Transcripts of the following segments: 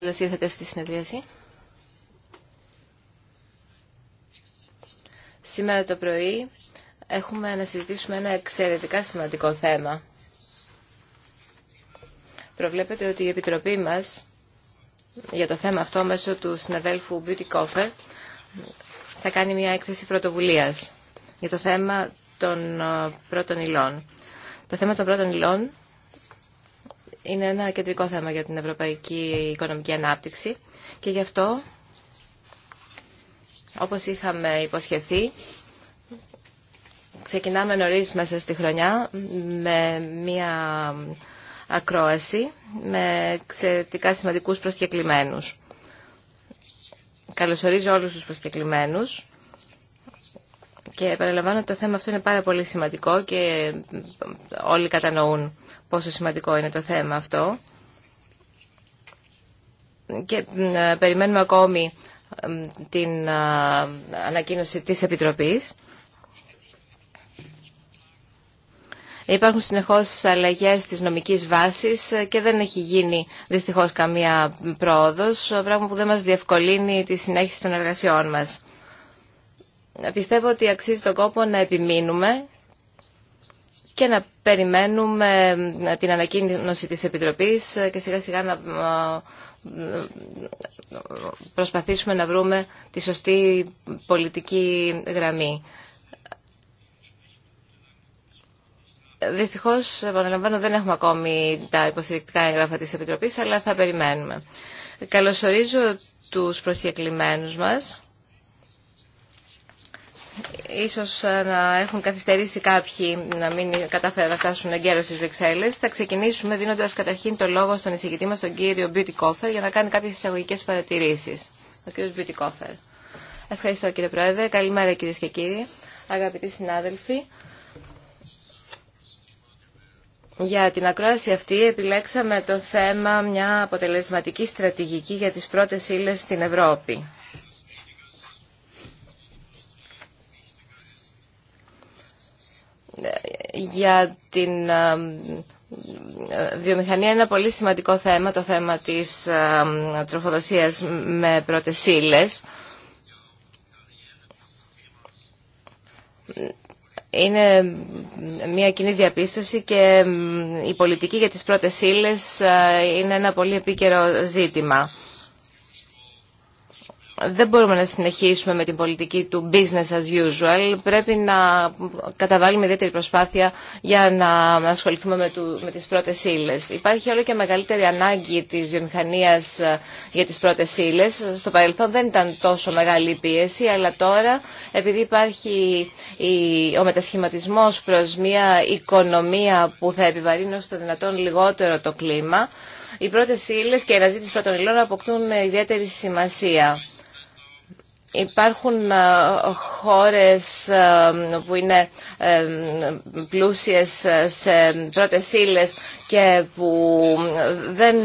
Καλώ ήρθατε στη συνεδρίαση. Σήμερα το πρωί έχουμε να συζητήσουμε ένα εξαιρετικά σημαντικό θέμα. Προβλέπετε ότι η Επιτροπή μας για το θέμα αυτό μέσω του συναδέλφου Beauty Coffer θα κάνει μια έκθεση πρωτοβουλίας για το θέμα των ε, πρώτων υλών. Το θέμα των πρώτων υλών είναι ένα κεντρικό θέμα για την ευρωπαϊκή οικονομική ανάπτυξη και γι' αυτό, όπως είχαμε υποσχεθεί, ξεκινάμε νωρίς μέσα στη χρονιά με μια ακρόαση με εξαιρετικά σημαντικούς προσκεκλημένους. Καλωσορίζω όλους τους προσκεκλημένους και παραλαμβάνω το θέμα αυτό είναι πάρα πολύ σημαντικό και όλοι κατανοούν πόσο σημαντικό είναι το θέμα αυτό. Και ε, περιμένουμε ακόμη την ε, ανακοίνωση της Επιτροπής. Υπάρχουν συνεχώς αλλαγές της νομικής βάσης ε, και δεν έχει γίνει δυστυχώς καμία πρόοδος, πράγμα που δεν μας διευκολύνει τη συνέχιση των εργασιών μας πιστεύω ότι αξίζει τον κόπο να επιμείνουμε και να περιμένουμε ε, την ανακοίνωση της Επιτροπής ε, και σιγά σιγά να ε, προσπαθήσουμε να βρούμε τη σωστή πολιτική γραμμή. Δυστυχώς, επαναλαμβάνω, δεν έχουμε ακόμη τα υποστηρικτικά έγγραφα της Επιτροπής, αλλά θα περιμένουμε. Καλωσορίζω τους προσκεκλημένους μας ίσως ε, να έχουν καθυστερήσει κάποιοι να μην κατάφεραν να φτάσουν εγκαίρως στις Βρυξέλλες. Θα ξεκινήσουμε δίνοντας καταρχήν το λόγο στον εισηγητή μας, τον κύριο Μπιούτι Κόφερ, για να κάνει κάποιες εισαγωγικές παρατηρήσεις. Ο κύριος Ευχαριστώ κύριε Πρόεδρε. Καλημέρα κυρίε και κύριοι, αγαπητοί συνάδελφοι. Για την ακρόαση αυτή επιλέξαμε το θέμα μια αποτελεσματική στρατηγική για τις πρώτες ύλες στην Ευρώπη. για την βιομηχανία είναι ένα πολύ σημαντικό θέμα, το θέμα της τροφοδοσίας με πρώτες ύλες. Είναι μια κοινή διαπίστωση και η πολιτική για τις πρώτες ύλες ε, είναι ένα πολύ επίκαιρο ζήτημα δεν μπορούμε να συνεχίσουμε με την πολιτική του business as usual. Πρέπει να καταβάλουμε ιδιαίτερη προσπάθεια για να ασχοληθούμε με, του, με τις πρώτες ύλε. Υπάρχει όλο και μεγαλύτερη ανάγκη της βιομηχανίας ε, για τις πρώτες ύλε. Στο παρελθόν δεν ήταν τόσο μεγάλη η πίεση, αλλά τώρα επειδή υπάρχει ο μετασχηματισμός προς μια οικονομία που θα επιβαρύνει ως το δυνατόν λιγότερο το κλίμα, οι πρώτες ύλε και η αναζήτηση πρώτων υλών αποκτούν ιδιαίτερη σημασία. Υπάρχουν ε, χώρες ε, που είναι ε, πλούσιες σε πρώτες ύλες και που δεν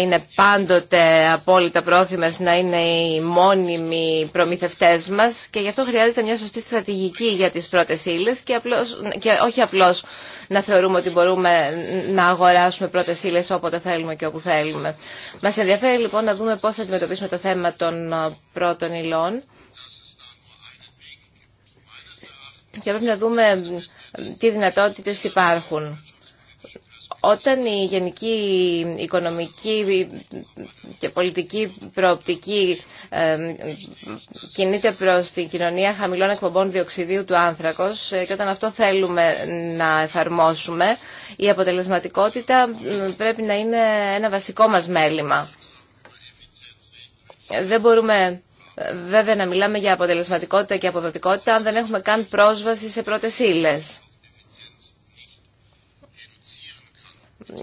είναι πάντοτε απόλυτα πρόθυμες να είναι οι μόνιμοι προμηθευτές μας και γι' αυτό χρειάζεται μια σωστή στρατηγική για τις πρώτες ύλε και, όχι απλώς να θεωρούμε ότι μπορούμε να αγοράσουμε πρώτες ύλε όποτε θέλουμε και όπου θέλουμε. Μας ενδιαφέρει λοιπόν να δούμε πώς θα αντιμετωπίσουμε το θέμα των πρώτων υλών και πρέπει να δούμε τι δυνατότητες υπάρχουν. Όταν η γενική οικονομική και πολιτική προοπτική κινείται προς την κοινωνία χαμηλών εκπομπών διοξιδίου του άνθρακος ε, και όταν αυτό θέλουμε να εφαρμόσουμε, η αποτελεσματικότητα πρέπει να είναι ένα βασικό μας μέλημα. Δεν μπορούμε ε, βέβαια να μιλάμε για αποτελεσματικότητα και αποδοτικότητα αν δεν έχουμε καν πρόσβαση σε πρώτες ύλες.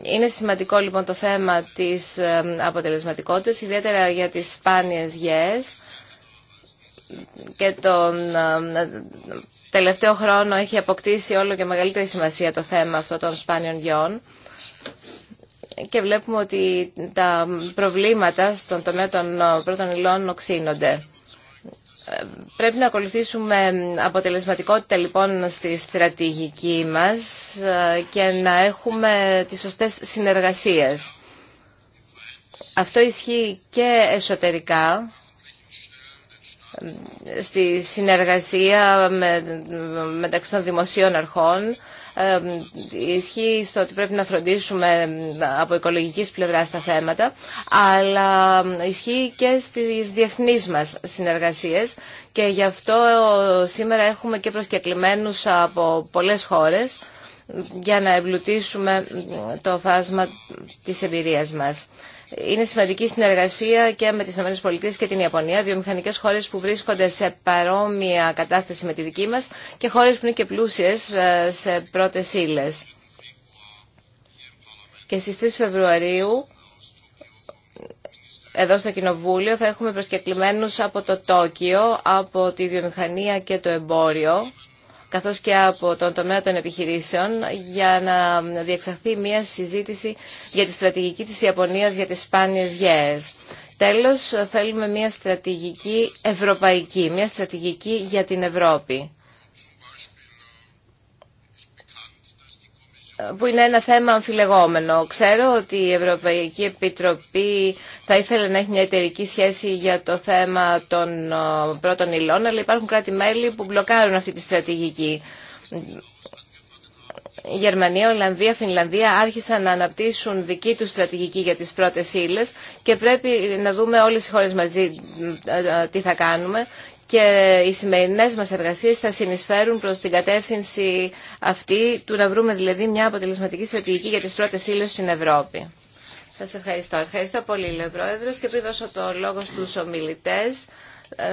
Είναι σημαντικό λοιπόν το θέμα της ε, αποτελεσματικότητας, ιδιαίτερα για τις σπάνιες γεές και τον ε, ε, τελευταίο χρόνο έχει αποκτήσει όλο και μεγαλύτερη σημασία το θέμα αυτό των σπάνιων γιών και βλέπουμε ότι τα προβλήματα στον τομέα των πρώτων υλών οξύνονται. Πρέπει να ακολουθήσουμε αποτελεσματικότητα λοιπόν στη στρατηγική μας ε, και να έχουμε τις σωστές συνεργασίες. Αυτό ισχύει και εσωτερικά στη συνεργασία με, μεταξύ των δημοσίων αρχών. Ε, ισχύει στο ότι πρέπει να φροντίσουμε από οικολογικής πλευράς τα θέματα, αλλά ισχύει και στις διεθνείς μας συνεργασίες και γι' αυτό σήμερα έχουμε και προσκεκλημένους από πολλές χώρες για να εμπλουτίσουμε το φάσμα της εμπειρίας μας. Είναι σημαντική συνεργασία και με τις ΗΠΑ και την Ιαπωνία, βιομηχανικέ χώρε που βρίσκονται σε παρόμοια κατάσταση με τη δική μα και χώρε που είναι και πλούσιε ε, σε πρώτε ύλε. Και στι 3 Φεβρουαρίου εδώ στο Κοινοβούλιο θα έχουμε προσκεκλημένους από το Τόκιο, από τη βιομηχανία και το εμπόριο καθώς και από τον τομέα των επιχειρήσεων για να διεξαχθεί μια συζήτηση για τη στρατηγική της Ιαπωνίας για τις σπάνιες γέες. Τέλος, θέλουμε μια στρατηγική ευρωπαϊκή, μια στρατηγική για την Ευρώπη. που είναι ένα θέμα αμφιλεγόμενο. Ξέρω ότι η Ευρωπαϊκή Επιτροπή θα ήθελε να έχει μια εταιρική σχέση για το θέμα των ε, πρώτων υλών, αλλά υπάρχουν κράτη-μέλη που μπλοκάρουν αυτή τη στρατηγική. Η Γερμανία, Ολλανδία, Φινλανδία άρχισαν να αναπτύσσουν δική τους στρατηγική για τις πρώτες ύλε και πρέπει να δούμε όλες οι χώρες μαζί ε, ε, τι θα κάνουμε και οι σημερινές μας εργασίες θα συνεισφέρουν προς την κατεύθυνση αυτή του να βρούμε δηλαδή μια αποτελεσματική στρατηγική για τις πρώτες ύλε στην Ευρώπη. Σας ευχαριστώ. Ευχαριστώ πολύ, λέει Πρόεδρος. Και πριν δώσω το λόγο στους ομιλητές, ε,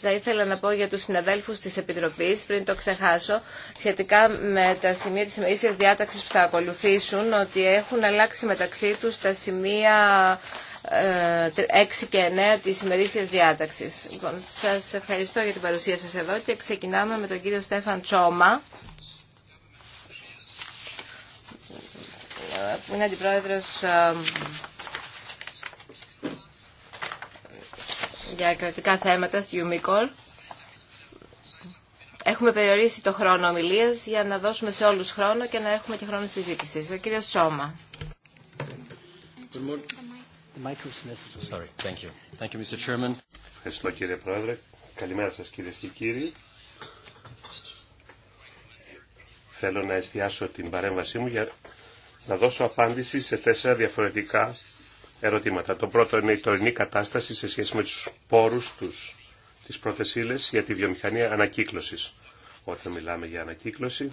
θα ήθελα να πω για τους συναδέλφους της Επιτροπής, πριν το ξεχάσω, σχετικά με τα σημεία της ημερήσιας διάταξης που θα ακολουθήσουν, ότι έχουν αλλάξει μεταξύ τους τα σημεία 6 και 9 της ημερήσιας διάταξης. Λοιπόν, σας ευχαριστώ για την παρουσία σας εδώ και ξεκινάμε με τον κύριο Στέφαν Τσόμα. που είναι αντιπρόεδρος ε, για κρατικά θέματα στη UMICOL. Έχουμε περιορίσει το χρόνο ομιλία για να δώσουμε σε όλους χρόνο και να έχουμε και χρόνο συζήτησης. Ο κύριος Τσόμα. Ευχαριστώ κύριε Πρόεδρε. Καλημέρα σας κύριε και κύριοι. Θέλω να εστιάσω την παρέμβασή μου για να δώσω απάντηση σε τέσσερα διαφορετικά ερωτήματα. Το πρώτο είναι η τωρινή κατάσταση σε σχέση με τους πόρους τους, τις πρώτες ύλες για τη βιομηχανία ανακύκλωσης. Όταν μιλάμε για ανακύκλωση,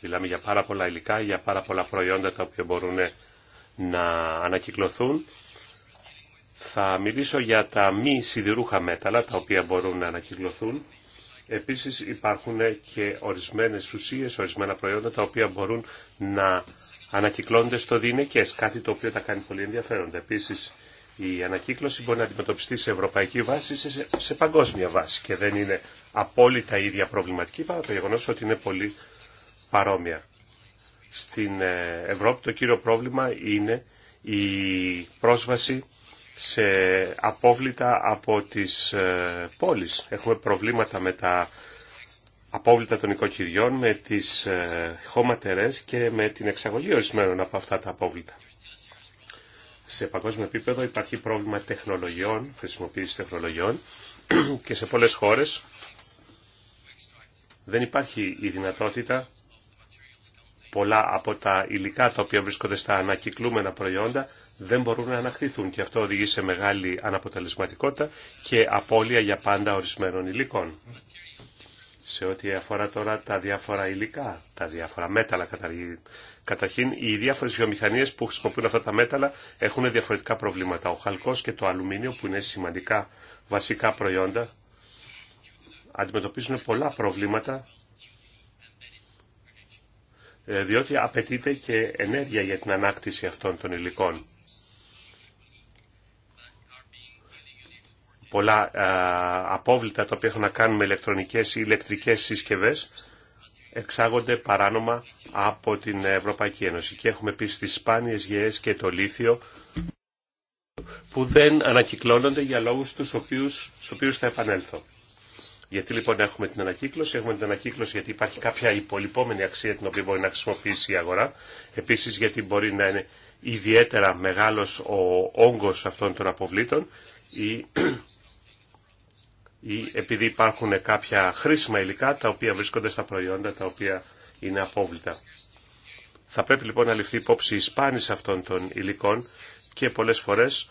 μιλάμε για πάρα πολλά υλικά, για πάρα πολλά προϊόντα τα οποία μπορούν να ανακυκλωθούν θα μιλήσω για τα μη σιδηρούχα μέταλλα, τα οποία μπορούν να ανακυκλωθούν. Επίσης υπάρχουν και ορισμένες ουσίες, ορισμένα προϊόντα, τα οποία μπορούν να ανακυκλώνονται στο διηνεκές, κάτι το οποίο τα κάνει πολύ ενδιαφέροντα. Επίσης η ανακύκλωση μπορεί να αντιμετωπιστεί σε ευρωπαϊκή βάση, σε, σε παγκόσμια βάση και δεν είναι απόλυτα ίδια προβληματική, παρά το γεγονό ότι είναι πολύ παρόμοια. Στην ε, Ευρώπη το κύριο πρόβλημα είναι η πρόσβαση σε απόβλητα από τις ε, πόλεις. Έχουμε προβλήματα με τα απόβλητα των οικοκυριών, με τις ε, χώματερές και με την εξαγωγή ορισμένων από αυτά τα απόβλητα. Σε παγκόσμιο επίπεδο υπάρχει πρόβλημα τεχνολογιών, χρησιμοποίηση τεχνολογιών και σε πολλές χώρες δεν υπάρχει η δυνατότητα πολλά από τα υλικά τα οποία βρίσκονται στα ανακυκλούμενα προϊόντα δεν μπορούν να ανακτηθούν και αυτό οδηγεί σε μεγάλη αναποτελεσματικότητα και απώλεια για πάντα ορισμένων υλικών. Σε ό,τι αφορά τώρα τα διάφορα υλικά, τα διάφορα μέταλλα καταρχήν, οι διάφορε βιομηχανίε που χρησιμοποιούν αυτά τα μέταλλα έχουν διαφορετικά προβλήματα. Ο χαλκό και το αλουμίνιο, που είναι σημαντικά βασικά προϊόντα, αντιμετωπίζουν πολλά προβλήματα ε, διότι απαιτείται και ενέργεια για την ανάκτηση αυτών των υλικών. Πολλά απόβλητα τα οποία έχουν να κάνουν με ηλεκτρονικές ή ηλεκτρικές συσκευές εξάγονται παράνομα από την Ευρωπαϊκή Ένωση. Και έχουμε πει τις σπάνιες γεές και το λίθιο που δεν ανακυκλώνονται για λόγους τους οποίους, στους οποίους θα επανέλθω. Γιατί λοιπόν έχουμε την ανακύκλωση, έχουμε την ανακύκλωση γιατί υπάρχει κάποια υπολοιπόμενη αξία την οποία μπορεί να χρησιμοποιήσει η αγορά. Επίσης γιατί μπορεί να είναι ιδιαίτερα μεγάλος ο όγκος αυτών των αποβλήτων ή, ή επειδή υπάρχουν κάποια χρήσιμα υλικά τα οποία βρίσκονται στα προϊόντα τα οποία είναι απόβλητα. Θα πρέπει λοιπόν να ληφθεί υπόψη η σπάνιση αυτών των υλικών και πολλές φορές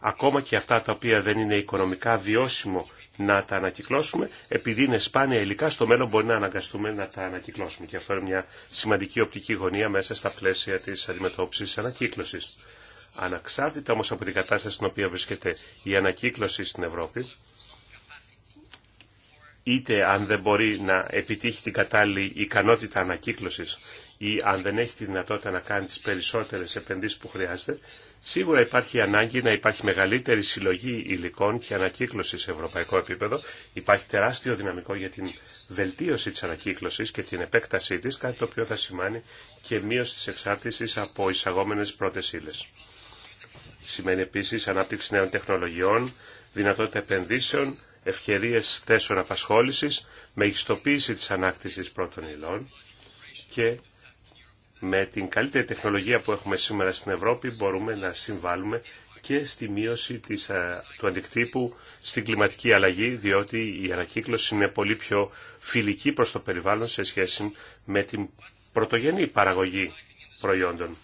ακόμα και αυτά τα οποία δεν είναι οικονομικά βιώσιμο να τα ανακυκλώσουμε. Επειδή είναι σπάνια υλικά, στο μέλλον μπορεί να αναγκαστούμε να τα ανακυκλώσουμε. Και αυτό είναι μια σημαντική οπτική γωνία μέσα στα πλαίσια τη αντιμετώπιση ανακύκλωση. Αναξάρτητα όμω από την κατάσταση στην οποία βρίσκεται η ανακύκλωση στην Ευρώπη, είτε αν δεν μπορεί να επιτύχει την κατάλληλη ικανότητα ανακύκλωσης ή αν δεν έχει τη δυνατότητα να κάνει τις περισσότερες επενδύσεις που χρειάζεται, Σίγουρα υπάρχει ανάγκη να υπάρχει μεγαλύτερη συλλογή υλικών και ανακύκλωση σε ευρωπαϊκό επίπεδο. Υπάρχει τεράστιο δυναμικό για την βελτίωση τη ανακύκλωσης και την επέκτασή της, κάτι το οποίο θα σημάνει και μείωση τη εξάρτηση από εισαγόμενε πρώτε ύλε. Σημαίνει επίσης ανάπτυξη νέων τεχνολογιών, δυνατότητα επενδύσεων, ευκαιρίε θέσεων απασχόληση, μεγιστοποίηση τη ανάκτηση πρώτων υλών και με την καλύτερη τεχνολογία που έχουμε σήμερα στην Ευρώπη μπορούμε να συμβάλλουμε και στη μείωση της, του αντικτύπου στην κλιματική αλλαγή, διότι η ανακύκλωση είναι πολύ πιο φιλική προς το περιβάλλον σε σχέση με την πρωτογενή παραγωγή προϊόντων.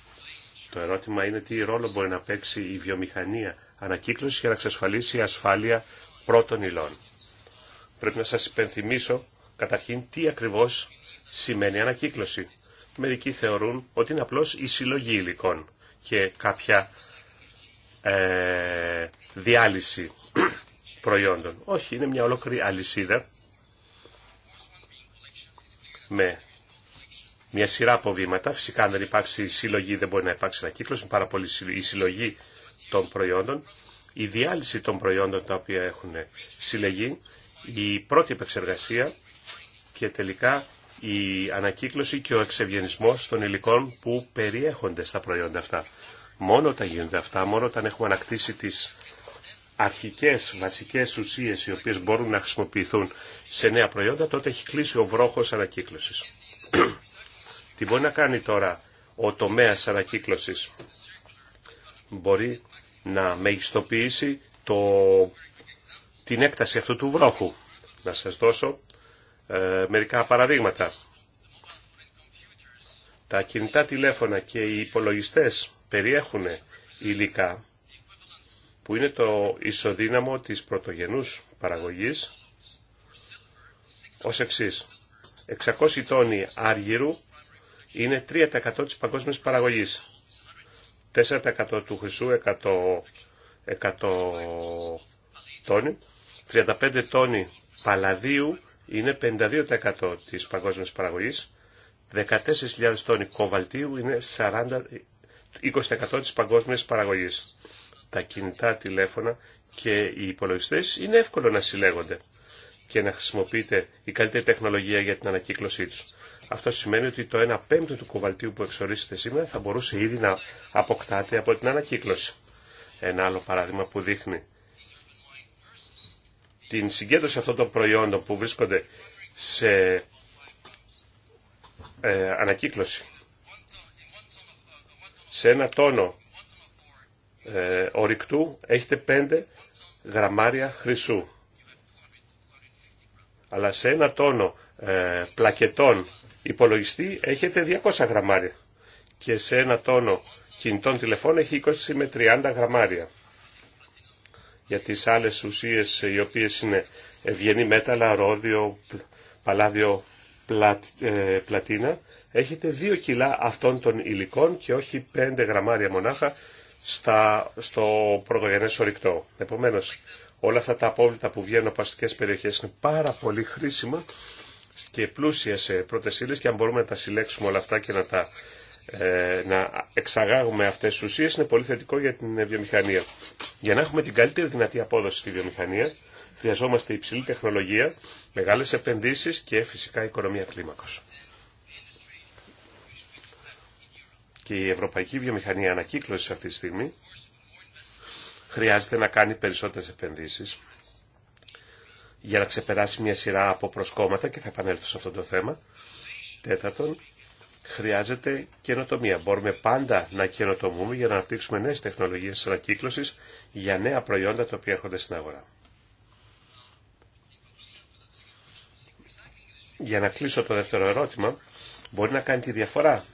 Το ερώτημα είναι τι ρόλο μπορεί να παίξει η βιομηχανία ανακύκλωση για να εξασφαλίσει η ασφάλεια πρώτων υλών. Πρέπει να σας υπενθυμίσω καταρχήν τι ακριβώς σημαίνει ανακύκλωση μερικοί θεωρούν ότι είναι απλώς η συλλογή υλικών και κάποια ε, διάλυση προϊόντων. Όχι, είναι μια ολόκληρη αλυσίδα με μια σειρά από βήματα. Φυσικά αν δεν υπάρξει συλλογή δεν μπορεί να υπάρξει ένα κύκλος. Είναι πάρα πολύ η συλλογή των προϊόντων, η διάλυση των προϊόντων τα οποία έχουν συλλεγεί, η πρώτη επεξεργασία και τελικά η ανακύκλωση και ο εξευγενισμός των υλικών που περιέχονται στα προϊόντα αυτά. Μόνο όταν γίνονται αυτά, μόνο όταν έχουμε ανακτήσει τις αρχικές βασικές ουσίες οι οποίες μπορούν να χρησιμοποιηθούν σε νέα προϊόντα, τότε έχει κλείσει ο βρόχος ανακύκλωσης. Τι μπορεί να κάνει τώρα ο τομέας ανακύκλωσης. Μπορεί να μεγιστοποιήσει το... την έκταση αυτού του βρόχου. Να σας δώσω ε, μερικά παραδείγματα. Τα κινητά τηλέφωνα και οι υπολογιστές περιέχουν υλικά που είναι το ισοδύναμο της πρωτογενούς παραγωγής ως εξής. 600 τόνοι άργυρου είναι 3% της παγκόσμιας παραγωγής. 4% του χρυσού 100, 100 τόνοι, 35 τόνοι παλαδίου είναι 52% της παγκόσμιας παραγωγής, 14.000 τόνοι κοβαλτίου είναι 40, 20% της παγκόσμιας παραγωγής. Τα κινητά τηλέφωνα και οι υπολογιστές είναι εύκολο να συλλέγονται και να χρησιμοποιείται η καλύτερη τεχνολογία για την ανακύκλωσή τους. Αυτό σημαίνει ότι το 1 πέμπτο του κοβαλτίου που εξορίσετε σήμερα θα μπορούσε ήδη να αποκτάται από την ανακύκλωση. Ένα άλλο παράδειγμα που δείχνει την συγκέντρωση αυτών των προϊόντων που βρίσκονται σε ε, ανακύκλωση. Σε ένα τόνο ε, ορυκτού έχετε 5 γραμμάρια χρυσού. Αλλά σε ένα τόνο ε, πλακετών υπολογιστή έχετε 200 γραμμάρια. Και σε ένα τόνο κινητών τηλεφώνων έχει 20 με 30 γραμμάρια για τις άλλες ουσίες οι οποίες είναι ευγενή μέταλλα, ρόδιο, παλάδιο, πλατ, ε, πλατίνα, έχετε 2 κιλά αυτών των υλικών και όχι 5 γραμμάρια μονάχα στα, στο πρωτογενές ορυκτό. Επομένως, όλα αυτά τα απόβλητα που βγαίνουν από αστικές περιοχές είναι πάρα πολύ χρήσιμα και πλούσια σε πρώτες ύλες και αν μπορούμε να τα συλλέξουμε όλα αυτά και να τα ε, να εξαγάγουμε αυτές τις ουσίες είναι πολύ θετικό για την βιομηχανία. Για να έχουμε την καλύτερη δυνατή απόδοση στη βιομηχανία χρειαζόμαστε υψηλή τεχνολογία, μεγάλες επενδύσεις και φυσικά οικονομία κλίμακος. Και η ευρωπαϊκή βιομηχανία ανακύκλωση αυτή τη στιγμή χρειάζεται να κάνει περισσότερες επενδύσεις για να ξεπεράσει μια σειρά από προσκόμματα και θα επανέλθω σε αυτό το θέμα. Τέταρτον, χρειάζεται καινοτομία. Μπορούμε πάντα να καινοτομούμε για να αναπτύξουμε νέες τεχνολογίες ανακύκλωσης για νέα προϊόντα τα οποία έρχονται στην αγορά. Για να κλείσω το δεύτερο ερώτημα, μπορεί να κάνει τη διαφορά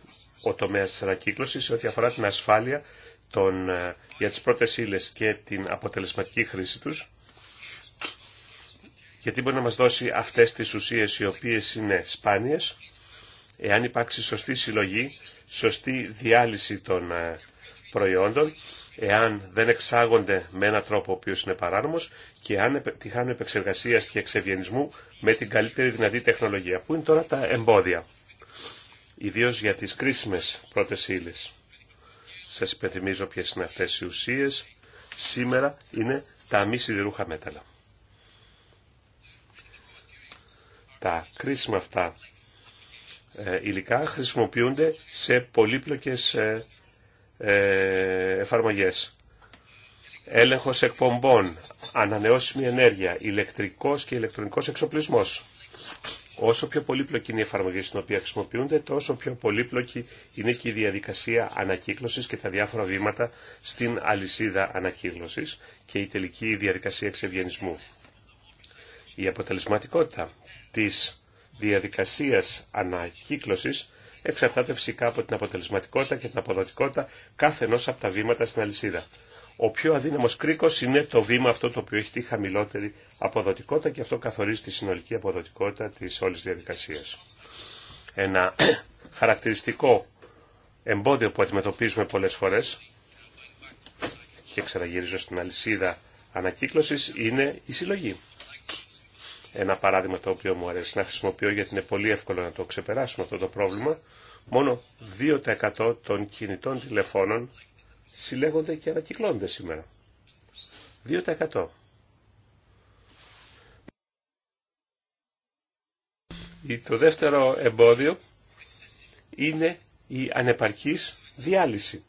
ο τομέας της ανακύκλωσης σε ό,τι αφορά την ασφάλεια των, ε, για τις πρώτες ύλες και την αποτελεσματική χρήση τους, γιατί μπορεί να μας δώσει αυτές τις ουσίες οι οποίες είναι σπάνιες, Εάν υπάρξει σωστή συλλογή, σωστή διάλυση των ε, προϊόντων, εάν δεν εξάγονται με έναν τρόπο ο οποίος είναι παράνομος και αν τυχάνουν επεξεργασίας και εξευγενισμού με την καλύτερη δυνατή τεχνολογία. Πού είναι τώρα τα εμπόδια, ιδίως για τις κρίσιμες πρώτες ύλε. Σας υπενθυμίζω ποιες είναι αυτές οι ουσίες. Σήμερα είναι τα μη σιδηρούχα μέταλλα. Τα κρίσιμα αυτά ε, υλικά χρησιμοποιούνται σε πολύπλοκες ε, ε, εφαρμογές. Έλεγχος εκπομπών, ανανεώσιμη ενέργεια, ηλεκτρικός και ηλεκτρονικός εξοπλισμός. Όσο πιο πολύπλοκη είναι η εφαρμογή στην οποία χρησιμοποιούνται, τόσο πιο πολύπλοκη είναι και η διαδικασία ανακύκλωσης και τα διάφορα βήματα στην αλυσίδα ανακύκλωσης και η τελική διαδικασία εξευγενισμού. Η αποτελεσματικότητα της διαδικασίας ανακύκλωσης εξαρτάται φυσικά από την αποτελεσματικότητα και την αποδοτικότητα κάθε ενός από τα βήματα στην αλυσίδα. Ο πιο αδύναμος κρίκος είναι το βήμα αυτό το οποίο έχει τη χαμηλότερη αποδοτικότητα και αυτό καθορίζει τη συνολική αποδοτικότητα της όλης διαδικασίας. Ένα χαρακτηριστικό εμπόδιο που αντιμετωπίζουμε πολλές φορές και ξαναγυρίζω στην αλυσίδα ανακύκλωσης είναι η συλλογή. Ένα παράδειγμα το οποίο μου αρέσει να χρησιμοποιώ γιατί είναι πολύ εύκολο να το ξεπεράσουμε αυτό το πρόβλημα. Μόνο 2% των κινητών τηλεφώνων συλλέγονται και ανακυκλώνονται σήμερα. 2%. Το δεύτερο εμπόδιο είναι η ανεπαρκής διάλυση.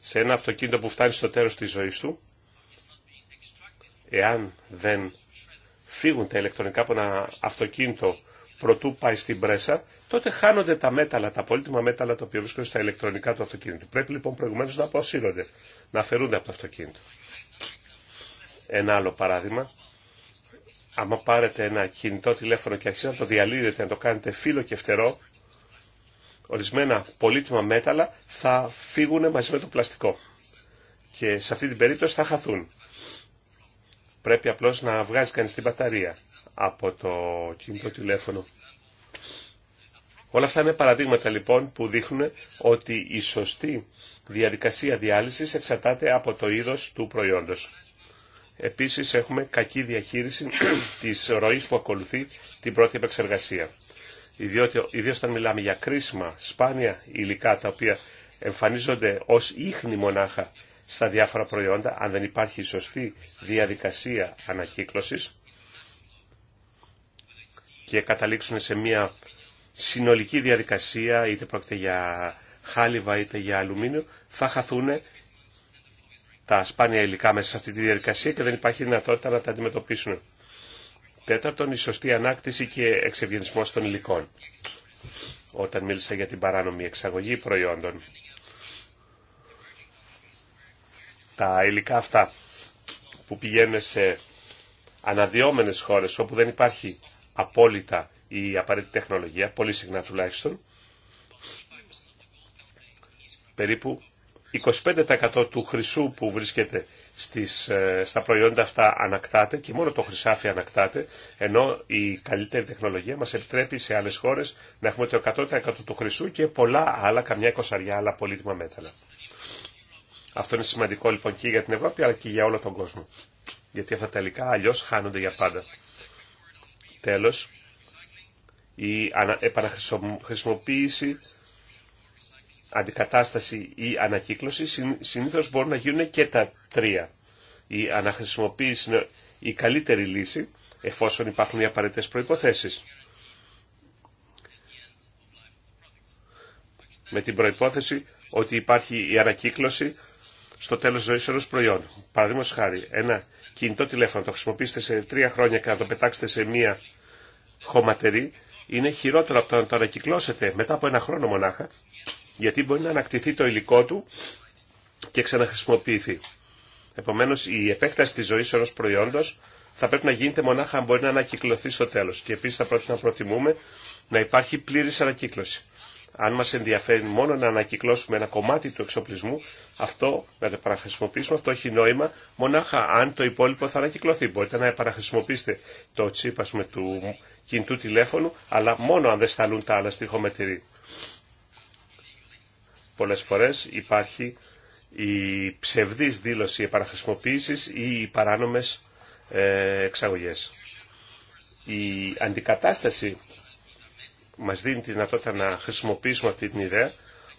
Σε ένα αυτοκίνητο που φτάνει στο τέλος της ζωής του, Εάν δεν φύγουν τα ηλεκτρονικά από ένα αυτοκίνητο προτού πάει στην πρέσα, τότε χάνονται τα μέταλλα, τα πολύτιμα μέταλλα τα οποία βρίσκονται στα ηλεκτρονικά του αυτοκίνητου. Πρέπει λοιπόν προηγουμένω να αποσύρονται, να αφαιρούνται από το αυτοκίνητο. Ένα άλλο παράδειγμα, άμα πάρετε ένα κινητό τηλέφωνο και αρχίσετε να το διαλύετε, να το κάνετε φύλλο και φτερό, ορισμένα πολύτιμα μέταλλα θα φύγουν μαζί με το πλαστικό. Και σε αυτή την περίπτωση θα χαθούν. Πρέπει απλώς να βγάζει κανείς την μπαταρία από το κινητό τηλέφωνο. Όλα αυτά είναι παραδείγματα λοιπόν που δείχνουν ότι η σωστή διαδικασία διάλυσης εξαρτάται από το είδος του προϊόντος. Επίσης έχουμε κακή διαχείριση της ροής που ακολουθεί την πρώτη επεξεργασία. Ιδίως όταν μιλάμε για κρίσιμα, σπάνια υλικά τα οποία εμφανίζονται ως ίχνη μονάχα στα διάφορα προϊόντα, αν δεν υπάρχει σωστή διαδικασία ανακύκλωσης και καταλήξουν σε μια συνολική διαδικασία, είτε πρόκειται για χάλιβα είτε για αλουμίνιο, θα χαθούν τα σπάνια υλικά μέσα σε αυτή τη διαδικασία και δεν υπάρχει δυνατότητα να τα αντιμετωπίσουν. Τέταρτον, η σωστή ανάκτηση και εξευγενισμός των υλικών. Όταν μίλησα για την παράνομη εξαγωγή προϊόντων, τα υλικά αυτά που πηγαίνουν σε αναδυόμενες χώρες όπου δεν υπάρχει απόλυτα η απαραίτητη τεχνολογία, πολύ συχνά τουλάχιστον, περίπου 25% του χρυσού που βρίσκεται στις, ε, στα προϊόντα αυτά ανακτάται και μόνο το χρυσάφι ανακτάται, ενώ η καλύτερη τεχνολογία μας επιτρέπει σε άλλες χώρες να έχουμε το 100% του χρυσού και πολλά άλλα, καμιά εικοσαριά άλλα πολύτιμα μέταλλα. Αυτό είναι σημαντικό λοιπόν και για την Ευρώπη αλλά και για όλο τον κόσμο. Γιατί αυτά τα υλικά χάνονται για πάντα. Τέλος, η επαναχρησιμοποίηση, αντικατάσταση ή ανακύκλωση συνήθως μπορούν να γίνουν και τα τρία. Η αναχρησιμοποίηση είναι η καλύτερη λύση εφόσον υπάρχουν οι απαραίτητε προποθέσει. Με την προϋπόθεση ότι υπάρχει η ανακύκλωση στο τέλο ζωή ενό προϊόντου. Παραδείγματο χάρη, ένα κινητό τηλέφωνο το χρησιμοποιήσετε σε τρία χρόνια και να το πετάξετε σε μία χωματερή, είναι χειρότερο από το να το ανακυκλώσετε μετά από ένα χρόνο μονάχα, γιατί μπορεί να ανακτηθεί το υλικό του και ξαναχρησιμοποιηθεί. Επομένω, η επέκταση τη ζωή ενό προϊόντο θα πρέπει να γίνεται μονάχα αν μπορεί να ανακυκλωθεί στο τέλο. Και επίση θα πρέπει να προτιμούμε να υπάρχει πλήρη ανακύκλωση. Αν μας ενδιαφέρει μόνο να ανακυκλώσουμε ένα κομμάτι του εξοπλισμού, αυτό να το παραχρησιμοποιήσουμε, αυτό έχει νόημα μονάχα αν το υπόλοιπο θα ανακυκλωθεί. Μπορείτε να παραχρησιμοποιήσετε το τσίπ με του κινητού τηλέφωνου, αλλά μόνο αν δεν σταλούν τα άλλα στη Πολλές φορές υπάρχει η ψευδής δήλωση επαναχρησιμοποίησης ή οι παράνομες ε, εξαγωγές. Η αντικατάσταση μας δίνει τη δυνατότητα να χρησιμοποιήσουμε αυτή την ιδέα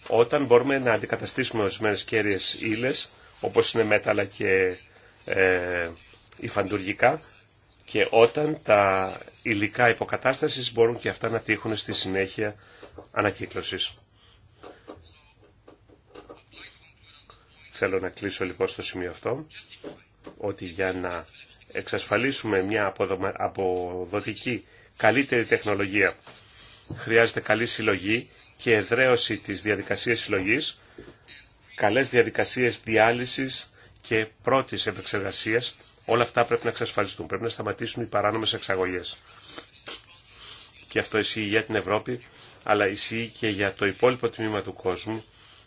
όταν μπορούμε να αντικαταστήσουμε ορισμένε κέρυες ύλες όπως είναι μέταλλα και ε, υφαντουργικά και όταν τα υλικά υποκατάστασης μπορούν και αυτά να τύχουν στη συνέχεια ανακύκλωσης. Θέλω να κλείσω λοιπόν στο σημείο αυτό ότι για να εξασφαλίσουμε μια αποδοτική καλύτερη τεχνολογία Χρειάζεται καλή συλλογή και εδραίωση της διαδικασίας συλλογής, καλές διαδικασίες διάλυσης και πρώτης επεξεργασίας. Όλα αυτά πρέπει να εξασφαλιστούν. Πρέπει να σταματήσουν οι παράνομες εξαγωγές. Και αυτό ισχύει για την Ευρώπη, αλλά ισχύει και για το υπόλοιπο τμήμα του κόσμου,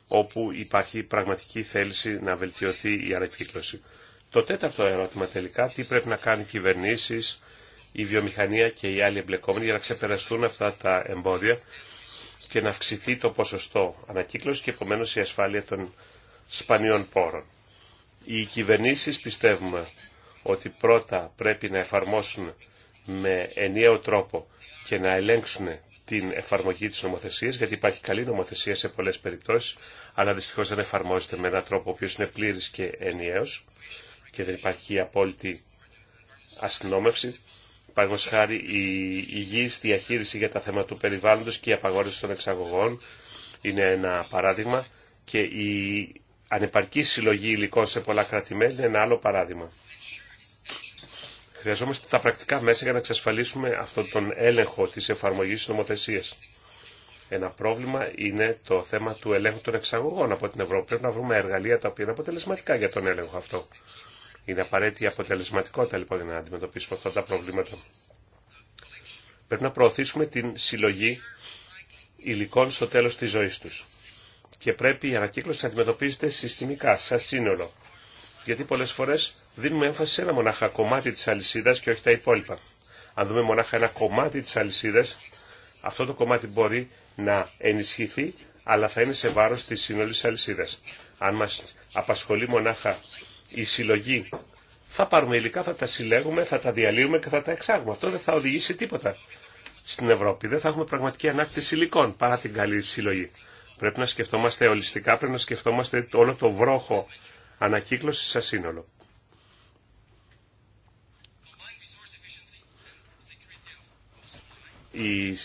όπου υπάρχει πραγματική θέληση να βελτιωθεί η ανακύκλωση. Το τέταρτο ερώτημα τελικά, τι πρέπει να κάνουν οι κυβερνήσεις, η βιομηχανία και οι άλλοι εμπλεκόμενοι για να ξεπεραστούν αυτά τα εμπόδια και να αυξηθεί το ποσοστό ανακύκλωση και επομένω η ασφάλεια των σπανιών πόρων. Οι κυβερνήσει πιστεύουμε ότι πρώτα πρέπει να εφαρμόσουν με ενιαίο τρόπο και να ελέγξουν την εφαρμογή της νομοθεσίας, γιατί υπάρχει καλή νομοθεσία σε πολλές περιπτώσεις, αλλά δυστυχώς δεν εφαρμόζεται με έναν τρόπο ο οποίος είναι πλήρης και ενιαίος και δεν υπάρχει απόλυτη αστυνόμευση παραγωγός χάρη η υγιής διαχείριση για τα θέματα του περιβάλλοντο και η απαγόρευση των εξαγωγών είναι ένα παράδειγμα και η ανεπαρκή συλλογή υλικών σε πολλά είναι ένα άλλο παράδειγμα. Χρειαζόμαστε τα πρακτικά μέσα για να εξασφαλίσουμε αυτόν τον έλεγχο τη εφαρμογή της νομοθεσίας. Ένα πρόβλημα είναι το θέμα του ελέγχου των εξαγωγών από την Ευρώπη. Πρέπει να βρούμε εργαλεία τα οποία είναι αποτελεσματικά για τον έλεγχο αυτό. Είναι απαραίτητη η αποτελεσματικότητα λοιπόν για να αντιμετωπίσουμε αυτά τα προβλήματα. Πρέπει να προωθήσουμε την συλλογή υλικών στο τέλος της ζωής τους. Και πρέπει η ανακύκλωση να αντιμετωπίζεται συστημικά, σαν σύνολο. Γιατί πολλές φορές δίνουμε έμφαση σε ένα μονάχα κομμάτι της αλυσίδας και όχι τα υπόλοιπα. Αν δούμε μονάχα ένα κομμάτι της αλυσίδας, αυτό το κομμάτι μπορεί να ενισχυθεί, αλλά θα είναι σε βάρος της σύνολης αλυσίδα. Αν μα απασχολεί μονάχα η συλλογή. Θα πάρουμε υλικά, θα τα συλλέγουμε, θα τα διαλύουμε και θα τα εξάγουμε. Αυτό δεν θα οδηγήσει τίποτα στην Ευρώπη. Δεν θα έχουμε πραγματική ανάκτηση υλικών παρά την καλή συλλογή. Πρέπει να σκεφτόμαστε ολιστικά, πρέπει να σκεφτόμαστε όλο το βρόχο ανακύκλωση σαν σύνολο.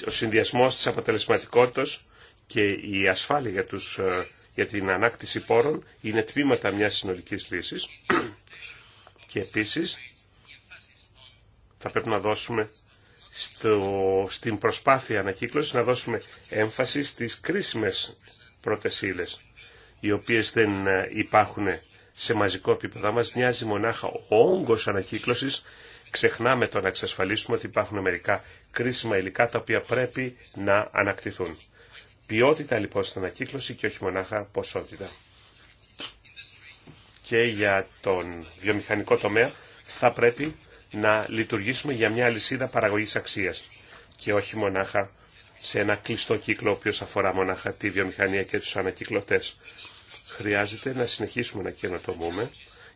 ο συνδυασμός της αποτελεσματικότητας και η ασφάλεια για τους ε, για την ανάκτηση πόρων είναι τμήματα μιας συνολικής λύσης και επίσης θα πρέπει να δώσουμε στο, στην προσπάθεια ανακύκλωσης να δώσουμε έμφαση στις κρίσιμες προτεσίλες οι οποίες δεν ε, υπάρχουν σε μαζικό επίπεδο. Μας νοιάζει μονάχα ο όγκος ανακύκλωσης. Ξεχνάμε το να εξασφαλίσουμε ότι υπάρχουν μερικά κρίσιμα υλικά τα οποία πρέπει να ανακτηθούν. Ποιότητα λοιπόν στην ανακύκλωση και όχι μονάχα ποσότητα. Και για τον βιομηχανικό τομέα θα πρέπει να λειτουργήσουμε για μια αλυσίδα παραγωγής αξίας και όχι μονάχα σε ένα κλειστό κύκλο ο οποίος αφορά μονάχα τη βιομηχανία και τους ανακυκλωτές. Χρειάζεται να συνεχίσουμε να καινοτομούμε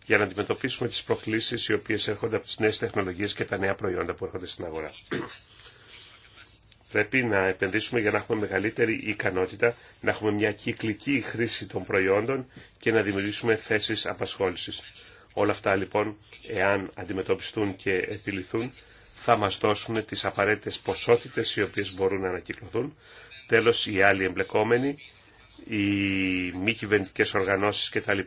για να αντιμετωπίσουμε τις προκλήσεις οι οποίες έρχονται από τις νέες τεχνολογίες και τα νέα προϊόντα που έρχονται στην αγορά πρέπει να επενδύσουμε για να έχουμε μεγαλύτερη ικανότητα, να έχουμε μια κυκλική χρήση των προϊόντων και να δημιουργήσουμε θέσεις απασχόλησης. Όλα αυτά λοιπόν, εάν αντιμετωπιστούν και επιληθούν, θα μας δώσουν τις απαραίτητες ποσότητες οι οποίες μπορούν να ανακυκλωθούν. Τέλος, οι άλλοι εμπλεκόμενοι, οι μη κυβερνητικέ οργανώσεις κτλ.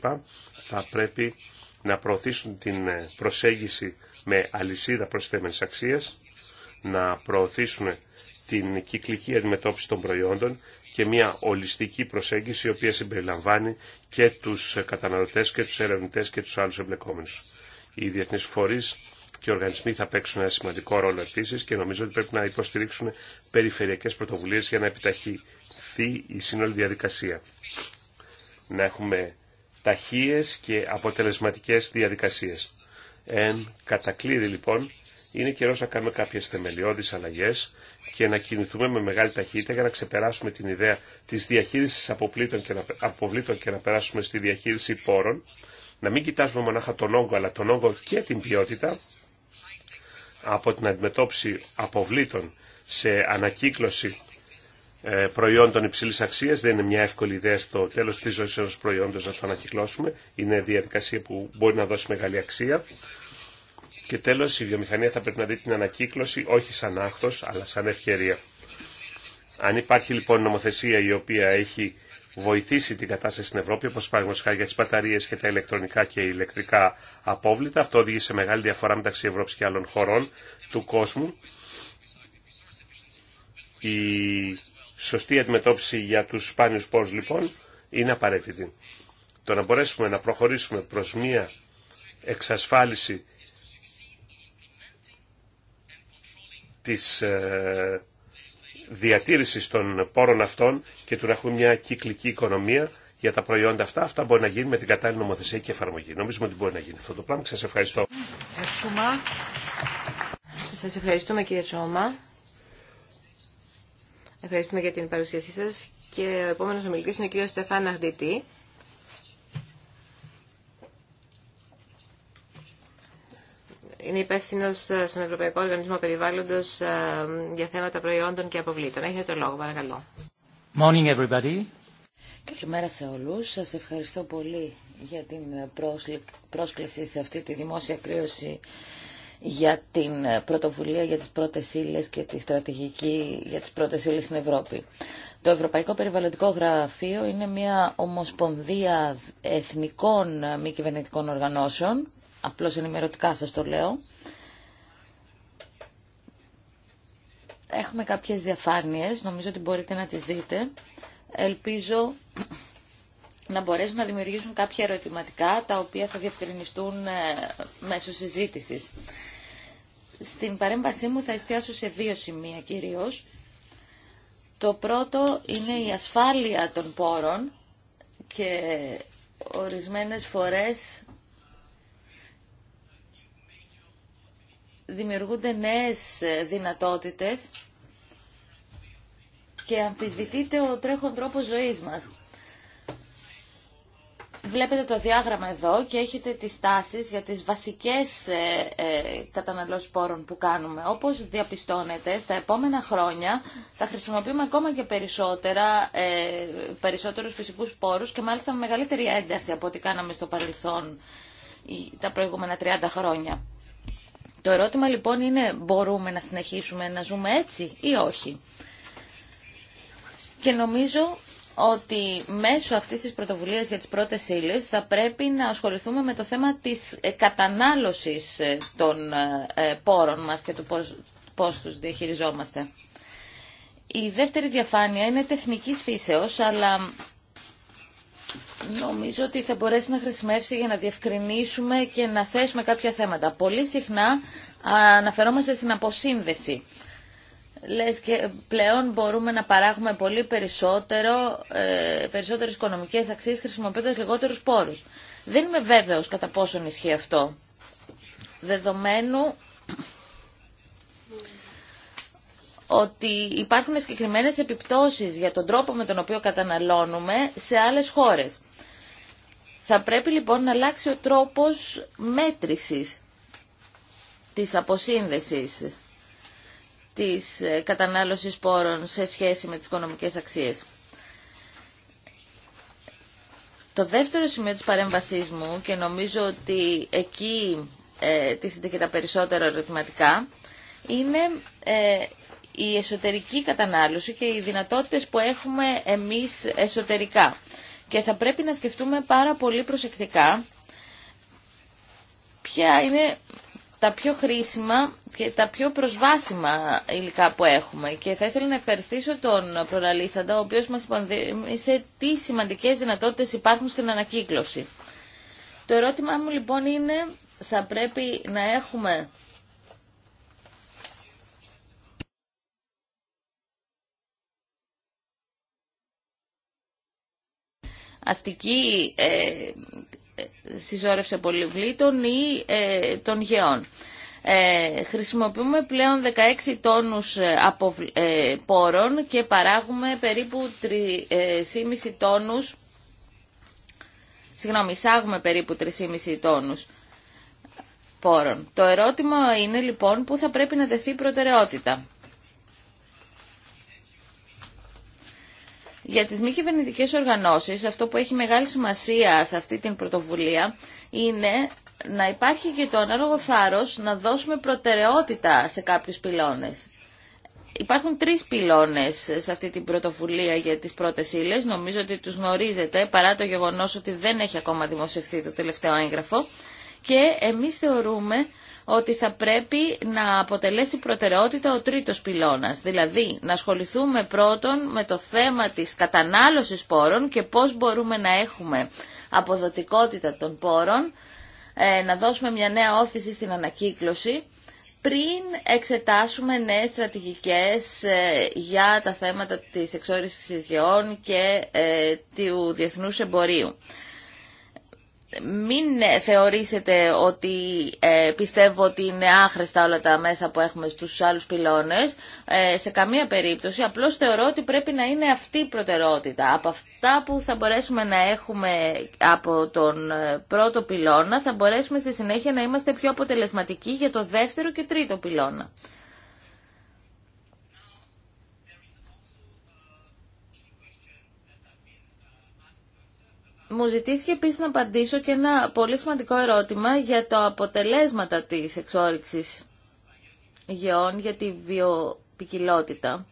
θα πρέπει να προωθήσουν την προσέγγιση με αλυσίδα προσθέμενης αξίας, να προωθήσουν την κυκλική αντιμετώπιση των προϊόντων και μια ολιστική προσέγγιση η οποία συμπεριλαμβάνει και τους καταναλωτές και τους ερευνητές και τους άλλους εμπλεκόμενους. Οι διεθνείς φορείς και οι οργανισμοί θα παίξουν ένα σημαντικό ρόλο επίση και νομίζω ότι πρέπει να υποστηρίξουν περιφερειακές πρωτοβουλίες για να επιταχυθεί η σύνολη διαδικασία. Να έχουμε ταχείες και αποτελεσματικές διαδικασίες. Εν κατακλείδη λοιπόν είναι καιρό να κάνουμε κάποιε θεμελιώδει αλλαγέ και να κινηθούμε με μεγάλη ταχύτητα για να ξεπεράσουμε την ιδέα τη διαχείριση αποβλήτων και να περάσουμε στη διαχείριση πόρων. Να μην κοιτάζουμε μονάχα τον όγκο, αλλά τον όγκο και την ποιότητα από την αντιμετώπιση αποβλήτων σε ανακύκλωση ε, προϊόντων υψηλή αξία. Δεν είναι μια εύκολη ιδέα στο τέλο τη ζωή ενό προϊόντο να το ανακυκλώσουμε. Είναι διαδικασία που μπορεί να δώσει μεγάλη αξία. Και τέλος, η βιομηχανία θα πρέπει να δει την ανακύκλωση όχι σαν άχθος, αλλά σαν ευκαιρία. Αν υπάρχει λοιπόν νομοθεσία η οποία έχει βοηθήσει την κατάσταση στην Ευρώπη, όπως παραδείγματος για τις μπαταρίες και τα ηλεκτρονικά και ηλεκτρικά απόβλητα, αυτό οδηγεί σε μεγάλη διαφορά μεταξύ Ευρώπης και άλλων χωρών του κόσμου. Η σωστή αντιμετώπιση για τους σπάνιους πόρους λοιπόν είναι απαραίτητη. Το να μπορέσουμε να προχωρήσουμε προς μία εξασφάλιση της ε, διατήρησης των πόρων αυτών και του να έχουμε μια κυκλική οικονομία για τα προϊόντα αυτά. Αυτά μπορεί να γίνει με την κατάλληλη νομοθεσία και εφαρμογή. Νομίζουμε ότι μπορεί να γίνει αυτό το πράγμα και σας ευχαριστώ. Σας ευχαριστούμε κύριε Τσόμα. Ευχαριστούμε για την παρουσίασή σας. Και ο επόμενος ομιλητής είναι ο κύριος Στεφάν Αχντητή. είναι υπεύθυνο ε, στον Ευρωπαϊκό Οργανισμό Περιβάλλοντο ε, για θέματα προϊόντων και αποβλήτων. Έχετε το λόγο, παρακαλώ. Morning, everybody. Καλημέρα σε όλους. Σας ευχαριστώ πολύ για την πρόσκληση σε αυτή τη δημόσια κρύωση για την πρωτοβουλία για τις πρώτες ύλες και τη στρατηγική για τις πρώτες ύλες στην Ευρώπη. Το Ευρωπαϊκό Περιβαλλοντικό Γραφείο είναι μια ομοσπονδία εθνικών μη κυβερνητικών οργανώσεων Απλώς ενημερωτικά σας το λέω. Έχουμε κάποιες διαφάνειες, νομίζω ότι μπορείτε να τις δείτε. Ελπίζω να μπορέσουν να δημιουργήσουν κάποια ερωτηματικά, τα οποία θα διευκρινιστούν ε, μέσω συζήτησης. Στην παρέμβασή μου θα εστιάσω σε δύο σημεία κυρίως. Το πρώτο είναι η ασφάλεια των πόρων και ορισμένες φορές δημιουργούνται νέες ε, δυνατότητες και αμφισβητείται ο τρέχον τρόπος ζωής μας. Βλέπετε το διάγραμμα εδώ και έχετε τις τάσεις για τις βασικές ε, ε, καταναλώσεις πόρων που κάνουμε. Όπως διαπιστώνετε, στα επόμενα χρόνια θα χρησιμοποιούμε ακόμα και περισσότερα, ε, περισσότερους φυσικούς πόρους και μάλιστα με μεγαλύτερη ένταση από ό,τι κάναμε στο παρελθόν τα προηγούμενα 30 χρόνια. Το ερώτημα λοιπόν είναι μπορούμε να συνεχίσουμε να ζούμε έτσι ή όχι. Και νομίζω ότι μέσω αυτής της πρωτοβουλίας για τις πρώτες ύλε θα πρέπει να ασχοληθούμε με το θέμα της ε, κατανάλωσης ε, των ε, πόρων μας και του πώς, πώς τους διαχειριζόμαστε. Η δεύτερη διαφάνεια είναι τεχνικής φύσεως, αλλά νομίζω ότι θα μπορέσει να χρησιμεύσει για να διευκρινίσουμε και να θέσουμε κάποια θέματα. Πολύ συχνά αναφερόμαστε στην αποσύνδεση. Λες και πλέον μπορούμε να παράγουμε πολύ περισσότερο, ε, περισσότερες οικονομικές αξίες χρησιμοποιώντας λιγότερους πόρους. Δεν είμαι βέβαιος κατά πόσον ισχύει αυτό. Δεδομένου ότι υπάρχουν συγκεκριμένες επιπτώσεις για τον τρόπο με τον οποίο καταναλώνουμε σε άλλες χώρες. Θα πρέπει λοιπόν να αλλάξει ο τρόπος μέτρησης της αποσύνδεσης της ε, κατανάλωσης πόρων σε σχέση με τις οικονομικές αξίες. Το δεύτερο σημείο της παρέμβασής μου και νομίζω ότι εκεί ε, τίθεται και τα περισσότερα ερωτηματικά είναι ε, η εσωτερική κατανάλωση και οι δυνατότητες που έχουμε εμείς εσωτερικά. Και θα πρέπει να σκεφτούμε πάρα πολύ προσεκτικά ποια είναι τα πιο χρήσιμα και τα πιο προσβάσιμα υλικά που έχουμε. Και θα ήθελα να ευχαριστήσω τον προλαλήσαντα, ο οποίος μας υπονδύμισε τι σημαντικές δυνατότητες υπάρχουν στην ανακύκλωση. Το ερώτημά μου λοιπόν είναι, θα πρέπει να έχουμε αστική ε, συσσόρευση πολυβλήτων ή ε, των γεών. Ε, χρησιμοποιούμε πλέον 16 τόνους ε, από, πόρων και παράγουμε περίπου 3,5 τόνους, συγγνώμη, εισάγουμε περίπου 3,5 τόνους πόρων. Το ερώτημα είναι λοιπόν πού θα πρέπει να δεθεί προτεραιότητα. Για τις μη κυβερνητικέ οργανώσεις, αυτό που έχει μεγάλη σημασία σε αυτή την πρωτοβουλία είναι να υπάρχει και το ανάλογο θάρρος να δώσουμε προτεραιότητα σε κάποιους πυλώνες. Υπάρχουν τρεις πυλώνες σε αυτή την πρωτοβουλία για τις πρώτες ύλε. Νομίζω ότι τους γνωρίζετε παρά το γεγονός ότι δεν έχει ακόμα δημοσιευθεί το τελευταίο έγγραφο. Και εμείς θεωρούμε ότι θα πρέπει να αποτελέσει προτεραιότητα ο τρίτος πυλώνας. Δηλαδή να ασχοληθούμε πρώτον με το θέμα της κατανάλωσης πόρων και πώς μπορούμε να έχουμε αποδοτικότητα των πόρων, ε, να δώσουμε μια νέα όθηση στην ανακύκλωση πριν εξετάσουμε νέες στρατηγικές ε, για τα θέματα της εξόρισης γεών και ε, του διεθνούς εμπορίου μην θεωρήσετε ότι ε, πιστεύω ότι είναι άχρηστα όλα τα μέσα που έχουμε στους άλλους πυλώνες. Ε, σε καμία περίπτωση, απλώς θεωρώ ότι πρέπει να είναι αυτή η προτεραιότητα. Από αυτά που θα μπορέσουμε να έχουμε από τον ε, πρώτο πυλώνα, θα μπορέσουμε στη συνέχεια να είμαστε πιο αποτελεσματικοί για το δεύτερο και τρίτο πυλώνα. μου ζητήθηκε επίσης να απαντήσω και ένα πολύ σημαντικό ερώτημα για τα αποτελέσματα της εξόριξης γεών για τη βιοπικιλότητα.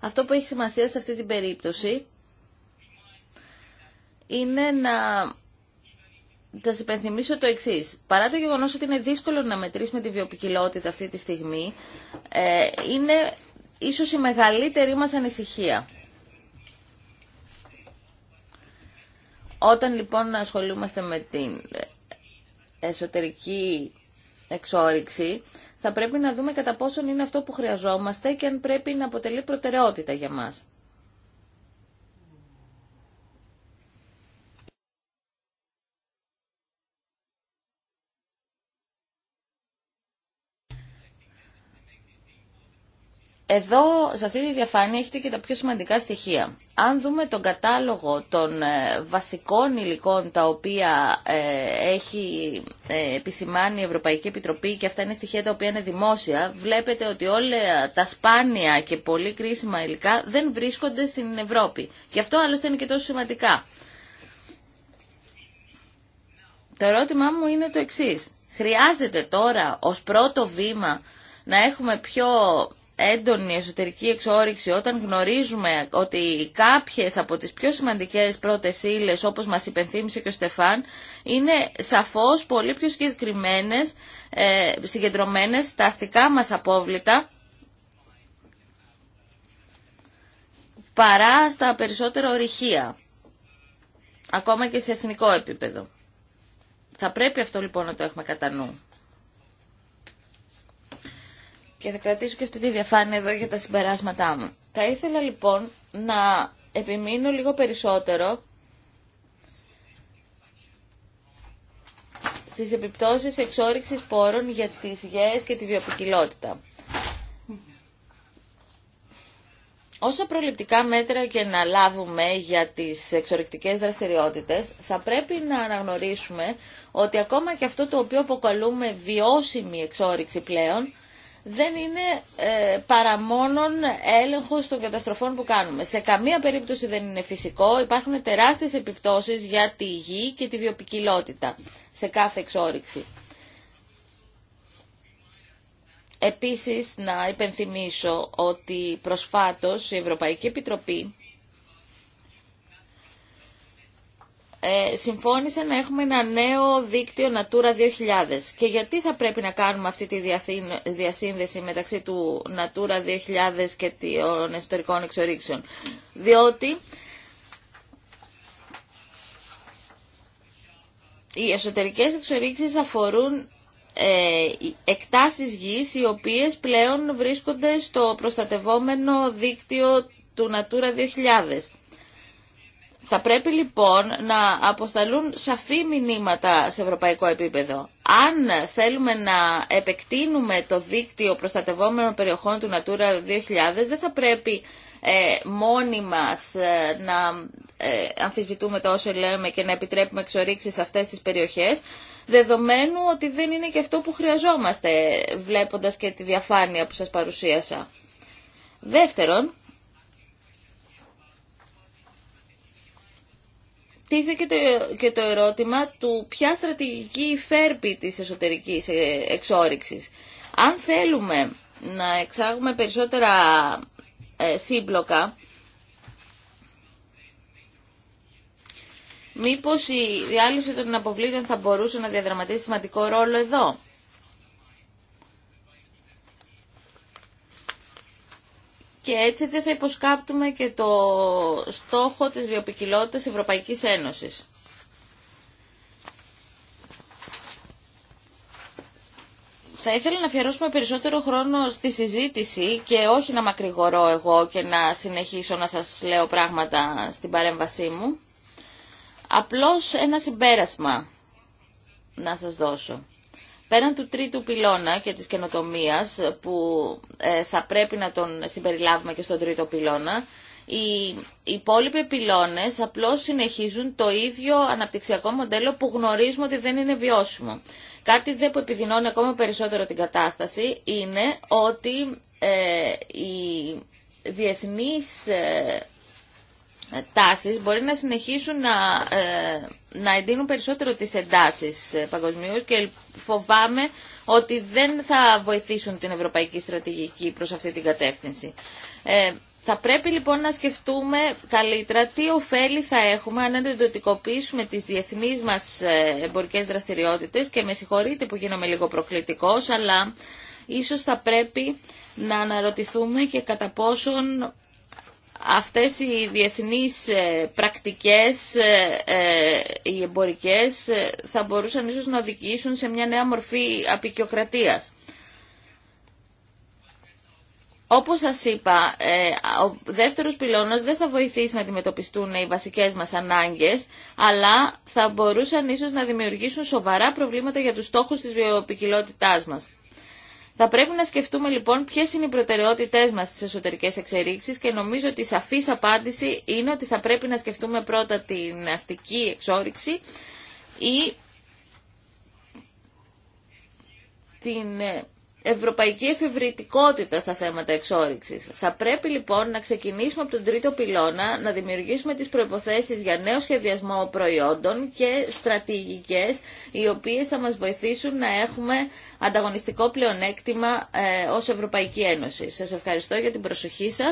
Αυτό που έχει σημασία σε αυτή την περίπτωση είναι να θα σα υπενθυμίσω το εξή. Παρά το γεγονό ότι είναι δύσκολο να μετρήσουμε τη βιοπικιλότητα αυτή τη στιγμή, ε, είναι ίσως η μεγαλύτερη μας ανησυχία. Όταν λοιπόν ασχολούμαστε με την εσωτερική εξόριξη, θα πρέπει να δούμε κατά πόσον είναι αυτό που χρειαζόμαστε και αν πρέπει να αποτελεί προτεραιότητα για μας. Εδώ, σε αυτή τη διαφάνεια, έχετε και τα πιο σημαντικά στοιχεία. Αν δούμε τον κατάλογο των ε, βασικών υλικών τα οποία ε, έχει ε, επισημάνει η Ευρωπαϊκή Επιτροπή και αυτά είναι στοιχεία τα οποία είναι δημόσια, βλέπετε ότι όλα τα σπάνια και πολύ κρίσιμα υλικά δεν βρίσκονται στην Ευρώπη. Γι' αυτό άλλωστε είναι και τόσο σημαντικά. Το ερώτημά μου είναι το εξής. Χρειάζεται τώρα ως πρώτο βήμα να έχουμε πιο έντονη εσωτερική εξόριξη όταν γνωρίζουμε ότι κάποιες από τις πιο σημαντικές πρώτες ύλες όπως μας υπενθύμησε και ο Στεφάν είναι σαφώς πολύ πιο συγκεκριμένες, ε, συγκεντρωμένες στα αστικά μας απόβλητα παρά στα περισσότερα ορυχεία, ακόμα και σε εθνικό επίπεδο. Θα πρέπει αυτό λοιπόν να το έχουμε κατά νου. Και θα κρατήσω και αυτή τη διαφάνεια εδώ για τα συμπεράσματά μου. Θα ήθελα λοιπόν να επιμείνω λίγο περισσότερο στις επιπτώσεις εξόριξης πόρων για τις γέες και τη βιοποικιλότητα. Όσα προληπτικά μέτρα και να λάβουμε για τις εξορρυκτικές δραστηριότητες, θα πρέπει να αναγνωρίσουμε ότι ακόμα και αυτό το οποίο αποκαλούμε βιώσιμη εξόριξη πλέον, δεν είναι ε, παρά μόνον έλεγχος των καταστροφών που κάνουμε. Σε καμία περίπτωση δεν είναι φυσικό. Υπάρχουν τεράστιες επιπτώσεις για τη γη και τη βιοπικιλότητα σε κάθε εξόριξη. Επίσης, να υπενθυμίσω ότι προσφάτως η Ευρωπαϊκή Επιτροπή ε, συμφώνησε να έχουμε ένα νέο δίκτυο Natura 2000. Και γιατί θα πρέπει να κάνουμε αυτή τη διασύνδεση μεταξύ του Natura 2000 και των εσωτερικών εξορίξεων. Διότι οι εσωτερικές εξορίξεις αφορούν ε, εκτάσεις γης οι οποίες πλέον βρίσκονται στο προστατευόμενο δίκτυο του Natura 2000. Θα πρέπει λοιπόν να αποσταλούν σαφή μηνύματα σε ευρωπαϊκό επίπεδο. Αν θέλουμε να επεκτείνουμε το δίκτυο προστατευόμενων περιοχών του Natura 2000, δεν θα πρέπει ε, μόνοι μας ε, να ε, αμφισβητούμε τα όσα λέμε και να επιτρέπουμε εξορίξεις σε αυτές τις περιοχές, δεδομένου ότι δεν είναι και αυτό που χρειαζόμαστε, βλέποντας και τη διαφάνεια που σας παρουσίασα. Δεύτερον, τίθεται και το ερώτημα του ποια στρατηγική φέρπει της εσωτερικής ε, εξόριξης. Αν θέλουμε να εξάγουμε περισσότερα ε, σύμπλοκα, μήπως η διάλυση των αποβλήτων θα μπορούσε να διαδραματίσει σημαντικό ρόλο εδώ. και έτσι δεν θα υποσκάπτουμε και το στόχο της βιοπικιλότητας Ευρωπαϊκής Ένωσης. Θα ήθελα να αφιερώσουμε περισσότερο χρόνο στη συζήτηση και όχι να μακρηγορώ εγώ και να συνεχίσω να σας λέω πράγματα στην παρέμβασή μου. Απλώς ένα συμπέρασμα να σας δώσω. Πέραν του τρίτου πυλώνα και της καινοτομίας που ε, θα πρέπει να τον συμπεριλάβουμε και στον τρίτο πυλώνα, οι υπόλοιποι πυλώνες απλώς συνεχίζουν το ίδιο αναπτυξιακό μοντέλο που γνωρίζουμε ότι δεν είναι βιώσιμο. Κάτι δε που επιδεινώνει ακόμα περισσότερο την κατάσταση είναι ότι ε, οι διεθνείς ε, τάσεις μπορεί να συνεχίσουν να, ε, να εντείνουν περισσότερο τις εντάσεις ε, παγκοσμίως και φοβάμαι ότι δεν θα βοηθήσουν την ευρωπαϊκή στρατηγική προς αυτή την κατεύθυνση. Ε, θα πρέπει λοιπόν να σκεφτούμε καλύτερα τι ωφέλη θα έχουμε αν εντοτικοποιήσουμε τις διεθνείς μας ε, εμπορικές δραστηριότητες και με συγχωρείτε που γίνομαι λίγο προκλητικός, αλλά ίσως θα πρέπει να αναρωτηθούμε και κατά πόσον αυτές οι διεθνείς ε, πρακτικές, ε, ε, οι εμπορικές, θα μπορούσαν ίσως να οδηγήσουν σε μια νέα μορφή απεικιοκρατίας. Όπως σας είπα, ο δεύτερος πυλώνας δεν θα βοηθήσει να αντιμετωπιστούν οι βασικές μας ανάγκες, αλλά θα μπορούσαν ίσως να δημιουργήσουν σοβαρά προβλήματα για τους στόχους της βιοποικιλότητάς μας. Θα πρέπει να σκεφτούμε λοιπόν ποιε είναι οι προτεραιότητές μας στις εσωτερικέ εξερίξει. και νομίζω ότι η σαφή απάντηση είναι ότι θα πρέπει να σκεφτούμε πρώτα την αστική εξόριξη ή την ε, ευρωπαϊκή εφευρητικότητα στα θέματα εξόρυξης. Θα πρέπει λοιπόν να ξεκινήσουμε από τον τρίτο πυλώνα, να δημιουργήσουμε τις προποθέσει για νέο σχεδιασμό προϊόντων και στρατηγικές οι οποίες θα μας βοηθήσουν να έχουμε ανταγωνιστικό πλεονέκτημα ε, ως Ευρωπαϊκή Ένωση. Σας ευχαριστώ για την προσοχή σα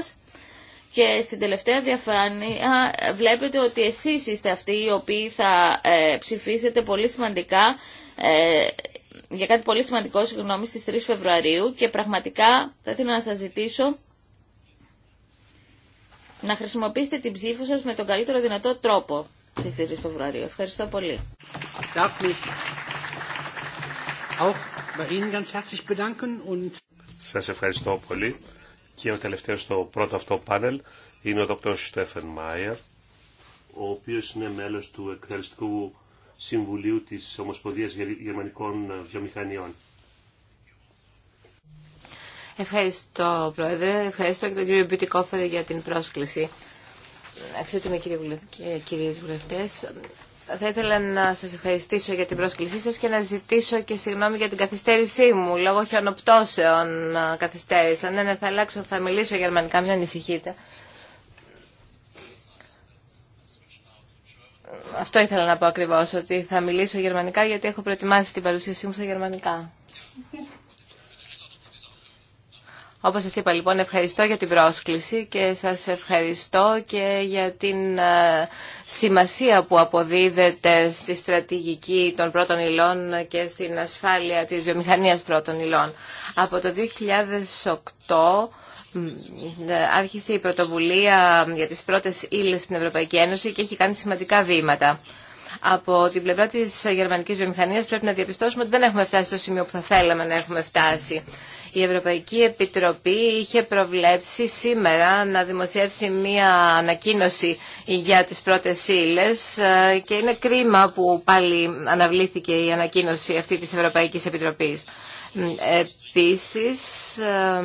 Και στην τελευταία διαφάνεια βλέπετε ότι εσείς είστε αυτοί οι οποίοι θα ε, ψηφίσετε πολύ σημαντικά ε, για κάτι πολύ σημαντικό, συγγνώμη, στις 3 Φεβρουαρίου και πραγματικά θα ήθελα να σας ζητήσω να χρησιμοποιήσετε την ψήφο σας με τον καλύτερο δυνατό τρόπο στις 3 Φεβρουαρίου. Ευχαριστώ πολύ. Σας ευχαριστώ πολύ και ο τελευταίος στο πρώτο αυτό πάνελ είναι ο Δ. Στέφεν Μάιερ ο οποίος είναι μέλος του εκτελεστικού Συμβουλίου της Ομοσπονδίας Γερμανικών Βιομηχανιών. Ευχαριστώ, Πρόεδρε. Ευχαριστώ και τον κύριο Μπιουτικόφερ για την πρόσκληση. Αξιότιμοι κύριε βουλευτές κυρίες βουλευτές, θα ήθελα να σας ευχαριστήσω για την πρόσκλησή σας και να ζητήσω και συγγνώμη για την καθυστέρησή μου. Λόγω χιονοπτώσεων καθυστέρησα. Ναι, ναι, θα αλλάξω, θα μιλήσω γερμανικά, μην ανησυχείτε. αυτό ήθελα να πω ακριβώ ότι θα μιλήσω γερμανικά γιατί έχω προετοιμάσει την παρουσίασή μου στα γερμανικά. Όπω σα είπα λοιπόν, ευχαριστώ για την πρόσκληση και σας ευχαριστώ και για την ε, σημασία που αποδίδεται στη στρατηγική των πρώτων υλών και στην ασφάλεια της βιομηχανίας πρώτων υλών. Από το 2008 άρχισε η πρωτοβουλία για τις πρώτες ύλε στην Ευρωπαϊκή Ένωση και έχει κάνει σημαντικά βήματα. Από την πλευρά της γερμανικής βιομηχανίας πρέπει να διαπιστώσουμε ότι δεν έχουμε φτάσει στο σημείο που θα θέλαμε να έχουμε φτάσει. Η Ευρωπαϊκή Επιτροπή είχε προβλέψει σήμερα να δημοσιεύσει μία ανακοίνωση για τις πρώτες ύλε ε, και είναι κρίμα που πάλι αναβλήθηκε η ανακοίνωση αυτή της Ευρωπαϊκής Επιτροπής. Επίσης, ε,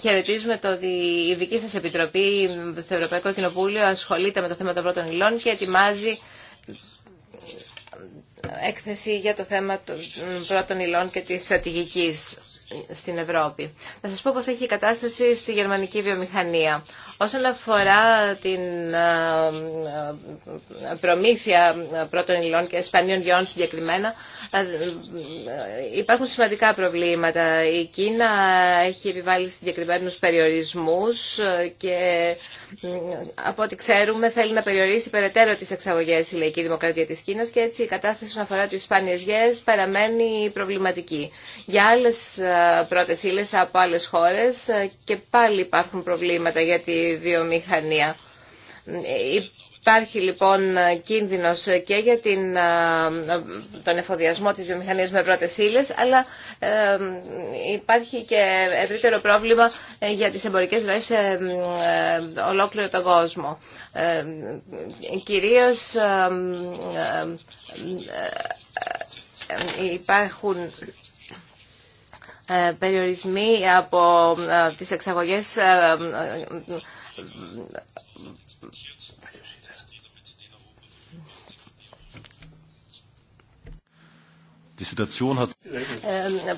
χαιρετίζουμε το ότι η δική σα Επιτροπή στο Ευρωπαϊκό Κοινοβούλιο ασχολείται με το θέμα των πρώτων υλών και ετοιμάζει έκθεση για το θέμα των πρώτων υλών και τη στρατηγική στην Ευρώπη. Θα σας πω πώς έχει η κατάσταση στη γερμανική βιομηχανία. Όσον αφορά την ε, ε, προμήθεια πρώτων υλών και σπανίων γεών συγκεκριμένα, ε, υπάρχουν σημαντικά προβλήματα. Η Κίνα έχει επιβάλει συγκεκριμένους περιορισμούς και από ό,τι ξέρουμε θέλει να περιορίσει περαιτέρω τις εξαγωγές η Λαϊκή Δημοκρατία της Κίνας και έτσι η κατάσταση όσον αφορά τις σπάνιες γεές παραμένει προβληματική. Για πρώτες ύλες από άλλες χώρες ε, και πάλι υπάρχουν προβλήματα για τη βιομηχανία. Υπάρχει λοιπόν κίνδυνος και για την, ε, τον εφοδιασμό της βιομηχανίας με πρώτες ύλε, αλλά ε, υπάρχει και ευρύτερο πρόβλημα για τις εμπορικές ροές σε ολόκληρο τον κόσμο. Κυρίως υπάρχουν ε, περιορισμοί από ε, τις εξαγωγές ε,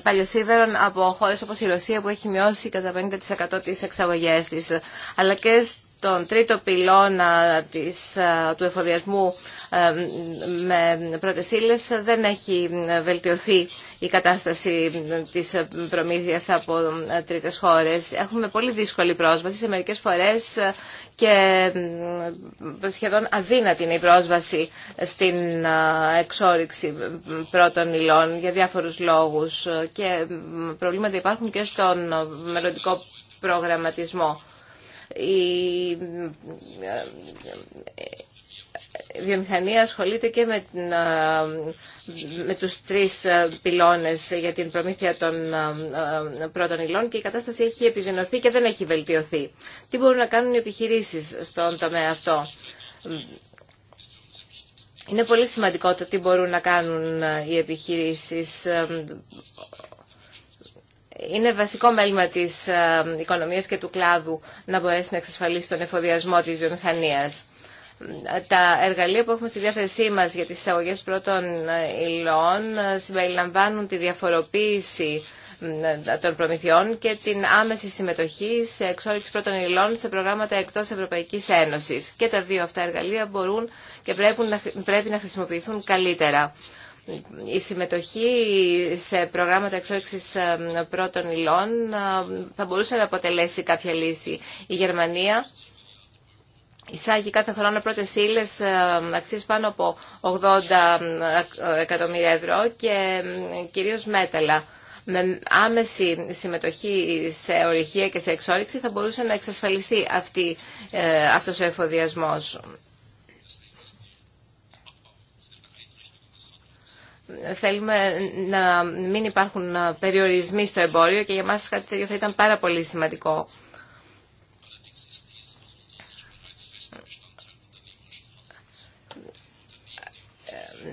παλιοσίδερων από χώρες όπως η Ρωσία που έχει μειώσει κατά 50% τις εξαγωγές της αλλά και τον τρίτο πυλώνα της, ε, του εφοδιασμού ε, με πρώτες δεν έχει βελτιωθεί η κατάσταση της προμήθειας από ε, τρίτες χώρες. Έχουμε πολύ δύσκολη πρόσβαση σε μερικές φορές και σχεδόν αδύνατη είναι η πρόσβαση στην εξόριξη πρώτων υλών για διάφορους λόγους και προβλήματα υπάρχουν και στον μελλοντικό προγραμματισμό. Η βιομηχανία ασχολείται και με, την, με τους τρεις ε, πυλώνες για την προμήθεια των ε, ε, πρώτων υλών και η κατάσταση έχει επιδεινωθεί και δεν έχει βελτιωθεί. Τι μπορούν να κάνουν οι επιχειρήσεις στον τομέα αυτό. Είναι πολύ σημαντικό το τι μπορούν να κάνουν οι επιχειρήσεις είναι βασικό μέλημα της ε, οικονομίας και του κλάδου να μπορέσει να εξασφαλίσει τον εφοδιασμό της βιομηχανίας. Τα εργαλεία που έχουμε στη διάθεσή μας για τις εισαγωγέ πρώτων ε, υλών ε, συμπεριλαμβάνουν τη διαφοροποίηση των προμηθειών και την άμεση συμμετοχή σε εξόριξη πρώτων υλών σε προγράμματα εκτός Ευρωπαϊκής Ένωσης. Και τα δύο αυτά εργαλεία μπορούν και πρέπει να χρησιμοποιηθούν καλύτερα η συμμετοχή σε προγράμματα εξόρυξης ε, πρώτων υλών ε, θα μπορούσε να αποτελέσει κάποια λύση. Η Γερμανία εισάγει κάθε χρόνο πρώτες ύλες ε, αξίες πάνω από 80 εκατομμύρια ευρώ και κυρίως μέταλλα. Με άμεση συμμετοχή σε ορυχία και σε εξόρυξη θα μπορούσε να εξασφαλιστεί αυτή, αυτός ο εφοδιασμός. θέλουμε να μην υπάρχουν ε, περιορισμοί στο εμπόριο και για μας κάτι τέτοιο θα ήταν πάρα πολύ σημαντικό.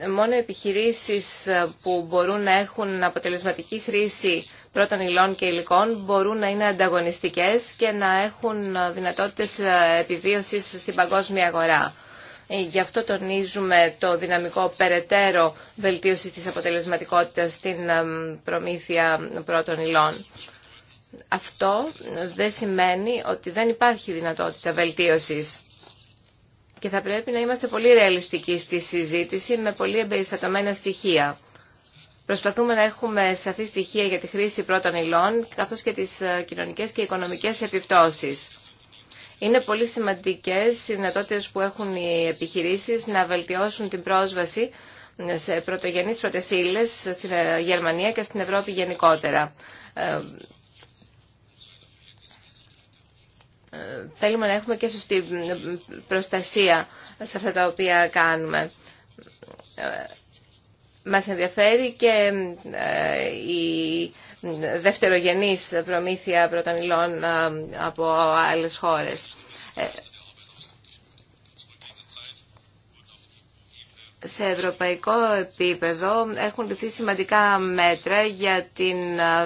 Ε, μόνο οι επιχειρήσεις ε, που μπορούν να έχουν αποτελεσματική χρήση πρώτων υλών και υλικών μπορούν να είναι ανταγωνιστικές και να έχουν δυνατότητες επιβίωσης στην παγκόσμια αγορά. Ε, γι' αυτό τονίζουμε το δυναμικό περαιτέρω βελτίωση της αποτελεσματικότητας στην προμήθεια πρώτων υλών. Αυτό δεν σημαίνει ότι δεν υπάρχει δυνατότητα βελτίωσης και θα πρέπει να είμαστε πολύ ρεαλιστικοί στη συζήτηση με πολύ εμπεριστατωμένα στοιχεία. Προσπαθούμε να έχουμε σαφή στοιχεία για τη χρήση πρώτων υλών, καθώς και τις ε, κοινωνικές και οικονομικές επιπτώσεις. Είναι πολύ σημαντικές οι δυνατότητες που έχουν οι επιχειρήσεις να βελτιώσουν την πρόσβαση σε πρωτογενείς πρωτεσίλες στην ε, Γερμανία και στην Ευρώπη γενικότερα. Ε, ε, θέλουμε να έχουμε και σωστή προστασία σε αυτά τα οποία κάνουμε. Μας ενδιαφέρει και ε, η δευτερογενής προμήθεια πρωτανηλών ε, από άλλες χώρες. Ε, σε ευρωπαϊκό επίπεδο έχουν ληφθεί σημαντικά μέτρα για την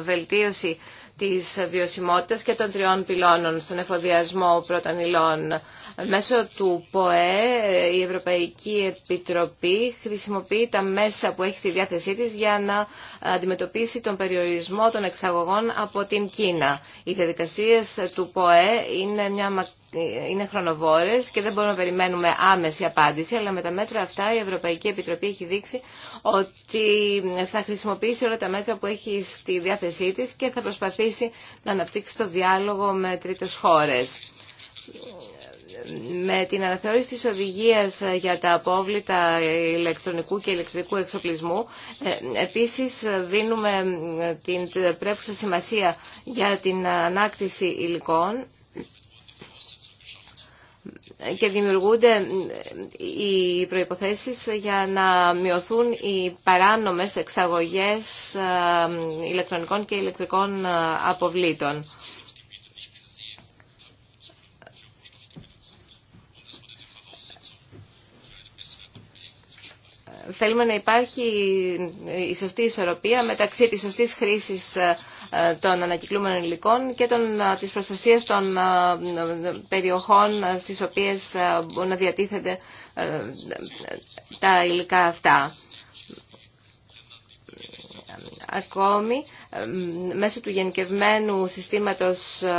βελτίωση της βιωσιμότητας και των τριών πυλώνων στον εφοδιασμό πρωτανηλών Μέσω του ΠΟΕ η Ευρωπαϊκή Επιτροπή χρησιμοποιεί τα μέσα που έχει στη διάθεσή της για να αντιμετωπίσει τον περιορισμό των εξαγωγών από την Κίνα. Οι διαδικασίες του ΠΟΕ είναι μια είναι χρονοβόρες και δεν μπορούμε να περιμένουμε άμεση απάντηση, αλλά με τα μέτρα αυτά η Ευρωπαϊκή Επιτροπή έχει δείξει ότι θα χρησιμοποιήσει όλα τα μέτρα που έχει στη διάθεσή της και θα προσπαθήσει να αναπτύξει το διάλογο με τρίτες χώρες με την αναθεώρηση της οδηγίας για τα απόβλητα ηλεκτρονικού και ηλεκτρικού εξοπλισμού ε, επίσης δίνουμε την πρέπουσα σημασία για την ανάκτηση υλικών και δημιουργούνται ε, οι προϋποθέσεις για να μειωθούν οι παράνομες εξαγωγές ε, ηλεκτρονικών και ηλεκτρικών αποβλήτων. Θέλουμε να υπάρχει η σωστή ισορροπία μεταξύ της σωστής χρήσης ε, ε, των ανακυκλούμενων υλικών και των, ε, της προστασίας των περιοχών στις οποίες μπορούν να διατίθενται τα υλικά αυτά ακόμη μέσω του γενικευμένου συστήματος ε,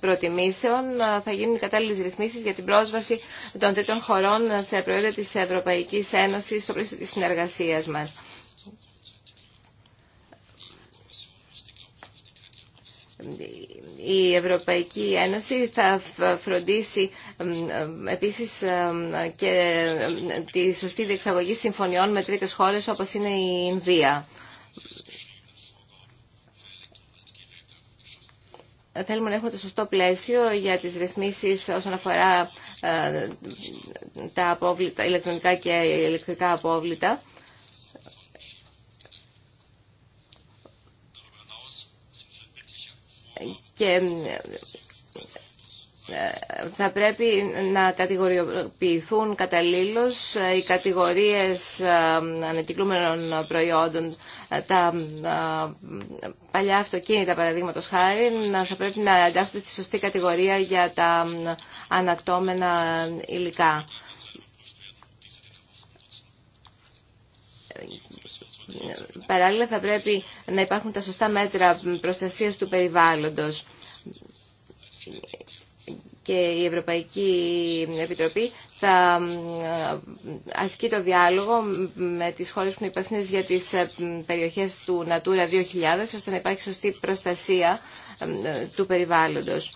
προτιμήσεων ε, θα γίνουν οι κατάλληλες ρυθμίσεις για την πρόσβαση των τρίτων χωρών σε προϊόντα της Ευρωπαϊκής Ένωσης στο πλαίσιο της συνεργασίας μας. η Ευρωπαϊκή Ένωση θα φροντίσει ε, επίσης και τη σωστή διεξαγωγή συμφωνιών με τρίτες χώρες όπως είναι η Ινδία. Θέλουμε να έχουμε το σωστό πλαίσιο για τις ρυθμίσεις όσον αφορά ε, τα ηλεκτρονικά και ηλεκτρικά απόβλητα. Και θα πρέπει να κατηγοριοποιηθούν καταλήλως ε, οι κατηγορίες ε, ανακυκλούμενων προϊόντων. Ε, τα παλιά αυτοκίνητα, παραδείγματο χάρη, θα πρέπει να εντάσσονται στη σωστή κατηγορία για τα ανακτώμενα υλικά. Παράλληλα θα πρέπει να υπάρχουν τα σωστά μέτρα προστασίας του περιβάλλοντος και η Ευρωπαϊκή Επιτροπή θα ασκεί το διάλογο με τις χώρες που είναι υπεύθυνε για τις ε, περιοχές του Natura 2000 ώστε να υπάρχει σωστή προστασία ε, του περιβάλλοντος.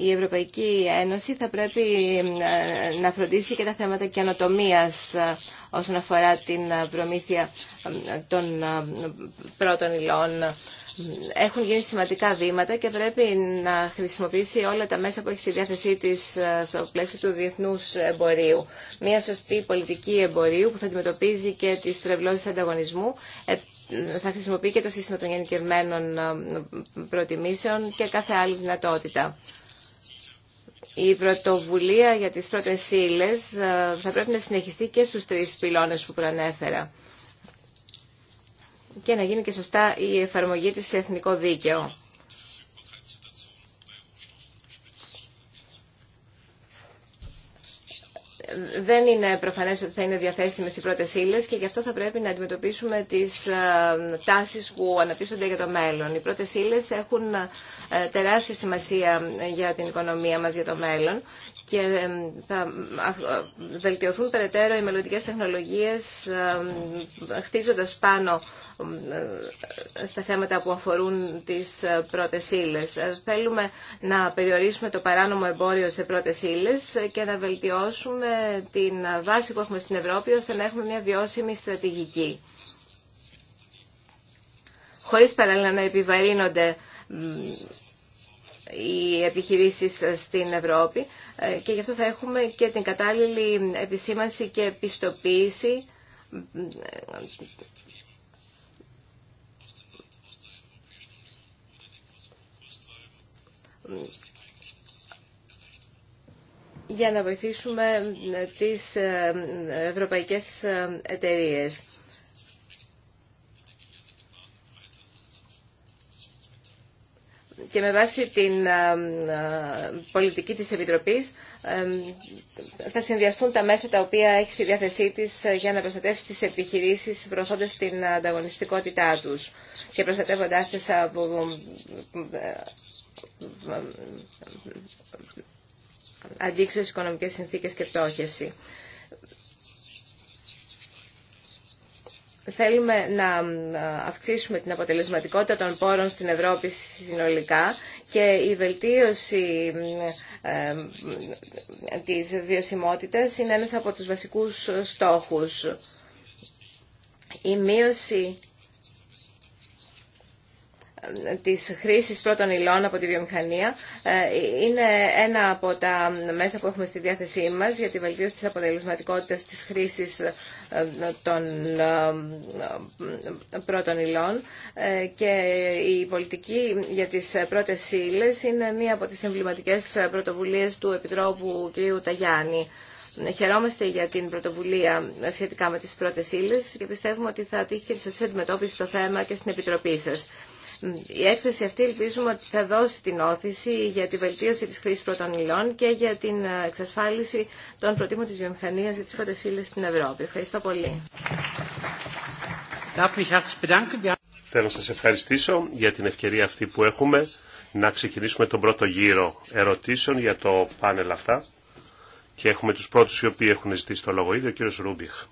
η Ευρωπαϊκή Ένωση θα πρέπει ε, να φροντίσει και τα θέματα καινοτομία ε, όσον αφορά την ε, προμήθεια των πρώτων υλών. Έχουν γίνει σημαντικά βήματα και πρέπει να χρησιμοποιήσει όλα τα μέσα που έχει στη διάθεσή της στο πλαίσιο του διεθνούς εμπορίου. Μία σωστή πολιτική εμπορίου που θα αντιμετωπίζει και τις τρευλώσεις ανταγωνισμού, θα χρησιμοποιεί και το σύστημα των γενικευμένων προτιμήσεων και κάθε άλλη δυνατότητα. Η πρωτοβουλία για τις πρώτες ύλε ε, θα πρέπει να συνεχιστεί και στους τρεις πυλώνες που προανέφερα και να γίνει και σωστά η εφαρμογή της σε εθνικό δίκαιο. δεν είναι προφανές ότι θα είναι διαθέσιμες οι πρώτες ύλε και γι' αυτό θα πρέπει να αντιμετωπίσουμε τις ε, τάσεις που αναπτύσσονται για το μέλλον. Οι πρώτες ύλε έχουν ε, τεράστια σημασία για την οικονομία μας για το μέλλον και θα βελτιωθούν περαιτέρω οι μελλοντικέ τεχνολογίες χτίζοντας πάνω ε, στα θέματα που αφορούν τις ε, πρώτες ύλε. Ε, θέλουμε να περιορίσουμε το παράνομο εμπόριο σε πρώτες ύλε και να βελτιώσουμε την βάση που έχουμε στην Ευρώπη ώστε να έχουμε μια βιώσιμη στρατηγική. Χωρίς παράλληλα να επιβαρύνονται οι επιχειρήσεις στην Ευρώπη ε, και γι' αυτό θα έχουμε και την κατάλληλη επισήμανση και πιστοποίηση για να βοηθήσουμε τις ε, ευρωπαϊκές ε, εταιρείες. και με βάση την πολιτική της Επιτροπής θα συνδυαστούν τα μέσα τα οποία έχει στη διάθεσή της για να προστατεύσει τις επιχειρήσεις προωθώντας την ανταγωνιστικότητά τους και προστατεύοντάς τις από αντίξωες οικονομικές συνθήκες και πτώχευση. Θέλουμε να αυξήσουμε την αποτελεσματικότητα των πόρων στην Ευρώπη συνολικά και η βελτίωση ε, της βιωσιμότητας είναι ένας από τους βασικούς στόχους. Η της χρήσης πρώτων υλών από τη βιομηχανία ε, είναι ένα από τα μέσα που έχουμε στη διάθεσή μας για τη βελτίωση της αποτελεσματικότητας της χρήσης ε, των ε, πρώτων υλών και η πολιτική για τις πρώτες ύλε είναι μία από τις εμβληματικές πρωτοβουλίες του Επιτρόπου κ. Ταγιάννη. Χαιρόμαστε για την πρωτοβουλία σχετικά με τις πρώτες ύλες και πιστεύουμε ότι θα τύχει και τη σωστή αντιμετώπιση στο θέμα και στην Επιτροπή σας. Η έκθεση αυτή ελπίζουμε ότι θα δώσει την όθηση για τη βελτίωση της χρήσης πρώτων υλών και για την ε, εξασφάλιση των προτύπων της βιομηχανίας για τις πρώτες στην Ευρώπη. Ευχαριστώ πολύ. Θέλω να σας ευχαριστήσω για την ευκαιρία αυτή που έχουμε να ξεκινήσουμε τον πρώτο γύρο ερωτήσεων για το πάνελ αυτά και έχουμε τους πρώτους οι οποίοι έχουν ζητήσει το λόγο ήδη, ο κύριος Ρούμπιχ.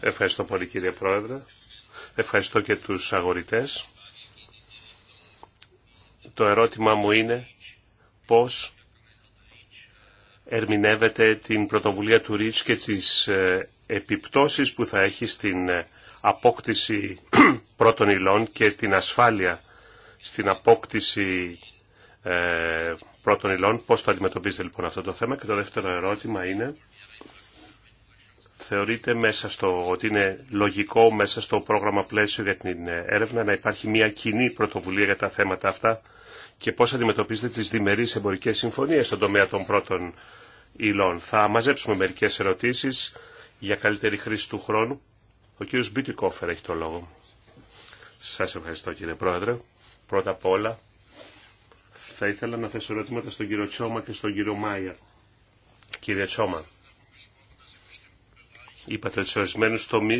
Ευχαριστώ πολύ κύριε Πρόεδρε. Ευχαριστώ και τους αγορητές. Το ερώτημα μου είναι πώς ερμηνεύεται την πρωτοβουλία του Ρίτς και τις ε, επιπτώσεις που θα έχει στην ε, απόκτηση πρώτων υλών και την ασφάλεια στην απόκτηση ε, πρώτων υλών. Πώς το αντιμετωπίζετε λοιπόν αυτό το θέμα. Και το δεύτερο ερώτημα είναι θεωρείτε μέσα στο ότι είναι λογικό μέσα στο πρόγραμμα πλαίσιο για την έρευνα να υπάρχει μια κοινή πρωτοβουλία για τα θέματα αυτά και πώς αντιμετωπίζετε τις διμερείς εμπορικές συμφωνίες στον τομέα των πρώτων υλών. Θα μαζέψουμε μερικές ερωτήσεις για καλύτερη χρήση του χρόνου. Ο κύριος Μπιτικόφερ έχει το λόγο. Σας ευχαριστώ κύριε Πρόεδρε. Πρώτα απ' όλα θα ήθελα να θέσω ερωτήματα στον κύριο Τσόμα και στον κύριο Μάια. Κύριε Τσόμα, Είπατε ότι σε ορισμένου τομεί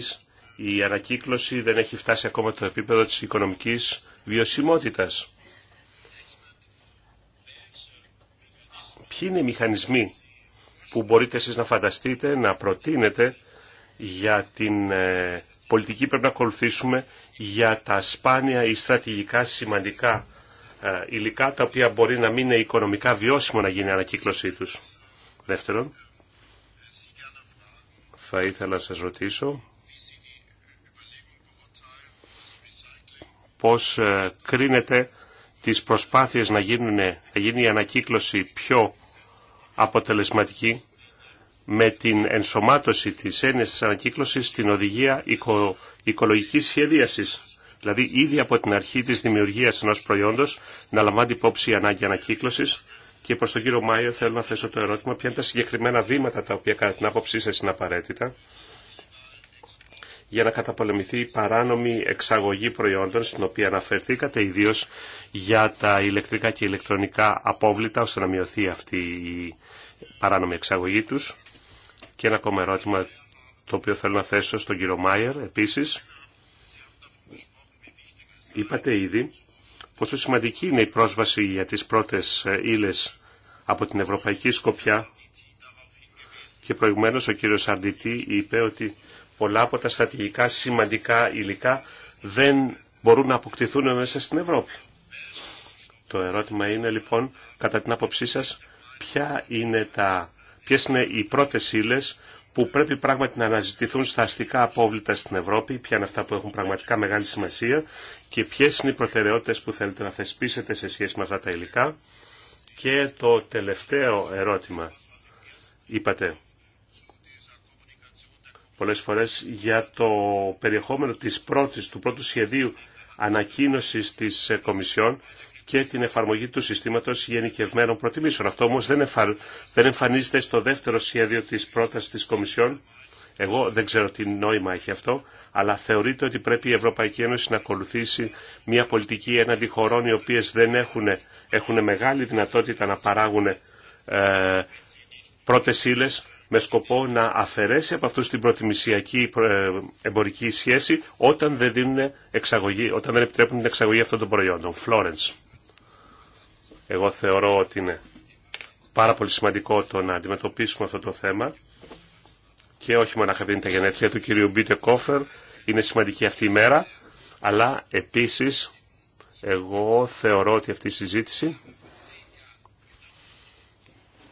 η ανακύκλωση δεν έχει φτάσει ακόμα το επίπεδο της οικονομικής βιωσιμότητας. Ποιοι είναι οι μηχανισμοί που μπορείτε εσείς να φανταστείτε, να προτείνετε για την ε, πολιτική που πρέπει να ακολουθήσουμε για τα σπάνια ή στρατηγικά σημαντικά ε, υλικά τα οποία μπορεί να μην είναι οικονομικά βιώσιμο να γίνει η ανακύκλωσή τους. Δεύτερον, θα ήθελα να σας ρωτήσω πώς ε, κρίνετε τις προσπάθειες να, ε, να γίνει η ανακύκλωση πιο αποτελεσματική με την ενσωμάτωση της έννοιας της ανακύκλωσης στην οδηγία οικο, οικολογικής σχεδίασης. Δηλαδή ήδη από την αρχή της δημιουργίας ενός προϊόντος να λαμβάνει υπόψη η ανάγκη ανακύκλωσης και προ τον κύριο Μάιο θέλω να θέσω το ερώτημα ποια είναι τα συγκεκριμένα βήματα τα οποία κατά την άποψή σα είναι απαραίτητα για να καταπολεμηθεί η παράνομη εξαγωγή προϊόντων στην οποία αναφερθήκατε ιδίω για τα ηλεκτρικά και ηλεκτρονικά απόβλητα ώστε να μειωθεί αυτή η παράνομη εξαγωγή τους. Και ένα ακόμα ερώτημα το οποίο θέλω να θέσω στον κύριο Μάιερ επίσης. Είπατε ήδη πόσο σημαντική είναι η πρόσβαση για τις πρώτες ε, ύλες από την Ευρωπαϊκή Σκοπιά και προηγουμένως ο κύριος Αντιτή είπε ότι πολλά από τα στρατηγικά σημαντικά υλικά δεν μπορούν να αποκτηθούν μέσα στην Ευρώπη. Το ερώτημα είναι λοιπόν, κατά την άποψή σας, ποια είναι τα, ποιες είναι οι πρώτες ύλες που πρέπει πράγματι να αναζητηθούν στα αστικά απόβλητα στην Ευρώπη, ποια είναι αυτά που έχουν πραγματικά μεγάλη σημασία και ποιε είναι οι προτεραιότητε που θέλετε να θεσπίσετε σε σχέση με αυτά τα υλικά. Και το τελευταίο ερώτημα. Είπατε πολλές φορές για το περιεχόμενο της πρώτης, του πρώτου σχεδίου ανακοίνωσης της Κομισιόν και την εφαρμογή του συστήματος γενικευμένων προτιμήσεων. Αυτό όμως δεν, δεν εμφανίζεται στο δεύτερο σχέδιο της πρότασης της Κομισιόν. Εγώ δεν ξέρω τι νόημα έχει αυτό, αλλά θεωρείται ότι πρέπει η Ευρωπαϊκή Ένωση να ακολουθήσει μια πολιτική έναντι χωρών οι οποίες δεν έχουν, έχουν μεγάλη δυνατότητα να παράγουν ε, πρώτες ύλες με σκοπό να αφαιρέσει από αυτούς την προτιμησιακή ε, εμπορική σχέση όταν δεν, δίνουν εξαγωγή, όταν δεν επιτρέπουν την εξαγωγή αυτών των προϊόντων. Florence. Εγώ θεωρώ ότι είναι πάρα πολύ σημαντικό το να αντιμετωπίσουμε αυτό το θέμα και όχι μόνο να τα γενέθλια του κυρίου Μπίτε Κόφερ, είναι σημαντική αυτή η μέρα, αλλά επίσης εγώ θεωρώ ότι αυτή η συζήτηση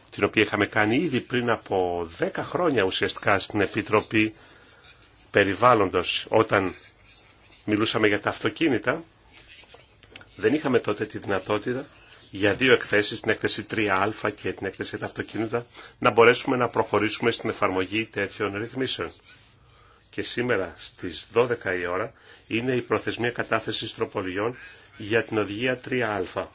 την οποία είχαμε κάνει ήδη πριν από 10 χρόνια ουσιαστικά στην Επιτροπή Περιβάλλοντος όταν μιλούσαμε για τα αυτοκίνητα δεν είχαμε τότε τη δυνατότητα για δύο εκθέσεις, την έκθεση 3α και την έκθεση για τα αυτοκίνητα, να μπορέσουμε να προχωρήσουμε στην εφαρμογή τέτοιων ρυθμίσεων. Και σήμερα στις 12 η ώρα είναι η προθεσμία κατάθεση τροπολιών για την οδηγία 3α,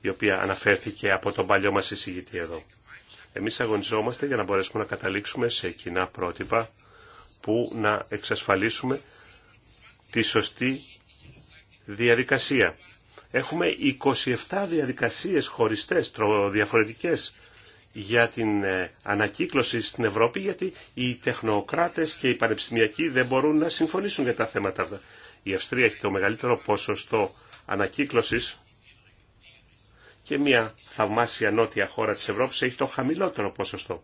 η οποία αναφέρθηκε από τον παλιό μας εισηγητή εδώ. Εμείς αγωνιζόμαστε για να μπορέσουμε να καταλήξουμε σε κοινά πρότυπα που να εξασφαλίσουμε τη σωστή διαδικασία Έχουμε 27 διαδικασίες χωριστές, διαφορετικές για την ε, ανακύκλωση στην Ευρώπη, γιατί οι τεχνοκράτες και οι πανεπιστημιακοί δεν μπορούν να συμφωνήσουν για τα θέματα αυτά. Η Αυστρία έχει το μεγαλύτερο ποσοστό ανακύκλωσης και μια θαυμάσια νότια χώρα της Ευρώπης έχει το χαμηλότερο ποσοστό.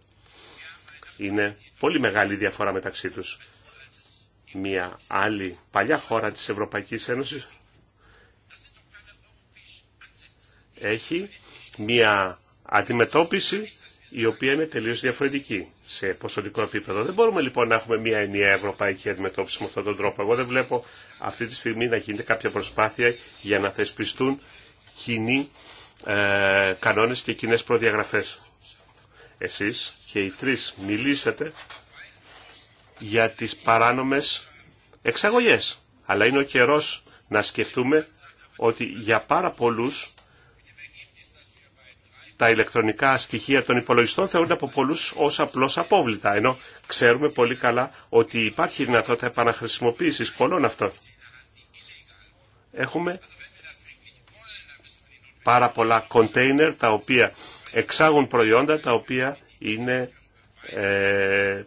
Είναι πολύ μεγάλη διαφορά μεταξύ τους. Μια άλλη παλιά χώρα της Ευρωπαϊκής Ένωσης έχει μια αντιμετώπιση η οποία είναι τελείως διαφορετική σε ποσοτικό επίπεδο. Δεν μπορούμε λοιπόν να έχουμε μια ενιαία ευρωπαϊκή αντιμετώπιση με αυτόν τον τρόπο. Εγώ δεν βλέπω αυτή τη στιγμή να γίνεται κάποια προσπάθεια για να θεσπιστούν κοινοί ε, κανόνες και κοινέ προδιαγραφές. Εσείς και οι τρεις μιλήσατε για τις παράνομες εξαγωγές. Αλλά είναι ο καιρός να σκεφτούμε ότι για πάρα πολλούς τα ηλεκτρονικά στοιχεία των υπολογιστών θεωρούνται από πολλού ω απλώ απόβλητα. Ενώ ξέρουμε πολύ καλά ότι υπάρχει δυνατότητα επαναχρησιμοποίηση πολλών αυτών. Έχουμε πάρα πολλά κοντέινερ τα οποία εξάγουν προϊόντα τα οποία είναι ε,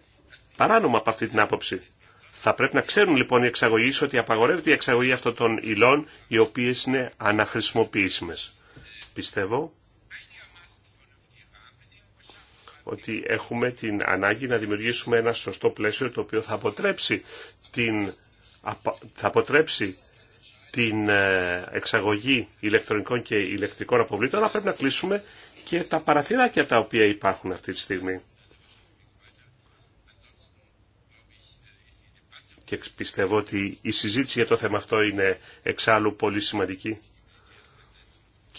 παράνομα από αυτή την άποψη. Θα πρέπει να ξέρουν λοιπόν οι εξαγωγείς ότι απαγορεύεται η εξαγωγή αυτών των υλών οι οποίες είναι αναχρησιμοποιήσιμες. Πιστεύω ότι έχουμε την ανάγκη να δημιουργήσουμε ένα σωστό πλαίσιο το οποίο θα αποτρέψει την, θα αποτρέψει την ε, εξαγωγή ηλεκτρονικών και ηλεκτρικών αποβλήτων, αλλά πρέπει να κλείσουμε και τα παραθυράκια τα οποία υπάρχουν αυτή τη στιγμή. Και πιστεύω ότι η συζήτηση για το θέμα αυτό είναι εξάλλου πολύ σημαντική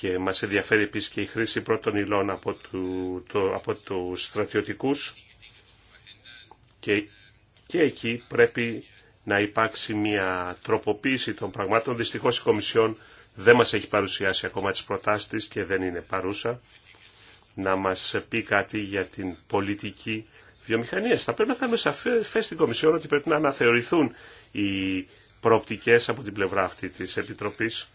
και μας ενδιαφέρει επίσης και η χρήση πρώτων υλών από, του, το, από τους στρατιωτικούς και, και εκεί πρέπει να υπάρξει μια τροποποίηση των πραγμάτων. Δυστυχώς η Κομισιόν δεν μας έχει παρουσιάσει ακόμα τις προτάσεις και δεν είναι παρούσα να μας πει κάτι για την πολιτική βιομηχανία. Θα πρέπει να κάνουμε σαφές στην Κομισιόν ότι πρέπει να αναθεωρηθούν οι προοπτικές από την πλευρά αυτή της Επιτροπής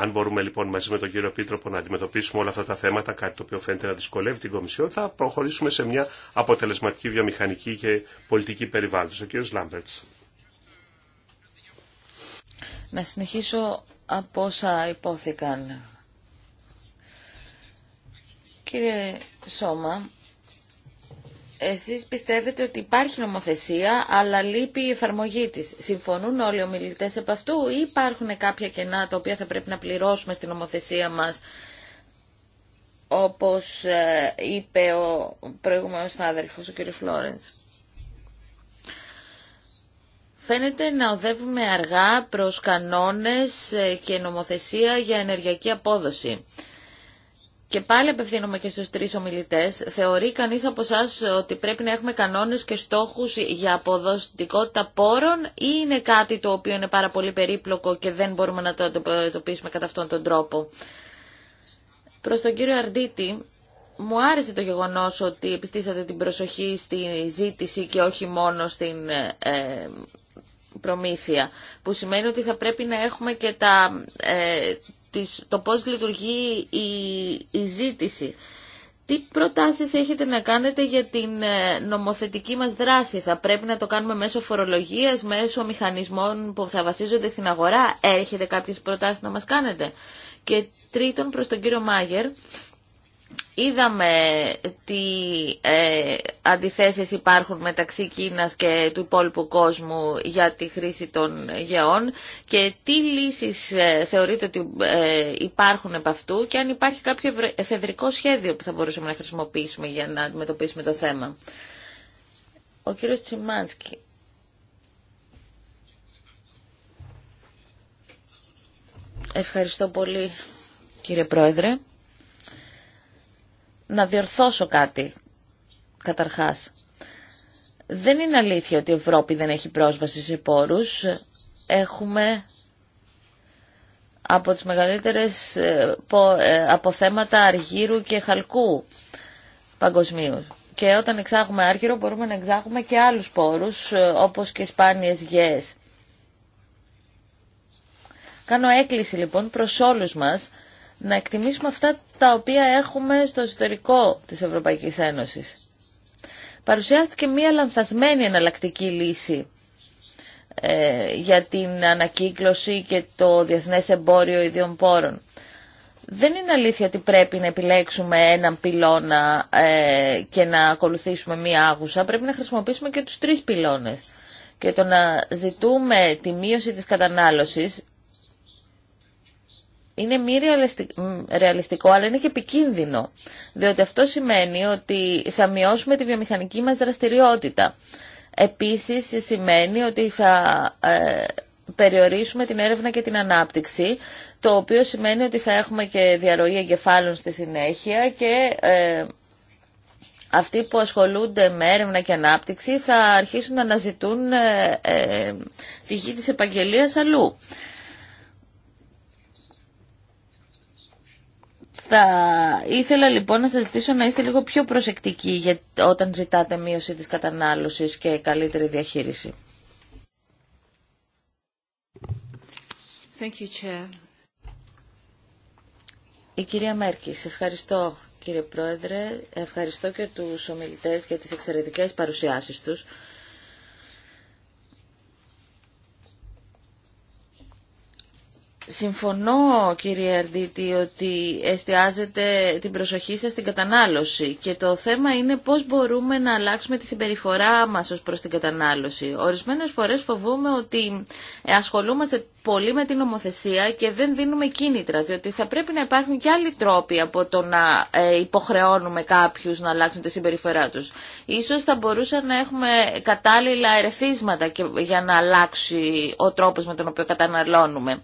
αν μπορούμε λοιπόν μαζί με τον κύριο πίτροπο να αντιμετωπίσουμε όλα αυτά τα θέματα, κάτι το οποίο φαίνεται να δυσκολεύει την Κομισιόν, θα προχωρήσουμε σε μια αποτελεσματική βιομηχανική και πολιτική περιβάλλοντος. Ο κύριος Λάμπερτ. Να συνεχίσω από όσα υπόθηκαν. Κύριε Σώμα, εσείς πιστεύετε ότι υπάρχει νομοθεσία, αλλά λείπει η εφαρμογή της. Συμφωνούν όλοι οι ομιλητές από αυτού ή υπάρχουν κάποια κενά τα οποία θα πρέπει να πληρώσουμε στην νομοθεσία μας, όπως ε, είπε ο προηγούμενος άδερφος, ο κ. Φλόρενς. Φαίνεται να οδεύουμε αργά προς κανόνες ε, και νομοθεσία για ενεργειακή απόδοση. Και πάλι απευθύνομαι και στους τρεις ομιλητές. Θεωρεί κανείς από εσά ότι πρέπει να έχουμε κανόνες και στόχους για αποδοστικότητα πόρων ή είναι κάτι το οποίο είναι πάρα πολύ περίπλοκο και δεν μπορούμε να το αντιμετωπίσουμε κατά αυτόν τον τρόπο. Προς τον κύριο Αρντίτη, μου άρεσε το γεγονός ότι επιστήσατε την προσοχή στη ζήτηση και όχι μόνο στην ε, ε, προμήθεια, που σημαίνει ότι θα πρέπει να έχουμε και τα ε, το πώς λειτουργεί η ζήτηση. Τι προτάσεις έχετε να κάνετε για την ε, νομοθετική μας δράση. Θα πρέπει να το κάνουμε μέσω φορολογίας, μέσω μηχανισμών που θα βασίζονται στην αγορά. Έχετε κάποιες προτάσεις να μας κάνετε. Και τρίτον προς τον κύριο Μάγερ, Είδαμε τι ε, αντιθέσεις υπάρχουν μεταξύ Κίνας και του υπόλοιπου κόσμου για τη χρήση των γεών και τι λύσεις ε, θεωρείτε ότι ε, υπάρχουν επ' αυτού και αν υπάρχει κάποιο εφεδρικό σχέδιο που θα μπορούσαμε να χρησιμοποιήσουμε για να αντιμετωπίσουμε το θέμα. Ο κύριος Τσιμάνσκι. Ευχαριστώ πολύ κύριε Πρόεδρε να διορθώσω κάτι, καταρχάς. Δεν είναι αλήθεια ότι η Ευρώπη δεν έχει πρόσβαση σε πόρους. Έχουμε από τις μεγαλύτερες ε, ε, αποθέματα αργύρου και χαλκού παγκοσμίου. Και όταν εξάγουμε άργυρο μπορούμε να εξάγουμε και άλλους πόρους, ε, όπως και σπάνιες γέες. Κάνω έκκληση λοιπόν προς όλους μας να εκτιμήσουμε αυτά τα οποία έχουμε στο εσωτερικό της Ευρωπαϊκής Ένωσης. Παρουσιάστηκε μία λανθασμένη εναλλακτική λύση ε, για την ανακύκλωση και το διεθνές εμπόριο ιδιών πόρων. Δεν είναι αλήθεια ότι πρέπει να επιλέξουμε έναν πυλώνα ε, και να ακολουθήσουμε μία άγουσα. Πρέπει να χρησιμοποιήσουμε και τους τρεις πυλώνες. Και το να ζητούμε τη μείωση της κατανάλωσης είναι μη ρεαλιστικό, αλλά είναι και επικίνδυνο. Διότι αυτό σημαίνει ότι θα μειώσουμε τη βιομηχανική μας δραστηριότητα. Επίσης σημαίνει ότι θα ε, περιορίσουμε την έρευνα και την ανάπτυξη, το οποίο σημαίνει ότι θα έχουμε και διαρροή εγκεφάλων στη συνέχεια και ε, αυτοί που ασχολούνται με έρευνα και ανάπτυξη θα αρχίσουν να αναζητούν ε, τη γη της επαγγελίας αλλού. Θα ήθελα λοιπόν να σας ζητήσω να είστε λίγο πιο προσεκτικοί για... όταν ζητάτε μείωση της κατανάλωσης και καλύτερη διαχείριση. Thank you, Chair. Η κυρία Μέρκη, ευχαριστώ κύριε Πρόεδρε, ευχαριστώ και τους ομιλητές για τις εξαιρετικές παρουσιάσεις τους. Συμφωνώ κύριε Αρντίτη ότι εστιάζεται την προσοχή σας στην κατανάλωση και το θέμα είναι πώς μπορούμε να αλλάξουμε τη συμπεριφορά μας ως προς την κατανάλωση. Ορισμένες φορές φοβούμε ότι ασχολούμαστε πολύ με την νομοθεσία και δεν δίνουμε κίνητρα, διότι θα πρέπει να υπάρχουν και άλλοι τρόποι από το να ε, υποχρεώνουμε κάποιους να αλλάξουν τη συμπεριφορά τους. Ίσως θα μπορούσαν να έχουμε κατάλληλα ερεθίσματα για να αλλάξει ο τρόπος με τον οποίο καταναλώνουμε.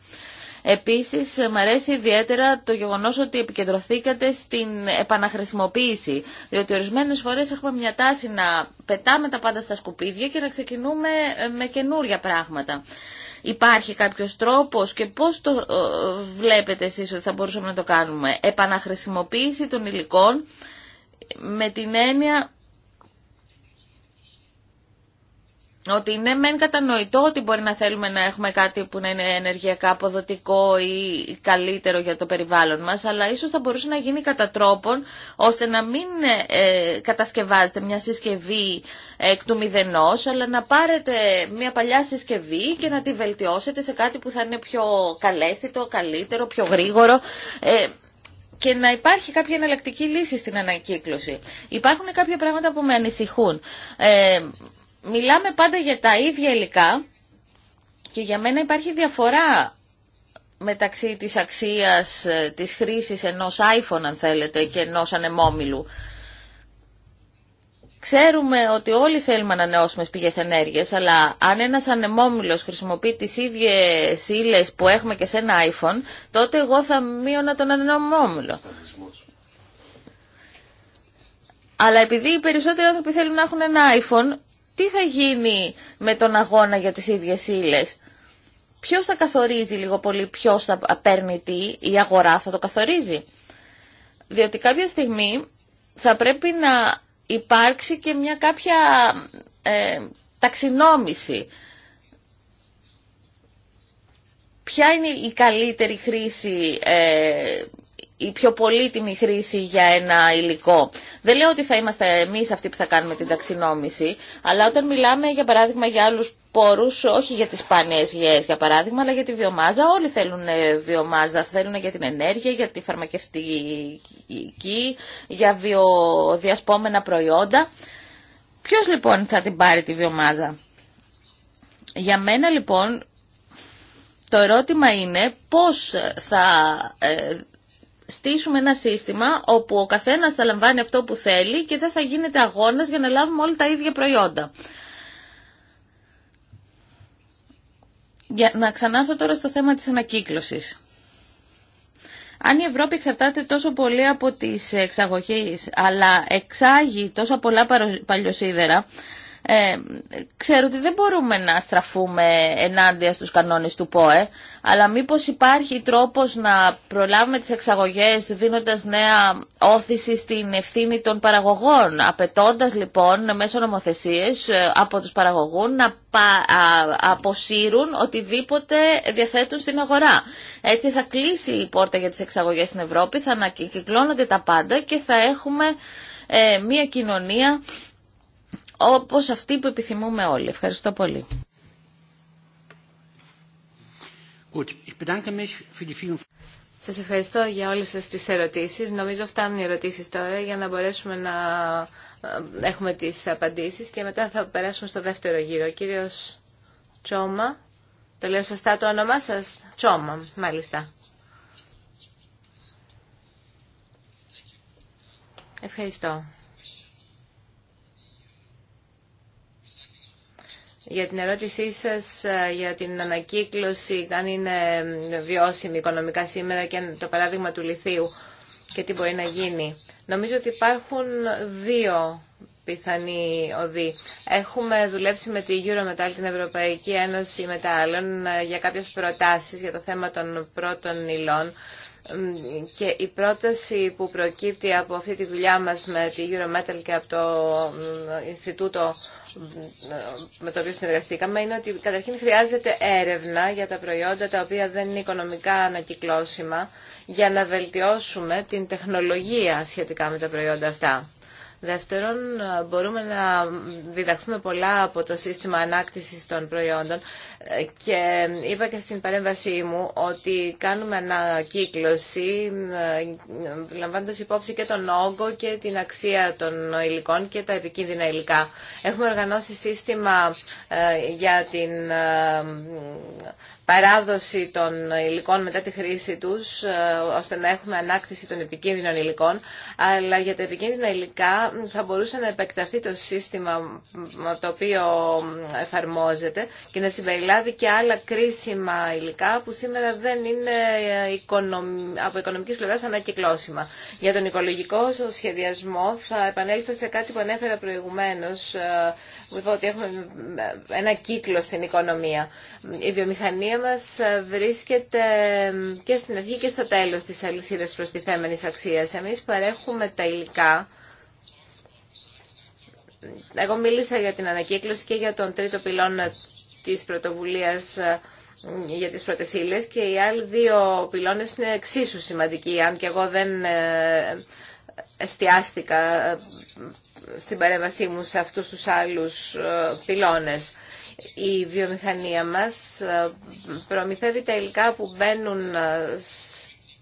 Επίσης, μου αρέσει ιδιαίτερα το γεγονός ότι επικεντρωθήκατε στην επαναχρησιμοποίηση, διότι ορισμένες φορές έχουμε μια τάση να πετάμε τα πάντα στα σκουπίδια και να ξεκινούμε ε, με καινούρια πράγματα. Υπάρχει κάποιος τρόπος και πώς το ε, βλέπετε εσείς ότι θα μπορούσαμε να το κάνουμε. Επαναχρησιμοποίηση των υλικών με την έννοια ότι ναι μεν κατανοητό ότι μπορεί να θέλουμε να έχουμε κάτι που να είναι ενεργειακά αποδοτικό ή καλύτερο για το περιβάλλον μας, αλλά ίσως θα μπορούσε να γίνει κατά τρόπον ώστε να μην ε, κατασκευάζεται μια συσκευή εκ του μηδενός, αλλά να πάρετε μια παλιά συσκευή και να τη βελτιώσετε σε κάτι που θα είναι πιο καλέσθητο, καλύτερο, πιο γρήγορο. Ε, και να υπάρχει κάποια εναλλακτική λύση στην ανακύκλωση. Υπάρχουν κάποια πράγματα που με ανησυχούν. Ε, μιλάμε πάντα για τα ίδια υλικά και για μένα υπάρχει διαφορά μεταξύ της αξίας ε, της χρήσης ενός iPhone αν θέλετε και ενός ανεμόμυλου. Ξέρουμε ότι όλοι θέλουμε να ανανεώσουμε πηγές ενέργειας, αλλά αν ένας ανεμόμυλος χρησιμοποιεί τις ίδιες ύλε που έχουμε και σε ένα iPhone, τότε εγώ θα μείωνα τον ανεμόμυλο. Αλλά επειδή οι περισσότεροι άνθρωποι θέλουν να έχουν ένα iPhone, τι θα γίνει με τον αγώνα για τις ίδιες ύλε. Ποιος θα καθορίζει λίγο πολύ ποιο θα παίρνει τι, η αγορά θα το καθορίζει. Διότι κάποια στιγμή θα πρέπει να υπάρξει και μια κάποια ε, ταξινόμηση. Ποια είναι η καλύτερη χρήση ε, η πιο πολύτιμη χρήση για ένα υλικό. Δεν λέω ότι θα είμαστε εμείς αυτοί που θα κάνουμε την ταξινόμηση, αλλά όταν μιλάμε για παράδειγμα για άλλους πόρους, όχι για τις σπάνιες γεές για παράδειγμα, αλλά για τη βιομάζα, όλοι θέλουν ε, βιομάζα, θέλουν για την ενέργεια, για τη φαρμακευτική, για βιοδιασπόμενα προϊόντα. Ποιος λοιπόν θα την πάρει τη βιομάζα. Για μένα λοιπόν το ερώτημα είναι πώς θα ε, στήσουμε ένα σύστημα όπου ο καθένας θα λαμβάνει αυτό που θέλει και δεν θα γίνεται αγώνας για να λάβουμε όλα τα ίδια προϊόντα. Για να ξανάρθω τώρα στο θέμα της ανακύκλωσης. Αν η Ευρώπη εξαρτάται τόσο πολύ από τις εξαγωγές, αλλά εξάγει τόσο πολλά παλιοσίδερα, ε, ξέρω ότι δεν μπορούμε να στραφούμε ενάντια στους κανόνες του ΠΟΕ, αλλά μήπως υπάρχει τρόπος να προλάβουμε τις εξαγωγές δίνοντας νέα όθηση στην ευθύνη των παραγωγών, απαιτώντα λοιπόν μέσω νομοθεσίες ε, από τους παραγωγούς να αποσύρουν οτιδήποτε διαθέτουν στην αγορά. Έτσι θα κλείσει η πόρτα για τις εξαγωγές στην Ευρώπη, θα ανακυκλώνονται τα πάντα και θα έχουμε ε, μια κοινωνία όπως αυτή που επιθυμούμε όλοι. Ευχαριστώ πολύ. Σας ευχαριστώ για όλες σας τις ερωτήσεις. Νομίζω φτάνουν οι ερωτήσεις τώρα για να μπορέσουμε να ε, έχουμε τις απαντήσεις και μετά θα περάσουμε στο δεύτερο γύρο. κύριος Τσόμα, το λέω σωστά το όνομά σας, Τσόμα, μάλιστα. Ευχαριστώ. για την ερώτησή σας ε, για την ανακύκλωση, αν είναι βιώσιμη οικονομικά σήμερα και το παράδειγμα του λιθίου και τι μπορεί να γίνει. Νομίζω ότι υπάρχουν δύο πιθανή οδοί. Έχουμε δουλέψει με τη Eurometal, την Ευρωπαϊκή Ένωση Μετάλλων, ε, για κάποιες προτάσεις για το θέμα των πρώτων υλών και η πρόταση που προκύπτει από αυτή τη δουλειά μας με τη Eurometal και από το Ινστιτούτο με το οποίο συνεργαστήκαμε είναι ότι καταρχήν χρειάζεται έρευνα για τα προϊόντα τα οποία δεν είναι οικονομικά ανακυκλώσιμα για να βελτιώσουμε την τεχνολογία σχετικά με τα προϊόντα αυτά. Δεύτερον, μπορούμε να διδαχθούμε πολλά από το σύστημα ανάκτησης των προϊόντων και είπα και στην παρέμβασή μου ότι κάνουμε ανακύκλωση λαμβάνοντας υπόψη και τον όγκο και την αξία των υλικών και τα επικίνδυνα υλικά. Έχουμε οργανώσει σύστημα ε, για την ε, παράδοση των υλικών μετά τη χρήση τους, ε, ώστε να έχουμε ανάκτηση των επικίνδυνων υλικών, αλλά για τα επικίνδυνα υλικά θα μπορούσε να επεκταθεί το σύστημα το οποίο εφαρμόζεται και να συμπεριλάβει και άλλα κρίσιμα υλικά που σήμερα δεν είναι από οικονομικής πλευράς ανακυκλώσιμα. Για τον οικολογικό σχεδιασμό θα επανέλθω σε κάτι που ανέφερα προηγουμένως, ε, είπα ότι έχουμε ένα κύκλο στην οικονομία. Η βιομηχανία Μα μας ε, βρίσκεται και στην αρχή και στο τέλος της αλυσίδας προστιθέμενης αξίας. Εμείς παρέχουμε τα υλικά. Εγώ μίλησα για την ανακύκλωση και για τον τρίτο πυλώνα της πρωτοβουλίας ε, για τις πρώτες και οι άλλοι δύο πυλώνες είναι εξίσου σημαντικοί, αν και εγώ δεν ε, εστιάστηκα στην παρέμβασή μου σε αυτούς τους άλλους πυλώνες. Η βιομηχανία μας ε, προμηθεύει τα υλικά που μπαίνουν ε,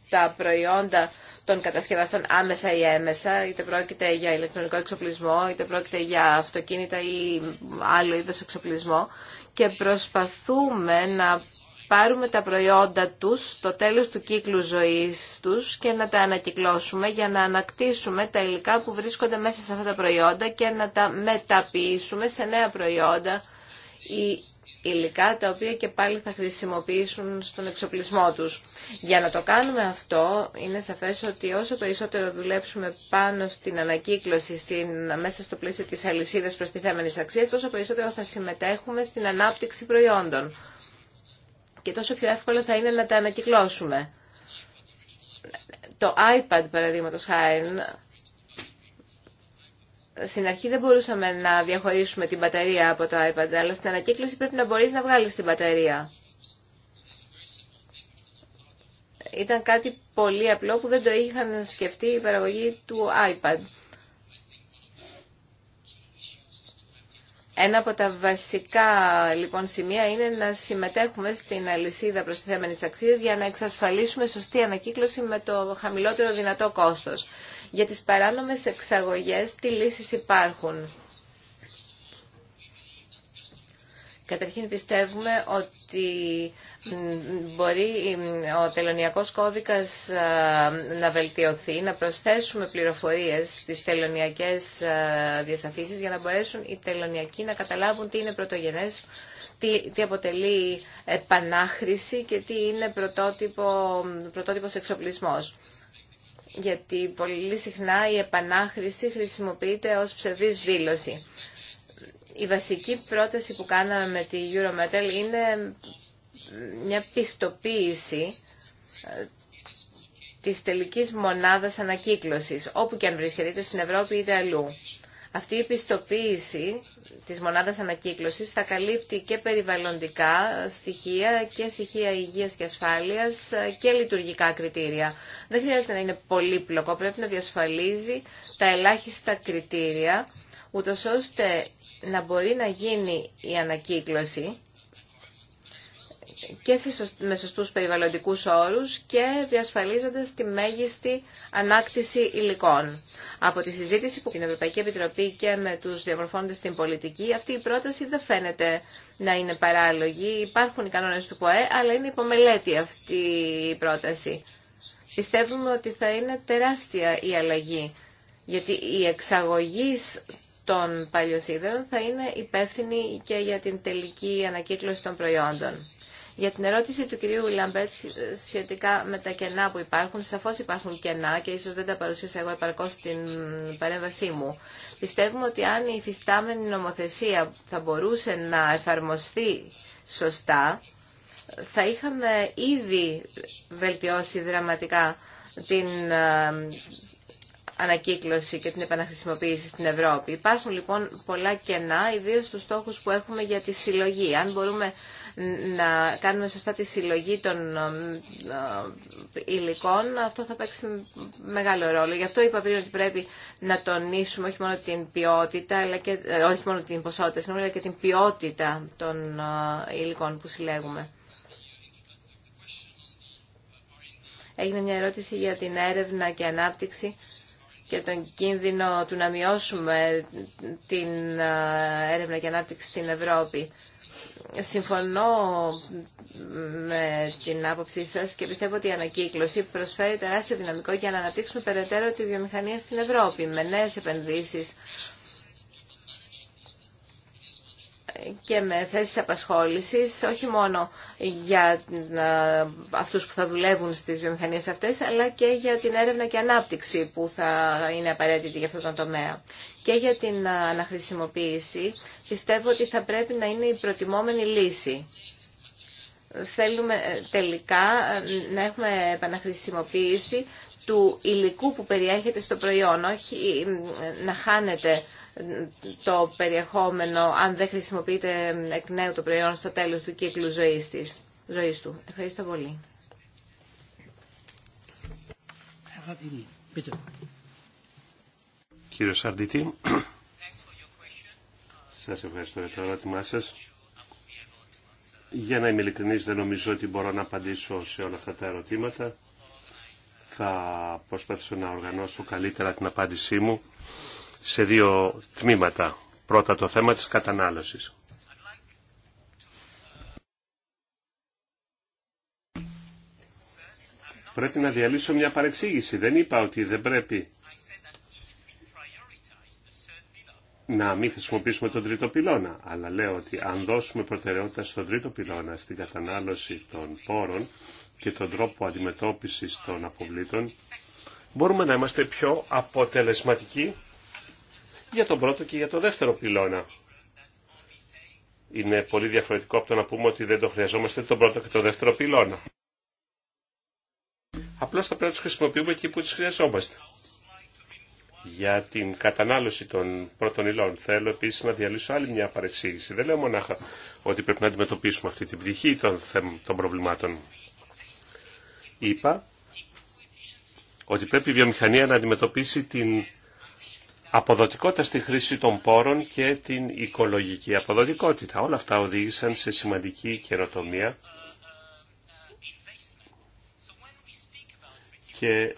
τα προϊόντα των κατασκευαστών άμεσα ή έμεσα, είτε πρόκειται για ηλεκτρονικό εξοπλισμό, είτε πρόκειται για αυτοκίνητα ή άλλο είδος εξοπλισμό και προσπαθούμε να πάρουμε τα προϊόντα τους στο τέλος του κύκλου ζωής τους και να τα ανακυκλώσουμε για να ανακτήσουμε τα υλικά που βρίσκονται μέσα σε αυτά τα προϊόντα και να τα μεταποιήσουμε σε νέα προϊόντα ή υλικά τα οποία και πάλι θα χρησιμοποιήσουν στον εξοπλισμό τους. Για να το κάνουμε αυτό, είναι σαφές ότι όσο περισσότερο δουλέψουμε πάνω στην ανακύκλωση στην, μέσα στο πλαίσιο της αλυσίδας προστιθέμενης αξίας, τόσο περισσότερο θα συμμετέχουμε στην ανάπτυξη προϊόντων. Και τόσο πιο εύκολο θα είναι να τα ανακυκλώσουμε. Το iPad, παραδείγματος στην αρχή δεν μπορούσαμε να διαχωρίσουμε την μπαταρία από το iPad, αλλά στην ανακύκλωση πρέπει να μπορείς να βγάλεις την μπαταρία. Ήταν κάτι πολύ απλό που δεν το είχαν σκεφτεί η παραγωγή του iPad. Ένα από τα βασικά λοιπόν σημεία είναι να συμμετέχουμε στην αλυσίδα προστιθέμενης αξίας για να εξασφαλίσουμε σωστή ανακύκλωση με το χαμηλότερο δυνατό κόστος. Για τις παράνομες εξαγωγές τι λύσεις υπάρχουν. Καταρχήν πιστεύουμε ότι μπορεί ο τελωνιακός κώδικας ε, να βελτιωθεί, να προσθέσουμε πληροφορίες στις τελωνιακές ε, διασαφήσεις για να μπορέσουν οι τελωνιακοί να καταλάβουν τι είναι πρωτογενές τι, αποτελεί επανάχρηση και τι είναι πρωτότυπο, πρωτότυπος εξοπλισμός. Γιατί πολύ συχνά η επανάχρηση χρησιμοποιείται ως ψευδής δήλωση η βασική πρόταση που κάναμε με τη Eurometal είναι μια πιστοποίηση ε, της τελικής μονάδας ανακύκλωσης, όπου και αν βρίσκεται, είτε στην Ευρώπη είτε αλλού. Αυτή η πιστοποίηση της μονάδας ανακύκλωσης θα καλύπτει και περιβαλλοντικά στοιχεία και στοιχεία υγείας και ασφάλειας ε, και λειτουργικά κριτήρια. Δεν χρειάζεται να είναι πολύπλοκο, πρέπει να διασφαλίζει τα ελάχιστα κριτήρια ούτως ώστε να μπορεί να γίνει η ανακύκλωση και με σωστούς περιβαλλοντικούς όρους και διασφαλίζοντας τη μέγιστη ανάκτηση υλικών. Από τη συζήτηση που την Ευρωπαϊκή Επιτροπή και με τους διαμορφώνοντες στην πολιτική, αυτή η πρόταση δεν φαίνεται να είναι παράλογη. Υπάρχουν οι κανόνες του ΠΟΕ, αλλά είναι υπομελέτη αυτή η πρόταση. Πιστεύουμε ότι θα είναι τεράστια η αλλαγή, γιατί η εξαγωγής των παλιοσίδερων θα είναι υπεύθυνη και για την τελική ανακύκλωση των προϊόντων. Για την ερώτηση του κυρίου Λαμπέρτ σχετικά με τα κενά που υπάρχουν, σαφώ υπάρχουν κενά και ίσω δεν τα παρουσίασα εγώ επαρκώ στην παρέμβασή μου. Πιστεύουμε ότι αν η υφιστάμενη νομοθεσία θα μπορούσε να εφαρμοστεί σωστά, θα είχαμε ήδη βελτιώσει δραματικά την ε, ανακύκλωση και την επαναχρησιμοποίηση στην Ευρώπη. Υπάρχουν λοιπόν πολλά κενά, ιδίω στου στόχους που έχουμε για τη συλλογή. Αν μπορούμε να κάνουμε σωστά τη συλλογή των ε, υλικών, αυτό θα παίξει μεγάλο ρόλο. Γι' αυτό είπα πριν ότι πρέπει να τονίσουμε όχι μόνο την ποιότητα, αλλά και, ε, όχι μόνο την ποσότητα, αλλά και την ποιότητα των ε, υλικών που συλλέγουμε. Έγινε μια ερώτηση για την έρευνα και ανάπτυξη και τον κίνδυνο του να μειώσουμε την ε, έρευνα και ανάπτυξη στην Ευρώπη. Συμφωνώ με την άποψή σας και πιστεύω ότι η ανακύκλωση προσφέρει τεράστιο δυναμικό για να αναπτύξουμε περαιτέρω τη βιομηχανία στην Ευρώπη με νέες επενδύσεις και με θέσεις απασχόλησης, όχι μόνο για ε, αυτούς που θα δουλεύουν στις βιομηχανίες αυτές, αλλά και για την έρευνα και ανάπτυξη που θα είναι απαραίτητη για αυτόν τον τομέα. Και για την ε, αναχρησιμοποίηση πιστεύω ότι θα πρέπει να είναι η προτιμόμενη λύση. Θέλουμε ε, τελικά να έχουμε επαναχρησιμοποίηση του υλικού που περιέχεται στο προϊόν, όχι να χάνεται το περιεχόμενο αν δεν χρησιμοποιείται εκ νέου το προϊόν στο τέλος του κύκλου ζωής, της, ζωής του. Ευχαριστώ πολύ. Κύριε Σαρντιτή, σας ευχαριστώ για το ερώτημά σας. Για να είμαι ειλικρινής, δεν νομίζω ότι μπορώ να απαντήσω σε όλα αυτά τα ερωτήματα. Θα προσπαθήσω να οργανώσω καλύτερα την απάντησή μου σε δύο τμήματα. Πρώτα το θέμα της κατανάλωσης. Πρέπει να διαλύσω μια παρεξήγηση. Δεν είπα ότι δεν πρέπει να μην χρησιμοποιήσουμε τον τρίτο πυλώνα. Αλλά λέω ότι αν δώσουμε προτεραιότητα στον τρίτο πυλώνα, στην κατανάλωση των πόρων, και τον τρόπο αντιμετώπισης των αποβλήτων, μπορούμε να είμαστε πιο αποτελεσματικοί για τον πρώτο και για τον δεύτερο πυλώνα. Είναι πολύ διαφορετικό από το να πούμε ότι δεν το χρειαζόμαστε τον πρώτο και τον δεύτερο πυλώνα. Απλώς θα πρέπει να τους χρησιμοποιούμε εκεί που τις χρειαζόμαστε. Για την κατανάλωση των πρώτων υλών θέλω επίσης να διαλύσω άλλη μια παρεξήγηση. Δεν λέω μονάχα ότι πρέπει να αντιμετωπίσουμε αυτή την πτυχή των, των προβλημάτων είπα ότι πρέπει η βιομηχανία να αντιμετωπίσει την αποδοτικότητα στη χρήση των πόρων και την οικολογική αποδοτικότητα. Όλα αυτά οδήγησαν σε σημαντική καινοτομία και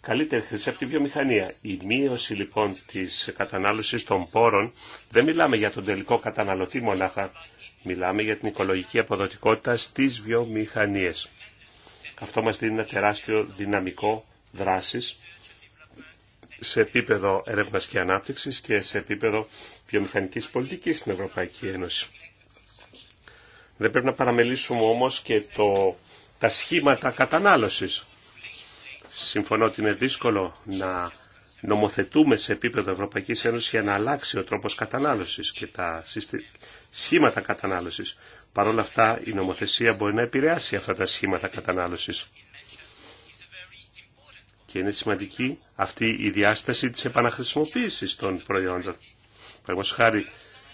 καλύτερη χρήση από τη βιομηχανία. Η μείωση λοιπόν της κατανάλωσης των πόρων δεν μιλάμε για τον τελικό καταναλωτή μονάχα, μιλάμε για την οικολογική αποδοτικότητα στις βιομηχανίες. Αυτό μας δίνει ένα τεράστιο δυναμικό δράσης σε επίπεδο έρευνα και ανάπτυξη και σε επίπεδο βιομηχανική πολιτική στην Ευρωπαϊκή Ένωση. Δεν πρέπει να παραμελήσουμε όμως και το, τα σχήματα κατανάλωση. Συμφωνώ ότι είναι δύσκολο να νομοθετούμε σε επίπεδο Ευρωπαϊκής Ένωσης για να αλλάξει ο τρόπος κατανάλωσης και τα σχήματα κατανάλωσης. Παρ' όλα αυτά η νομοθεσία μπορεί να επηρεάσει αυτά τα σχήματα κατανάλωσης. Και είναι σημαντική αυτή η διάσταση της επαναχρησιμοποίησης των προϊόντων. Παραδείγματος χάρη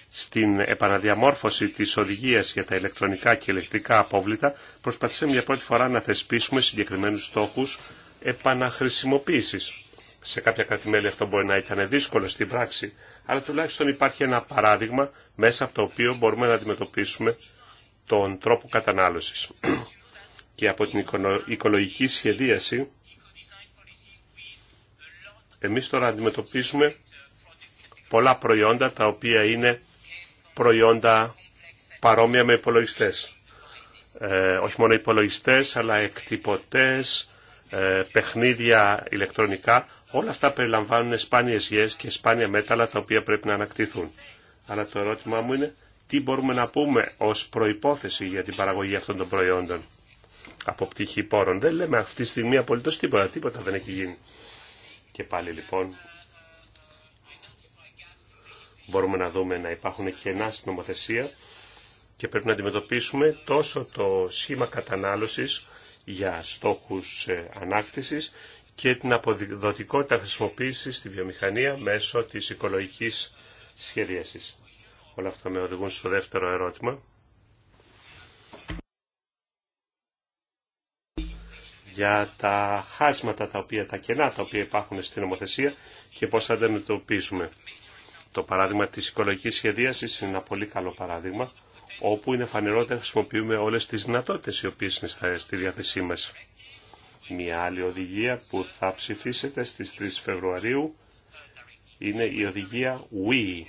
στην επαναδιαμόρφωση της οδηγίας για τα ηλεκτρονικά και ηλεκτρικά απόβλητα προσπαθήσαμε για πρώτη φορά να θεσπίσουμε συγκεκριμένους στόχους επαναχρησιμοποίησης. Σε κάποια κρατημέλη αυτό μπορεί να ήταν δύσκολο στην πράξη, αλλά τουλάχιστον υπάρχει ένα παράδειγμα μέσα από το οποίο μπορούμε να αντιμετωπίσουμε τον τρόπο κατανάλωσης. Και από την οικολογική σχεδίαση, εμείς τώρα αντιμετωπίζουμε πολλά προϊόντα τα οποία είναι προϊόντα παρόμοια με υπολογιστέ. Ε, όχι μόνο υπολογιστέ, αλλά εκτυπωτέ, ε, παιχνίδια ηλεκτρονικά. Όλα αυτά περιλαμβάνουν σπάνιες γιές και σπάνια μέταλλα τα οποία πρέπει να ανακτηθούν. Αλλά το ερώτημά μου είναι τι μπορούμε να πούμε ως προϋπόθεση για την παραγωγή αυτών των προϊόντων από πτυχή πόρων. Δεν λέμε αυτή τη στιγμή απολύτως τίποτα, τίποτα δεν έχει γίνει. Και πάλι λοιπόν μπορούμε να δούμε να υπάρχουν κενά στην νομοθεσία και πρέπει να αντιμετωπίσουμε τόσο το σχήμα κατανάλωσης για στόχους ε, ανάκτησης και την αποδοτικότητα χρησιμοποίησης στη βιομηχανία μέσω της οικολογικής σχεδίασης. Όλα αυτά με οδηγούν στο δεύτερο ερώτημα. για τα χάσματα τα οποία, τα κενά τα οποία υπάρχουν στην νομοθεσία και πώς θα αντιμετωπίσουμε. Το παράδειγμα της οικολογικής σχεδίασης είναι ένα πολύ καλό παράδειγμα, όπου είναι φανερό ότι χρησιμοποιούμε όλες τις δυνατότητες οι οποίες είναι στη διάθεσή μας. Μια άλλη οδηγία που θα ψηφίσετε στις 3 Φεβρουαρίου είναι η οδηγία WE,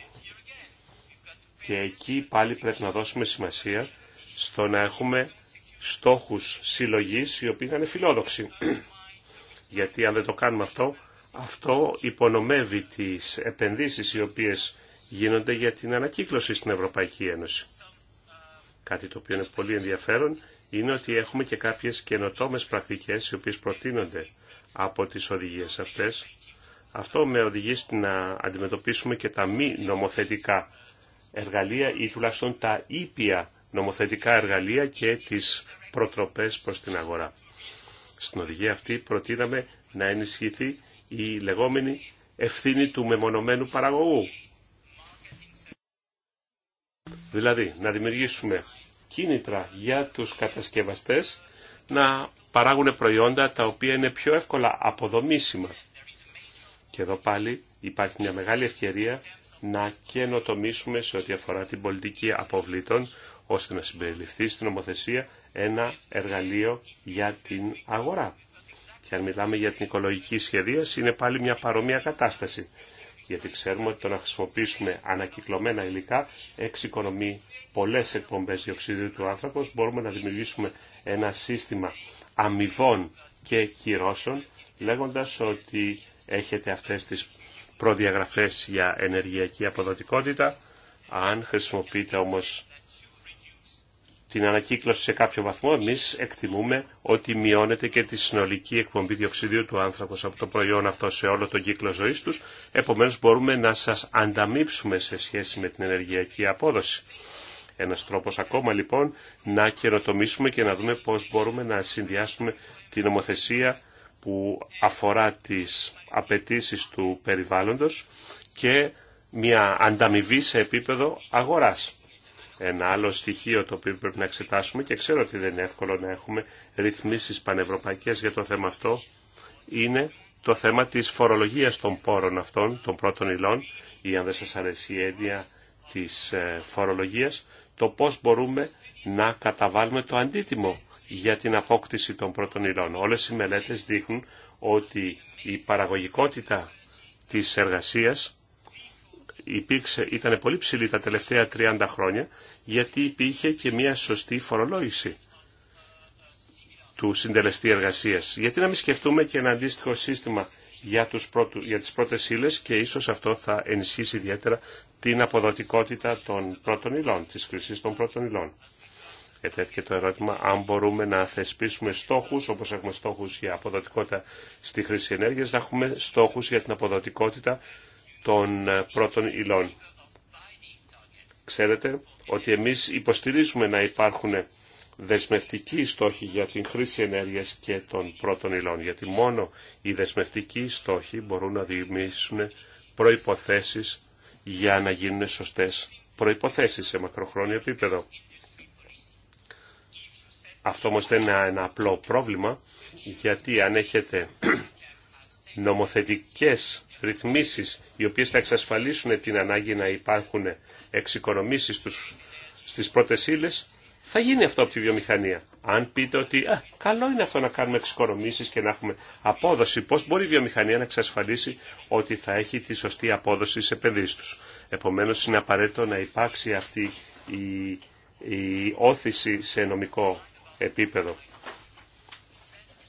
και εκεί πάλι πρέπει να δώσουμε σημασία στο να έχουμε στόχους συλλογής οι οποίοι είναι φιλόδοξοι. Γιατί αν δεν το κάνουμε αυτό, αυτό υπονομεύει τις επενδύσεις οι οποίες γίνονται για την ανακύκλωση στην Ευρωπαϊκή Ένωση. Κάτι το οποίο είναι πολύ ενδιαφέρον είναι ότι έχουμε και κάποιες καινοτόμες πρακτικές οι οποίες προτείνονται από τις οδηγίες αυτές. Αυτό με οδηγεί να αντιμετωπίσουμε και τα μη νομοθετικά εργαλεία ή τουλάχιστον τα ήπια νομοθετικά εργαλεία και τις προτροπές προς την αγορά. Στην οδηγία αυτή προτείναμε να ενισχυθεί η λεγόμενη ευθύνη του μεμονωμένου παραγωγού. Δηλαδή, να δημιουργήσουμε κίνητρα για τους κατασκευαστές να παράγουν προϊόντα τα οποία είναι πιο εύκολα αποδομήσιμα. Και εδώ πάλι υπάρχει μια μεγάλη ευκαιρία να καινοτομήσουμε σε ό,τι αφορά την πολιτική αποβλήτων, ώστε να συμπεριληφθεί στην νομοθεσία ένα εργαλείο για την αγορά. Και αν μιλάμε για την οικολογική σχεδίαση, είναι πάλι μια παρόμοια κατάσταση. Γιατί ξέρουμε ότι το να χρησιμοποιήσουμε ανακυκλωμένα υλικά εξοικονομεί πολλέ εκπομπές διοξιδίου του άνθρακο. Μπορούμε να δημιουργήσουμε ένα σύστημα αμοιβών και κυρώσεων, λέγοντα ότι έχετε αυτές τις προδιαγραφές για ενεργειακή αποδοτικότητα. Αν χρησιμοποιείτε όμως την ανακύκλωση σε κάποιο βαθμό, εμείς εκτιμούμε ότι μειώνεται και τη συνολική εκπομπή διοξιδίου του άνθρακος από το προϊόν αυτό σε όλο τον κύκλο ζωής τους. Επομένως μπορούμε να σας ανταμείψουμε σε σχέση με την ενεργειακή απόδοση. Ένας τρόπος ακόμα λοιπόν να καιροτομήσουμε και να δούμε πώς μπορούμε να συνδυάσουμε την νομοθεσία που αφορά τις απαιτήσει του περιβάλλοντος και μια ανταμοιβή σε επίπεδο αγοράς. Ένα άλλο στοιχείο το οποίο πρέπει να εξετάσουμε και ξέρω ότι δεν είναι εύκολο να έχουμε ρυθμίσεις πανευρωπαϊκές για το θέμα αυτό είναι το θέμα της φορολογίας των πόρων αυτών, των πρώτων υλών ή αν δεν σας αρέσει η έννοια της ε, φορολογίας, το πώς μπορούμε να καταβάλουμε το αντίτιμο για την απόκτηση των πρώτων υλών. Όλες οι μελέτες δείχνουν ότι η παραγωγικότητα της εργασίας υπήρξε, ήταν πολύ ψηλή τα τελευταία 30 χρόνια γιατί υπήρχε και μια σωστή φορολόγηση του συντελεστή εργασίας. Γιατί να μην σκεφτούμε και ένα αντίστοιχο σύστημα για, τους πρώτου, για τις πρώτες ύλε και ίσως αυτό θα ενισχύσει ιδιαίτερα την αποδοτικότητα των πρώτων υλών, της χρήσης των πρώτων υλών ετέθηκε το ερώτημα αν μπορούμε να θεσπίσουμε στόχους, όπως έχουμε στόχους για αποδοτικότητα στη χρήση ενέργειας, να έχουμε στόχους για την αποδοτικότητα των ε, πρώτων υλών. Ξέρετε ότι εμείς υποστηρίζουμε να υπάρχουν δεσμευτικοί στόχοι για την χρήση ενέργειας και των πρώτων υλών, γιατί μόνο οι δεσμευτικοί στόχοι μπορούν να δημιουργήσουν προϋποθέσεις για να γίνουν σωστές προϋποθέσεις σε μακροχρόνιο επίπεδο. Αυτό όμως δεν είναι ένα απλό πρόβλημα, γιατί αν έχετε νομοθετικές ρυθμίσεις οι οποίες θα εξασφαλίσουν την ανάγκη να υπάρχουν εξοικονομήσεις στους, στις πρώτες θα γίνει αυτό από τη βιομηχανία. Αν πείτε ότι α, καλό είναι αυτό να κάνουμε εξοικονομήσεις και να έχουμε απόδοση, πώς μπορεί η βιομηχανία να εξασφαλίσει ότι θα έχει τη σωστή απόδοση σε παιδί τους. Επομένως είναι απαραίτητο να υπάρξει αυτή η, η όθηση σε νομικό επίπεδο.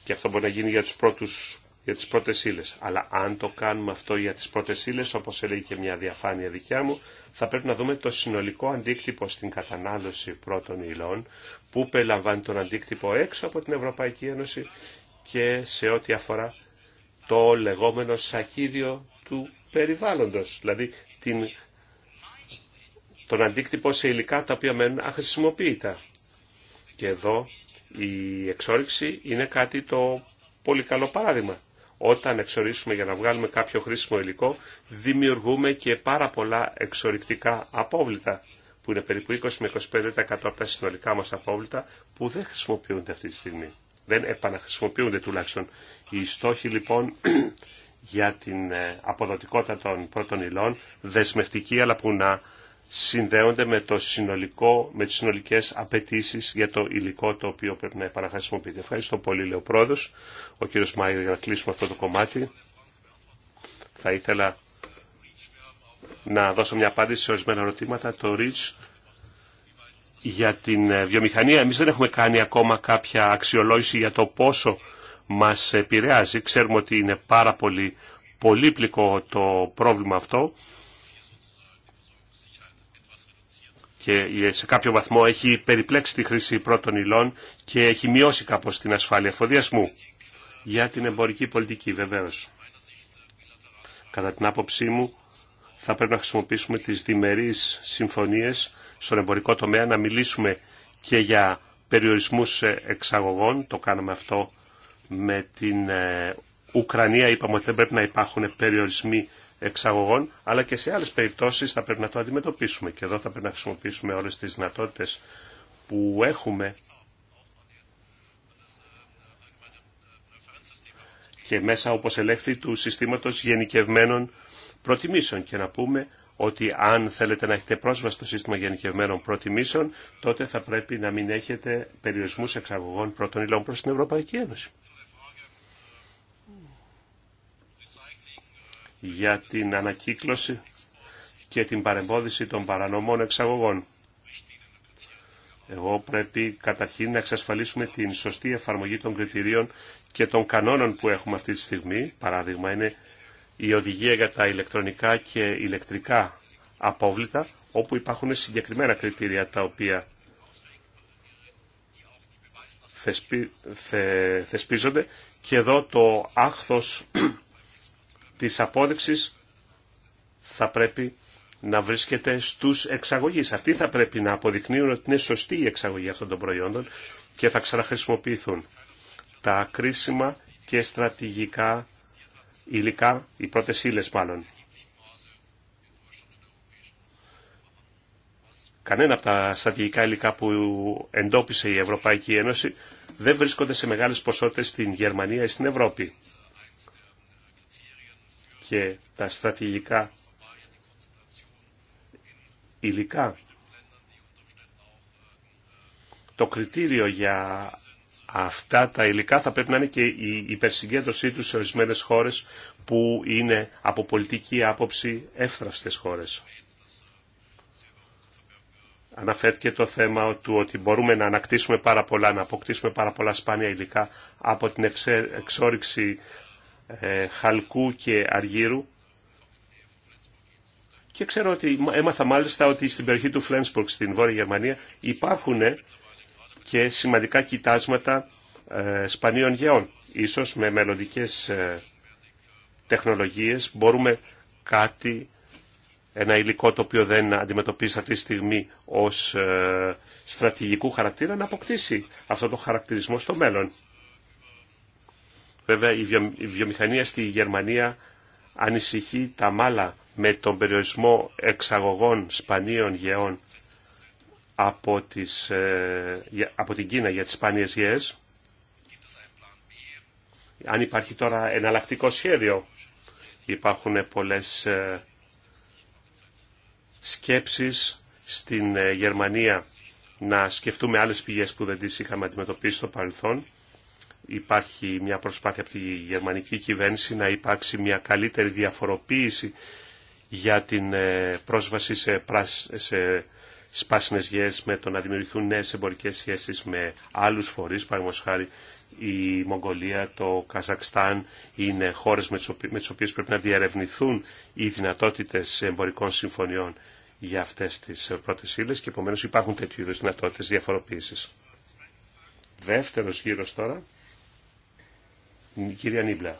Και αυτό μπορεί να γίνει για, τις πρώτους, για τις πρώτες ύλες. Αλλά αν το κάνουμε αυτό για τις πρώτες ύλες, όπως έλεγε και μια διαφάνεια δικιά μου, θα πρέπει να δούμε το συνολικό αντίκτυπο στην κατανάλωση πρώτων υλών, που περιλαμβάνει τον αντίκτυπο έξω από την Ευρωπαϊκή Ένωση και σε ό,τι αφορά το λεγόμενο σακίδιο του περιβάλλοντος, δηλαδή την, τον αντίκτυπο σε υλικά τα οποία μένουν αχρησιμοποιητά. Και εδώ η εξόριξη είναι κάτι το πολύ καλό παράδειγμα. Όταν εξορίσουμε για να βγάλουμε κάποιο χρήσιμο υλικό, δημιουργούμε και πάρα πολλά εξορυκτικά απόβλητα, που είναι περίπου 20 με 25% από τα συνολικά μας απόβλητα, που δεν χρησιμοποιούνται αυτή τη στιγμή. Δεν επαναχρησιμοποιούνται τουλάχιστον. Οι στόχοι λοιπόν για την ε, αποδοτικότητα των πρώτων υλών, δεσμευτικοί αλλά που να συνδέονται με, το συνολικό, με τις συνολικές απαιτήσει για το υλικό το οποίο πρέπει να επαναχρησιμοποιείται. Ευχαριστώ πολύ, λέει ο πρόεδρος, ο κύριος Μάιρ, για να κλείσουμε αυτό το κομμάτι. Θα ήθελα να δώσω μια απάντηση σε ορισμένα ερωτήματα. Το REACH για την ε, βιομηχανία. Εμείς δεν έχουμε κάνει ακόμα κάποια αξιολόγηση για το πόσο μας επηρεάζει. Ξέρουμε ότι είναι πάρα πολύ πολύπλοκο το πρόβλημα αυτό και σε κάποιο βαθμό έχει περιπλέξει τη χρήση πρώτων υλών και έχει μειώσει κάπως την ασφάλεια εφοδιασμού για την εμπορική πολιτική βεβαίως. Κατά την άποψή μου θα πρέπει να χρησιμοποιήσουμε τις διμερείς συμφωνίες στον εμπορικό τομέα να μιλήσουμε και για περιορισμούς εξαγωγών, το κάναμε αυτό με την ε, Ουκρανία, είπαμε ότι δεν πρέπει να υπάρχουν περιορισμοί εξαγωγών, αλλά και σε άλλες περιπτώσεις θα πρέπει να το αντιμετωπίσουμε. Και εδώ θα πρέπει να χρησιμοποιήσουμε όλες τις δυνατότητες που έχουμε και μέσα, όπως ελέγχθη, του συστήματος γενικευμένων προτιμήσεων και να πούμε ότι αν θέλετε να έχετε πρόσβαση στο σύστημα γενικευμένων προτιμήσεων, τότε θα πρέπει να μην έχετε περιορισμούς εξαγωγών πρώτων υλών προς την Ευρωπαϊκή Ένωση. για την ανακύκλωση και την παρεμπόδιση των παρανομών εξαγωγών. Εγώ πρέπει καταρχήν να εξασφαλίσουμε την σωστή εφαρμογή των κριτηρίων και των κανόνων που έχουμε αυτή τη στιγμή. Παράδειγμα είναι η οδηγία για τα ηλεκτρονικά και ηλεκτρικά απόβλητα, όπου υπάρχουν συγκεκριμένα κριτήρια τα οποία θεσπίζονται. Και εδώ το άχθος της απόδειξης θα πρέπει να βρίσκεται στους εξαγωγείς. Αυτοί θα πρέπει να αποδεικνύουν ότι είναι σωστή η εξαγωγή αυτών των προϊόντων και θα ξαναχρησιμοποιηθούν. Τα κρίσιμα και στρατηγικά υλικά, οι πρώτες ύλε μάλλον. Κανένα από τα στρατηγικά υλικά που εντόπισε η Ευρωπαϊκή Ένωση δεν βρίσκονται σε μεγάλες ποσότητες στην Γερμανία ή στην Ευρώπη και τα στρατηγικά υλικά. Το κριτήριο για αυτά τα υλικά θα πρέπει να είναι και η υπερσυγκέντρωσή τους σε ορισμένες χώρες που είναι από πολιτική άποψη εύθραυστες χώρες. Αναφέρθηκε το θέμα του ότι μπορούμε να ανακτήσουμε πάρα πολλά, να αποκτήσουμε πάρα πολλά σπάνια υλικά από την εξόριξη ε, χαλκού και αργύρου. Και ξέρω ότι έμαθα μάλιστα ότι στην περιοχή του Φλένσπορκ στην Βόρεια Γερμανία υπάρχουν και σημαντικά κοιτάσματα ε, σπανίων γεών. Ίσως με μελλοντικές ε, τεχνολογίες μπορούμε κάτι, ένα υλικό το οποίο δεν αντιμετωπίζει αυτή τη στιγμή ως στρατηγικού χαρακτήρα να αποκτήσει αυτό το χαρακτηρισμό στο μέλλον. Βέβαια η, βιομηχανία στη Γερμανία ανησυχεί τα μάλα με τον περιορισμό εξαγωγών σπανίων γεών από, ε, από την Κίνα για τις σπάνιες γεές. Αν υπάρχει τώρα εναλλακτικό σχέδιο, υπάρχουν πολλές ε, σκέψεις στην ε, Γερμανία να σκεφτούμε άλλες πηγές που δεν τις είχαμε αντιμετωπίσει στο παρελθόν υπάρχει μια προσπάθεια από τη γερμανική κυβέρνηση να υπάρξει μια καλύτερη διαφοροποίηση για την ε, πρόσβαση σε, πράσ... σε σπάσινες γέες με το να δημιουργηθούν νέες εμπορικές σχέσεις με άλλους φορείς, παραδείγματος χάρη η Μογγολία, το Καζακστάν είναι χώρες με τις οποίες πρέπει να διαρευνηθούν οι δυνατότητες εμπορικών συμφωνιών για αυτές τις ε, πρώτες ύλες και επομένως υπάρχουν τέτοιου είδους δυνατότητες διαφοροποίησης. Δεύτερος γύρος τώρα. Κυρία Νίμπλα.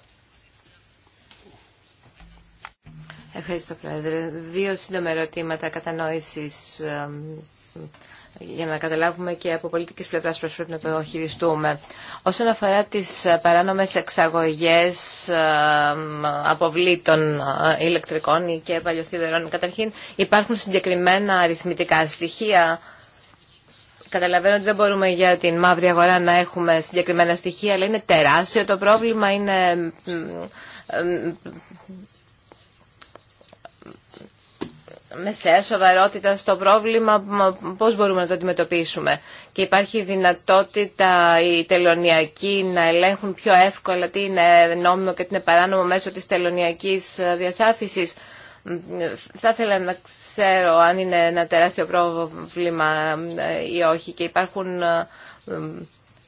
Ευχαριστώ, Πρόεδρε. Δύο σύντομα ερωτήματα κατανόησης για να καταλάβουμε και από πολιτικής πλευράς πώς πρέπει να το χειριστούμε. Όσον αφορά τις παράνομες εξαγωγές αποβλήτων ε, ηλεκτρικών και παλιοθυδερών, καταρχήν υπάρχουν συγκεκριμένα αριθμητικά στοιχεία Καταλαβαίνω ότι δεν μπορούμε για την μαύρη αγορά να έχουμε συγκεκριμένα στοιχεία, αλλά είναι τεράστιο το πρόβλημα, είναι μεσαία σοβαρότητα στο πρόβλημα, πώς μπορούμε να το αντιμετωπίσουμε. Και υπάρχει δυνατότητα οι τελωνιακοί να ελέγχουν πιο εύκολα τι είναι νόμιμο και τι είναι παράνομο μέσω της τελωνιακής διασάφησης. Θα ήθελα να ξέρω αν είναι ένα τεράστιο πρόβλημα ε, ή όχι και υπάρχουν ε, ε,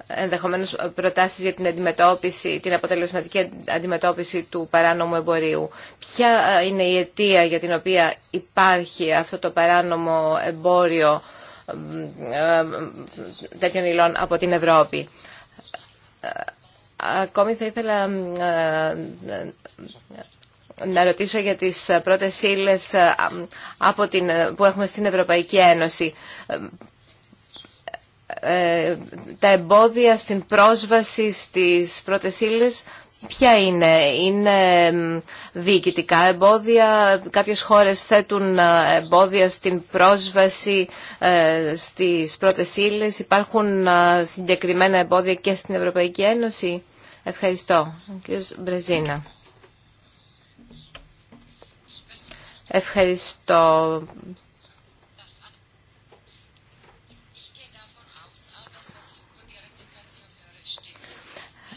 ενδεχομένως προτάσεις για την αντιμετώπιση, την αποτελεσματική αντιμετώπιση του παράνομου εμπορίου. Ποια είναι η αιτία για την οποία υπάρχει αυτό το παράνομο εμπόριο τέτοιων υλών από την Ευρώπη. Ακόμη θα ήθελα να ρωτήσω για τις ε, πρώτες ύλες ε, από την, ε, που έχουμε στην Ευρωπαϊκή Ένωση. τα εμπόδια στην πρόσβαση στις πρώτες ύλες Ποια είναι, είναι διοικητικά εμπόδια, κάποιες χώρες θέτουν εμπόδια στην πρόσβαση στις πρώτες ύλες, υπάρχουν συγκεκριμένα εμπόδια και στην Ευρωπαϊκή Ένωση. Ευχαριστώ. Κύριος Μπρεζίνα. Ευχαριστώ.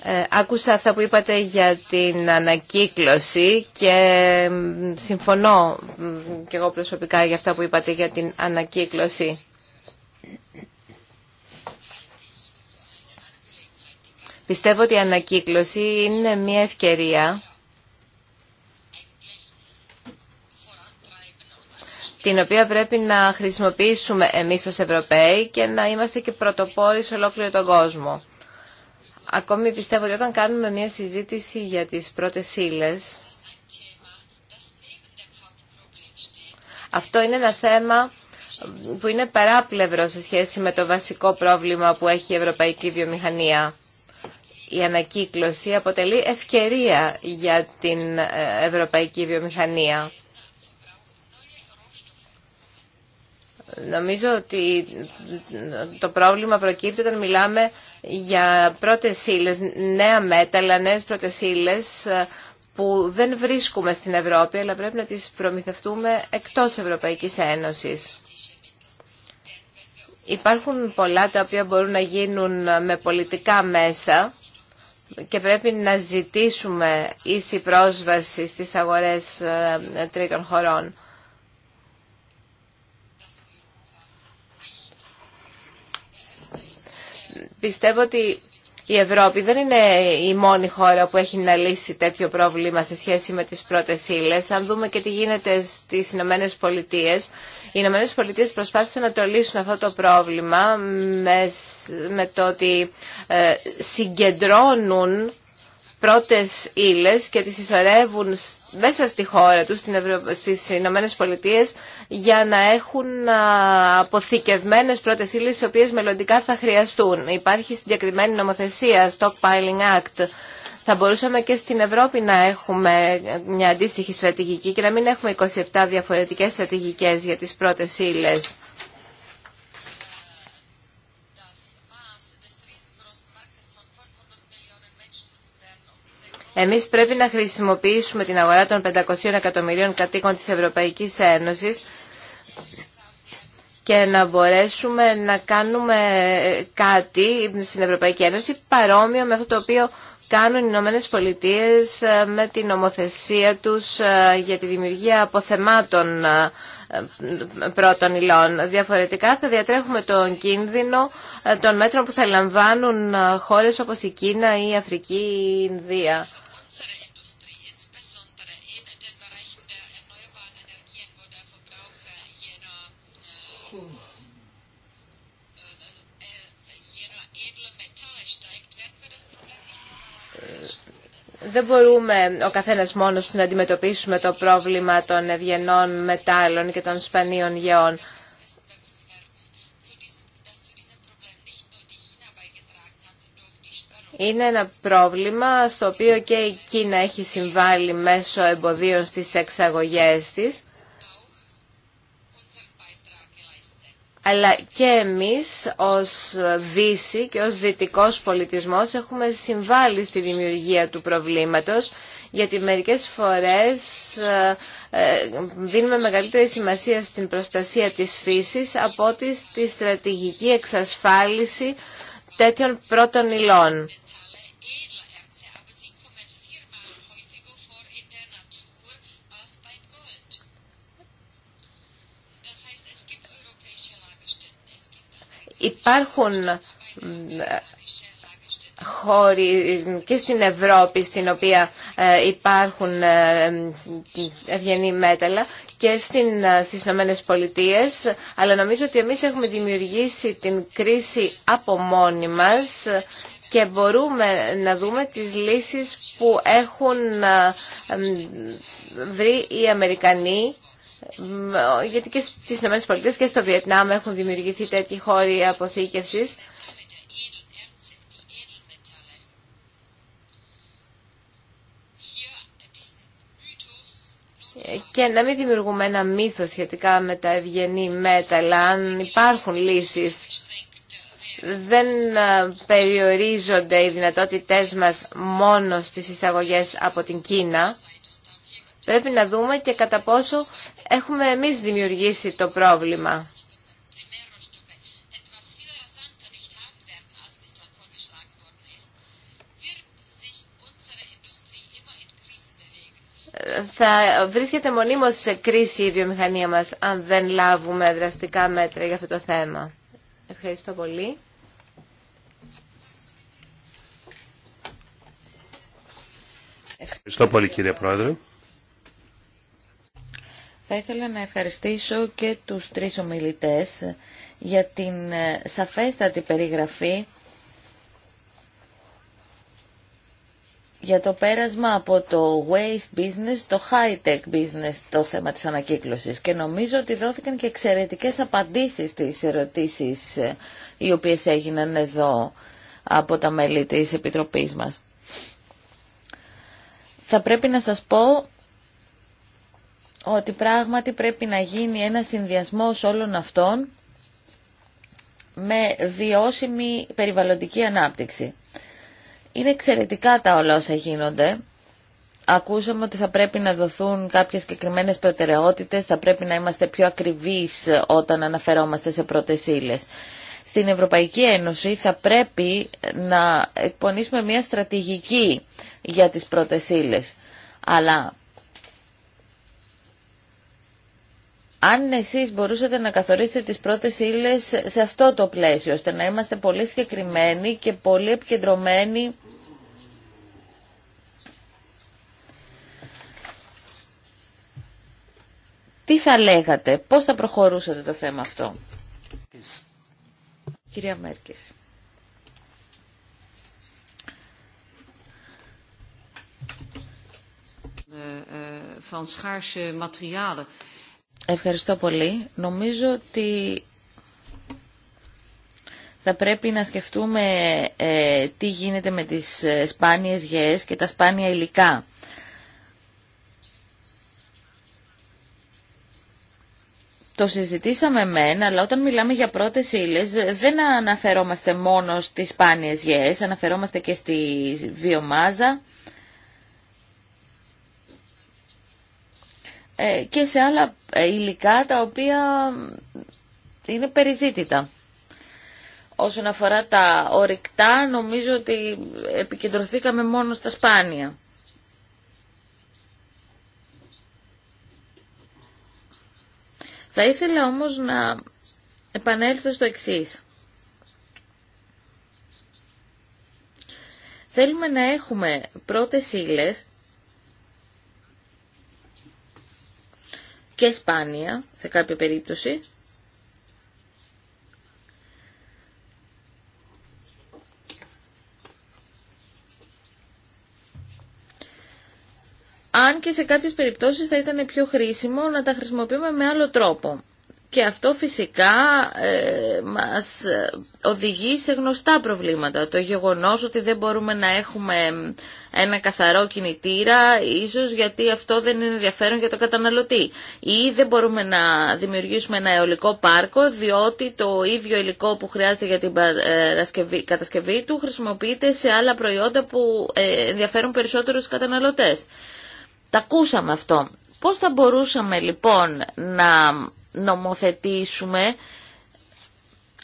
Ε, άκουσα αυτά που είπατε για την ανακύκλωση και συμφωνώ και εγώ προσωπικά για αυτά που είπατε για την ανακύκλωση. Πιστεύω ότι η ανακύκλωση είναι μια ευκαιρία την οποία πρέπει να χρησιμοποιήσουμε εμείς ως Ευρωπαίοι και να είμαστε και πρωτοπόροι σε ολόκληρο τον κόσμο. Ακόμη πιστεύω ότι όταν κάνουμε μια συζήτηση για τις πρώτες ύλε. αυτό είναι ένα θέμα που είναι παράπλευρο σε σχέση με το βασικό πρόβλημα που έχει η ευρωπαϊκή βιομηχανία. Η ανακύκλωση αποτελεί ευκαιρία για την ε, ευρωπαϊκή βιομηχανία. Νομίζω ότι το πρόβλημα προκύπτει όταν μιλάμε για πρώτες ύλες, νέα μέταλλα, νέες πρώτες ύλες ε, που δεν βρίσκουμε στην Ευρώπη, αλλά πρέπει να τις προμηθευτούμε εκτός Ευρωπαϊκής Ένωσης. Υπάρχουν πολλά τα οποία μπορούν να γίνουν με πολιτικά μέσα και πρέπει να ζητήσουμε ίση πρόσβαση στις αγορές ε, τρίτων χωρών. Πιστεύω ότι η Ευρώπη δεν είναι η μόνη χώρα που έχει να λύσει τέτοιο πρόβλημα σε σχέση με τις πρώτες ύλε. Αν δούμε και τι γίνεται στις Ηνωμένε Πολιτείε, οι Ηνωμένε Πολιτείε προσπάθησαν να το λύσουν αυτό το πρόβλημα με, το ότι ε, συγκεντρώνουν πρώτες ύλε και τις ισορεύουν μέσα στη χώρα τους, στις Ηνωμένες Πολιτείες, για να έχουν αποθηκευμένες πρώτες ύλε οι οποίες μελλοντικά θα χρειαστούν. Υπάρχει συγκεκριμένη νομοθεσία, Stockpiling Act, θα μπορούσαμε και στην Ευρώπη να έχουμε μια αντίστοιχη στρατηγική και να μην έχουμε 27 διαφορετικές στρατηγικές για τις πρώτες ύλες. Εμείς πρέπει να χρησιμοποιήσουμε την αγορά των 500 εκατομμυρίων κατοίκων της Ευρωπαϊκής Ένωσης και να μπορέσουμε να κάνουμε κάτι στην Ευρωπαϊκή Ένωση παρόμοιο με αυτό το οποίο κάνουν οι Ηνωμένε Πολιτείες ε, με την ομοθεσία τους ε, για τη δημιουργία αποθεμάτων ε, πρώτων υλών. Διαφορετικά θα διατρέχουμε τον κίνδυνο των μέτρων που θα λαμβάνουν χώρες όπως η Κίνα ή η Αφρική ή η Ινδία. δεν μπορούμε ο καθένας μόνος του να αντιμετωπίσουμε το πρόβλημα των ευγενών μετάλλων και των σπανίων γεών. Είναι ένα πρόβλημα στο οποίο και η Κίνα έχει συμβάλει μέσω εμποδίων στις εξαγωγές της. αλλά και εμείς ως Δύση και ως δυτικός πολιτισμός έχουμε συμβάλει στη δημιουργία του προβλήματος γιατί μερικές φορές ε, ε, δίνουμε μεγαλύτερη σημασία στην προστασία της φύσης από ότι στη στρατηγική εξασφάλιση τέτοιων πρώτων υλών. Υπάρχουν χώροι και στην Ευρώπη στην οποία ε, υπάρχουν ε, ευγενή μέταλλα και στην, ε, στις Ηνωμένε Πολιτείε, αλλά νομίζω ότι εμείς έχουμε δημιουργήσει την κρίση από μόνοι μας και μπορούμε να δούμε τις λύσεις που έχουν βρει οι Αμερικανοί γιατί και στις ΗΠΑ και στο Βιετνάμ έχουν δημιουργηθεί τέτοιοι χώροι αποθήκευσης. Και να μην δημιουργούμε ένα μύθο σχετικά με τα ευγενή μέταλλα, αν υπάρχουν λύσεις δεν ε, περιορίζονται οι δυνατότητές μας μόνο στις εισαγωγές από την Κίνα. Πρέπει να δούμε και κατά πόσο έχουμε εμείς δημιουργήσει το πρόβλημα. θα βρίσκεται μονίμως σε κρίση η βιομηχανία μας αν δεν λάβουμε δραστικά μέτρα για αυτό το θέμα. Ευχαριστώ πολύ. Ευχαριστώ πολύ κύριε Πρόεδρε. Θα ήθελα να ευχαριστήσω και τους τρεις ομιλητές για την ε, σαφέστατη περιγραφή για το πέρασμα από το waste business το high-tech business το θέμα της ανακύκλωσης και νομίζω ότι δόθηκαν και εξαιρετικές απαντήσεις στις ερωτήσεις ε, οι οποίες έγιναν εδώ από τα μέλη της Επιτροπής μας. Θα πρέπει να σας πω ότι πράγματι πρέπει να γίνει ένα συνδυασμός όλων αυτών με βιώσιμη περιβαλλοντική ανάπτυξη. Είναι εξαιρετικά τα όλα όσα γίνονται. Ακούσαμε ότι θα πρέπει να δοθούν κάποιες συγκεκριμένε προτεραιότητες, θα πρέπει να είμαστε πιο ακριβείς όταν αναφερόμαστε σε πρώτες ύλες. Στην Ευρωπαϊκή Ένωση θα πρέπει να εκπονήσουμε μια στρατηγική για τις πρώτες ύλες. Αλλά αν εσείς μπορούσατε να καθορίσετε τις πρώτες ύλε σε αυτό το πλαίσιο, ώστε να είμαστε πολύ συγκεκριμένοι και πολύ επικεντρωμένοι Τι θα λέγατε, πώς θα προχωρούσατε το θέμα αυτό. Κυρία Μέρκης. Van ε, ε, schaarse materialen. Ευχαριστώ πολύ. Νομίζω ότι θα πρέπει να σκεφτούμε ε, τι γίνεται με τις ε, σπάνιες γεές και τα σπάνια υλικά. Το συζητήσαμε μεν, αλλά όταν μιλάμε για πρώτες ύλε δεν αναφερόμαστε μόνο στις σπάνιες γεές, αναφερόμαστε και στη βιομάζα Ε, και σε άλλα ε, υλικά τα οποία είναι περιζήτητα. Όσον αφορά τα ορυκτά, νομίζω ότι επικεντρωθήκαμε μόνο στα σπάνια. Θα ήθελα όμως να επανέλθω στο εξής. Θέλουμε να έχουμε πρώτες ύλες και σπάνια σε κάποια περίπτωση. Αν και σε κάποιες περιπτώσεις θα ήταν πιο χρήσιμο να τα χρησιμοποιούμε με άλλο τρόπο και αυτό φυσικά ε, μας οδηγεί σε γνωστά προβλήματα. Το γεγονός ότι δεν μπορούμε να έχουμε ένα καθαρό κινητήρα, ίσως γιατί αυτό δεν είναι ενδιαφέρον για το καταναλωτή. Ή δεν μπορούμε να δημιουργήσουμε ένα αιωλικό πάρκο, διότι το ίδιο υλικό που χρειάζεται για την κατασκευή του χρησιμοποιείται σε άλλα προϊόντα που ε, ενδιαφέρουν περισσότερους καταναλωτές. Τα ακούσαμε αυτό. Πώς θα μπορούσαμε λοιπόν να νομοθετήσουμε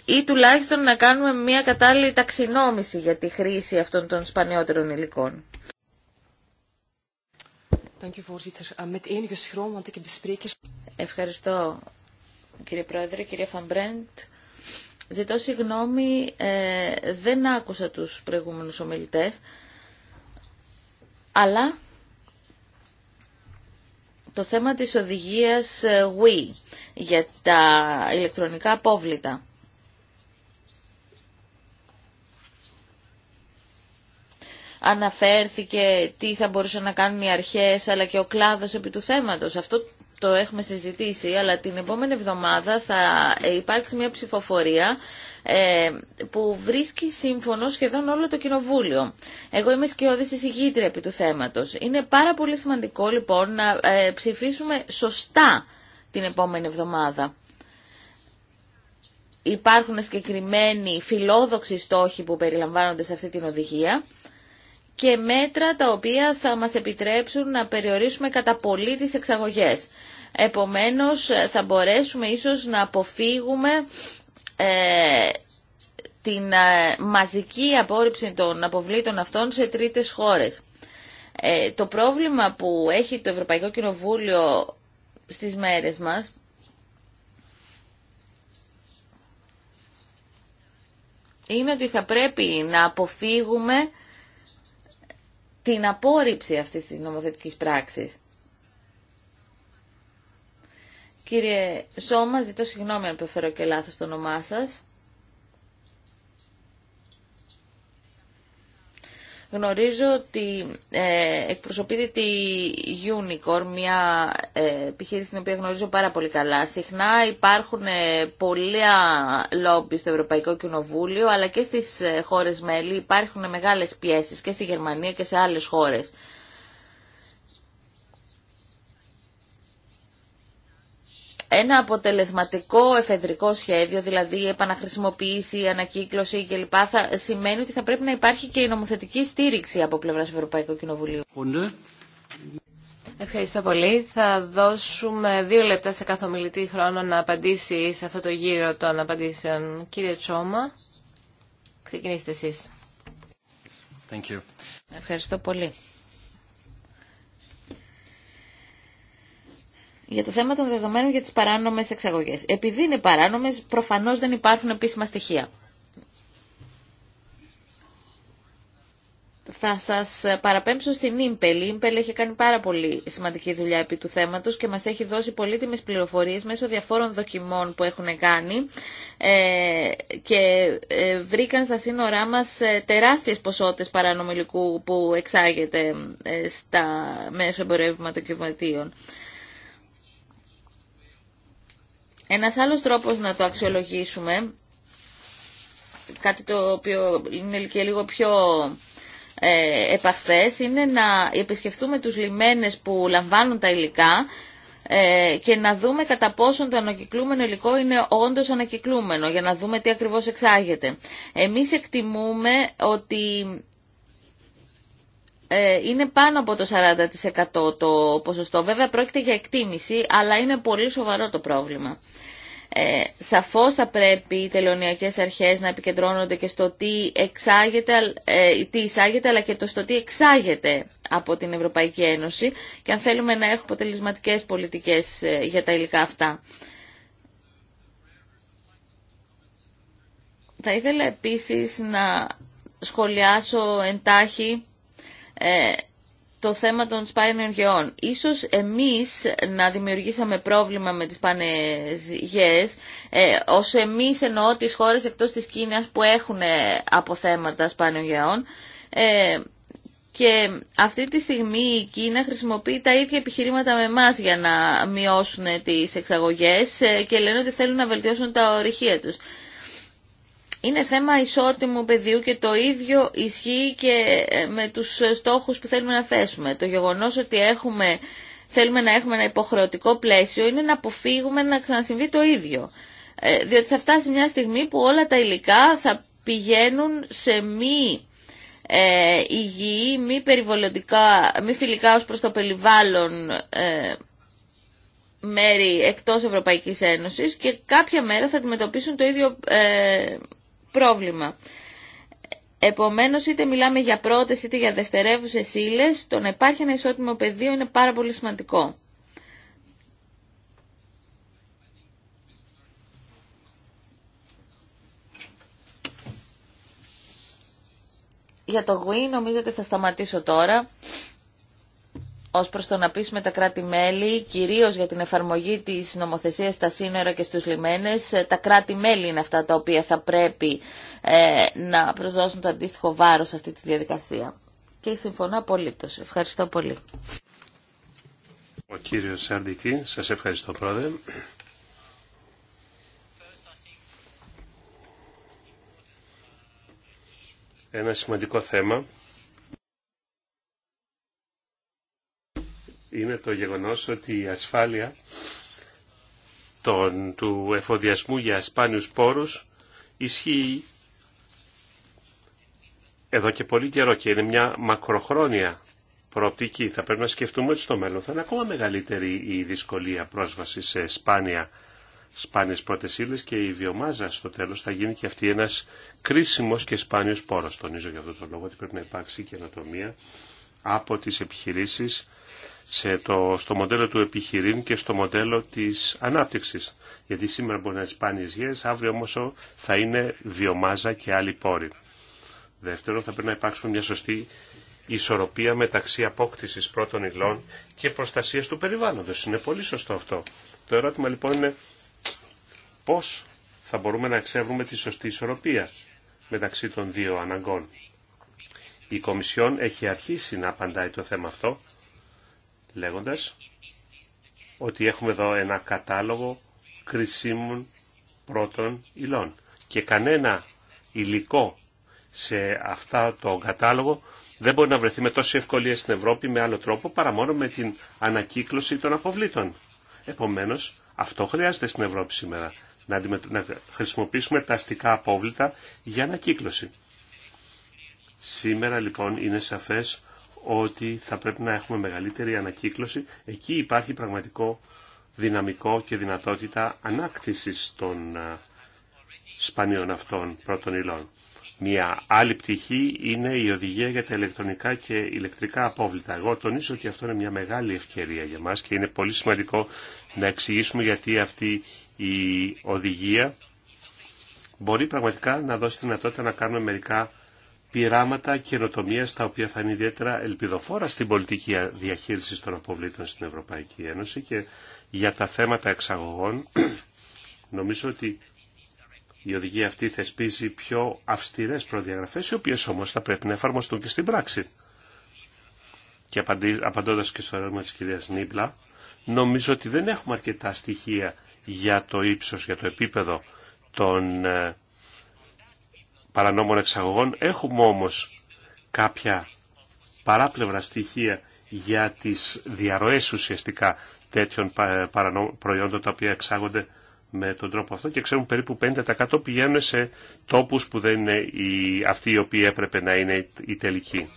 ή τουλάχιστον να κάνουμε μια κατάλληλη ταξινόμηση για τη χρήση αυτών των σπανιότερων υλικών. Eh, Ευχαριστώ κύριε Πρόεδρε, κύριε Φαμπρέντ. Ζητώ συγγνώμη, ε, δεν άκουσα τους προηγούμενους ομιλητές, αλλά το θέμα της οδηγίας ε, Wii για τα ηλεκτρονικά απόβλητα. Αναφέρθηκε τι θα μπορούσαν να κάνουν οι αρχές αλλά και ο κλάδος επί του θέματος. Αυτό το έχουμε συζητήσει, αλλά την επόμενη εβδομάδα θα υπάρξει μια ψηφοφορία ε, που βρίσκει σύμφωνο σχεδόν όλο το κοινοβούλιο. Εγώ είμαι σκιώδης εισηγήτρια επί του θέματος. Είναι πάρα πολύ σημαντικό λοιπόν να ε, ψηφίσουμε σωστά την επόμενη εβδομάδα. Υπάρχουν συγκεκριμένοι φιλόδοξοι στόχοι που περιλαμβάνονται σε αυτή την οδηγία και μέτρα τα οποία θα μας επιτρέψουν να περιορίσουμε κατά πολύ τις εξαγωγές. Επομένως θα μπορέσουμε ίσως να αποφύγουμε ε, την ε, μαζική απόρριψη των αποβλήτων αυτών σε τρίτες χώρες. Ε, το πρόβλημα που έχει το Ευρωπαϊκό Κοινοβούλιο στις μέρες μας είναι ότι θα πρέπει να αποφύγουμε την απόρριψη αυτής της νομοθετικής πράξης. Κύριε Σώμα, ζητώ συγγνώμη αν προφέρω και λάθος το όνομά σας. Γνωρίζω ότι ε, εκπροσωπείται τη Unicorn, μια ε, επιχείρηση την οποία γνωρίζω πάρα πολύ καλά. Συχνά υπάρχουν ε, πολλά στο Ευρωπαϊκό Κοινοβούλιο, αλλά και στις ε, χώρες μέλη υπάρχουν μεγάλες πιέσεις και στη Γερμανία και σε άλλες χώρες. ένα αποτελεσματικό εφεδρικό σχέδιο, δηλαδή επαναχρησιμοποίηση, ανακύκλωση κλπ. θα σημαίνει ότι θα πρέπει να υπάρχει και η νομοθετική στήριξη από πλευράς Ευρωπαϊκού Κοινοβουλίου. Ευχαριστώ πολύ. Θα δώσουμε δύο λεπτά σε κάθε ομιλητή χρόνο να απαντήσει σε αυτό το γύρο των απαντήσεων. Κύριε Τσόμα, ξεκινήστε εσείς. Ευχαριστώ πολύ. για το θέμα των δεδομένων για τις παράνομες εξαγωγές. Επειδή είναι παράνομες, προφανώς δεν υπάρχουν επίσημα στοιχεία. Θα σας παραπέμψω στην Ίμπελ. Η Ίμπελ έχει κάνει πάρα πολύ σημαντική δουλειά επί του θέματος και μας έχει δώσει πολύτιμες πληροφορίες μέσω διαφόρων δοκιμών που έχουν κάνει ε, και ε, βρήκαν στα σύνορά μας ε, τεράστιες ποσότητες παρανομιλικού που εξάγεται στα μέσω και βοηθείων. Ένας άλλος τρόπος να το αξιολογήσουμε, κάτι το οποίο είναι και λίγο πιο ε, επαφές, είναι να επισκεφτούμε τους λιμένες που λαμβάνουν τα υλικά ε, και να δούμε κατά πόσον το ανακυκλούμενο υλικό είναι όντως ανακυκλούμενο για να δούμε τι ακριβώς εξάγεται. Εμείς εκτιμούμε ότι ε, είναι πάνω από το 40% το ποσοστό. Βέβαια πρόκειται για εκτίμηση, αλλά είναι πολύ σοβαρό το πρόβλημα. Ε, σαφώς θα πρέπει οι τελωνιακές αρχές να επικεντρώνονται και στο τι, εξάγεται, ε, τι εισάγεται αλλά και το στο τι εξάγεται από την Ευρωπαϊκή Ένωση και αν θέλουμε να έχουμε αποτελεσματικές πολιτικές ε, για τα υλικά αυτά. Θα ήθελα επίσης να σχολιάσω εντάχει ε, το θέμα των σπάνιων γεών. Ίσως εμείς να δημιουργήσαμε πρόβλημα με τις σπάνιες γεές, ε, ως εμείς εννοώ τις χώρες εκτός της Κίνας που έχουν ε, αποθέματα σπάνιων γεών, ε, και αυτή τη στιγμή η Κίνα χρησιμοποιεί τα ίδια επιχειρήματα με εμά για να μειώσουν τις εξαγωγές και λένε ότι θέλουν να βελτιώσουν τα ορυχεία τους. Είναι θέμα ισότιμου πεδίου και το ίδιο ισχύει και ε, με τους στόχους που θέλουμε να θέσουμε. Το γεγονός ότι έχουμε, θέλουμε να έχουμε ένα υποχρεωτικό πλαίσιο είναι να αποφύγουμε να ξανασυμβεί το ίδιο. Ε, διότι θα φτάσει μια στιγμή που όλα τα υλικά θα πηγαίνουν σε μη ε, υγιή, μη μη φιλικά ως προς το περιβάλλον ε, μέρη εκτός Ευρωπαϊκής Ένωσης και κάποια μέρα θα αντιμετωπίσουν το ίδιο ε, πρόβλημα. Επομένως, είτε μιλάμε για πρώτες είτε για δευτερεύουσες ύλε, το να υπάρχει ένα ισότιμο πεδίο είναι πάρα πολύ σημαντικό. Για το γουί, νομίζω ότι θα σταματήσω τώρα ως προς το να πείσουμε τα κράτη-μέλη, κυρίως για την εφαρμογή της νομοθεσίας στα σύνορα και στους λιμένες, ε, τα κράτη-μέλη είναι αυτά τα οποία θα πρέπει ε, να προσδώσουν το αντίστοιχο βάρος σε αυτή τη διαδικασία. Και συμφωνώ απολύτως. Ευχαριστώ πολύ. Ο κύριος Σαρντιτή, σας ευχαριστώ πρόεδρε. Ένα σημαντικό θέμα είναι το γεγονός ότι η ασφάλεια των, του εφοδιασμού για σπάνιους πόρους ισχύει εδώ και πολύ καιρό και είναι μια μακροχρόνια προοπτική. Θα πρέπει να σκεφτούμε ότι στο μέλλον θα είναι ακόμα μεγαλύτερη η δυσκολία πρόσβαση σε σπάνια, σπάνιες πρώτες και η βιομάζα στο τέλος θα γίνει και αυτή ένας κρίσιμος και σπάνιος πόρος. Τονίζω για αυτό τον λόγο ότι πρέπει να υπάρξει καινοτομία από τις επιχειρήσεις σε το, στο μοντέλο του επιχειρήν και στο μοντέλο της ανάπτυξης. Γιατί σήμερα μπορεί να είναι σπάνιες γης, αύριο όμως θα είναι βιομάζα και άλλοι πόροι. Δεύτερον, θα πρέπει να υπάρξουν μια σωστή ισορροπία μεταξύ απόκτησης πρώτων υλών και προστασίας του περιβάλλοντος. Είναι πολύ σωστό αυτό. Το ερώτημα λοιπόν είναι πώς θα μπορούμε να εξεύρουμε τη σωστή ισορροπία μεταξύ των δύο αναγκών. Η Κομισιόν έχει αρχίσει να απαντάει το θέμα αυτό λέγοντας ότι έχουμε εδώ ένα κατάλογο κρισίμων πρώτων υλών και κανένα υλικό σε αυτά το κατάλογο δεν μπορεί να βρεθεί με τόση ευκολία στην Ευρώπη με άλλο τρόπο παρά μόνο με την ανακύκλωση των αποβλήτων. Επομένως, αυτό χρειάζεται στην Ευρώπη σήμερα, να, να χρησιμοποιήσουμε τα αστικά απόβλητα για ανακύκλωση. Σήμερα λοιπόν είναι σαφές ότι θα πρέπει να έχουμε μεγαλύτερη ανακύκλωση. Εκεί υπάρχει πραγματικό δυναμικό και δυνατότητα ανάκτησης των ε, σπανίων αυτών πρώτων υλών. Μια άλλη πτυχή είναι η οδηγία για τα ηλεκτρονικά και ηλεκτρικά απόβλητα. Εγώ τονίσω ότι αυτό είναι μια μεγάλη ευκαιρία για μας και είναι πολύ σημαντικό να εξηγήσουμε γιατί αυτή η οδηγία μπορεί πραγματικά να δώσει δυνατότητα να κάνουμε μερικά πειράματα καινοτομία τα οποία θα είναι ιδιαίτερα ελπιδοφόρα στην πολιτική διαχείριση των αποβλήτων στην Ευρωπαϊκή Ένωση και για τα θέματα εξαγωγών νομίζω ότι η οδηγία αυτή θεσπίζει πιο αυστηρές προδιαγραφές οι οποίες όμως θα πρέπει να εφαρμοστούν και στην πράξη. Και απαντώντας και στο ερώτημα της κυρίας Νίμπλα, νομίζω ότι δεν έχουμε αρκετά στοιχεία για το ύψος, για το επίπεδο των ε, παρανόμων εξαγωγών. Έχουμε όμως κάποια παράπλευρα στοιχεία για τις διαρροές ουσιαστικά τέτοιων προϊόντων τα οποία εξάγονται με τον τρόπο αυτό και ξέρουμε περίπου 50% πηγαίνουν σε τόπους που δεν είναι αυτοί οι οποίοι έπρεπε να είναι οι τελικοί.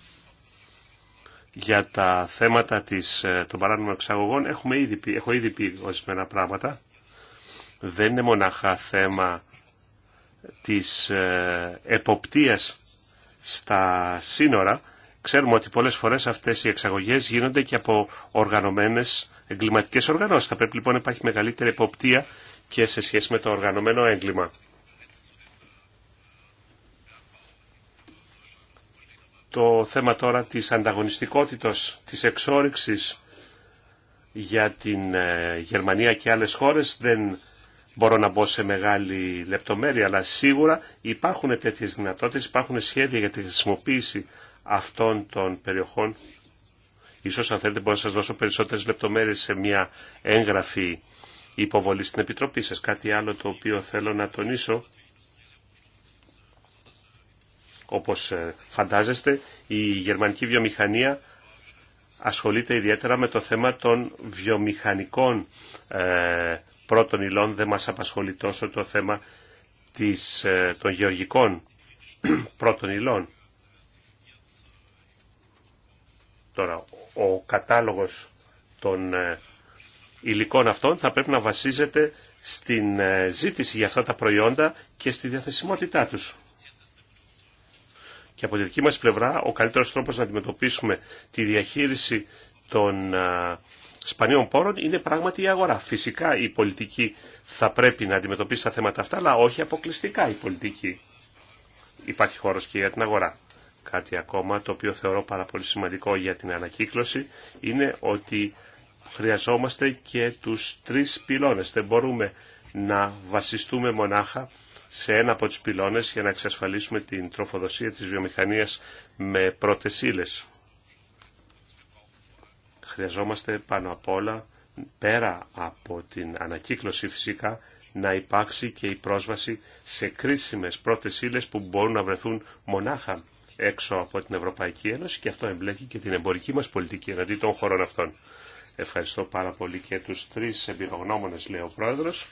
Για τα θέματα της, ε, των παράνομων εξαγωγών έχουμε ήδη, έχω ήδη πει ορισμένα πράγματα. Δεν είναι μονάχα θέμα της ε, εποπτείας στα σύνορα, ξέρουμε ότι πολλές φορές αυτές οι εξαγωγές γίνονται και από οργανωμένες εγκληματικές οργανώσεις. Θα πρέπει λοιπόν να υπάρχει μεγαλύτερη εποπτεία και σε σχέση με το οργανωμένο έγκλημα. Το θέμα τώρα της ανταγωνιστικότητας, της εξόριξης για την ε, Γερμανία και άλλες χώρες δεν μπορώ να μπω σε μεγάλη λεπτομέρεια, αλλά σίγουρα υπάρχουν τέτοιες δυνατότητες, υπάρχουν σχέδια για τη χρησιμοποίηση αυτών των περιοχών. Ίσως αν θέλετε μπορώ να σας δώσω περισσότερες λεπτομέρειες σε μια έγγραφη υποβολή στην Επιτροπή σας. Κάτι άλλο το οποίο θέλω να τονίσω, όπως ε, φαντάζεστε, η γερμανική βιομηχανία ασχολείται ιδιαίτερα με το θέμα των βιομηχανικών ε, πρώτων υλών δεν μας απασχολεί τόσο το θέμα της, ε, των γεωργικών πρώτων υλών. Τώρα, ο κατάλογος των ε, υλικών αυτών θα πρέπει να βασίζεται στην ε, ζήτηση για αυτά τα προϊόντα και στη διαθεσιμότητά τους. Και από τη δική μας πλευρά, ο καλύτερος τρόπος να αντιμετωπίσουμε τη διαχείριση των σπανίων πόρων είναι πράγματι η αγορά. Φυσικά η πολιτική θα πρέπει να αντιμετωπίσει τα θέματα αυτά, αλλά όχι αποκλειστικά η πολιτική. Υπάρχει χώρος και για την αγορά. Κάτι ακόμα το οποίο θεωρώ πάρα πολύ σημαντικό για την ανακύκλωση είναι ότι χρειαζόμαστε και τους τρεις πυλώνες. Δεν μπορούμε να βασιστούμε μονάχα σε ένα από τους πυλώνες για να εξασφαλίσουμε την τροφοδοσία της βιομηχανίας με πρώτες ύλες χρειαζόμαστε πάνω απ' όλα, πέρα από την ανακύκλωση φυσικά, να υπάρξει και η πρόσβαση σε κρίσιμες πρώτες ύλες που μπορούν να βρεθούν μονάχα έξω από την Ευρωπαϊκή Ένωση και αυτό εμπλέκει και την εμπορική μας πολιτική εναντί των χωρών αυτών. Ευχαριστώ πάρα πολύ και τους τρεις εμπειρογνώμονες, λέει ο Πρόεδρος,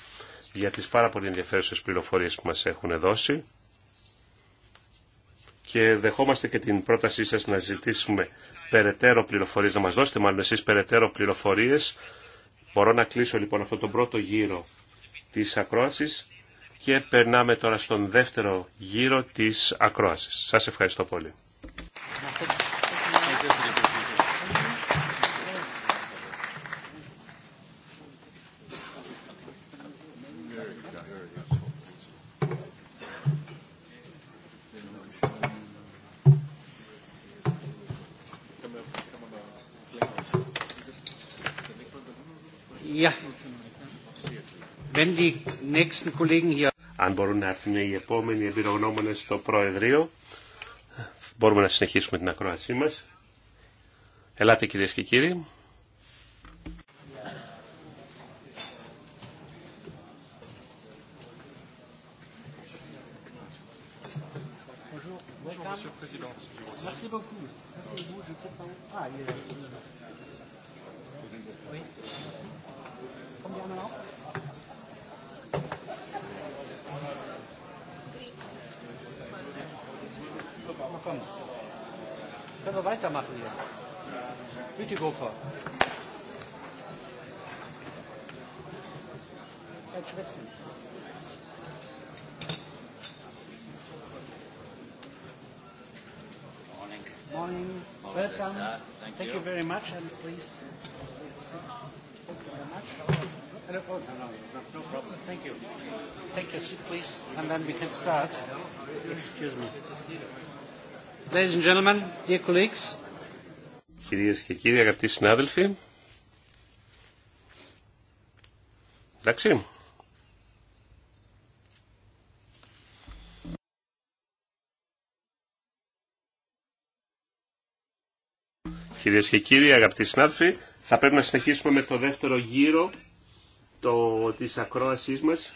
για τις πάρα πολύ ενδιαφέρουσες πληροφορίες που μας έχουν δώσει και δεχόμαστε και την πρότασή σας να ζητήσουμε περαιτέρω πληροφορίες, να μας δώσετε μάλλον εσείς περαιτέρω πληροφορίες. Μπορώ να κλείσω λοιπόν αυτό τον πρώτο γύρο της ακρόασης και περνάμε τώρα στον δεύτερο γύρο της ακρόασης. Σας ευχαριστώ πολύ. Αν μπορούν να έρθουν οι επόμενοι εμπειρογνώμονες στο Προεδρείο, μπορούμε να συνεχίσουμε την ακρόασή μας. Ελάτε κυρίε και κύριοι. Komm. Können wir weitermachen hier. Morning. Welcome. Thank you very much and please. Thank you very much. Please, and then we can start. Excuse me. Ladies Κυρίες και κύριοι, αγαπητοί συνάδελφοι. Εντάξει. Κυρίες και κύριοι, αγαπητοί συνάδελφοι, θα πρέπει να συνεχίσουμε με το δεύτερο γύρο το, της ακρόασής μας.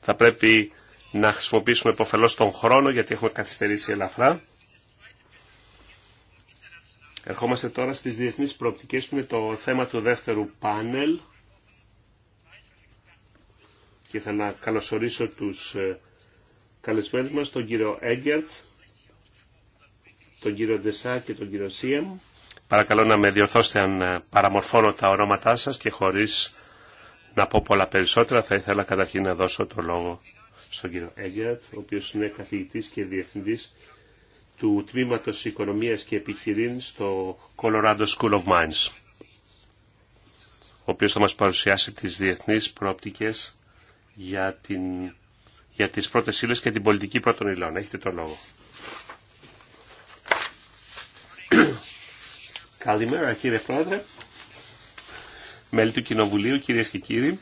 Θα πρέπει να χρησιμοποιήσουμε υποφελώς τον χρόνο γιατί έχουμε καθυστερήσει ελαφρά. Ερχόμαστε τώρα στις διεθνείς προοπτικές που είναι το θέμα του δεύτερου πάνελ και θα να καλωσορίσω τους ε, καλεσμένους μας, τον κύριο Έγκερτ, τον κύριο Ντεσά και τον κύριο Σίεμ. Παρακαλώ να με διορθώσετε αν ε, παραμορφώνω τα ονόματά σας και χωρίς να πω πολλά περισσότερα θα ήθελα καταρχήν να δώσω το λόγο στον κύριο Έγκερτ, ο οποίος είναι καθηγητής και διευθυντή του Τμήματος οικονομία και Επιχειρήν στο Colorado School of Mines, ο οποίος θα μας παρουσιάσει τις διεθνείς προοπτικές για, την, για τις πρώτες ύλες και την πολιτική πρώτων υλών. Έχετε το λόγο. Καλημέρα κύριε Πρόεδρε, μέλη του Κοινοβουλίου, κυρίες και κύριοι.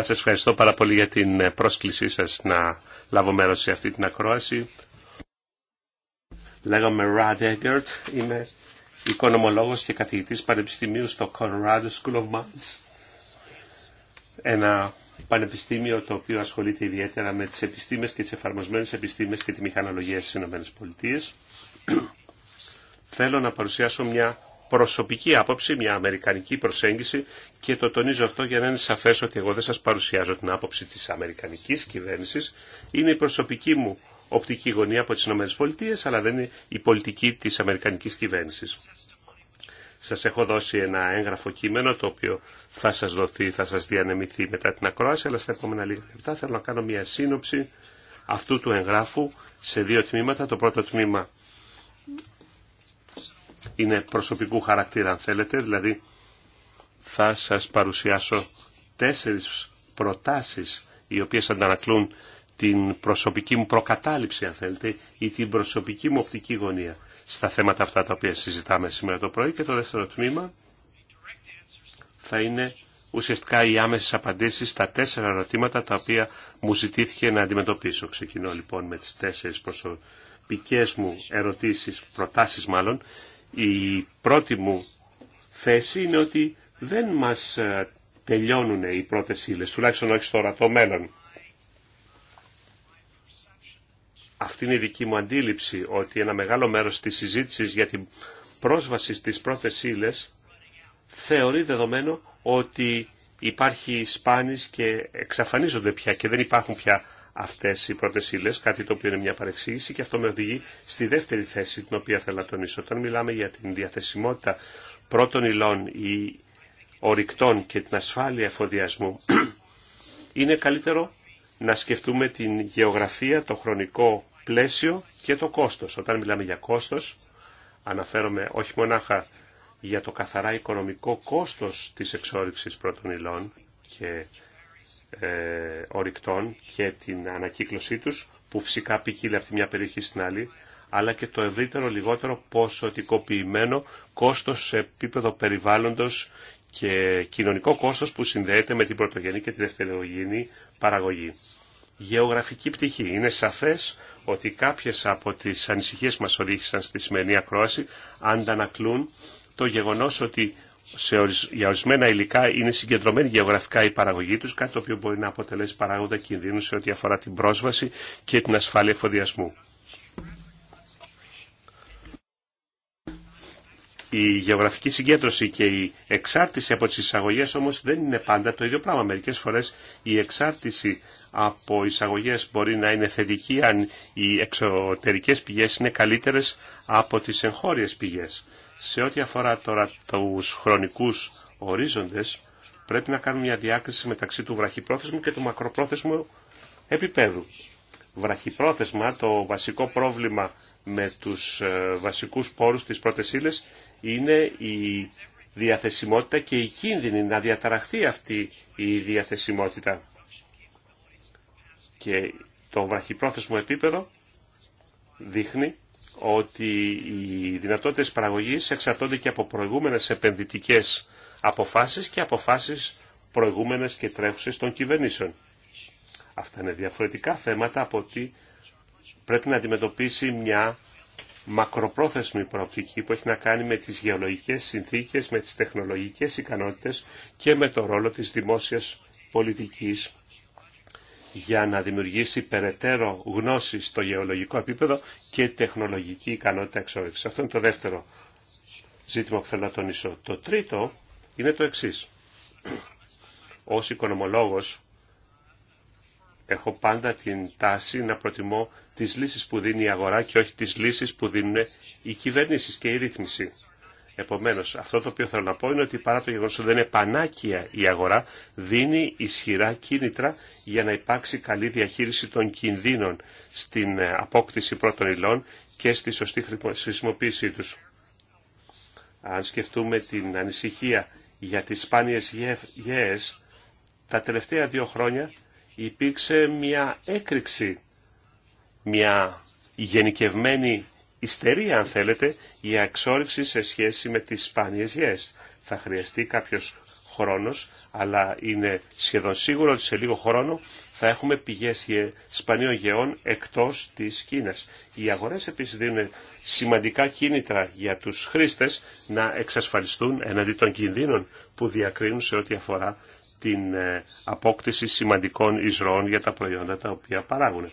Θα σας ευχαριστώ πάρα πολύ για την ε, πρόσκλησή σας να λάβω μέρος σε αυτή την ακρόαση. Λέγομαι Ραντ Έγκερτ, είμαι οικονομολόγος και καθηγητής πανεπιστημίου στο Conrad School of Mines. Ένα πανεπιστήμιο το οποίο ασχολείται ιδιαίτερα με τις επιστήμες και τις εφαρμοσμένες επιστήμες και τη μηχανολογία στις ΗΠΑ. Θέλω να παρουσιάσω μια προσωπική άποψη, μια αμερικανική προσέγγιση και το τονίζω αυτό για να είναι σαφές ότι εγώ δεν σας παρουσιάζω την άποψη της αμερικανικής κυβέρνησης. Είναι η προσωπική μου οπτική γωνία από τις ΗΠΑ, αλλά δεν είναι η πολιτική της αμερικανικής κυβέρνησης. Σας έχω δώσει ένα έγγραφο κείμενο το οποίο θα σας δοθεί, θα σας διανεμηθεί μετά την ακρόαση, αλλά στα επόμενα λίγα λεπτά θέλω να κάνω μια σύνοψη αυτού του εγγράφου σε δύο τμήματα. Το πρώτο τμήμα είναι προσωπικού χαρακτήρα αν θέλετε, δηλαδή θα σας παρουσιάσω τέσσερις προτάσεις οι οποίες αντανακλούν την προσωπική μου προκατάληψη αν θέλετε ή την προσωπική μου οπτική γωνία στα θέματα αυτά τα οποία συζητάμε σήμερα το πρωί και το δεύτερο τμήμα θα είναι ουσιαστικά οι άμεσες απαντήσεις στα τέσσερα ερωτήματα τα οποία μου ζητήθηκε να αντιμετωπίσω. Ξεκινώ λοιπόν με τις τέσσερις προσωπικές μου ερωτήσεις, προτάσεις μάλλον η πρώτη μου θέση είναι ότι δεν μας ε, τελειώνουν οι πρώτες ύλε, τουλάχιστον όχι τώρα, το μέλλον. Αυτή είναι η δική μου αντίληψη ότι ένα μεγάλο μέρος της συζήτησης για την πρόσβαση στις πρώτες ύλε θεωρεί δεδομένο ότι υπάρχει σπάνης και εξαφανίζονται πια και δεν υπάρχουν πια αυτές οι πρώτες ύλε, κάτι το οποίο είναι μια παρεξήγηση και αυτό με οδηγεί στη δεύτερη θέση την οποία θέλω να τονίσω. Όταν μιλάμε για την διαθεσιμότητα πρώτων υλών ή ορυκτών και την ασφάλεια εφοδιασμού, είναι καλύτερο να σκεφτούμε την γεωγραφία, το χρονικό πλαίσιο και το κόστος. Όταν μιλάμε για κόστος, αναφέρομαι όχι μονάχα για το καθαρά οικονομικό κόστος της εξόρυξης πρώτων υλών και ε, ορυκτών και την ανακύκλωσή τους, που φυσικά ποικίλει από τη μια περιοχή στην άλλη, αλλά και το ευρύτερο λιγότερο ποσοτικοποιημένο κόστος σε επίπεδο περιβάλλοντος και κοινωνικό κόστος που συνδέεται με την πρωτογενή και τη δευτερογενή παραγωγή. Γεωγραφική πτυχή. Είναι σαφές ότι κάποιες από τις ανησυχίες μας ορίχησαν στη σημερινή ακρόαση αντανακλούν το γεγονός ότι σε για ορισμένα υλικά είναι συγκεντρωμένη γεωγραφικά η παραγωγή τους, κάτι το οποίο μπορεί να αποτελέσει παράγοντα κινδύνου σε ό,τι αφορά την πρόσβαση και την ασφάλεια εφοδιασμού. Η γεωγραφική συγκέντρωση και η εξάρτηση από τις εισαγωγές όμως δεν είναι πάντα το ίδιο πράγμα. Μερικές φορές η εξάρτηση από εισαγωγές μπορεί να είναι θετική αν οι εξωτερικές πηγές είναι καλύτερες από τις εγχώριες πηγές. Σε ό,τι αφορά τώρα τους χρονικούς ορίζοντες, πρέπει να κάνουμε μια διάκριση μεταξύ του βραχυπρόθεσμου και του μακροπρόθεσμου επίπεδου. Βραχυπρόθεσμα, το βασικό πρόβλημα με τους ε, βασικούς πόρους της πρώτες ύλες είναι η διαθεσιμότητα και η κίνδυνη να διαταραχθεί αυτή η διαθεσιμότητα. Και το βραχυπρόθεσμο επίπεδο δείχνει ότι οι δυνατότητες παραγωγής εξαρτώνται και από προηγούμενες επενδυτικές αποφάσεις και αποφάσεις προηγούμενες και τρέχουσες των κυβερνήσεων. Αυτά είναι διαφορετικά θέματα από ότι πρέπει να αντιμετωπίσει μια μακροπρόθεσμη προοπτική που έχει να κάνει με τις γεωλογικές συνθήκες, με τις τεχνολογικές ικανότητες και με το ρόλο της δημόσιας πολιτικής για να δημιουργήσει περαιτέρω γνώση στο γεωλογικό επίπεδο και τεχνολογική ικανότητα εξόρυξης. Αυτό είναι το δεύτερο ζήτημα που θέλω να τονίσω. Το τρίτο είναι το εξής. Ως οικονομολόγος έχω πάντα την τάση να προτιμώ τις λύσεις που δίνει η αγορά και όχι τις λύσεις που δίνουν οι κυβερνήσεις και η ρύθμιση. Επομένως, αυτό το οποίο θέλω να πω είναι ότι παρά το γεγονός ότι δεν είναι πανάκια η αγορά, δίνει ισχυρά κίνητρα για να υπάρξει καλή διαχείριση των κινδύνων στην ε, απόκτηση πρώτων υλών και στη σωστή χρησιμοποίησή τους. Αν σκεφτούμε την ανησυχία για τις σπάνιε γέες, τα τελευταία δύο χρόνια υπήρξε μια έκρηξη, μια γενικευμένη ιστερεί, αν θέλετε, η αξόρυξη σε σχέση με τις σπάνιες γιές. Θα χρειαστεί κάποιος χρόνος, αλλά είναι σχεδόν σίγουρο ότι σε λίγο χρόνο θα έχουμε πηγές σπανίων γεών εκτός της Κίνας. Οι αγορές επίσης δίνουν σημαντικά κίνητρα για τους χρήστες να εξασφαλιστούν εναντί των κινδύνων που διακρίνουν σε ό,τι αφορά την ε, απόκτηση σημαντικών εισρώων για τα προϊόντα τα οποία παράγουν.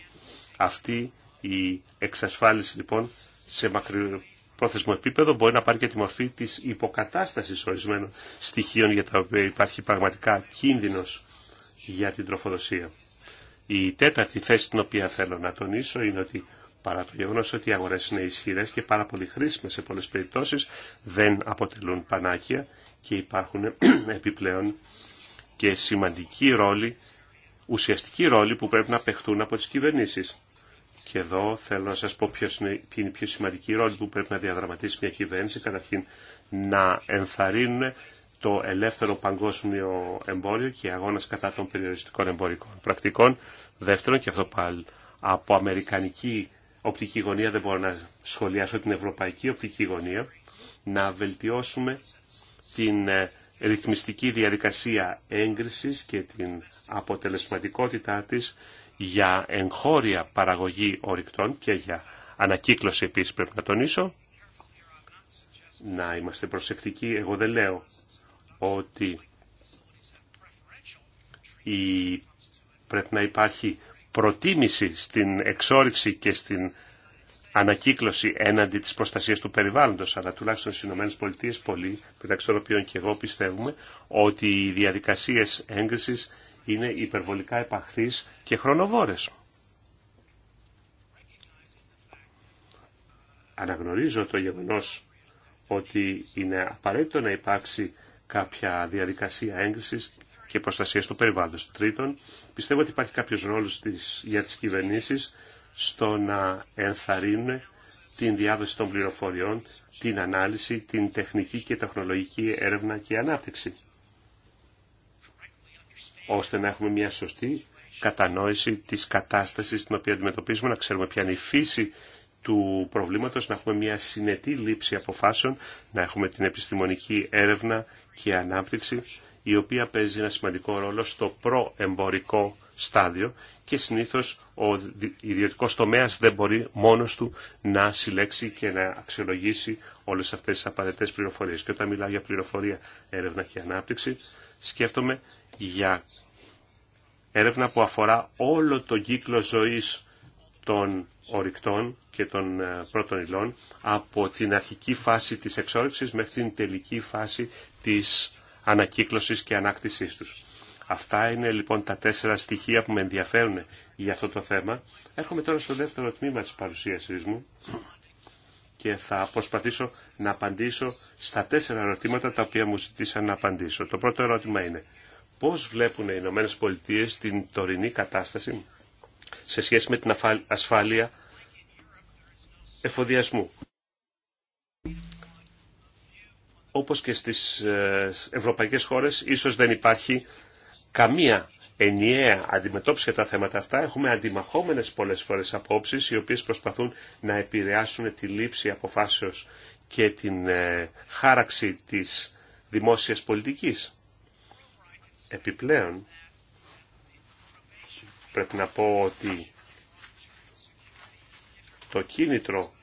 Αυτή η εξασφάλιση λοιπόν σε μακροπρόθεσμο επίπεδο μπορεί να πάρει και τη μορφή της υποκατάστασης ορισμένων στοιχείων για τα οποία υπάρχει πραγματικά κίνδυνος για την τροφοδοσία. Η τέταρτη θέση την οποία θέλω να τονίσω είναι ότι παρά το γεγονό ότι οι αγορέ είναι ισχυρέ και πάρα πολύ χρήσιμε σε πολλέ περιπτώσει, δεν αποτελούν πανάκια και υπάρχουν επιπλέον και σημαντική ρόλη, ουσιαστική ρόλη που πρέπει να παιχτούν από τι κυβερνήσει και εδώ θέλω να σας πω ποιος είναι, ποιος είναι πιο σημαντική ρόλη που πρέπει να διαδραματίσει μια κυβέρνηση. Καταρχήν να ενθαρρύνουν το ελεύθερο παγκόσμιο εμπόριο και αγώνας κατά των περιοριστικών εμπορικών πρακτικών. Δεύτερον, και αυτό πάλι από αμερικανική οπτική γωνία δεν μπορώ να σχολιάσω την ευρωπαϊκή οπτική γωνία, να βελτιώσουμε την ε, ρυθμιστική διαδικασία έγκρισης και την αποτελεσματικότητά της για εγχώρια παραγωγή ορυκτών και για ανακύκλωση επίσης πρέπει να τονίσω. Να είμαστε προσεκτικοί, εγώ δεν λέω ότι η... πρέπει να υπάρχει προτίμηση στην εξόρυξη και στην ανακύκλωση έναντι της προστασίας του περιβάλλοντος, αλλά τουλάχιστον στις Ηνωμένες Πολιτείες πολλοί, μεταξύ των οποίων και εγώ πιστεύουμε, ότι οι διαδικασίες έγκρισης είναι υπερβολικά επαχθείς και χρονοβόρες. Αναγνωρίζω το γεγονός ότι είναι απαραίτητο να υπάρξει κάποια διαδικασία έγκρισης και προστασία του περιβάλλοντος. Τρίτον, πιστεύω ότι υπάρχει κάποιος ρόλος της, για τις κυβερνήσεις στο να ενθαρρύνουν την διάδοση των πληροφοριών, την ανάλυση, την τεχνική και τεχνολογική έρευνα και ανάπτυξη ώστε να έχουμε μια σωστή κατανόηση της κατάστασης την οποία αντιμετωπίζουμε, να ξέρουμε ποια είναι η φύση του προβλήματος, να έχουμε μια συνετή λήψη αποφάσεων, να έχουμε την επιστημονική έρευνα και ανάπτυξη η οποία παίζει ένα σημαντικό ρόλο στο προεμπορικό στάδιο και συνήθως ο ιδιωτικός τομέας δεν μπορεί μόνος του να συλλέξει και να αξιολογήσει όλες αυτές τις απαραίτητες πληροφορίες. Και όταν μιλάω για πληροφορία, έρευνα και ανάπτυξη, σκέφτομαι για έρευνα που αφορά όλο το κύκλο ζωής των ορυκτών και των ε, πρώτων υλών από την αρχική φάση της εξόρυξης μέχρι την τελική φάση της ανακύκλωσης και ανάκτησής τους. Αυτά είναι λοιπόν τα τέσσερα στοιχεία που με ενδιαφέρουν για αυτό το θέμα. Έρχομαι τώρα στο δεύτερο τμήμα της παρουσίασής μου και θα προσπαθήσω να απαντήσω στα τέσσερα ερωτήματα τα οποία μου ζητήσαν να απαντήσω. Το πρώτο ερώτημα είναι πώς βλέπουν οι Ηνωμένε Πολιτείε την τωρινή κατάσταση σε σχέση με την ασφάλεια εφοδιασμού. όπως και στις ε, ευρωπαϊκές χώρες ίσως δεν υπάρχει καμία ενιαία αντιμετώπιση για τα θέματα αυτά. Έχουμε αντιμαχόμενες πολλές φορές απόψεις οι οποίες προσπαθούν να επηρεάσουν τη λήψη αποφάσεως και την ε, χάραξη της δημόσιας πολιτικής. Επιπλέον, πρέπει να πω ότι το κίνητρο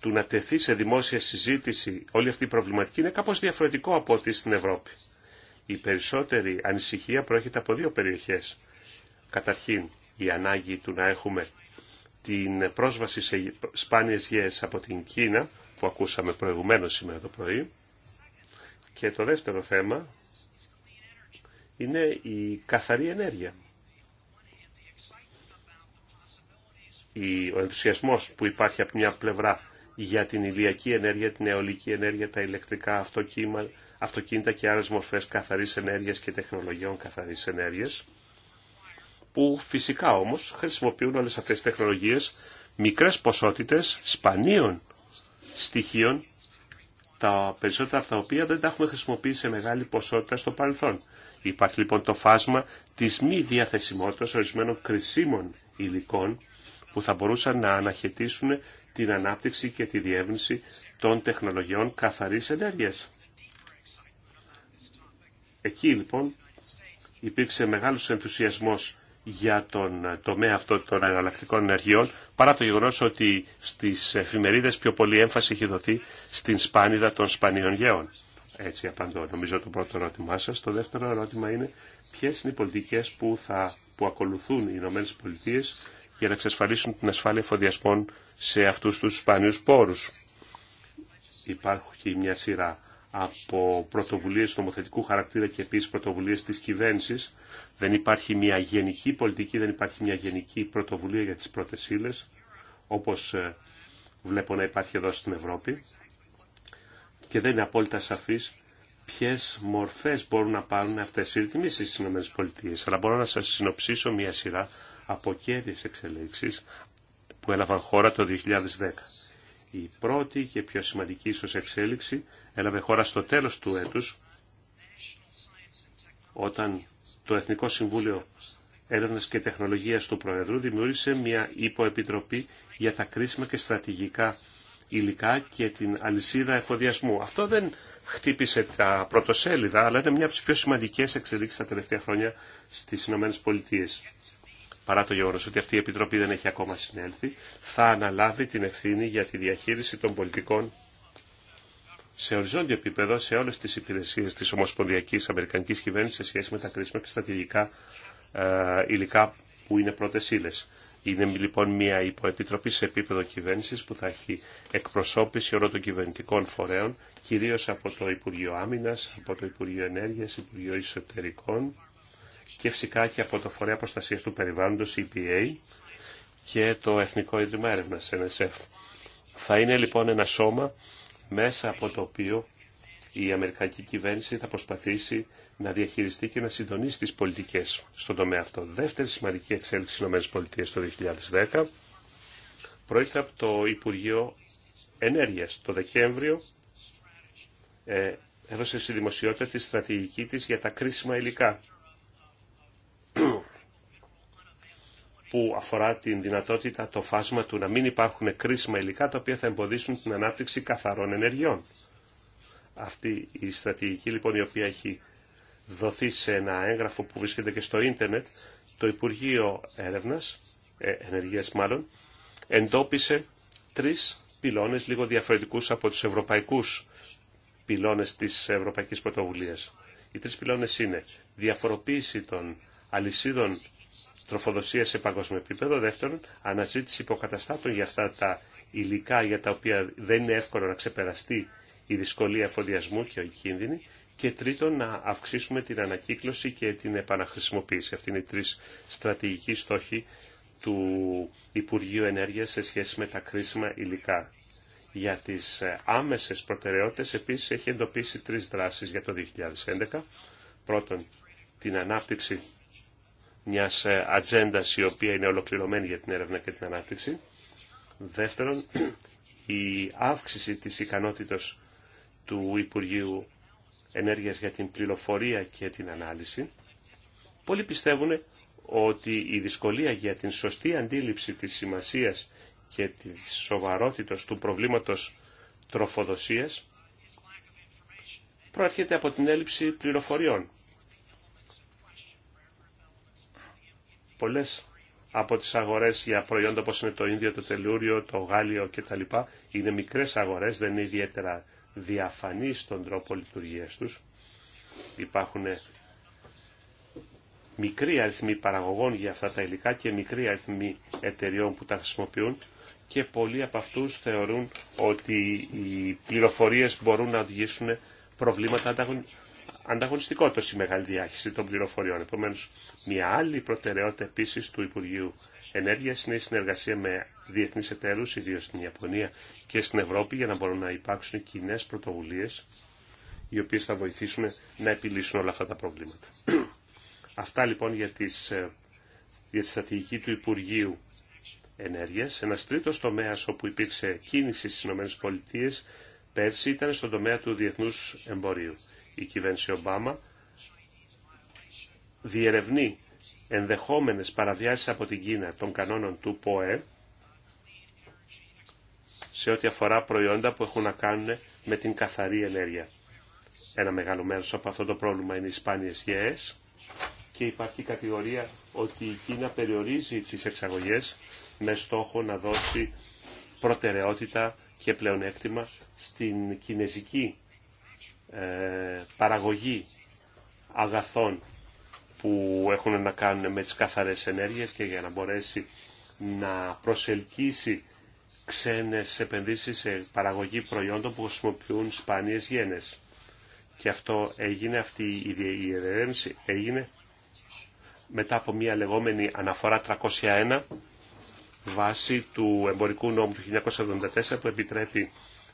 του να τεθεί σε δημόσια συζήτηση όλη αυτή η προβληματική είναι κάπως διαφορετικό από ό,τι στην Ευρώπη. Η περισσότερη ανησυχία προέρχεται από δύο περιοχές. Καταρχήν, η ανάγκη του να έχουμε την πρόσβαση σε σπάνιες γέες από την Κίνα, που ακούσαμε προηγουμένως σήμερα το πρωί. Και το δεύτερο θέμα είναι η καθαρή ενέργεια. ο ενθουσιασμός που υπάρχει από μια πλευρά για την ηλιακή ενέργεια, την αιωλική ενέργεια, τα ηλεκτρικά αυτοκίνητα και άλλες μορφές καθαρής ενέργειας και τεχνολογιών καθαρής ενέργειας, που φυσικά όμως χρησιμοποιούν όλες αυτές τις τεχνολογίες μικρές ποσότητες σπανίων στοιχείων, τα περισσότερα από τα οποία δεν τα έχουμε χρησιμοποιήσει σε μεγάλη ποσότητα στο παρελθόν. Υπάρχει λοιπόν το φάσμα της μη διαθεσιμότητας ορισμένων κρισίμων υλικών που θα μπορούσαν να αναχαιτήσουν την ανάπτυξη και τη διεύρυνση των τεχνολογιών καθαρής ενέργειας. Εκεί λοιπόν υπήρξε μεγάλος ενθουσιασμός για τον τομέα αυτό των εναλλακτικών ενεργειών, παρά το γεγονός ότι στις εφημερίδες πιο πολύ έμφαση έχει δοθεί στην σπάνιδα των σπανίων γεών. Έτσι απαντώ. Νομίζω το πρώτο ερώτημά σας. Το δεύτερο ερώτημα είναι ποιες είναι οι πολιτικές που, θα, που ακολουθούν οι Ηνωμένες Πολιτείες για να εξασφαλίσουν την ασφάλεια εφοδιασμών σε αυτούς τους σπάνιους πόρους. Υπάρχει μια σειρά από πρωτοβουλίε νομοθετικού χαρακτήρα και επίση πρωτοβουλίες της κυβέρνηση. Δεν υπάρχει μια γενική πολιτική, δεν υπάρχει μια γενική πρωτοβουλία για τις πρώτε ύλε, όπω ε, βλέπω να υπάρχει εδώ στην Ευρώπη. Και δεν είναι απόλυτα σαφή ποιε μορφέ μπορούν να πάρουν αυτέ οι ρυθμίσει στι ΗΠΑ. Αλλά μπορώ να σα συνοψίσω μια σειρά από κέρδιε εξελίξει που έλαβαν χώρα το 2010. Η πρώτη και πιο σημαντική ίσως εξέλιξη έλαβε χώρα στο τέλος του έτους, όταν το Εθνικό Συμβούλιο Έρευνας και Τεχνολογίας του Προεδρού δημιούργησε μια υποεπιτροπή για τα κρίσιμα και στρατηγικά υλικά και την αλυσίδα εφοδιασμού. Αυτό δεν χτύπησε τα πρωτοσέλιδα, αλλά είναι μια από τις πιο σημαντικές εξελίξεις τα τελευταία χρόνια στις Ηνωμένες Πολιτείες παρά το γεγονός ότι αυτή η Επιτροπή δεν έχει ακόμα συνέλθει, θα αναλάβει την ευθύνη για τη διαχείριση των πολιτικών σε οριζόντιο επίπεδο σε όλες τις υπηρεσίες της Ομοσπονδιακής Αμερικανικής Κυβέρνησης σε σχέση με τα κρίσιμα και στρατηγικά ε, υλικά που είναι πρώτες ύλες. Είναι λοιπόν μια υποεπιτροπή σε επίπεδο κυβέρνηση που θα έχει εκπροσώπηση όλων των κυβερνητικών φορέων, κυρίω από το Υπουργείο Άμυνα, από το Υπουργείο Ενέργεια, Υπουργείο Ισοτερικών, και φυσικά και από το Φορέα Προστασία του Περιβάλλοντο EPA, και το Εθνικό Ίδρυμα Έρευνα, NSF. Θα είναι λοιπόν ένα σώμα μέσα από το οποίο η Αμερικανική κυβέρνηση θα προσπαθήσει να διαχειριστεί και να συντονίσει τις πολιτικές στον τομέα αυτό. Δεύτερη σημαντική εξέλιξη στις ΗΠΑ το 2010 προήλθε από το Υπουργείο Ενέργειας. Το Δεκέμβριο ε, έδωσε στη δημοσιότητα τη στρατηγική της για τα κρίσιμα υλικά. που αφορά την δυνατότητα, το φάσμα του να μην υπάρχουν κρίσιμα υλικά τα οποία θα εμποδίσουν την ανάπτυξη καθαρών ενεργειών. Αυτή η στρατηγική λοιπόν η οποία έχει δοθεί σε ένα έγγραφο που βρίσκεται και στο ίντερνετ, το Υπουργείο Έρευνας, ε, Ενεργείας μάλλον, εντόπισε τρεις πυλώνες λίγο διαφορετικούς από τους ευρωπαϊκούς πυλώνες της Ευρωπαϊκής Πρωτοβουλίας. Οι τρεις πυλώνες είναι διαφοροποίηση των αλυσίδων τροφοδοσία σε παγκόσμιο επίπεδο. Δεύτερον, αναζήτηση υποκαταστάτων για αυτά τα υλικά για τα οποία δεν είναι εύκολο να ξεπεραστεί η δυσκολία εφοδιασμού και ο κίνδυνη. Και τρίτον, να αυξήσουμε την ανακύκλωση και την επαναχρησιμοποίηση. Αυτή είναι οι τρει στρατηγικοί στόχοι του Υπουργείου Ενέργεια σε σχέση με τα κρίσιμα υλικά. Για τι ε, άμεσε προτεραιότητε, επίση έχει εντοπίσει τρει δράσει για το 2011. Πρώτον, την ανάπτυξη μιας ε, ατζέντα η οποία είναι ολοκληρωμένη για την έρευνα και την ανάπτυξη. Δεύτερον, η αύξηση της ικανότητας του Υπουργείου Ενέργειας για την πληροφορία και την ανάλυση. Πολλοί πιστεύουν ότι η δυσκολία για την σωστή αντίληψη της σημασίας και της σοβαρότητας του προβλήματος τροφοδοσίας προέρχεται από την έλλειψη πληροφοριών. πολλές από τις αγορές για προϊόντα όπως είναι το Ίνδιο, το Τελούριο, το Γάλλιο κτλ. Είναι μικρές αγορές, δεν είναι ιδιαίτερα διαφανείς στον τρόπο λειτουργίας τους. Υπάρχουν μικροί αριθμοί παραγωγών για αυτά τα υλικά και μικροί αριθμοί εταιριών που τα χρησιμοποιούν και πολλοί από αυτούς θεωρούν ότι οι πληροφορίες μπορούν να οδηγήσουν προβλήματα ανταγωνιστικότητα η μεγάλη διάχυση των πληροφοριών. Επομένω, μια άλλη προτεραιότητα επίση του Υπουργείου Ενέργεια είναι η συνεργασία με διεθνεί εταίρου, ιδίω στην Ιαπωνία και στην Ευρώπη, για να μπορούν να υπάρξουν κοινέ πρωτοβουλίε οι οποίε θα βοηθήσουν να επιλύσουν όλα αυτά τα προβλήματα. αυτά λοιπόν για, τις, ε, για τη στρατηγική του Υπουργείου Ενέργεια. Ένα τρίτο τομέα όπου υπήρξε κίνηση στι ΗΠΑ πέρσι ήταν στον τομέα του διεθνού εμπορίου η κυβέρνηση Ομπάμα διερευνεί ενδεχόμενες παραβιάσεις από την Κίνα των κανόνων του ΠΟΕ σε ό,τι αφορά προϊόντα που έχουν να κάνουν με την καθαρή ενέργεια. Ένα μεγάλο μέρος από αυτό το πρόβλημα είναι οι σπάνιες γέες και υπάρχει κατηγορία ότι η Κίνα περιορίζει τις εξαγωγές με στόχο να δώσει προτεραιότητα και πλεονέκτημα στην κινέζικη ε, παραγωγή αγαθών που έχουν να κάνουν με τις καθαρές ενέργειες και για να μπορέσει να προσελκύσει ξένες επενδύσεις σε παραγωγή προϊόντων που χρησιμοποιούν σπάνιες γένες. Και αυτό έγινε, αυτή η διερεύνηση έγινε μετά από μια λεγόμενη αναφορά 301 βάση του εμπορικού νόμου του 1974 που επιτρέπει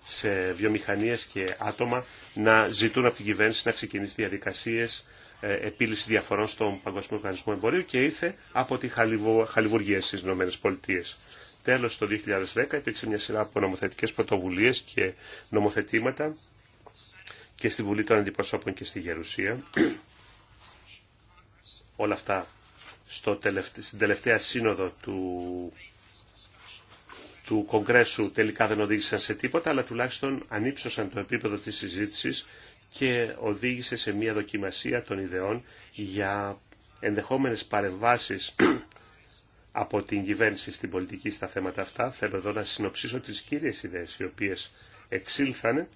σε βιομηχανίες και άτομα να ζητούν από την κυβέρνηση να ξεκινήσει διαδικασίες ε, επίλυση διαφορών στον Παγκοσμίο Οργανισμό Εμπορίου και ήρθε από τη Χαλιβουργία στις ΗΠΑ. Τέλος, το 2010 υπήρξε μια σειρά από νομοθετικές πρωτοβουλίες και νομοθετήματα και στη Βουλή των Αντιπροσώπων και στη Γερουσία. Όλα αυτά στο στην τελευταία σύνοδο του του Κογκρέσου τελικά δεν οδήγησαν σε τίποτα, αλλά τουλάχιστον ανύψωσαν το επίπεδο της συζήτησης και οδήγησε σε μια δοκιμασία των ιδεών για ενδεχόμενες παρεμβάσεις από την κυβέρνηση στην πολιτική στα θέματα αυτά. Θέλω εδώ να συνοψίσω τις κύριες ιδέες οι οποίες εξήλθανε.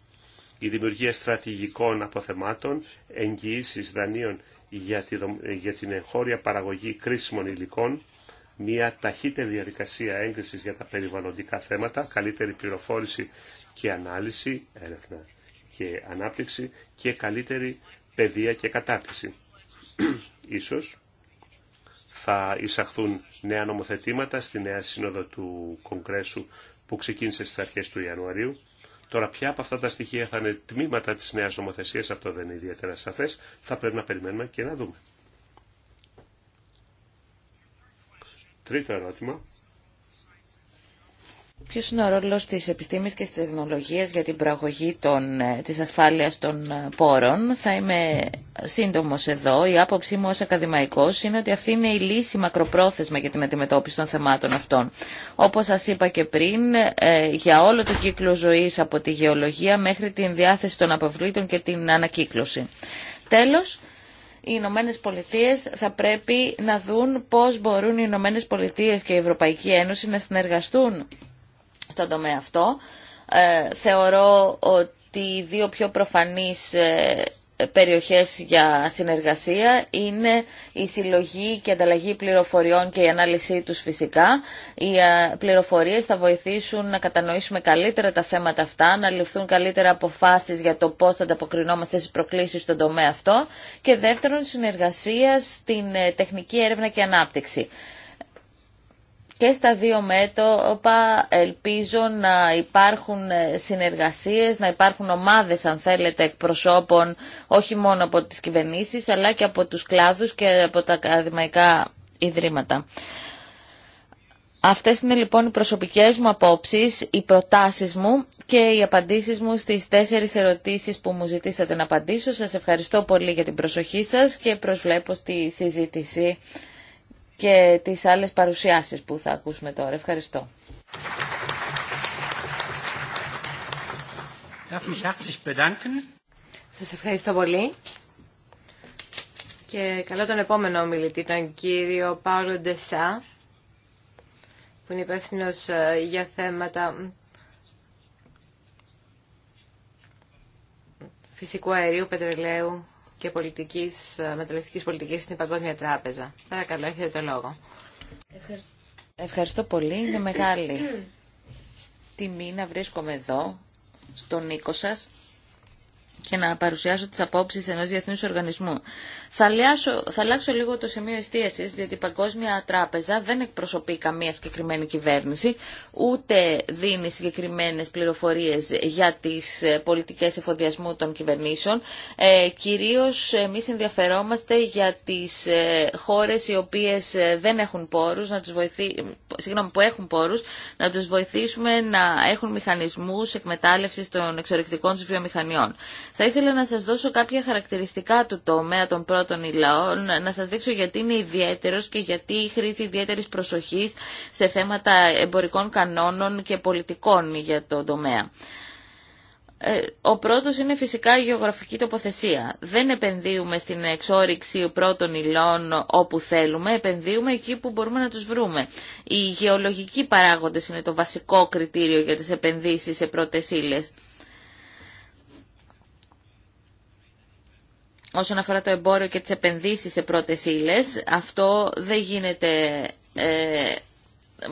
Η δημιουργία στρατηγικών αποθεμάτων, εγγυήσεις δανείων για την εγχώρια παραγωγή κρίσιμων υλικών, μια ταχύτερη διαδικασία έγκρισης για τα περιβαλλοντικά θέματα, καλύτερη πληροφόρηση και ανάλυση, έρευνα και ανάπτυξη και καλύτερη παιδεία και κατάρτιση. Ίσως θα εισαχθούν νέα νομοθετήματα στη νέα σύνοδο του Κογκρέσου που ξεκίνησε στις αρχές του Ιανουαρίου. Τώρα ποια από αυτά τα στοιχεία θα είναι τμήματα της νέας νομοθεσίας, αυτό δεν είναι ιδιαίτερα σαφές, θα πρέπει να περιμένουμε και να δούμε. Τρίτο ερώτημα. Ποιος είναι ο ρόλος της επιστήμης και της τεχνολογίας για την προαγωγή των, ε, της ασφάλειας των ε, πόρων. Θα είμαι σύντομος εδώ. Η άποψή μου ως ακαδημαϊκός είναι ότι αυτή είναι η λύση μακροπρόθεσμα για την αντιμετώπιση των θεμάτων αυτών. Όπως σας είπα και πριν, ε, για όλο το κύκλο ζωής από τη γεωλογία μέχρι την διάθεση των αποβλήτων και την ανακύκλωση. Τέλος, οι Ηνωμένε Πολιτείε θα πρέπει να δουν πώς μπορούν οι Ηνωμένε Πολιτείε και η Ευρωπαϊκή Ένωση να συνεργαστούν στον τομέα αυτό. Ε, θεωρώ ότι οι δύο πιο προφανείς ε, περιοχές για συνεργασία είναι η συλλογή και ανταλλαγή πληροφοριών και η ανάλυση τους φυσικά. Οι ε, πληροφορίες θα βοηθήσουν να κατανοήσουμε καλύτερα τα θέματα αυτά, να ληφθούν καλύτερα αποφάσεις για το πώς θα ανταποκρινόμαστε στις προκλήσεις στον τομέα αυτό και δεύτερον συνεργασία στην ε, τεχνική έρευνα και ανάπτυξη και στα δύο μέτωπα ελπίζω να υπάρχουν συνεργασίες, να υπάρχουν ομάδες αν θέλετε εκπροσώπων όχι μόνο από τις κυβερνήσεις αλλά και από τους κλάδους και από τα ακαδημαϊκά ιδρύματα. Αυτές είναι λοιπόν οι προσωπικές μου απόψεις, οι προτάσεις μου και οι απαντήσεις μου στις τέσσερις ερωτήσεις που μου ζητήσατε να απαντήσω. Σας ευχαριστώ πολύ για την προσοχή σας και προσβλέπω στη συζήτηση και τις άλλες παρουσιάσεις που θα ακούσουμε τώρα. Ευχαριστώ. Σας ευχαριστώ πολύ. Και καλό τον επόμενο ομιλητή, τον κύριο Πάολο Ντεσά, που είναι υπεύθυνο ε, για θέματα φυσικού αερίου, πετρελαίου και πολιτικής, ε, μεταλλευτικής πολιτικής στην Παγκόσμια Τράπεζα. Παρακαλώ, έχετε το λόγο. Ευχαριστώ, πολύ. Είναι μεγάλη τιμή να βρίσκομαι εδώ, στον οίκο σας, και να παρουσιάσω τις απόψεις ενός διεθνούς οργανισμού. Θα, θα αλλάξω λίγο το σημείο εστίαση, διότι η Παγκόσμια Τράπεζα δεν εκπροσωπεί καμία συγκεκριμένη κυβέρνηση, ούτε δίνει συγκεκριμένε πληροφορίε για τι ε, πολιτικέ εφοδιασμού των κυβερνήσεων. Ε, Κυρίω εμεί ενδιαφερόμαστε για τι ε, χώρε οι οποίε ε, δεν έχουν πόρου, να τους που έχουν πόρου, να του βοηθήσουμε να έχουν μηχανισμού εκμετάλλευση των εξορρυκτικών του βιομηχανιών. Θα ήθελα να σα δώσω κάποια χαρακτηριστικά του τομέα των πρώτων να σας δείξω γιατί είναι ιδιαίτερος και γιατί χρήζει ιδιαίτερης προσοχής σε θέματα εμπορικών κανόνων και πολιτικών για το τομέα. Ε, ο πρώτος είναι φυσικά η γεωγραφική τοποθεσία. Δεν επενδύουμε στην εξόριξη πρώτων υλών όπου θέλουμε, επενδύουμε εκεί που μπορούμε να τους βρούμε. Οι γεωλογικοί παράγοντες είναι το βασικό κριτήριο για τις επενδύσεις σε πρώτες ύλες. όσον αφορά το εμπόριο και τις επενδύσεις σε πρώτες ύλες. Αυτό δεν γίνεται ε,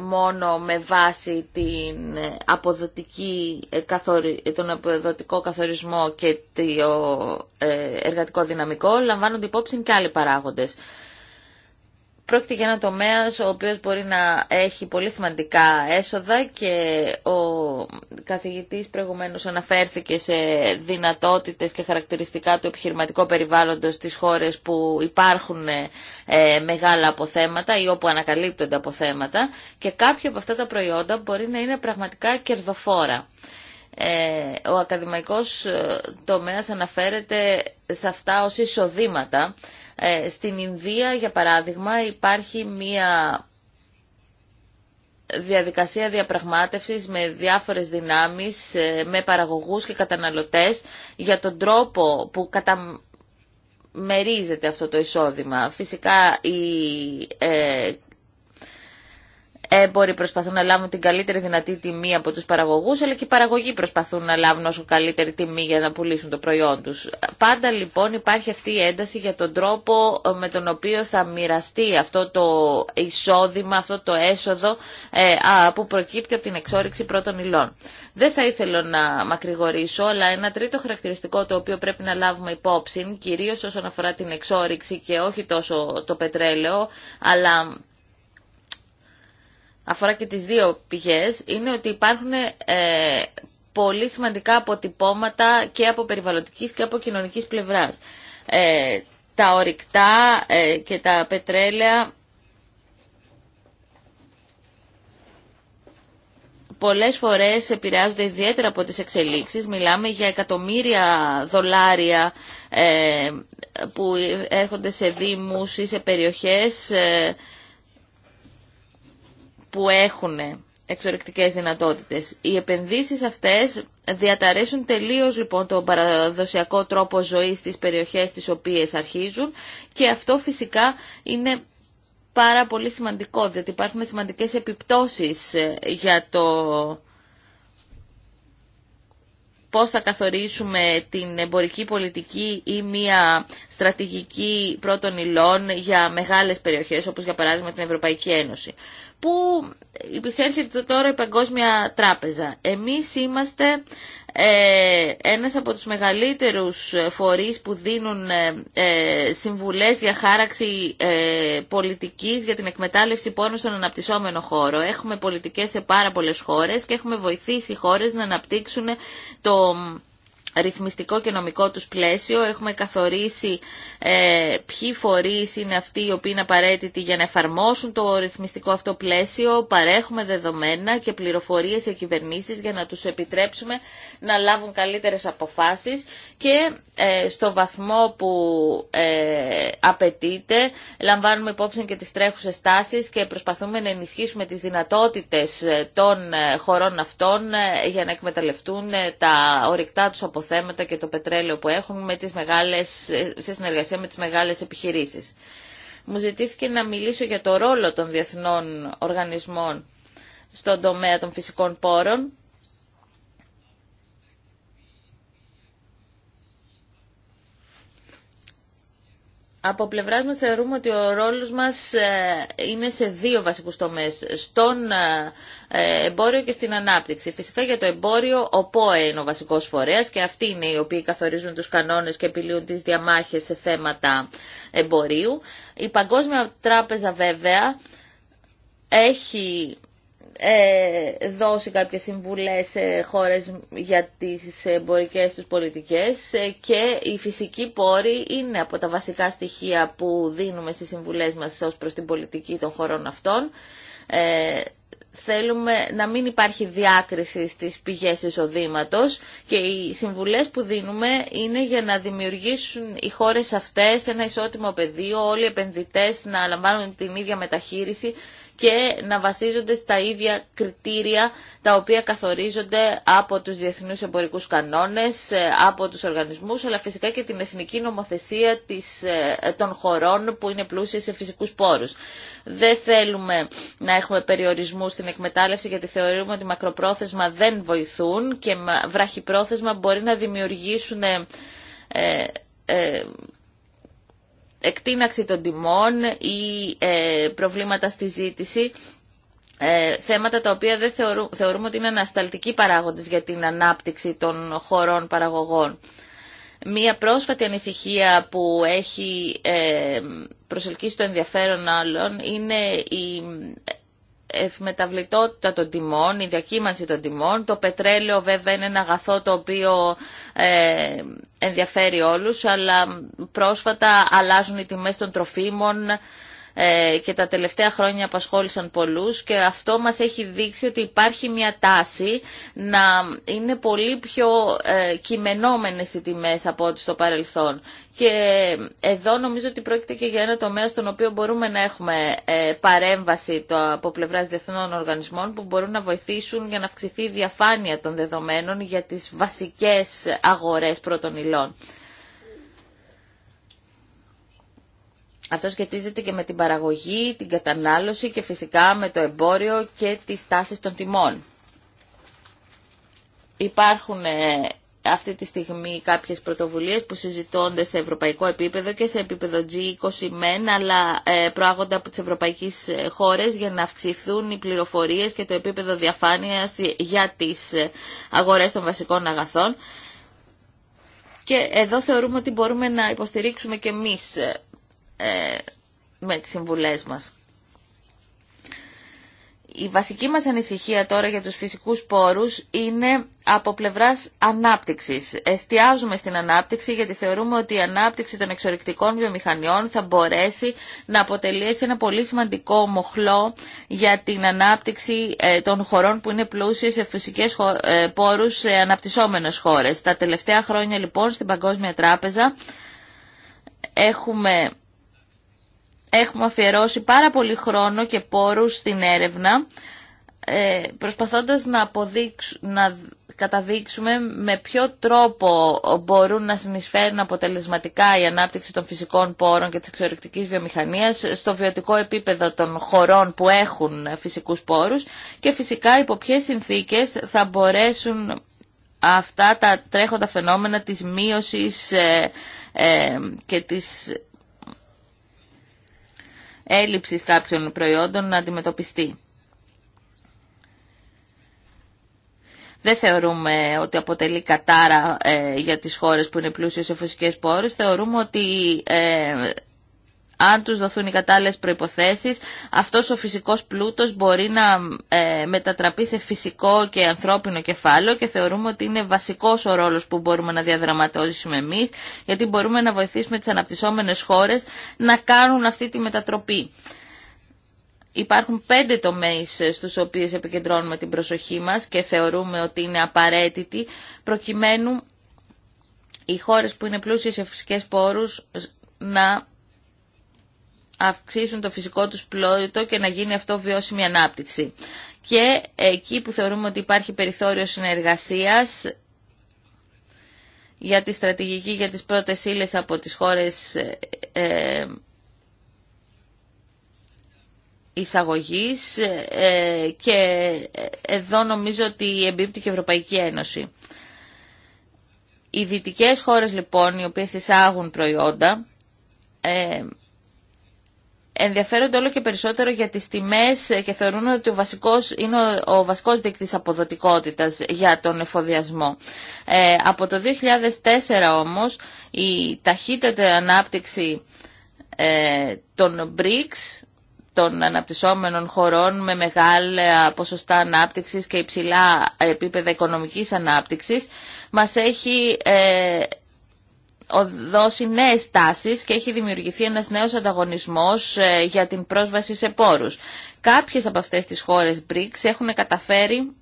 μόνο με βάση την αποδοτική, ε, τον αποδοτικό καθορισμό και το ε, εργατικό δυναμικό, λαμβάνονται υπόψη και άλλοι παράγοντες. Πρόκειται για ένα τομέα ο οποίο μπορεί να έχει πολύ σημαντικά έσοδα και ο καθηγητής προηγουμένω αναφέρθηκε σε δυνατότητες και χαρακτηριστικά του επιχειρηματικού περιβάλλοντος στι χώρες που υπάρχουν ε, μεγάλα αποθέματα ή όπου ανακαλύπτονται αποθέματα και κάποια από αυτά τα προϊόντα μπορεί να είναι πραγματικά κερδοφόρα. Ε, ο ακαδημαϊκός ε, τομέας αναφέρεται σε αυτά ως εισοδήματα. Ε, στην Ινδία, για παράδειγμα, υπάρχει μία διαδικασία διαπραγμάτευσης με διάφορες δυνάμεις, με παραγωγούς και καταναλωτές για τον τρόπο που καταμερίζεται αυτό το εισόδημα. Φυσικά η έμποροι προσπαθούν να λάβουν την καλύτερη δυνατή τιμή από τους παραγωγούς, αλλά και οι παραγωγοί προσπαθούν να λάβουν όσο καλύτερη τιμή για να πουλήσουν το προϊόν τους. Πάντα λοιπόν υπάρχει αυτή η ένταση για τον τρόπο με τον οποίο θα μοιραστεί αυτό το εισόδημα, αυτό το έσοδο ε, που προκύπτει από την εξόριξη πρώτων υλών. Δεν θα ήθελα να μακρηγορήσω, αλλά ένα τρίτο χαρακτηριστικό το οποίο πρέπει να λάβουμε υπόψη, κυρίως όσον αφορά την εξόριξη και όχι τόσο το πετρέλαιο, αλλά αφορά και τις δύο πηγές, είναι ότι υπάρχουν ε, πολύ σημαντικά αποτυπώματα και από περιβαλλοντικής και από κοινωνικής πλευράς. Ε, τα ορυκτά ε, και τα πετρέλαια πολλές φορές επηρεάζονται ιδιαίτερα από τις εξελίξεις. Μιλάμε για εκατομμύρια δολάρια ε, που έρχονται σε δήμους ή σε περιοχές που έχουν εξορρεκτικές δυνατότητες. Οι επενδύσεις αυτές διαταρέσουν τελείως λοιπόν τον παραδοσιακό τρόπο ζωής στις περιοχές τις οποίες αρχίζουν και αυτό φυσικά είναι πάρα πολύ σημαντικό διότι υπάρχουν σημαντικές επιπτώσεις ε, για το πώς θα καθορίσουμε την εμπορική πολιτική ή μια στρατηγική πρώτων υλών για μεγάλες περιοχές όπως για παράδειγμα την Ευρωπαϊκή Ένωση. Πού υπησέρχεται τώρα η Παγκόσμια Τράπεζα. Εμείς είμαστε ε, ένας από τους μεγαλύτερους φορείς που δίνουν ε, ε συμβουλές για χάραξη ε, πολιτικής για την εκμετάλλευση πόνου στον αναπτυσσόμενο χώρο. Έχουμε πολιτικές σε πάρα πολλές χώρες και έχουμε βοηθήσει χώρες να αναπτύξουν το ρυθμιστικό και νομικό τους πλαίσιο. Έχουμε καθορίσει ε, ποιοι φορείς είναι αυτοί οι οποίοι είναι απαραίτητοι για να εφαρμόσουν το ρυθμιστικό αυτό πλαίσιο. Παρέχουμε δεδομένα και πληροφορίες σε κυβερνήσεις για να τους επιτρέψουμε να λάβουν καλύτερες αποφάσεις και ε, στο βαθμό που ε, απαιτείται λαμβάνουμε υπόψη και τις τρέχουσες τάσεις και προσπαθούμε να ενισχύσουμε τις δυνατότητες ε, των χωρών αυτών για να εκμεταλλευτούν τα ορυκτά τους αποθέματα θέματα και το πετρέλαιο που έχουν με τις μεγάλες, σε συνεργασία με τις μεγάλες επιχειρήσεις. Μου ζητήθηκε να μιλήσω για το ρόλο των διεθνών οργανισμών στον τομέα των φυσικών πόρων Από πλευράς μας θεωρούμε ότι ο ρόλος μας ε, είναι σε δύο βασικούς τομές. Στον ε, ε, εμπόριο και στην ανάπτυξη. Φυσικά για το εμπόριο ο ΠΟΕ είναι ο βασικός φορέας και αυτοί είναι οι οποίοι καθορίζουν τους κανόνες και επιλύουν τις διαμάχες σε θέματα εμπορίου. Η Παγκόσμια Τράπεζα βέβαια έχει ε, δώσει κάποιες συμβουλές σε χώρες για τις εμπορικές τους πολιτικές ε, και η φυσική πόρη είναι από τα βασικά στοιχεία που δίνουμε στις συμβουλές μας ως προς την πολιτική των χωρών αυτών θέλουμε να μην υπάρχει διάκριση στις πηγές εισοδήματος και οι συμβουλές που δίνουμε είναι για να δημιουργήσουν οι χώρες αυτές ένα ισότιμο πεδίο, όλοι οι επενδυτές να λαμβάνουν την ίδια μεταχείριση και να βασίζονται στα ίδια κριτήρια τα οποία καθορίζονται από τους διεθνούς εμπορικούς κανόνες, ε, από τους οργανισμούς, αλλά φυσικά και την εθνική νομοθεσία της, ε, των χωρών που είναι πλούσιες σε φυσικούς πόρους. Δεν θέλουμε να έχουμε περιορισμού στην εκμετάλλευση γιατί θεωρούμε ότι μακροπρόθεσμα δεν βοηθούν και βραχυπρόθεσμα μπορεί να δημιουργήσουν ε, εκτείναξη των τιμών ή ε, προβλήματα στη ζήτηση, ε, θέματα τα οποία δεν θεωρούμε, θεωρούμε ότι είναι ανασταλτικοί παράγοντες για την ανάπτυξη των χωρών παραγωγών. Μία πρόσφατη ανησυχία που έχει ε, προσελκύσει το ενδιαφέρον άλλων είναι η ευμεταβλητότητα των τιμών, η διακύμανση των τιμών. Το πετρέλαιο βέβαια είναι ένα αγαθό το οποίο ε, ενδιαφέρει όλους, αλλά πρόσφατα αλλάζουν οι τιμές των τροφίμων, ε, και τα τελευταία χρόνια απασχόλησαν πολλούς και αυτό μας έχει δείξει ότι υπάρχει μια τάση να είναι πολύ πιο ε, κειμενόμενες οι τιμές από ό,τι στο παρελθόν. Και εδώ νομίζω ότι πρόκειται και για ένα τομέα στον οποίο μπορούμε να έχουμε ε, παρέμβαση από πλευράς διεθνών οργανισμών που μπορούν να βοηθήσουν για να αυξηθεί η διαφάνεια των δεδομένων για τις βασικές αγορές πρώτων υλών. Αυτό σχετίζεται και με την παραγωγή, την κατανάλωση και φυσικά με το εμπόριο και τις τάσεις των τιμών. Υπάρχουν ε, αυτή τη στιγμή κάποιες πρωτοβουλίες που συζητώνται σε ευρωπαϊκό επίπεδο και σε επίπεδο G20 μεν, αλλά ε, προάγονται από τις ευρωπαϊκές ε, χώρες για να αυξηθούν οι πληροφορίες και το επίπεδο διαφάνειας για τις αγορές των βασικών αγαθών. Και εδώ θεωρούμε ότι μπορούμε να υποστηρίξουμε και εμείς ε, με τις συμβουλές μας. Η βασική μας ανησυχία τώρα για τους φυσικούς πόρους είναι από πλευράς ανάπτυξης. Εστιάζουμε στην ανάπτυξη γιατί θεωρούμε ότι η ανάπτυξη των εξορρυκτικών βιομηχανιών θα μπορέσει να αποτελέσει ένα πολύ σημαντικό μοχλό για την ανάπτυξη ε, των χωρών που είναι πλούσιες σε φυσικές ε, πόρους σε αναπτυσσόμενες χώρες. Τα τελευταία χρόνια λοιπόν στην Παγκόσμια Τράπεζα έχουμε έχουμε αφιερώσει πάρα πολύ χρόνο και πόρους στην έρευνα ε, προσπαθώντας να, να καταδείξουμε με ποιο τρόπο μπορούν να συνεισφέρουν αποτελεσματικά η ανάπτυξη των φυσικών πόρων και της εξορρυκτικής βιομηχανίας στο βιωτικό επίπεδο των χωρών που έχουν φυσικούς πόρους και φυσικά υπό ποιες συνθήκες θα μπορέσουν αυτά τα τρέχοντα φαινόμενα της μείωσης ε, ε, και της έλλειψης κάποιων προϊόντων να αντιμετωπιστεί. Δεν θεωρούμε ότι αποτελεί κατάρα ε, για τις χώρες που είναι πλούσιες σε φυσικές πόρες. Θεωρούμε ότι ε, αν τους δοθούν οι κατάλληλες προϋποθέσεις, αυτός ο φυσικός πλούτος μπορεί να ε, μετατραπεί σε φυσικό και ανθρώπινο κεφάλαιο και θεωρούμε ότι είναι βασικός ο ρόλος που μπορούμε να διαδραματώσουμε εμείς, γιατί μπορούμε να βοηθήσουμε τις αναπτυσσόμενες χώρες να κάνουν αυτή τη μετατροπή. Υπάρχουν πέντε τομείς στους οποίους επικεντρώνουμε την προσοχή μας και θεωρούμε ότι είναι απαραίτητοι προκειμένου οι χώρες που είναι πλούσιες σε φυσικές πόρους να αυξήσουν το φυσικό τους πλόητο και να γίνει αυτό βιώσιμη ανάπτυξη. Και εκεί που θεωρούμε ότι υπάρχει περιθώριο συνεργασίας για τη στρατηγική για τις πρώτες ύλες από τις χώρες ε, ε εισαγωγής ε, και εδώ νομίζω ότι εμπίπτει και η Ευρωπαϊκή Ένωση. Οι δυτικέ χώρες λοιπόν οι οποίες εισάγουν προϊόντα ε, ενδιαφέρονται όλο και περισσότερο για τις τιμές και θεωρούν ότι ο βασικός είναι ο, βασικός δείκτης αποδοτικότητας για τον εφοδιασμό. Ε, από το 2004 όμως η ταχύτερη ανάπτυξη ε, των BRICS των αναπτυσσόμενων χωρών με μεγάλα ποσοστά ανάπτυξης και υψηλά επίπεδα οικονομικής ανάπτυξης μας έχει ε, δώσει νέες τάσεις και έχει δημιουργηθεί ένας νέος ανταγωνισμός ε, για την πρόσβαση σε πόρους. Κάποιες από αυτές τις χώρες BRICS έχουν καταφέρει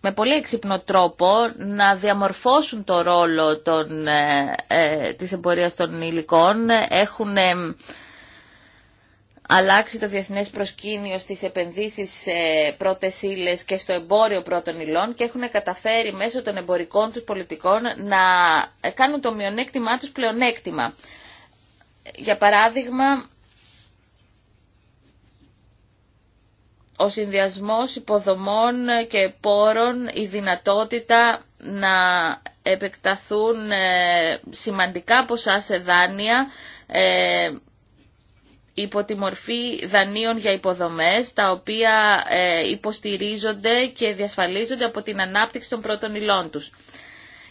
με πολύ έξυπνο τρόπο να διαμορφώσουν το ρόλο των, ε, ε, της εμπορίας των υλικών. Έχουν αλλάξει το διεθνές προσκήνιο στις επενδύσεις σε πρώτες ύλες και στο εμπόριο πρώτων υλών και έχουν καταφέρει μέσω των εμπορικών τους πολιτικών να κάνουν το μειονέκτημά τους πλεονέκτημα. Για παράδειγμα, ο συνδυασμός υποδομών και πόρων, η δυνατότητα να επεκταθούν ε, σημαντικά ποσά σε δάνεια, ε, υπό τη μορφή δανείων για υποδομές, τα οποία ε, υποστηρίζονται και διασφαλίζονται από την ανάπτυξη των πρώτων υλών τους.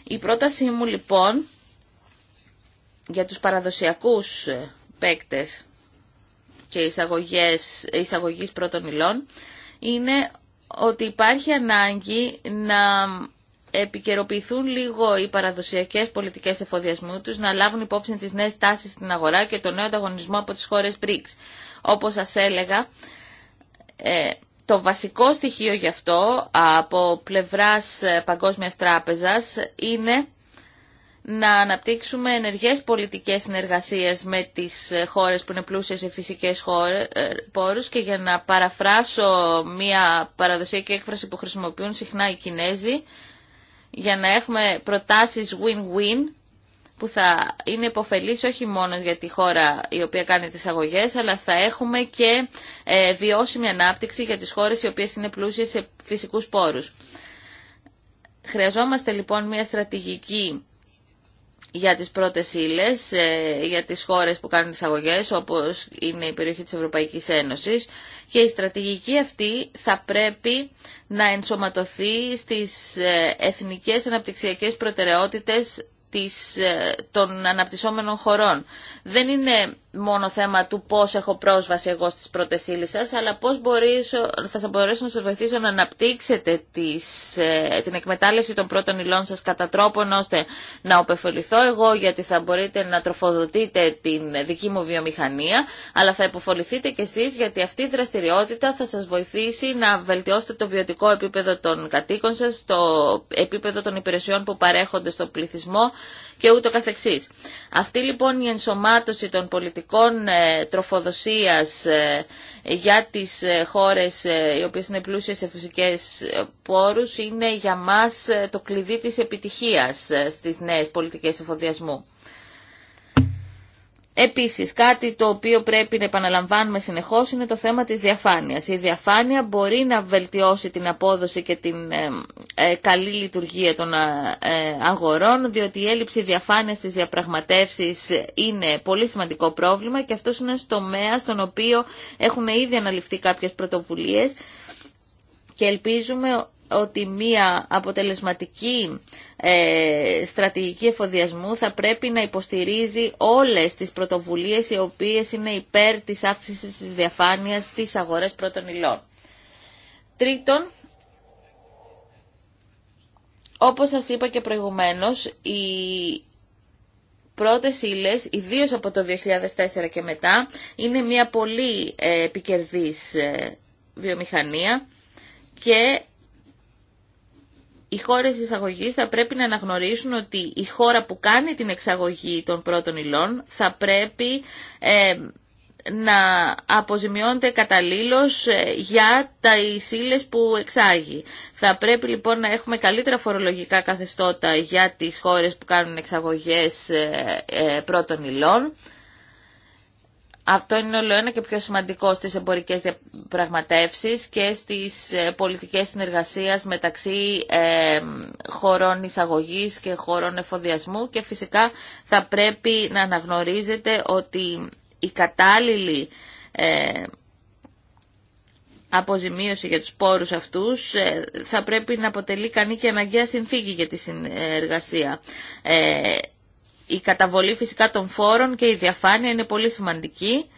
Η πρότασή μου λοιπόν για τους παραδοσιακούς ε, παίκτες και εισαγωγές, εισαγωγής πρώτων υλών είναι ότι υπάρχει ανάγκη να επικαιροποιηθούν λίγο οι παραδοσιακές πολιτικές εφοδιασμού τους, να λάβουν υπόψη τι νέες τάσεις στην αγορά και τον νέο ανταγωνισμό από τις χώρες BRICS. Όπως σα έλεγα, ε, το βασικό στοιχείο γι' αυτό από πλευράς ε, Παγκόσμιας Τράπεζας είναι να αναπτύξουμε ενεργές πολιτικές συνεργασίες με τις ε, χώρες που είναι πλούσιες σε φυσικές πόρους και για να παραφράσω μια παραδοσιακή έκφραση που χρησιμοποιούν συχνά οι Κινέζοι, για να έχουμε προτάσεις win-win που θα είναι υποφελής όχι μόνο για τη χώρα η οποία κάνει τις αγωγές, αλλά θα έχουμε και ε, βιώσιμη ανάπτυξη για τις χώρες οι οποίες είναι πλούσιες σε φυσικούς πόρους. Χρειαζόμαστε λοιπόν μια στρατηγική για τις πρώτες ύλε, ε, για τις χώρες που κάνουν αγωγές όπως είναι η περιοχή της Ευρωπαϊκής Ένωσης και η στρατηγική αυτή θα πρέπει να ενσωματωθεί στις ε, εθνικές αναπτυξιακές προτεραιότητες ε, των αναπτυσσόμενων χωρών. Δεν είναι μόνο θέμα του πώς έχω πρόσβαση εγώ στις πρώτες ύλες αλλά πώς θα σας μπορέσω να σας βοηθήσω να αναπτύξετε τις, ε, την εκμετάλλευση των πρώτων υλών σας κατά τρόπον ώστε να οπεφοληθώ εγώ, γιατί θα μπορείτε να τροφοδοτείτε την δική μου βιομηχανία, αλλά θα υποφοληθείτε κι εσείς, γιατί αυτή η δραστηριότητα θα σας βοηθήσει να βελτιώσετε το βιωτικό επίπεδο των κατοίκων σας, το επίπεδο των υπηρεσιών που παρέχονται στο πληθυσμό και ούτω καθεξής. Αυτή λοιπόν η ενσωμάτωση των πολιτικών πολιτικών ε, τροφοδοσίας ε, για τις ε, χώρες οι οποίες είναι πλούσιες σε φυσικές πόρους είναι για μας το κλειδί της επιτυχίας στις νέες πολιτικές εφοδιασμού. Επίσης, κάτι το οποίο πρέπει να επαναλαμβάνουμε συνεχώς είναι το θέμα της διαφάνειας. Η διαφάνεια μπορεί να βελτιώσει την απόδοση και την ε, ε, καλή λειτουργία των ε, αγορών, διότι η έλλειψη διαφάνειας στις διαπραγματεύσεις είναι πολύ σημαντικό πρόβλημα και αυτό είναι ένας τομέας στον οποίο έχουν ήδη αναλυφθεί κάποιες πρωτοβουλίες και ελπίζουμε ότι μία αποτελεσματική ε, στρατηγική εφοδιασμού θα πρέπει να υποστηρίζει όλες τις πρωτοβουλίες οι οποίες είναι υπέρ της αύξηση της διαφάνειας της αγορές πρώτων υλών. Τρίτον, όπως σας είπα και προηγουμένως, οι πρώτες ύλε, ιδίως από το 2004 και μετά, είναι μια πολύ ε, επικερδής ε, βιομηχανία και οι χώρες εισαγωγής θα πρέπει να αναγνωρίσουν ότι η χώρα που κάνει την εξαγωγή των πρώτων υλών θα πρέπει ε, να αποζημιώνεται καταλήλως ε, για τα ύλε που εξάγει. Θα πρέπει λοιπόν να έχουμε καλύτερα φορολογικά καθεστώτα για τις χώρες που κάνουν εξαγωγές ε, πρώτων υλών αυτό είναι όλο ένα και πιο σημαντικό στις εμπορικές διαπραγματεύσεις και στις ε, πολιτικές συνεργασίες μεταξύ ε, χωρών εισαγωγής και χωρών εφοδιασμού και φυσικά θα πρέπει να αναγνωρίζετε ότι η κατάλληλη ε, αποζημίωση για τους πόρους αυτούς θα πρέπει να αποτελεί κανεί και αναγκαία συνθήκη για τη συνεργασία η καταβολή φυσικά των φόρων και η διαφάνεια είναι πολύ σημαντική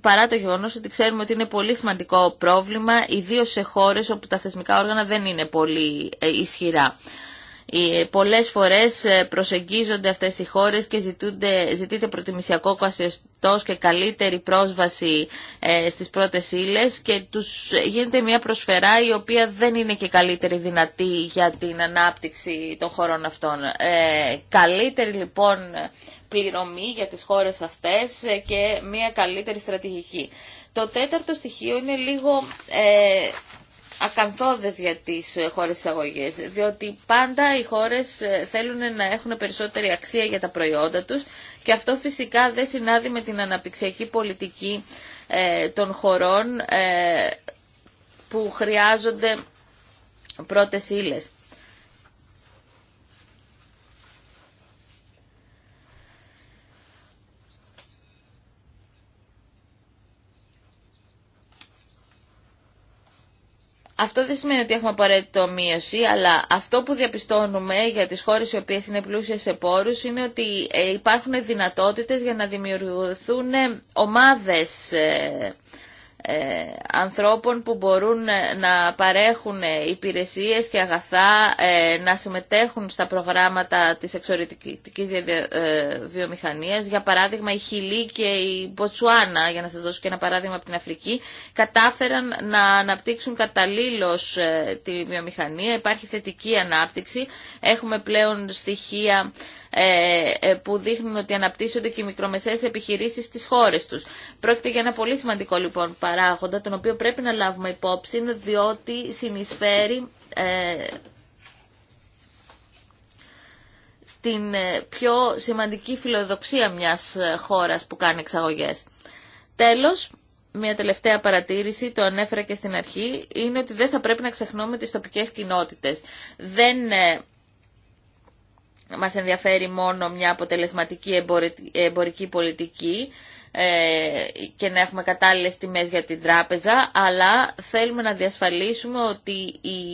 παρά το γεγονός ότι ξέρουμε ότι είναι πολύ σημαντικό πρόβλημα, ιδίως σε χώρες όπου τα θεσμικά όργανα δεν είναι πολύ ε, ισχυρά. Ε, πολλές φορές ε, προσεγγίζονται αυτές οι χώρες και ζητούνται, ζητείται προτιμησιακό καθεστώς και καλύτερη πρόσβαση ε, στις πρώτες ύλε και τους γίνεται μια προσφερά η οποία δεν είναι και καλύτερη δυνατή για την ανάπτυξη των χωρών αυτών. Καλύτερη λοιπόν πληρωμή για τις χώρες αυτές και μια καλύτερη στρατηγική. Το τέταρτο στοιχείο είναι λίγο ακαθόδες για τις ε, χώρες εισαγωγές, διότι πάντα οι χώρες ε, θέλουν να έχουν περισσότερη αξία για τα προϊόντα τους και αυτό φυσικά δεν συνάδει με την αναπτυξιακή πολιτική ε, των χωρών που χρειάζονται πρώτες ύλες. Αυτό δεν σημαίνει ότι έχουμε απαραίτητο μείωση, αλλά αυτό που διαπιστώνουμε για τις χώρες οι οποίες είναι πλούσιες σε πόρους είναι ότι ε, υπάρχουν δυνατότητες για να δημιουργηθούν ε, ομάδες ε, ε, ανθρώπων που μπορούν ε, να παρέχουν ε, υπηρεσίες και αγαθά, να συμμετέχουν στα προγράμματα της εξορρυκτικής βιομηχανίας. Για παράδειγμα, η Χιλή και η Ποτσουάνα, για να σας δώσω και ένα παράδειγμα από την Αφρική, κατάφεραν να αναπτύξουν καταλήλως τη βιομηχανία. Υπάρχει θετική ανάπτυξη. Έχουμε πλέον στοιχεία ε, ε, που δείχνουν ότι αναπτύσσονται και οι μικρομεσαίες επιχειρήσεις στις χώρες τους. Πρόκειται για ένα πολύ σημαντικό λοιπόν παράγοντα, τον οποίο πρέπει να λάβουμε υπόψη, διότι συνεισφέρει ε, στην πιο σημαντική φιλοδοξία μιας χώρας που κάνει εξαγωγές. Τέλος, μια τελευταία παρατήρηση, το ανέφερα και στην αρχή, είναι ότι δεν θα πρέπει να ξεχνούμε τις τοπικές κοινότητες. Δεν μας ενδιαφέρει μόνο μια αποτελεσματική εμπορική πολιτική ε, και να έχουμε κατάλληλες τιμές για την τράπεζα, αλλά θέλουμε να διασφαλίσουμε ότι οι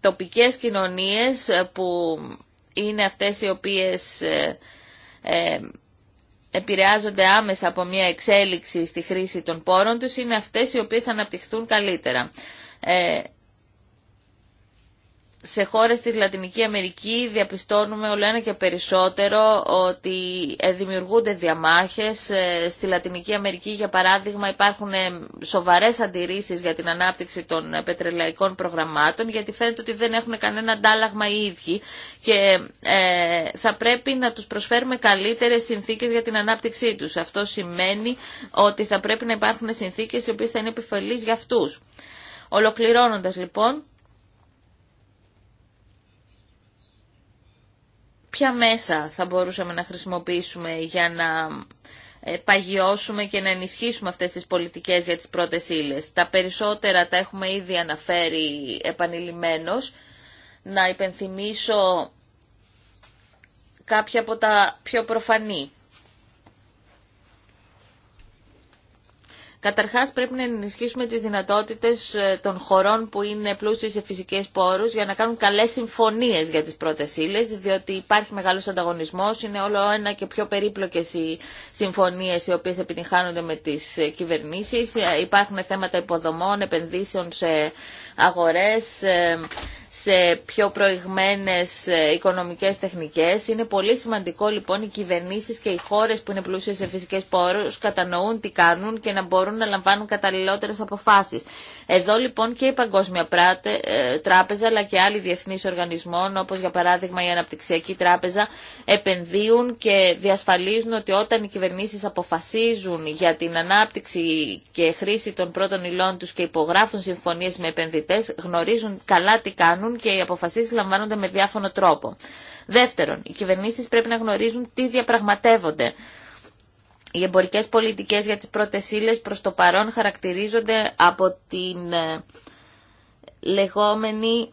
τοπικές κοινωνίες που είναι αυτές οι οποίες ε, ε, επηρεάζονται άμεσα από μια εξέλιξη στη χρήση των πόρων τους, είναι αυτές οι οποίες θα αναπτυχθούν καλύτερα σε χώρες της Λατινική Αμερική διαπιστώνουμε όλο ένα και περισσότερο ότι ε, δημιουργούνται διαμάχες. Ε, στη Λατινική Αμερική, για παράδειγμα, υπάρχουν ε, σοβαρές αντιρρήσεις για την ανάπτυξη των πετρελαϊκών προγραμμάτων, γιατί φαίνεται ότι δεν έχουν κανένα αντάλλαγμα οι ίδιοι και θα πρέπει να τους προσφέρουμε καλύτερες συνθήκες για την ανάπτυξή τους. Αυτό σημαίνει ότι θα πρέπει να υπάρχουν συνθήκες οι οποίες θα είναι επιφελείς για αυτούς. Ολοκληρώνοντας λοιπόν, ποια μέσα θα μπορούσαμε να χρησιμοποιήσουμε για να ε, παγιώσουμε και να ενισχύσουμε αυτές τις πολιτικές για τις πρώτες ύλε. Τα περισσότερα τα έχουμε ήδη αναφέρει επανειλημμένως. Να υπενθυμίσω κάποια από τα πιο προφανή. Καταρχάς πρέπει να ενισχύσουμε τις δυνατότητες ε, των χωρών που είναι πλούσιοι σε φυσικές πόρους για να κάνουν καλές συμφωνίες για τις πρώτες ύλες, διότι υπάρχει μεγάλος ανταγωνισμός, είναι όλο ένα και πιο περίπλοκες οι συμφωνίες οι οποίες επιτυγχάνονται με τις ε, κυβερνήσεις, ε, υπάρχουν θέματα υποδομών, επενδύσεων σε αγορές, σε πιο προηγμένες ε, οικονομικές τεχνικές. Είναι πολύ σημαντικό λοιπόν οι κυβερνήσεις και οι χώρες που είναι πλούσιες σε φυσικές πόρους κατανοούν τι κάνουν και να μπορούν να λαμβάνουν καταλληλότερες αποφάσεις. Εδώ λοιπόν και η Παγκόσμια ε, Τράπεζα αλλά και άλλοι διεθνείς οργανισμών όπως για παράδειγμα η Αναπτυξιακή Τράπεζα επενδύουν και διασφαλίζουν ότι όταν οι κυβερνήσεις αποφασίζουν για την ανάπτυξη και χρήση των πρώτων υλών τους και υπογράφουν συμφωνίες με επενδυτές γνωρίζουν καλά τι κάνουν και οι αποφασίσει λαμβάνονται με διάφορο τρόπο. Δεύτερον, οι κυβερνήσει πρέπει να γνωρίζουν τι διαπραγματεύονται. Οι εμπορικέ πολιτικές για τις πρώτε ύλε προς το παρόν χαρακτηρίζονται από την ε, λεγόμενη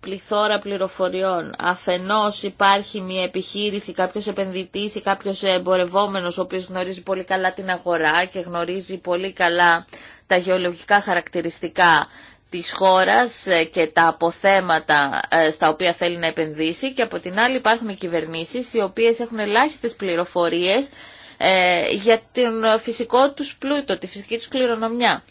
πληθώρα πληροφοριών. Αφενός υπάρχει μια επιχείρηση, κάποιος επενδυτής ή κάποιος εμπορευόμενος ο οποίος γνωρίζει πολύ καλά την αγορά και γνωρίζει πολύ καλά τα γεωλογικά χαρακτηριστικά της χώρας ε, και τα αποθέματα ε, στα οποία θέλει να επενδύσει και από την άλλη υπάρχουν κυβερνήσεις οι οποίες έχουν ελάχιστες πληροφορίες ε, για τον φυσικό τους πλούτο, τη φυσική τους κληρονομιά.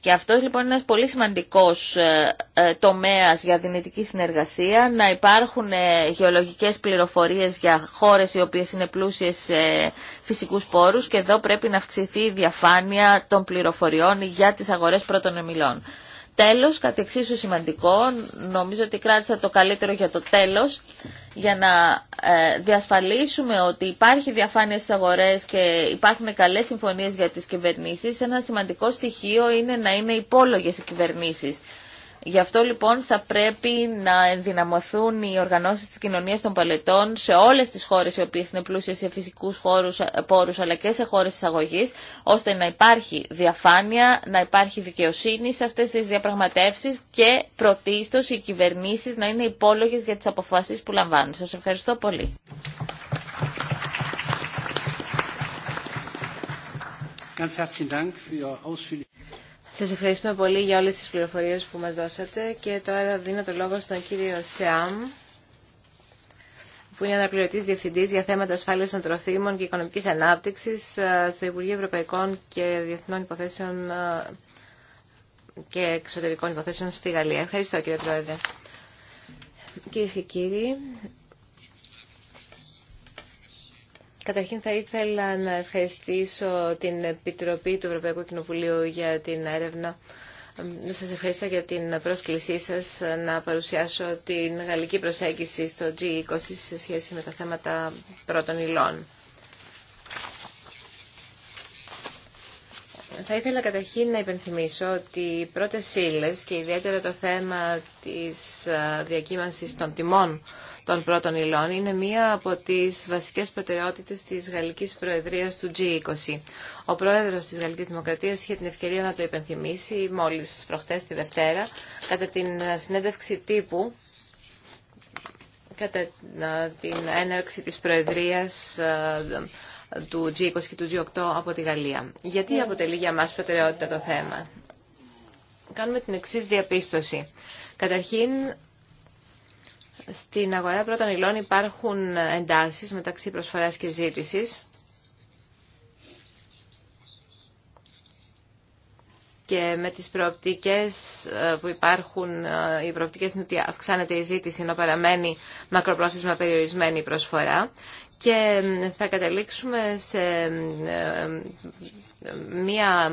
Και αυτό λοιπόν είναι ένας πολύ σημαντικός ε, ε, τομέας για δυνητική συνεργασία, να υπάρχουν ε, γεωλογικές πληροφορίες για χώρες οι οποίες είναι πλούσιες σε φυσικούς πόρους και εδώ πρέπει να αυξηθεί η διαφάνεια των πληροφοριών για τις αγορές πρώτων εμιλών. Τέλος, κάτι εξίσου σημαντικό, νομίζω ότι κράτησα το καλύτερο για το τέλος, για να ε, διασφαλίσουμε ότι υπάρχει διαφάνεια στις αγορές και υπάρχουν καλές συμφωνίες για τις κυβερνήσεις, ένα σημαντικό στοιχείο είναι να είναι υπόλογες οι κυβερνήσεις. Γι' αυτό λοιπόν θα πρέπει να ενδυναμωθούν οι οργανώσει τη κοινωνία των παλετών σε όλες τις χώρες οι οποίες είναι πλούσιες σε φυσικούς πόρου, αλλά και σε χώρες εισαγωγή, ώστε να υπάρχει διαφάνεια, να υπάρχει δικαιοσύνη σε αυτές τις διαπραγματεύσεις και πρωτίστω οι κυβερνήσεις να είναι υπόλογε για τι αποφάσεις που λαμβάνουν. Σα ευχαριστώ πολύ. Σας ευχαριστούμε πολύ για όλες τις πληροφορίες που μας δώσατε και τώρα δίνω το λόγο στον κύριο Σεάμ που είναι αναπληρωτής διευθυντής για θέματα ασφάλειας των τροφίμων και οικονομικής ανάπτυξης ε, στο Υπουργείο Ευρωπαϊκών και Διεθνών Υποθέσεων ε, και Εξωτερικών Υποθέσεων στη Γαλλία. Ευχαριστώ κύριε Πρόεδρε. Κυρίε και κύριοι, Καταρχήν θα ήθελα να ευχαριστήσω την Επιτροπή του Ευρωπαϊκού Κοινοβουλίου για την έρευνα. Σας ευχαριστώ για την πρόσκλησή σας να παρουσιάσω την γαλλική προσέγγιση στο G20 σε σχέση με τα θέματα πρώτων υλών. Θα ήθελα καταρχήν να υπενθυμίσω ότι οι πρώτες ύλες και ιδιαίτερα το θέμα της διακύμανσης των τιμών των πρώτων υλών είναι μία από τις βασικές προτεραιότητες της Γαλλικής Προεδρίας του G20. Ο Πρόεδρος της Γαλλικής Δημοκρατίας είχε την ευκαιρία να το υπενθυμίσει μόλις προχτές τη Δευτέρα κατά την συνέντευξη τύπου κατά την έναρξη της Προεδρίας του G20 και του G8 από τη Γαλλία. Γιατί ναι. αποτελεί για μας προτεραιότητα το θέμα. Κάνουμε την εξής διαπίστωση. Καταρχήν, στην αγορά πρώτων υλών υπάρχουν εντάσεις μεταξύ προσφοράς και ζήτησης και με τις προοπτικές ε, που υπάρχουν, ε, οι προοπτικές είναι ότι αυξάνεται η ζήτηση ενώ παραμένει μακροπρόθεσμα περιορισμένη η προσφορά και θα καταλήξουμε σε ε, μία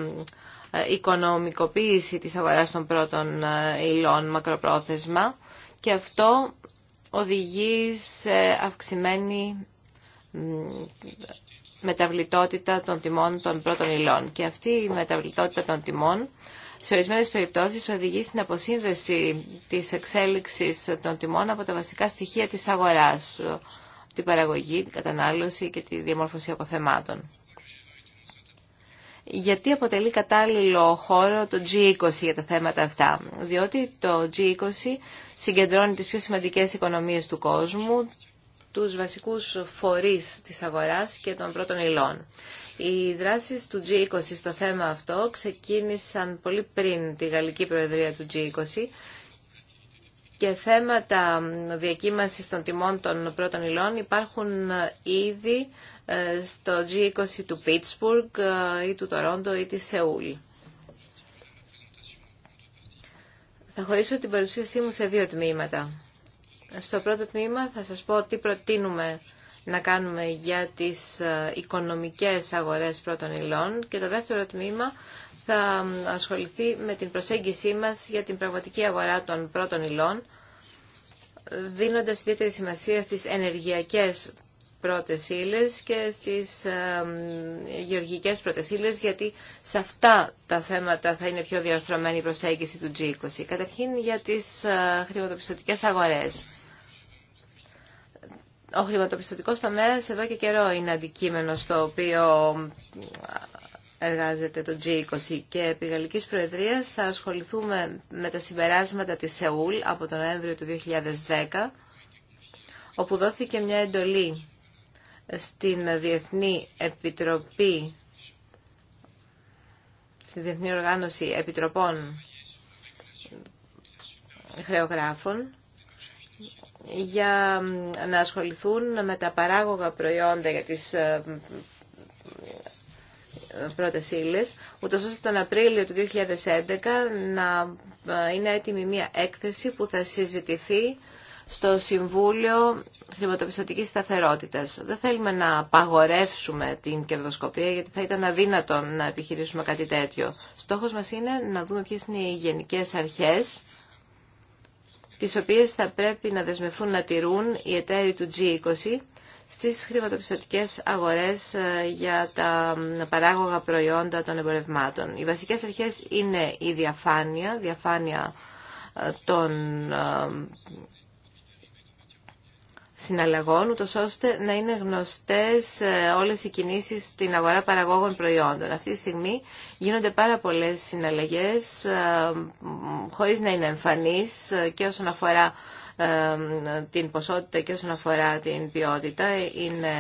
οικονομικοποίηση της αγοράς των πρώτων υλών μακροπρόθεσμα και αυτό οδηγεί σε αυξημένη μεταβλητότητα των τιμών των πρώτων υλών. Και αυτή η μεταβλητότητα των τιμών σε ορισμένες περιπτώσεις οδηγεί στην αποσύνδεση της εξέλιξης των τιμών από τα βασικά στοιχεία της αγοράς, την παραγωγή, την κατανάλωση και τη διαμόρφωση αποθεμάτων γιατί αποτελεί κατάλληλο χώρο το G20 για τα θέματα αυτά. Διότι το G20 συγκεντρώνει τις πιο σημαντικές οικονομίες του κόσμου, τους βασικούς φορείς της αγοράς και των πρώτων υλών. Οι δράσεις του G20 στο θέμα αυτό ξεκίνησαν πολύ πριν τη Γαλλική Προεδρία του G20 και θέματα διακύμανσης των τιμών των πρώτων υλών υπάρχουν ε, ήδη ε, στο G20 του Πίτσπουργκ ε, ή του Τορόντο ή της Σεούλ. Θα χωρίσω την παρουσίασή μου σε δύο τμήματα. Στο πρώτο τμήμα θα σας πω τι προτείνουμε να κάνουμε για τις οικονομικές αγορές πρώτων υλών και το δεύτερο τμήμα θα ασχοληθεί με την προσέγγιση μας για την πραγματική αγορά των πρώτων υλών, δίνοντας ιδιαίτερη σημασία στις ενεργειακές πρώτες ύλες και στις γεωργικές πρώτες ύλες, γιατί σε αυτά τα θέματα θα είναι πιο διαρθρωμένη η προσέγγιση του G20. Καταρχήν για τις ε, χρηματοπιστωτικές αγορές. Ο χρηματοπιστωτικός τομέας εδώ και καιρό είναι αντικείμενο στο οποίο εργάζεται το G20 και επί Γαλλικής Προεδρίας θα ασχοληθούμε με τα συμπεράσματα της Σεούλ από τον Νοέμβριο του 2010 όπου δόθηκε μια εντολή στην Διεθνή Επιτροπή στην Διεθνή Οργάνωση Επιτροπών Χρεογράφων για να ασχοληθούν με τα παράγωγα προϊόντα για τις ε, Πρώτε ύλε, ούτω ώστε τον Απρίλιο του 2011 να ε, είναι έτοιμη μια έκθεση που θα συζητηθεί στο Συμβούλιο Χρηματοπιστωτική σταθερότητα. Δεν θέλουμε να απαγορεύσουμε την κερδοσκοπία γιατί θα ήταν αδύνατο να επιχειρήσουμε κάτι τέτοιο. Στόχο μα είναι να δούμε ποιε είναι οι γενικέ αρχέ τις οποίες θα πρέπει να δεσμευθούν να τηρούν οι εταίροι του G20 στις χρηματοπιστωτικές αγορές ε, για τα παράγωγα προϊόντα των εμπορευμάτων. Οι βασικές αρχές είναι η διαφάνεια, διαφάνεια ε, των ε, συναλλαγών, ούτως ώστε να είναι γνωστές όλες οι κινήσεις στην αγορά παραγόγων προϊόντων. Αυτή τη στιγμή γίνονται πάρα πολλές συναλλαγές χωρίς να είναι εμφανείς και όσον αφορά την ποσότητα και όσον αφορά την ποιότητα. Είναι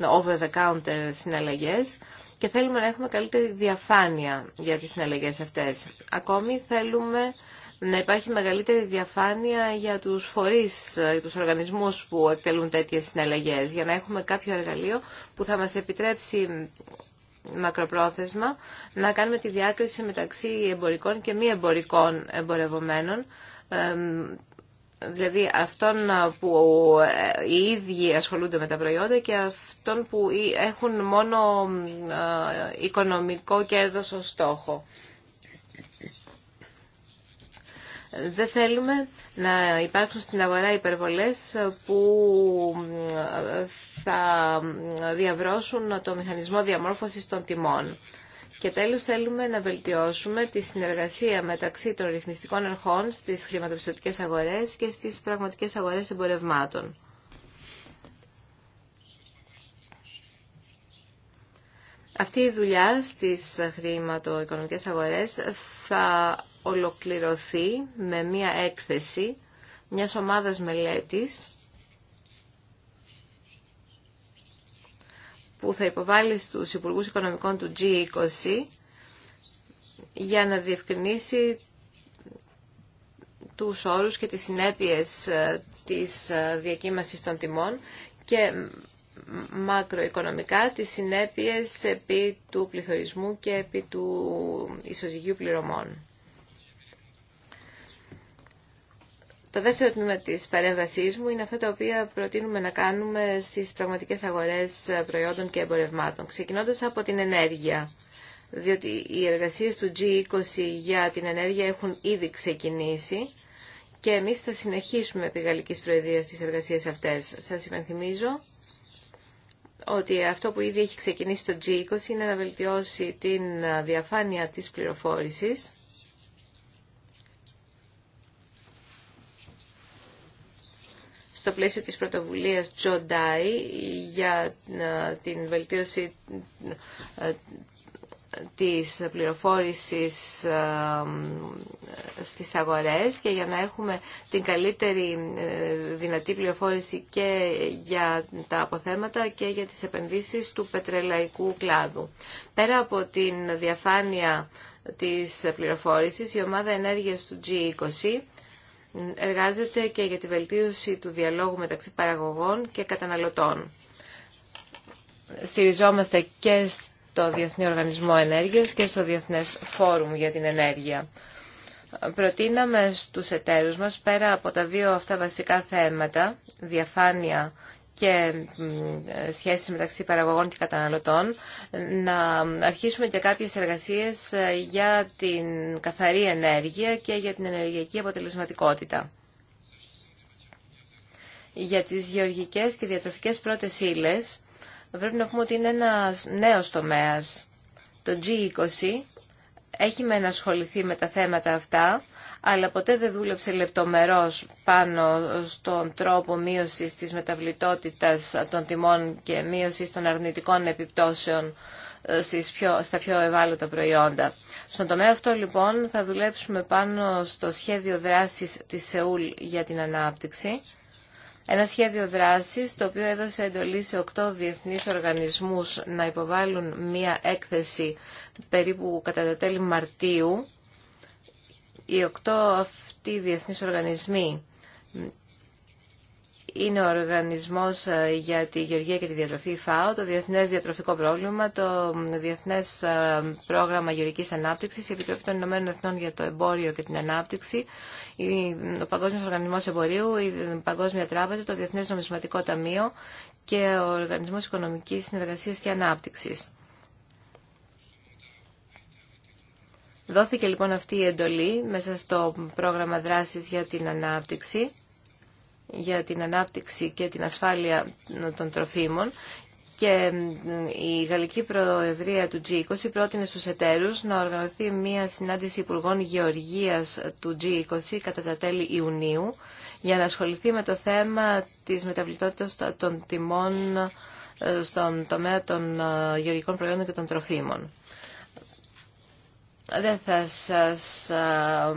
over the counter συναλλαγές και θέλουμε να έχουμε καλύτερη διαφάνεια για τις συναλλαγές αυτές. Ακόμη θέλουμε να υπάρχει μεγαλύτερη διαφάνεια για τους φορείς, τους οργανισμούς που εκτελούν τέτοιες συναλλαγές, για να έχουμε κάποιο εργαλείο που θα μας επιτρέψει μακροπρόθεσμα να κάνουμε τη διάκριση μεταξύ εμπορικών και μη εμπορικών εμπορευομένων δηλαδή αυτών που ε, οι ίδιοι ασχολούνται με τα προϊόντα και αυτών που έχουν μόνο ε, οικονομικό κέρδος ως στόχο. Δεν θέλουμε να υπάρξουν στην αγορά υπερβολές που ε, θα διαβρώσουν το μηχανισμό διαμόρφωσης των τιμών. Και τέλος θέλουμε να βελτιώσουμε τη συνεργασία μεταξύ των ρυθμιστικών αρχών στις χρηματοπιστωτικές αγορές και στις πραγματικές αγορές εμπορευμάτων. Αυτή η δουλειά στις χρηματοοικονομικές αγορές θα ολοκληρωθεί με μία έκθεση μια εκθεση μιας μελέτης που θα υποβάλει στους Υπουργούς Οικονομικών του G20 για να διευκρινίσει τους όρους και τις συνέπειες ε, της ε, διακύμασης των τιμών και μακροοικονομικά τις συνέπειες επί του πληθωρισμού και επί του ισοζυγίου πληρωμών. Το δεύτερο τμήμα τη παρέμβασή μου είναι αυτά τα οποία προτείνουμε να κάνουμε στις πραγματικές αγορές προϊόντων και εμπορευμάτων, ξεκινώντας από την ενέργεια διότι οι εργασίε του G20 για την ενέργεια έχουν ήδη ξεκινήσει και εμείς θα συνεχίσουμε επί γαλλική προεδρία τι εργασίε αυτές. Σα υπενθυμίζω ότι αυτό που ήδη έχει ξεκινήσει το G20 είναι να βελτιώσει την διαφάνεια της πληροφόρησης στο πλαίσιο της πρωτοβουλίας Τζοντάι για ε, την βελτίωση ε, της πληροφόρησης ε, στις αγορές και για να έχουμε την καλύτερη δυνατή πληροφόρηση και για τα αποθέματα και για τις επενδύσεις του πετρελαϊκού κλάδου. Πέρα από την διαφάνεια της πληροφόρησης, η ομάδα ενέργειας του G20 εργάζεται και για τη βελτίωση του διαλόγου μεταξύ παραγωγών και καταναλωτών. Στηριζόμαστε και στο Διεθνή Οργανισμό Ενέργειας και στο Διεθνές Φόρουμ για την Ενέργεια. Προτείναμε στους εταίρους μας, πέρα από τα δύο αυτά βασικά θέματα, διαφάνεια και ε, σχέσεις μεταξύ παραγωγών και καταναλωτών, να αρχίσουμε και κάποιες εργασίες ε, για την καθαρή ενέργεια και για την ενεργειακή αποτελεσματικότητα. Για τις γεωργικές και διατροφικές πρώτες ύλες, πρέπει να πούμε ότι είναι ένας νέος τομέας. Το G20 έχει με ασχοληθεί με τα θέματα αυτά, αλλά ποτέ δεν δούλεψε λεπτομερώς πάνω στον τρόπο μείωσης της μεταβλητότητας των τιμών και μείωσης των αρνητικών επιπτώσεων ε, στις πιο, στα πιο ευάλωτα προϊόντα. Στον τομέα αυτό λοιπόν θα δουλέψουμε πάνω στο σχέδιο δράσης της ΣΕΟΥΛ για την ανάπτυξη ένα σχέδιο δράσης το οποίο έδωσε εντολή σε οκτώ διεθνείς οργανισμούς να υποβάλουν μία έκθεση περίπου κατά τα τέλη Μαρτίου. Οι οκτώ αυτοί διεθνείς οργανισμοί είναι ο Οργανισμός ε, για τη Γεωργία και τη Διατροφή ΦΑΟ, το Διεθνές Διατροφικό Πρόβλημα, το Διεθνές ε, Πρόγραμμα Γεωργικής Ανάπτυξης, η Επιτροπή των Ηνωμένων Εθνών για το Εμπόριο και την Ανάπτυξη, ο Παγκόσμιος Οργανισμός Εμπορίου, η Παγκόσμια Τράπεζα, το Διεθνές Νομισματικό Ταμείο και ο Οργανισμός Οικονομικής Συνεργασίας και Ανάπτυξης. Δόθηκε λοιπόν αυτή η εντολή μέσα στο πρόγραμμα δράσης για την ανάπτυξη για την ανάπτυξη και την ασφάλεια των τροφίμων και η Γαλλική Προεδρία του G20 πρότεινε στους εταίρους να οργανωθεί μια συνάντηση Υπουργών Γεωργίας του G20 κατά τα τέλη Ιουνίου για να ασχοληθεί με το θέμα της μεταβλητότητας των τιμών ε, στον τομέα των ε, γεωργικών προϊόντων και των τροφίμων. Δεν θα σας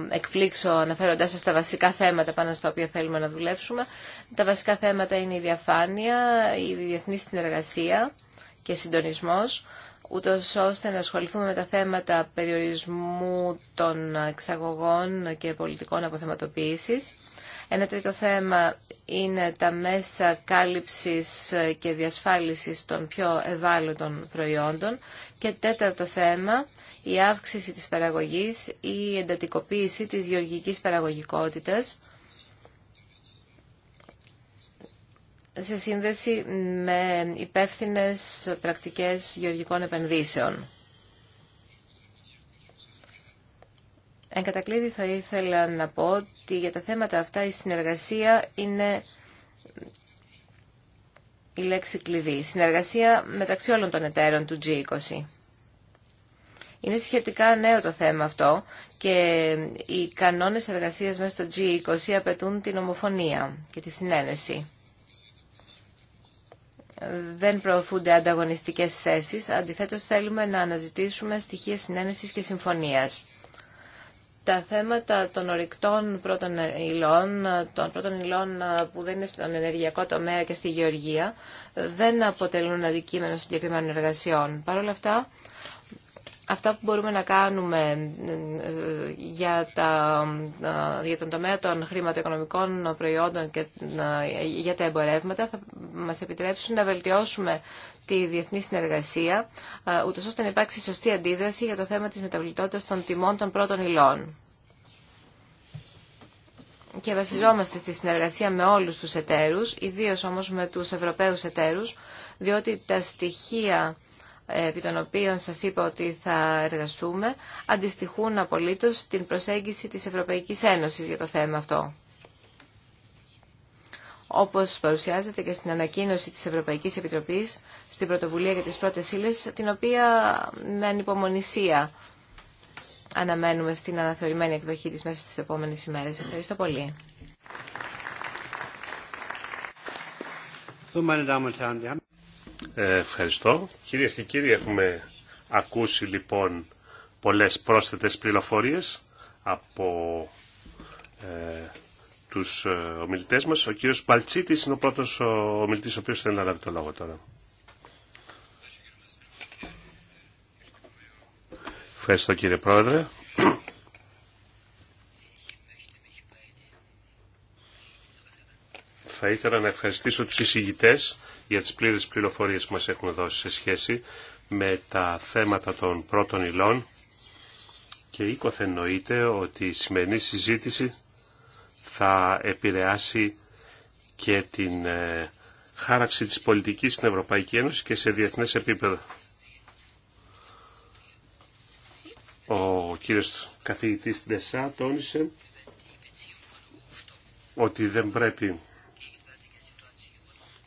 εκπλήξω αναφέροντάς σας τα βασικά θέματα πάνω στα οποία θέλουμε να δουλέψουμε. Τα βασικά θέματα είναι η διαφάνεια, η διεθνή συνεργασία και συντονισμός, ούτω ώστε να ασχοληθούμε με τα θέματα περιορισμού των εξαγωγών και πολιτικών αποθεματοποίησης ένα τρίτο θέμα είναι τα μέσα κάλυψης και διασφάλισης των πιο ευάλωτων προϊόντων. Και τέταρτο θέμα, η αύξηση της παραγωγής ή η εντατικοποίηση της γεωργικής παραγωγικότητας σε σύνδεση με υπεύθυνες πρακτικές γεωργικών επενδύσεων. Εν κατακλείδη θα ήθελα να πω ότι για τα θέματα αυτά η συνεργασία είναι η λέξη κλειδί. Συνεργασία μεταξύ όλων των εταίρων του G20. Είναι σχετικά νέο το θέμα αυτό και οι κανόνες εργασίας μέσα στο G20 απαιτούν την ομοφωνία και τη συνένεση. Δεν προωθούνται ανταγωνιστικές θέσεις, αντιθέτως θέλουμε να αναζητήσουμε στοιχεία συνένεσης και συμφωνίας τα θέματα των ορυκτών πρώτων υλών, των πρώτων υλών ε, που δεν είναι στον ενεργειακό τομέα και στη γεωργία, δεν αποτελούν αντικείμενο συγκεκριμένων εργασιών. Παρ' όλα αυτά, αυτά που μπορούμε να κάνουμε ε, για, τα, ε, για τον τομέα των χρηματοοικονομικών προϊόντων και για τα εμπορεύματα θα μας επιτρέψουν να βελτιώσουμε τη διεθνή συνεργασία, ε, ούτως ώστε να υπάρξει σωστή αντίδραση για το θέμα της μεταβλητότητας των τιμών των πρώτων υλών. Και βασιζόμαστε στη συνεργασία με όλους τους εταίρους, ιδίως όμως με τους Ευρωπαίους εταίρους, διότι τα στοιχεία ε, επί των οποίων σας είπα ότι θα εργαστούμε, αντιστοιχούν απολύτως στην προσέγγιση της Ευρωπαϊκής Ένωσης για το θέμα αυτό όπως παρουσιάζεται και στην ανακοίνωση της Ευρωπαϊκής Επιτροπής στην πρωτοβουλία για τις πρώτες ύλες, την οποία με ανυπομονησία αναμένουμε στην αναθεωρημένη εκδοχή της μέσα στις επόμενες ημέρες. Ευχαριστώ πολύ. Ε, ευχαριστώ. Κυρίες και κύριοι, έχουμε ακούσει λοιπόν πολλές πρόσθετες πληροφορίες από ε, τους ε, ομιλητές μας. Ο κύριος Παλτσίτης είναι ο πρώτος ομιλητής ο οποίος θέλει να λάβει το λόγο τώρα. Ευχαριστώ κύριε Πρόεδρε. Θα ήθελα να ευχαριστήσω τους εισηγητές για τις πλήρες πληροφορίες που μας έχουν δώσει σε σχέση με τα θέματα των πρώτων υλών και οίκοθε εννοείται ότι η σημερινή συζήτηση θα επηρεάσει και την ε, χάραξη της πολιτικής στην Ευρωπαϊκή Ένωση και σε διεθνές επίπεδο. Ο κύριος καθηγητής Ντεσά τόνισε ότι δεν πρέπει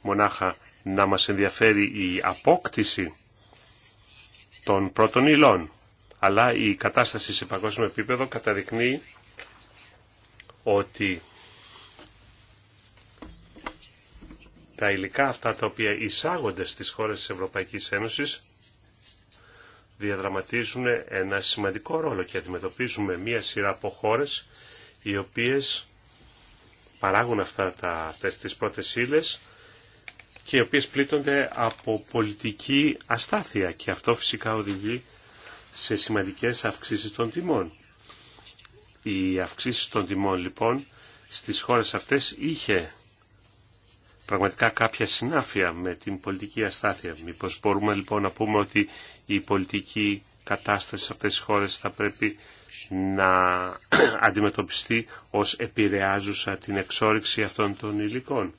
μονάχα να μας ενδιαφέρει η απόκτηση των πρώτων υλών, αλλά η κατάσταση σε παγκόσμιο επίπεδο καταδεικνύει ότι τα υλικά αυτά τα οποία εισάγονται στις χώρες της Ευρωπαϊκής Ένωσης διαδραματίζουν ένα σημαντικό ρόλο και αντιμετωπίζουμε μία σειρά από χώρες οι οποίες παράγουν αυτά τα, αυτές τις πρώτες και οι οποίες πλήττονται από πολιτική αστάθεια και αυτό φυσικά οδηγεί σε σημαντικές αυξήσεις των τιμών η αυξήση των τιμών λοιπόν στις χώρες αυτές είχε πραγματικά κάποια συνάφεια με την πολιτική αστάθεια. Μήπως μπορούμε λοιπόν να πούμε ότι η πολιτική κατάσταση σε αυτές τις χώρες θα πρέπει να αντιμετωπιστεί ως επηρεάζουσα την εξόριξη αυτών των υλικών.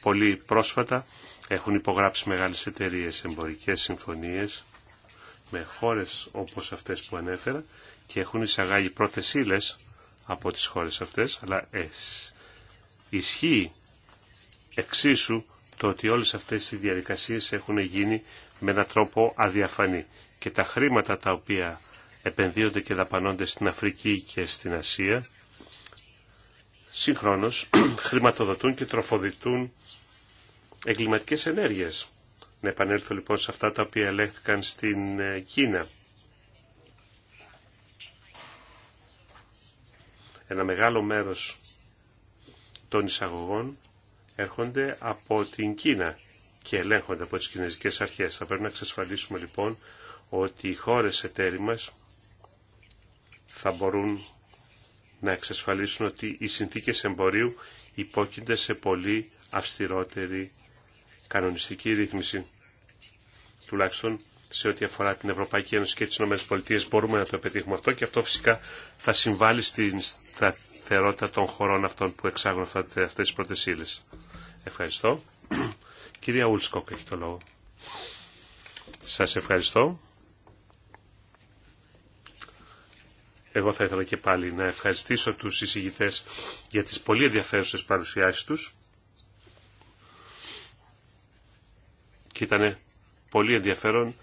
Πολύ πρόσφατα έχουν υπογράψει μεγάλες εταιρείες εμπορικές συμφωνίες με χώρες όπως αυτές που ανέφερα και έχουν εισαγάγει πρώτε ύλε από τις χώρες αυτές, αλλά ισχύει εξίσου το ότι όλες αυτές οι διαδικασίες έχουν γίνει με έναν τρόπο αδιαφανή και τα χρήματα τα οποία επενδύονται και δαπανώνται στην Αφρική και στην Ασία συγχρόνως χρηματοδοτούν και τροφοδοτούν εγκληματικές ενέργειες. Να επανέλθω λοιπόν σε αυτά τα οποία ελέγχθηκαν στην ε, Κίνα. ένα μεγάλο μέρος των εισαγωγών έρχονται από την Κίνα και ελέγχονται από τις κινέζικες αρχές. Θα πρέπει να εξασφαλίσουμε λοιπόν ότι οι χώρες εταίροι μας θα μπορούν να εξασφαλίσουν ότι οι συνθήκες εμπορίου υπόκεινται σε πολύ αυστηρότερη κανονιστική ρύθμιση. Τουλάχιστον σε ό,τι αφορά την Ευρωπαϊκή Ένωση και τις Πολιτείες μπορούμε να το επιτύχουμε αυτό και αυτό φυσικά θα συμβάλλει στην σταθερότητα των χωρών αυτών που εξάγουν αυτές τις πρώτες ύλες. Ευχαριστώ. Κυρία Ουλσκοκ έχει το λόγο. Σας ευχαριστώ. Εγώ θα ήθελα και πάλι να ευχαριστήσω τους συζητητές για τις πολύ ενδιαφέρουσες παρουσιάσεις τους. Και ήταν πολύ ενδιαφέρον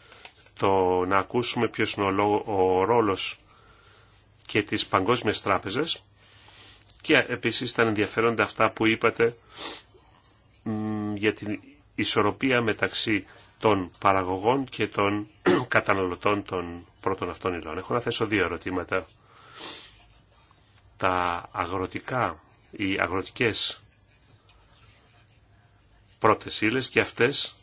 το να ακούσουμε ποιος είναι ο, ρόλος και τις Παγκόσμιας Τράπεζας και επίσης ήταν ενδιαφέροντα αυτά που είπατε για την ισορροπία μεταξύ των παραγωγών και των καταναλωτών των πρώτων αυτών υλών. Έχω να θέσω δύο ερωτήματα. Τα αγροτικά, οι αγροτικές πρώτες ύλες και αυτές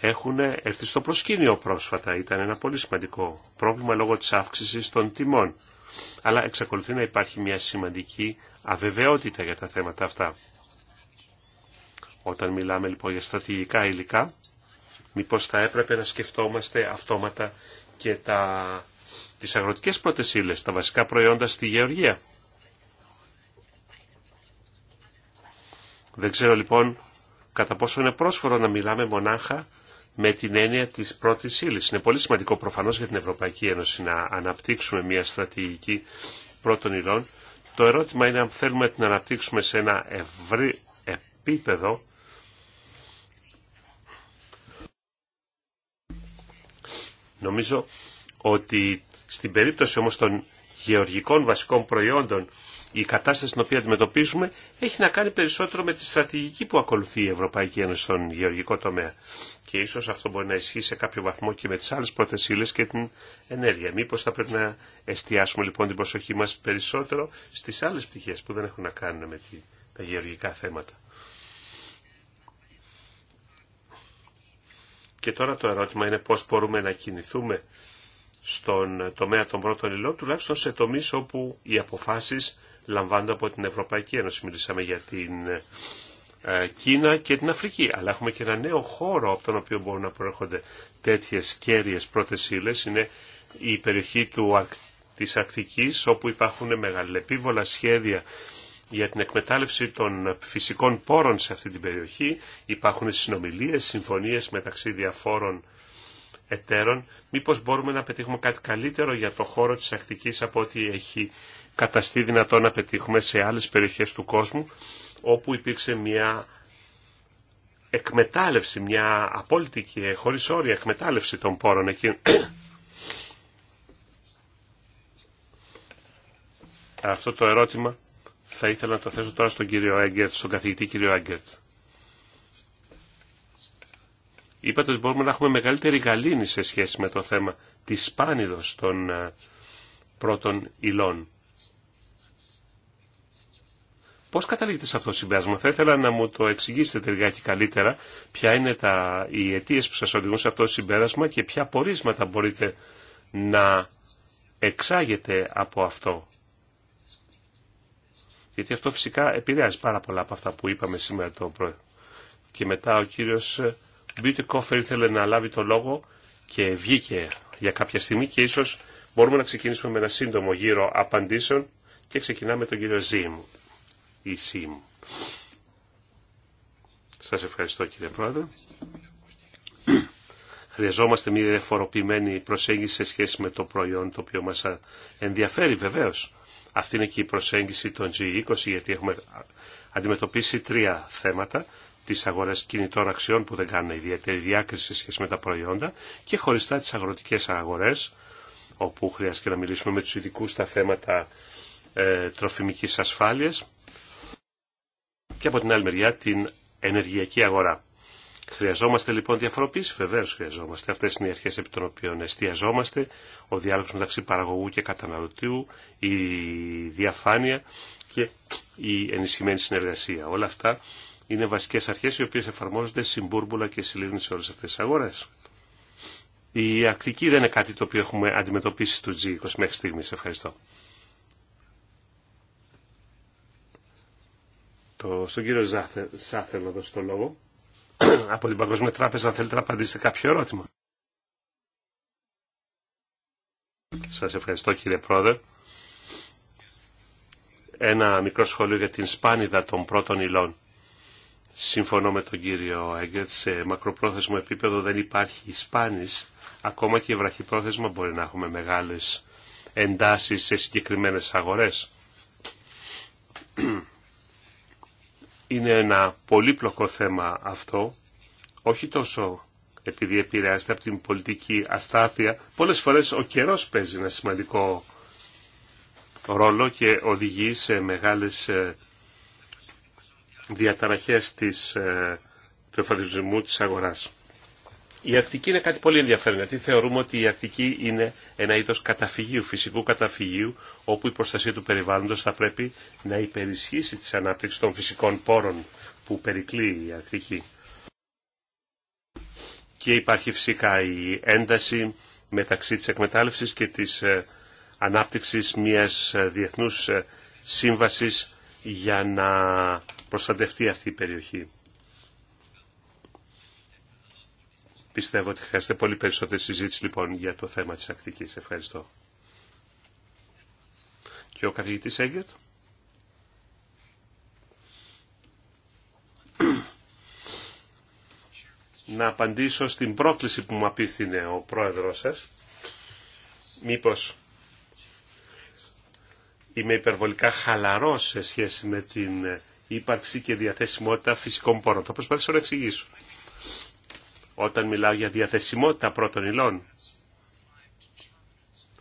έχουν έρθει στο προσκήνιο πρόσφατα. Ήταν ένα πολύ σημαντικό πρόβλημα λόγω της αύξησης των τιμών. Αλλά εξακολουθεί να υπάρχει μια σημαντική αβεβαιότητα για τα θέματα αυτά. Όταν μιλάμε λοιπόν για στρατηγικά υλικά, μήπως θα έπρεπε να σκεφτόμαστε αυτόματα και τα... τις αγροτικές πρωτεσίλες, τα βασικά προϊόντα στη γεωργία. Δεν ξέρω λοιπόν κατά πόσο είναι πρόσφορο να μιλάμε μονάχα με την έννοια της πρώτης ύλη. Είναι πολύ σημαντικό προφανώς για την Ευρωπαϊκή Ένωση να αναπτύξουμε μια στρατηγική πρώτων υλών. Το ερώτημα είναι αν θέλουμε να την αναπτύξουμε σε ένα ευρύ επίπεδο Νομίζω ότι στην περίπτωση όμως των γεωργικών βασικών προϊόντων η κατάσταση την οποία αντιμετωπίζουμε έχει να κάνει περισσότερο με τη στρατηγική που ακολουθεί η Ευρωπαϊκή Ένωση στον γεωργικό τομέα. Και ίσω αυτό μπορεί να ισχύει σε κάποιο βαθμό και με τι άλλε πρώτε ύλε και την ενέργεια. Μήπω θα πρέπει να εστιάσουμε λοιπόν την προσοχή μα περισσότερο στι άλλε πτυχέ που δεν έχουν να κάνουν με τα γεωργικά θέματα. Και τώρα το ερώτημα είναι πώς μπορούμε να κινηθούμε στον τομέα των πρώτων υλών, τουλάχιστον σε τομείς όπου οι αποφάσεις λαμβάνονται από την Ευρωπαϊκή Ένωση. Μιλήσαμε για την ε, Κίνα και την Αφρική. Αλλά έχουμε και ένα νέο χώρο από τον οποίο μπορούν να προέρχονται τέτοιε κέρυε πρώτε ύλε. Είναι η περιοχή του, της Ακτικής όπου υπάρχουν μεγαλεπίβολα σχέδια για την εκμετάλλευση των φυσικών πόρων σε αυτή την περιοχή. Υπάρχουν συνομιλίες, συμφωνίες μεταξύ διαφόρων εταίρων. Μήπως μπορούμε να πετύχουμε κάτι καλύτερο για το χώρο της Ακτικής από ό,τι έχει καταστεί δυνατόν να πετύχουμε σε άλλες περιοχές του κόσμου όπου υπήρξε μια εκμετάλλευση, μια απόλυτη και χωρίς όρια εκμετάλλευση των πόρων εκεί. Αυτό το ερώτημα θα ήθελα να το θέσω τώρα στον κύριο Έγκερτ, καθηγητή κύριο Έγκερτ. Είπατε ότι μπορούμε να έχουμε μεγαλύτερη γαλήνη σε σχέση με το θέμα της σπάνιδος των ε, πρώτων υλών. Πώ καταλήγετε σε αυτό το συμπέρασμα. Θα ήθελα να μου το εξηγήσετε τελικά και καλύτερα ποια είναι τα, οι αιτίε που σα οδηγούν σε αυτό το συμπέρασμα και ποια πορίσματα μπορείτε να εξάγετε από αυτό. Γιατί αυτό φυσικά επηρεάζει πάρα πολλά από αυτά που είπαμε σήμερα το πρωί. Και μετά ο κύριος Κόφερ ήθελε να λάβει το λόγο και βγήκε για κάποια στιγμή και ίσως μπορούμε να ξεκινήσουμε με ένα σύντομο γύρο απαντήσεων και ξεκινάμε τον κύριο Ζήμου η Σας ευχαριστώ κύριε Πρόεδρε. Χρειαζόμαστε μια διαφοροποιημένη προσέγγιση σε σχέση με το προϊόν το οποίο μας ενδιαφέρει βεβαίως. Αυτή είναι και η προσέγγιση των G20 γιατί έχουμε αντιμετωπίσει τρία θέματα τις αγορές κινητών αξιών που δεν κάνουν ιδιαίτερη διάκριση σε σχέση με τα προϊόντα και χωριστά τις αγροτικές αγορές όπου χρειάζεται να μιλήσουμε με τους ειδικού στα θέματα ε, τροφιμικής ασφάλειας και από την άλλη μεριά την ενεργειακή αγορά. Χρειαζόμαστε λοιπόν διαφοροποίηση, βεβαίω χρειαζόμαστε. Αυτέ είναι οι αρχέ επί των οποίων εστιαζόμαστε. Ο διάλογο μεταξύ παραγωγού και καταναλωτήου, η διαφάνεια και η ενισχυμένη συνεργασία. Όλα αυτά είναι βασικέ αρχέ οι οποίε εφαρμόζονται συμπούρμπουλα και συλλήγουν σε όλε αυτέ τι αγορέ. Η Ακτική δεν είναι κάτι το οποίο έχουμε αντιμετωπίσει στο G20 μέχρι στιγμή. Ευχαριστώ. το, στον κύριο Ζάθε, Σάθε να λόγο. Από την Παγκόσμια Τράπεζα θέλετε να απαντήσετε κάποιο ερώτημα. Σας ευχαριστώ κύριε Πρόεδρε. Ένα μικρό σχόλιο για την σπάνιδα των πρώτων υλών. Συμφωνώ με τον κύριο Έγκετ, σε μακροπρόθεσμο επίπεδο δεν υπάρχει σπάνης, ακόμα και η βραχυπρόθεσμα μπορεί να έχουμε μεγάλες εντάσεις σε συγκεκριμένες αγορές είναι ένα πολύπλοκο θέμα αυτό, όχι τόσο επειδή επηρεάζεται από την πολιτική αστάθεια. Πολλές φορές ο καιρός παίζει ένα σημαντικό ρόλο και οδηγεί σε μεγάλες ε, διαταραχές της, ε, του εφαρμοσμού της αγοράς. Η Αρκτική είναι κάτι πολύ ενδιαφέρον, γιατί θεωρούμε ότι η Αρκτική είναι ένα είδος καταφυγίου, φυσικού καταφυγίου, όπου η προστασία του περιβάλλοντος θα πρέπει να υπερισχύσει τι ανάπτυξη των φυσικών πόρων που περικλεί η Αρκτική. Και υπάρχει φυσικά η ένταση μεταξύ της εκμετάλλευσης και της ε, ανάπτυξης μιας ε, διεθνούς ε, σύμβασης για να προστατευτεί αυτή η περιοχή. Πιστεύω ότι χρειάζεται πολύ περισσότερη συζήτηση λοιπόν για το θέμα της ακτικής. Ευχαριστώ. Και ο καθηγητής Έγκερτ. Να απαντήσω στην πρόκληση που μου απίθυνε ο πρόεδρος σας. Μήπως είμαι υπερβολικά χαλαρός σε σχέση με την ύπαρξη και διαθεσιμότητα φυσικών πόρων. Θα προσπαθήσω να εξηγήσω. Όταν μιλάω για διαθεσιμότητα πρώτων υλών,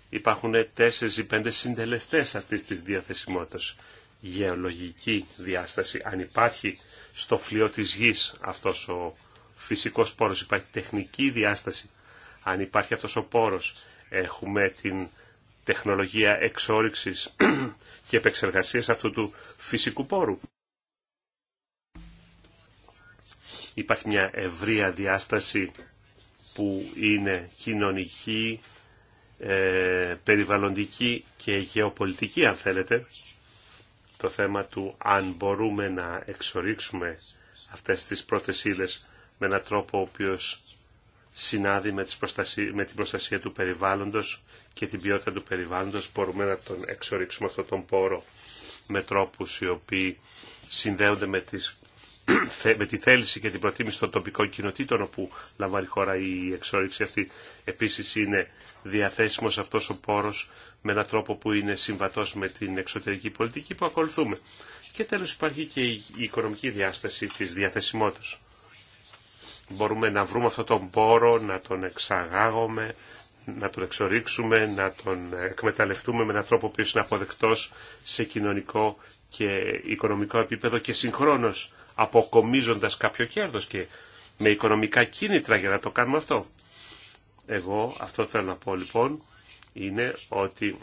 υπάρχουν τέσσερις ή πέντε συντελεστές αυτής της διαθεσιμότητας. Γεωλογική διάσταση, αν υπάρχει στο φλοιό της γης αυτός ο φυσικός πόρος, υπάρχει τεχνική διάσταση, αν υπάρχει αυτός ο πόρος, έχουμε την τεχνολογία εξόριξης και επεξεργασίας αυτού του φυσικού πόρου. Υπάρχει μια ευρεία διάσταση που είναι κοινωνική, ε, περιβαλλοντική και γεωπολιτική αν θέλετε. Το θέμα του αν μπορούμε να εξορίξουμε αυτές τις πρώτες με έναν τρόπο ο οποίος συνάδει με, τις την προστασία του περιβάλλοντος και την ποιότητα του περιβάλλοντος μπορούμε να τον εξορίξουμε αυτόν τον πόρο με τρόπους οι οποίοι συνδέονται με τις με τη θέληση και την προτίμηση των τοπικών κοινοτήτων όπου λαμβάνει χώρα η εξόριξη αυτή. Επίσης είναι διαθέσιμος αυτός ο πόρος με έναν τρόπο που είναι συμβατός με την εξωτερική πολιτική που ακολουθούμε. Και τέλος υπάρχει και η οικονομική διάσταση της διαθεσιμότητας. Μπορούμε να βρούμε αυτόν τον πόρο, να τον εξαγάγουμε, να τον εξορίξουμε, να τον εκμεταλλευτούμε με έναν τρόπο που είναι αποδεκτός σε κοινωνικό και οικονομικό επίπεδο και συγχρόνως αποκομίζοντας κάποιο κέρδος και με οικονομικά κίνητρα για να το κάνουμε αυτό. Εγώ αυτό θέλω να πω λοιπόν είναι ότι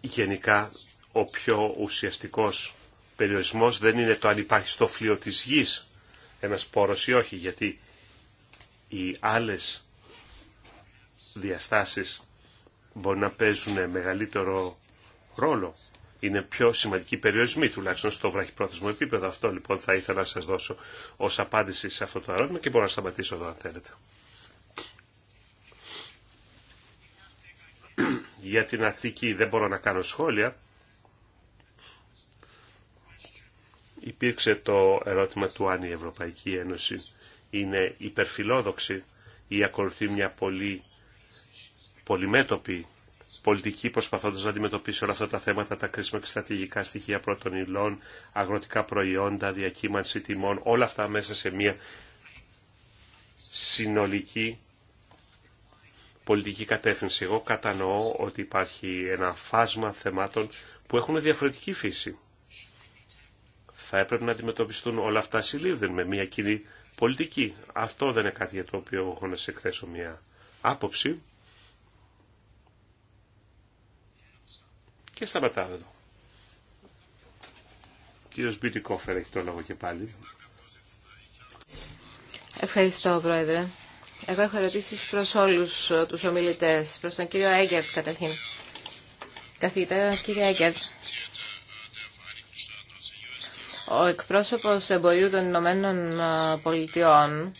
γενικά ο πιο ουσιαστικός περιορισμός δεν είναι το αν υπάρχει στο φλοιό της γης ένας πόρος ή όχι, γιατί οι άλλες διαστάσεις μπορεί να παίζουν μεγαλύτερο ρόλο είναι πιο σημαντική περιορισμοί, τουλάχιστον στο βραχυπρόθεσμο επίπεδο. Αυτό λοιπόν θα ήθελα να σας δώσω ω απάντηση σε αυτό το ερώτημα και μπορώ να σταματήσω εδώ αν θέλετε. Για την Αρκτική δεν μπορώ να κάνω σχόλια. Υπήρξε το ερώτημα του αν η Ευρωπαϊκή Ένωση είναι υπερφιλόδοξη ή ακολουθεί μια πολύ πολυμέτωπη πολιτική προσπαθώντας να αντιμετωπίσει όλα αυτά τα θέματα, τα κρίσιμα και στρατηγικά στοιχεία πρώτων υλών, αγροτικά προϊόντα, διακύμανση τιμών, όλα αυτά μέσα σε μια συνολική πολιτική κατεύθυνση. Εγώ κατανοώ ότι υπάρχει ένα φάσμα θεμάτων που έχουν διαφορετική φύση. Θα έπρεπε να αντιμετωπιστούν όλα αυτά συλλήβδεν με μια κοινή πολιτική. Αυτό δεν είναι κάτι για το οποίο έχω να σε εκθέσω μια άποψη. Και σταματάω εδώ. Κύριος Μπιουτικόφερ έχει το λόγο και πάλι. Ευχαριστώ, Πρόεδρε. Εγώ έχω ερωτήσει προ όλου ε, του ομιλητέ. Προ τον κύριο Έγκερτ, καταρχήν. Καθηγητά, κύριε Έγκερτ. Ο εκπρόσωπο εμπορίου των Ηνωμένων ε, Πολιτειών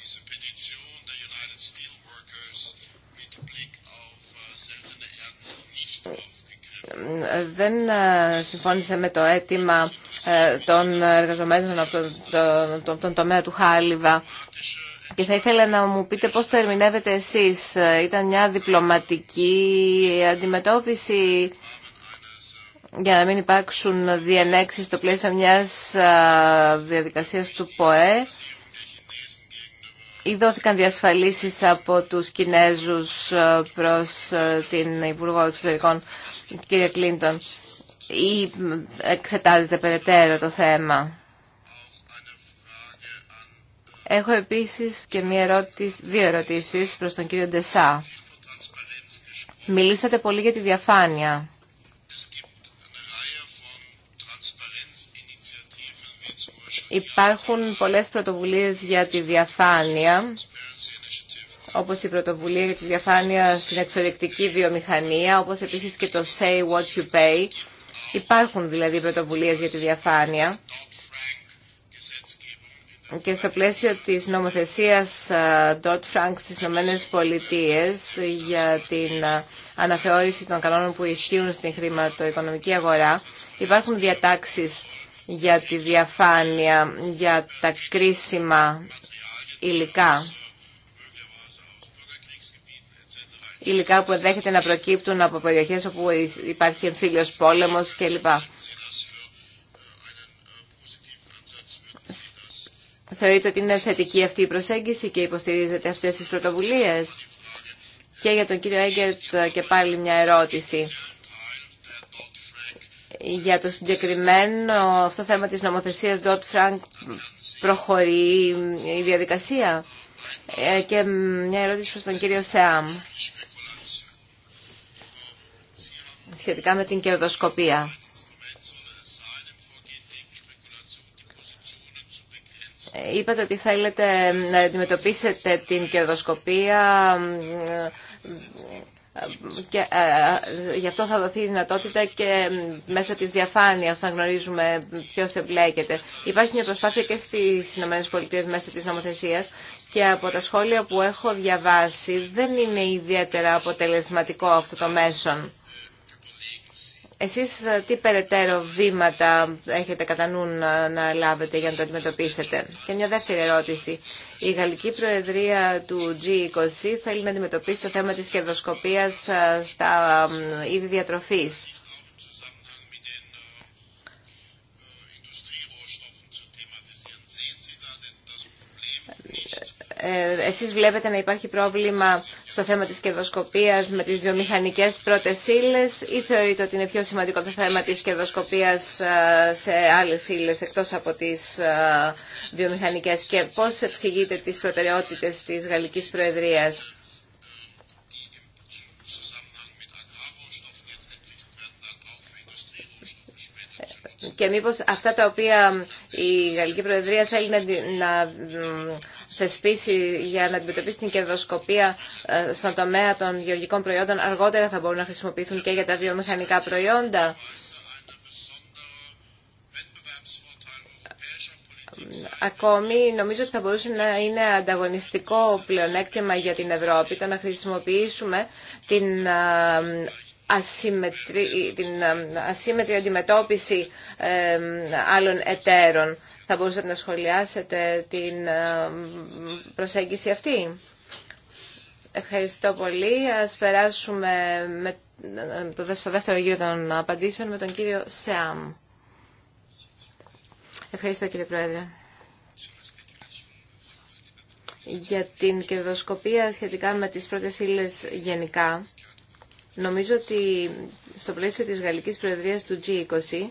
δεν ε, συμφώνησε με το αίτημα ε, των εργαζομένων από τον, τομέα του Χάλιβα και θα ήθελα να μου πείτε πώς το ερμηνεύετε εσείς. Ε, ήταν μια διπλωματική αντιμετώπιση για να μην υπάρξουν διενέξεις στο πλαίσιο μιας διαδικασίας του ΠΟΕ ή δόθηκαν διασφαλίσεις από τους Κινέζους ε, προς ε, την Υπουργό Εξωτερικών, κυρία Κλίντον, ή εξετάζεται περαιτέρω το θέμα. Έχω επίσης και μία ερώτηση, δύο ερωτήσεις προς τον κύριο Ντεσά. Μιλήσατε πολύ για τη διαφάνεια. Υπάρχουν πολλές πρωτοβουλίες για τη διαφάνεια, όπως η πρωτοβουλία για τη διαφάνεια στην εξωτερική βιομηχανία, όπως επίσης και το Say What You Pay. Υπάρχουν δηλαδή πρωτοβουλίες για τη διαφάνεια. Και στο πλαίσιο της νομοθεσίας Dodd Frank στις Ηνωμένες Πολιτείες για την αναθεώρηση των κανόνων που ισχύουν στην χρηματοοικονομική αγορά υπάρχουν διατάξεις για τη διαφάνεια, για τα κρίσιμα υλικά. Υλικά που ενδέχεται να προκύπτουν από περιοχές όπου υπάρχει εμφύλιος πόλεμος κλπ. Θεωρείτε ότι είναι θετική αυτή η προσέγγιση και υποστηρίζετε αυτές τις πρωτοβουλίες. Και για τον κύριο Έγκερτ και πάλι μια ερώτηση για το συγκεκριμένο αυτό θέμα της νομοθεσίας Dot Frank προχωρεί η διαδικασία ε, και μια ερώτηση προς τον κύριο Σεάμ σχετικά με την κερδοσκοπία. Είπατε ότι θέλετε να αντιμετωπίσετε την κερδοσκοπία και ε, ε, γι' αυτό θα δοθεί η δυνατότητα και μέσω της διαφάνειας να γνωρίζουμε ποιος εμπλέκεται. Υπάρχει μια προσπάθεια και στις ΗΠΑ μέσω της νομοθεσίας και από τα σχόλια που έχω διαβάσει δεν είναι ιδιαίτερα αποτελεσματικό αυτό το μέσον. Εσείς ε, τι περαιτέρω βήματα έχετε κατά νου να λάβετε για να το αντιμετωπίσετε. Και μια δεύτερη ερώτηση. Η Γαλλική Προεδρία του G20 θέλει να αντιμετωπίσει το θέμα της κερδοσκοπίας ε, στα είδη διατροφής. Ε, εσείς βλέπετε να υπάρχει πρόβλημα στο θέμα της κερδοσκοπίας με τις βιομηχανικές πρώτες ύλες ή θεωρείτε ότι είναι πιο σημαντικό το θέμα της κερδοσκοπίας ε, σε άλλες ύλες εκτός από τις ε, βιομηχανικές και πώς πώ εξηγείται τι προτεραιότητε τη Γαλλική Προεδρία και μήπω τα οποία η Γαλλική υλε εκτος απο τις βιομηχανικες και πως εξηγειτε τις προτεραιοτητες της θέλει να θεσπίσει για να αντιμετωπίσει την κερδοσκοπία ε, στον τομέα των γεωργικών προϊόντων αργότερα θα μπορούν να χρησιμοποιηθούν και για τα βιομηχανικά προϊόντα. ακόμη νομίζω ότι θα μπορούσε να είναι ανταγωνιστικό πλεονέκτημα για την Ευρώπη το να χρησιμοποιήσουμε την ε, ε, ασύμμετρη την αντιμετώπιση άλλων εταίρων. Θα μπορούσατε να σχολιάσετε την ε, προσέγγιση αυτή. Ευχαριστώ πολύ. Ας περάσουμε με ε, το, στο δεύτερο γύρο των απαντήσεων με τον κύριο Σεάμ. Ευχαριστώ κύριε Πρόεδρε. Για την κερδοσκοπία σχετικά με τις πρώτες ύλε γενικά, νομίζω ότι στο πλαίσιο της Γαλλικής Προεδρίας του G20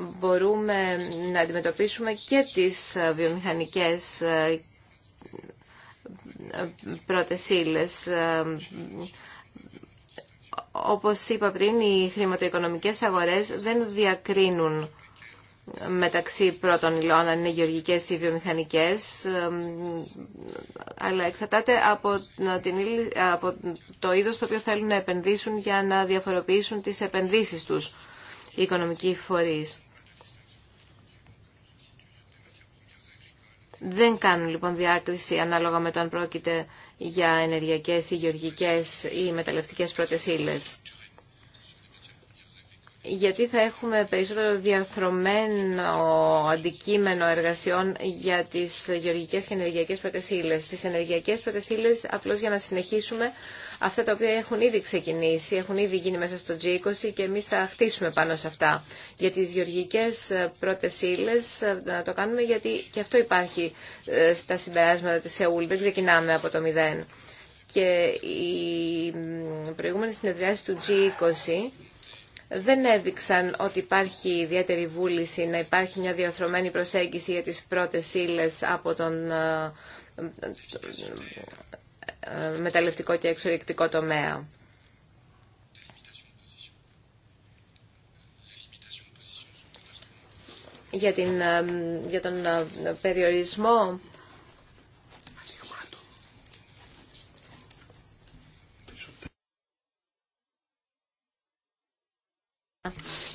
μπορούμε να αντιμετωπίσουμε και τις βιομηχανικές ε, ε, πρώτες ύλες. Ε, όπως είπα πριν, οι χρηματοοικονομικές αγορές δεν διακρίνουν μεταξύ πρώτων υλών, αν είναι γεωργικές ή βιομηχανικές, αλλά εξαρτάται από, το είδος το οποίο θέλουν να επενδύσουν για να διαφοροποιήσουν τις επενδύσεις τους οι οικονομικοί φορείς. Δεν κάνουν λοιπόν διάκριση ανάλογα με το αν πρόκειται για ενεργειακές ή γεωργικές ή μεταλλευτικές πρώτες γιατί θα έχουμε περισσότερο διαρθρωμένο αντικείμενο εργασιών για τις γεωργικές και ενεργειακές πρωτεσίλες. Τις ενεργειακές πρωτεσίλες απλώς για να συνεχίσουμε αυτά τα οποία έχουν ήδη ξεκινήσει, έχουν ήδη γίνει μέσα στο G20 και εμείς θα χτίσουμε πάνω σε αυτά. Για τις γεωργικές πρωτεσίλες ε, να το κάνουμε γιατί και αυτό υπάρχει ε, στα συμπεράσματα της ΕΟΥΛ, δεν ξεκινάμε από το μηδέν. Και οι προηγούμενες συνεδριάσεις του G20 δεν έδειξαν ότι υπάρχει ιδιαίτερη βούληση να υπάρχει μια διαρθρωμένη προσέγγιση για τις πρώτες ύλε από τον ε, ε, μεταλλευτικό και εξορυκτικό τομέα. Για, την, ε, για τον περιορισμό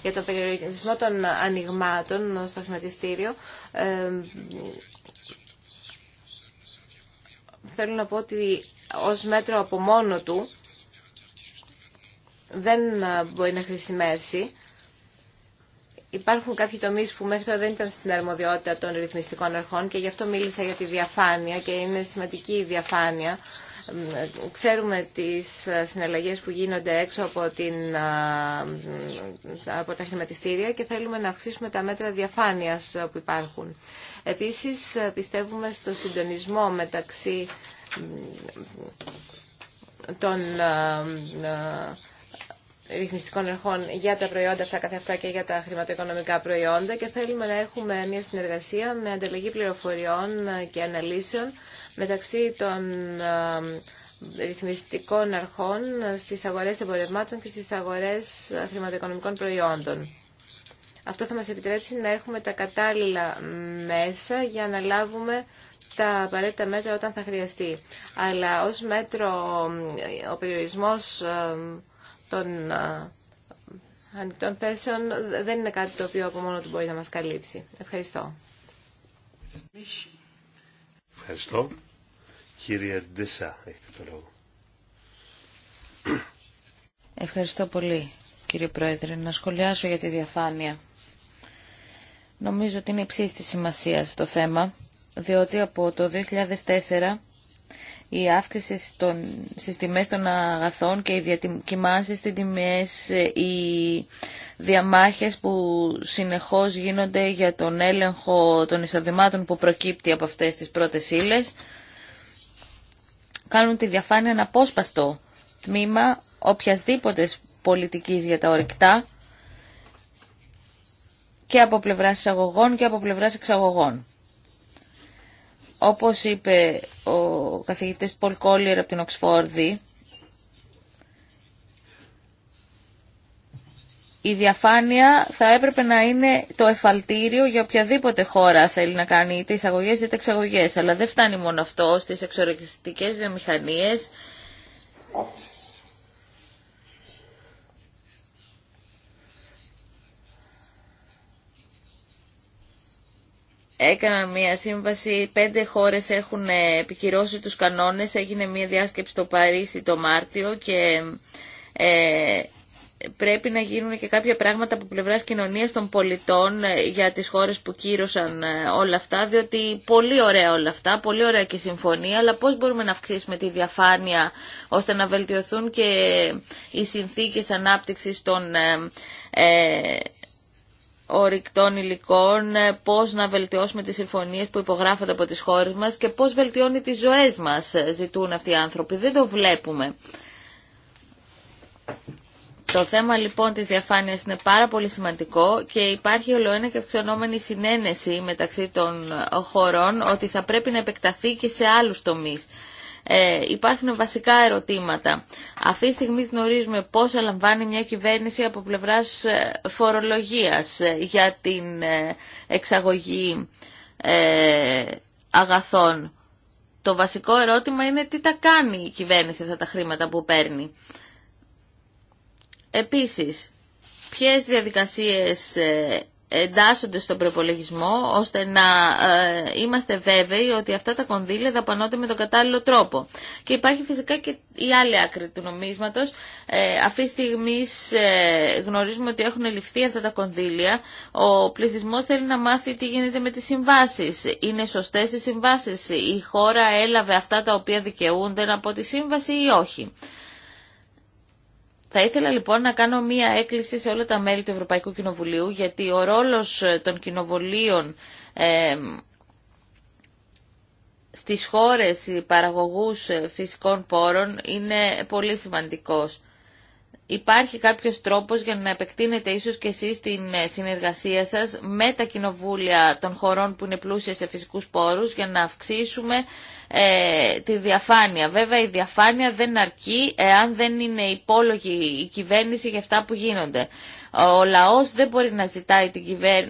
για τον περιορισμό των ανοιγμάτων στο χρηματιστήριο, ε, θέλω να πω ότι ως μέτρο από μόνο του δεν μπορεί να χρησιμεύσει. Υπάρχουν κάποιοι τομεί που μέχρι τώρα δεν ήταν στην αρμοδιότητα των ρυθμιστικών αρχών και γι' αυτό μίλησα για τη διαφάνεια και είναι σημαντική η διαφάνεια Ξέρουμε τις ε, συναλλαγές που γίνονται έξω από, την, ε, από τα χρηματιστήρια και θέλουμε να αυξήσουμε τα μέτρα διαφάνειας ε, που υπάρχουν. Επίσης, πιστεύουμε στο συντονισμό μεταξύ των ρυθμιστικών αρχών για τα προϊόντα αυτά καθεαυτά και για τα χρηματοοικονομικά προϊόντα και θέλουμε να έχουμε μια συνεργασία με ανταλλαγή πληροφοριών και αναλύσεων μεταξύ των ρυθμιστικών αρχών στις αγορές εμπορευμάτων και στις αγορές χρηματοοικονομικών προϊόντων. Αυτό θα μας επιτρέψει να έχουμε τα κατάλληλα μέσα για να λάβουμε τα απαραίτητα μέτρα όταν θα χρειαστεί. Αλλά ως μέτρο ο περιορισμός των ανοιχτών θέσεων δεν είναι κάτι το οποίο από μόνο του μπορεί να μας καλύψει. Ευχαριστώ. Ευχαριστώ. Κύριε Ντεσά, έχετε το λόγο. Ευχαριστώ πολύ, κύριε Πρόεδρε. Να σχολιάσω για τη διαφάνεια. Νομίζω ότι είναι υψής της σημασίας το θέμα, διότι από το 2004 η αύξηση των, στις τιμές των αγαθών και οι διακοιμάνσεις στις τιμές, οι διαμάχες που συνεχώς γίνονται για τον έλεγχο των εισοδημάτων που προκύπτει από αυτές τις πρώτες ύλε, κάνουν τη διαφάνεια ένα απόσπαστο τμήμα οποιασδήποτε πολιτικής για τα ορεικτά και από πλευράς εισαγωγών και από πλευράς εξαγωγών. Όπως είπε ο καθηγητής Πολ Κόλλιερ από την Οξφόρδη, η διαφάνεια θα έπρεπε να είναι το εφαλτήριο για οποιαδήποτε χώρα θέλει να κάνει είτε εισαγωγές είτε εξαγωγές. Αλλά δεν φτάνει μόνο αυτό στις εξοριστικές βιομηχανίες. Έκανα μία σύμβαση, πέντε χώρες έχουν ε, επικυρώσει τους κανόνες, έγινε μία διάσκεψη στο Παρίσι το Μάρτιο και ε, πρέπει να γίνουν και κάποια πράγματα από πλευράς κοινωνίας των πολιτών ε, για τις χώρες που κύρωσαν ε, όλα αυτά, διότι πολύ ωραία όλα αυτά, πολύ ωραία και συμφωνία, αλλά πώς μπορούμε να αυξήσουμε τη διαφάνεια ώστε να βελτιωθούν και οι συνθήκες ανάπτυξης των ε, ορυκτών υλικών, ε, πώς να βελτιώσουμε τις συμφωνίες που υπογράφονται από τις χώρες μας και πώς βελτιώνει τις ζωές μας, ε, ζητούν αυτοί οι άνθρωποι. Δεν το βλέπουμε. Το θέμα λοιπόν της διαφάνειας είναι πάρα πολύ σημαντικό και υπάρχει ολοένα και αυξανόμενη συνένεση μεταξύ των ε, χωρών ότι θα πρέπει να επεκταθεί και σε άλλους τομείς ε, υπάρχουν βασικά ερωτήματα. Αυτή τη στιγμή γνωρίζουμε πώς λαμβάνει μια κυβέρνηση από πλευράς ε, φορολογίας ε, για την ε, εξαγωγή αγαθών. Το βασικό ερώτημα είναι τι τα κάνει η κυβέρνηση αυτά τα χρήματα που παίρνει. Επίσης, ποιες διαδικασίες εντάσσονται στον προπολογισμό ώστε να ε, είμαστε βέβαιοι ότι αυτά τα κονδύλια δαπανώνται με τον κατάλληλο τρόπο. Και υπάρχει φυσικά και η άλλη άκρη του νομίσματος. Ε, αυτή τη στιγμή ε, γνωρίζουμε ότι έχουν ληφθεί αυτά τα κονδύλια. Ο πληθυσμός θέλει να μάθει τι γίνεται με τις συμβάσεις. Είναι σωστές οι συμβάσεις. Η χώρα έλαβε αυτά τα οποία δικαιούνται από τη σύμβαση ή όχι. Θα ήθελα λοιπόν να κάνω μία έκκληση σε όλα τα μέλη του Ευρωπαϊκού Κοινοβουλίου, γιατί ο ρόλος ε, των κοινοβουλίων ε, στις χώρες παραγωγούς ε, φυσικών πόρων είναι πολύ σημαντικός. Υπάρχει κάποιος τρόπος για να επεκτείνετε ίσως και εσείς την ε, συνεργασία σας με τα κοινοβούλια των χωρών που είναι πλούσια σε φυσικούς πόρους για να αυξήσουμε ε, τη διαφάνεια. Βέβαια η διαφάνεια δεν αρκεί εάν δεν είναι υπόλογη η κυβέρνηση για αυτά που γίνονται. Ο λαός δεν μπορεί να, ζητάει την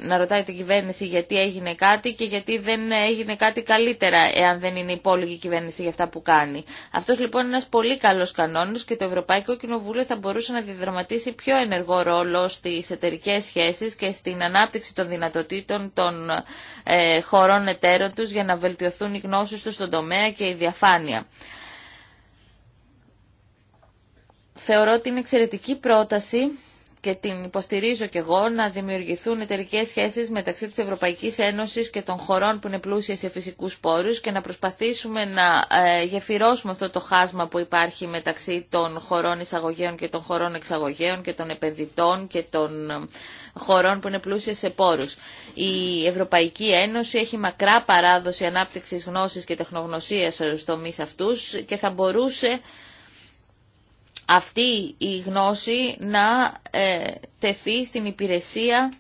να ρωτάει την κυβέρνηση γιατί έγινε κάτι και γιατί δεν έγινε κάτι καλύτερα εάν δεν είναι υπόλογη η κυβέρνηση για αυτά που κάνει. Αυτός λοιπόν είναι ένας πολύ καλός κανόνας και το Ευρωπαϊκό Κοινοβούλιο θα μπορούσε να διδραματίσει πιο ενεργό ρόλο στις εταιρικέ σχέσεις και στην ανάπτυξη των δυνατοτήτων των ε, χωρών εταίρων τους για να βελτιωθούν οι γνώσεις τους στον τομέα τομέα και η διαφάνεια. Θεωρώ ότι είναι εξαιρετική πρόταση και την υποστηρίζω και εγώ να δημιουργηθούν εταιρικέ σχέσεις μεταξύ της Ευρωπαϊκής Ένωσης και των χωρών που είναι πλούσιες σε φυσικούς πόρους και να προσπαθήσουμε να ε, γεφυρώσουμε αυτό το χάσμα που υπάρχει μεταξύ των χωρών εισαγωγέων και των χωρών εξαγωγέων και των επενδυτών και των χωρών που είναι πλούσιες σε πόρους. Η Ευρωπαϊκή Ένωση έχει μακρά παράδοση ανάπτυξης γνώσης και τεχνογνωσίας στους τομείς αυτούς και θα μπορούσε αυτή η γνώση να ε, τεθεί στην υπηρεσία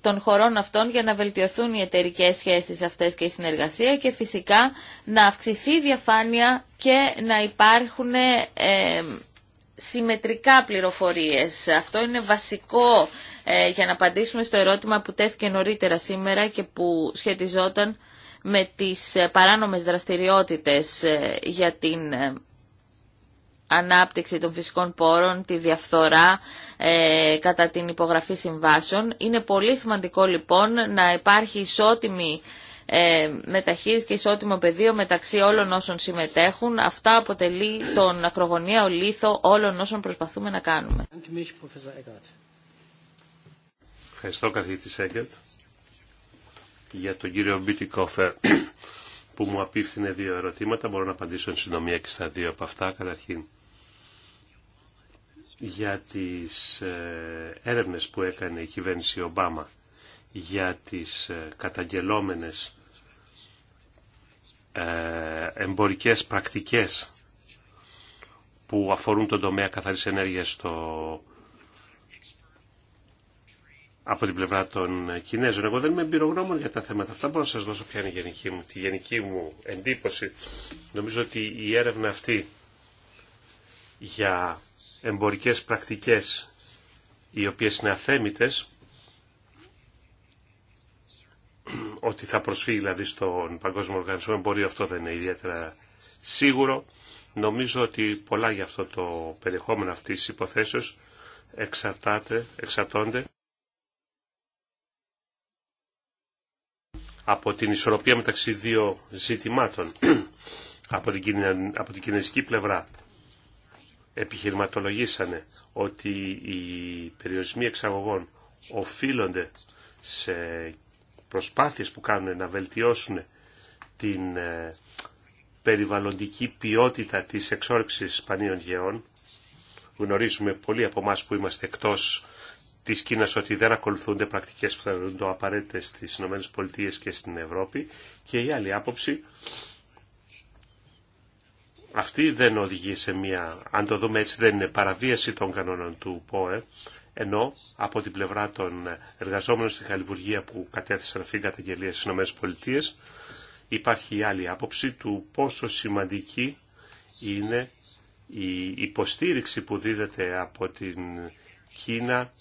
των χωρών αυτών για να βελτιωθούν οι εταιρικές σχέσεις αυτές και η συνεργασία και φυσικά να αυξηθεί η διαφάνεια και να υπάρχουν ε, συμμετρικά πληροφορίες. Αυτό είναι βασικό ε, για να απαντήσουμε στο ερώτημα που τέθηκε νωρίτερα σήμερα και που σχετιζόταν με τις ε, παράνομες δραστηριότητες ε, για την ανάπτυξη των φυσικών πόρων, τη διαφθορά κατά την υπογραφή συμβάσεων. Είναι πολύ σημαντικό λοιπόν να υπάρχει ισότιμη ε, μεταχείριση και ισότιμο πεδίο μεταξύ όλων όσων συμμετέχουν. Αυτά αποτελεί τον ακρογωνια λίθο όλων όσων προσπαθούμε να κάνουμε. Ευχαριστώ καθηγητή Σέγκερτ για τον κύριο Κοφέρ που μου απίφθινε δύο ερωτήματα. Μπορώ να απαντήσω εν συντομία και στα δύο από αυτά. Καταρχήν, για τις ε, έρευνες που έκανε η κυβέρνηση Ομπάμα για τις ε, καταγγελόμενες ε, εμπορικές πρακτικές που αφορούν τον τομέα καθαρής ενέργειας στο... από την πλευρά των Κινέζων. Εγώ δεν είμαι εμπειρογνώμων για τα θέματα αυτά, μπορώ να σας δώσω ποια είναι η γενική μου, τη γενική μου εντύπωση. Νομίζω ότι η έρευνα αυτή για εμπορικές πρακτικές οι οποίες είναι αθέμητες ότι θα προσφύγει δηλαδή στον Παγκόσμιο Οργανισμό μπορεί αυτό δεν είναι ιδιαίτερα σίγουρο. Νομίζω ότι πολλά για αυτό το περιεχόμενο αυτής της υποθέσεως εξαρτάται, εξαρτώνται από την ισορροπία μεταξύ δύο ζητημάτων από την, από την κινέζικη πλευρά επιχειρηματολογήσανε ότι οι περιορισμοί εξαγωγών οφείλονται σε προσπάθειες που κάνουν να βελτιώσουν την ε, περιβαλλοντική ποιότητα της εξόρυξης σπανίων γεών. Γνωρίζουμε πολλοί από εμά που είμαστε εκτός της Κίνας ότι δεν ακολουθούνται πρακτικές που θα το απαραίτητε στις ΗΠΑ και στην Ευρώπη. Και η άλλη άποψη, αυτή δεν οδηγεί σε μια, αν το δούμε έτσι δεν είναι παραβίαση των κανόνων του ΠΟΕ, ενώ από την πλευρά των εργαζόμενων στη Χαλιβουργία που κατέθεσαν αυτήν την καταγγελία στις ΗΠΑ υπάρχει η άλλη άποψη του πόσο σημαντική είναι η υποστήριξη που δίδεται από την Κίνα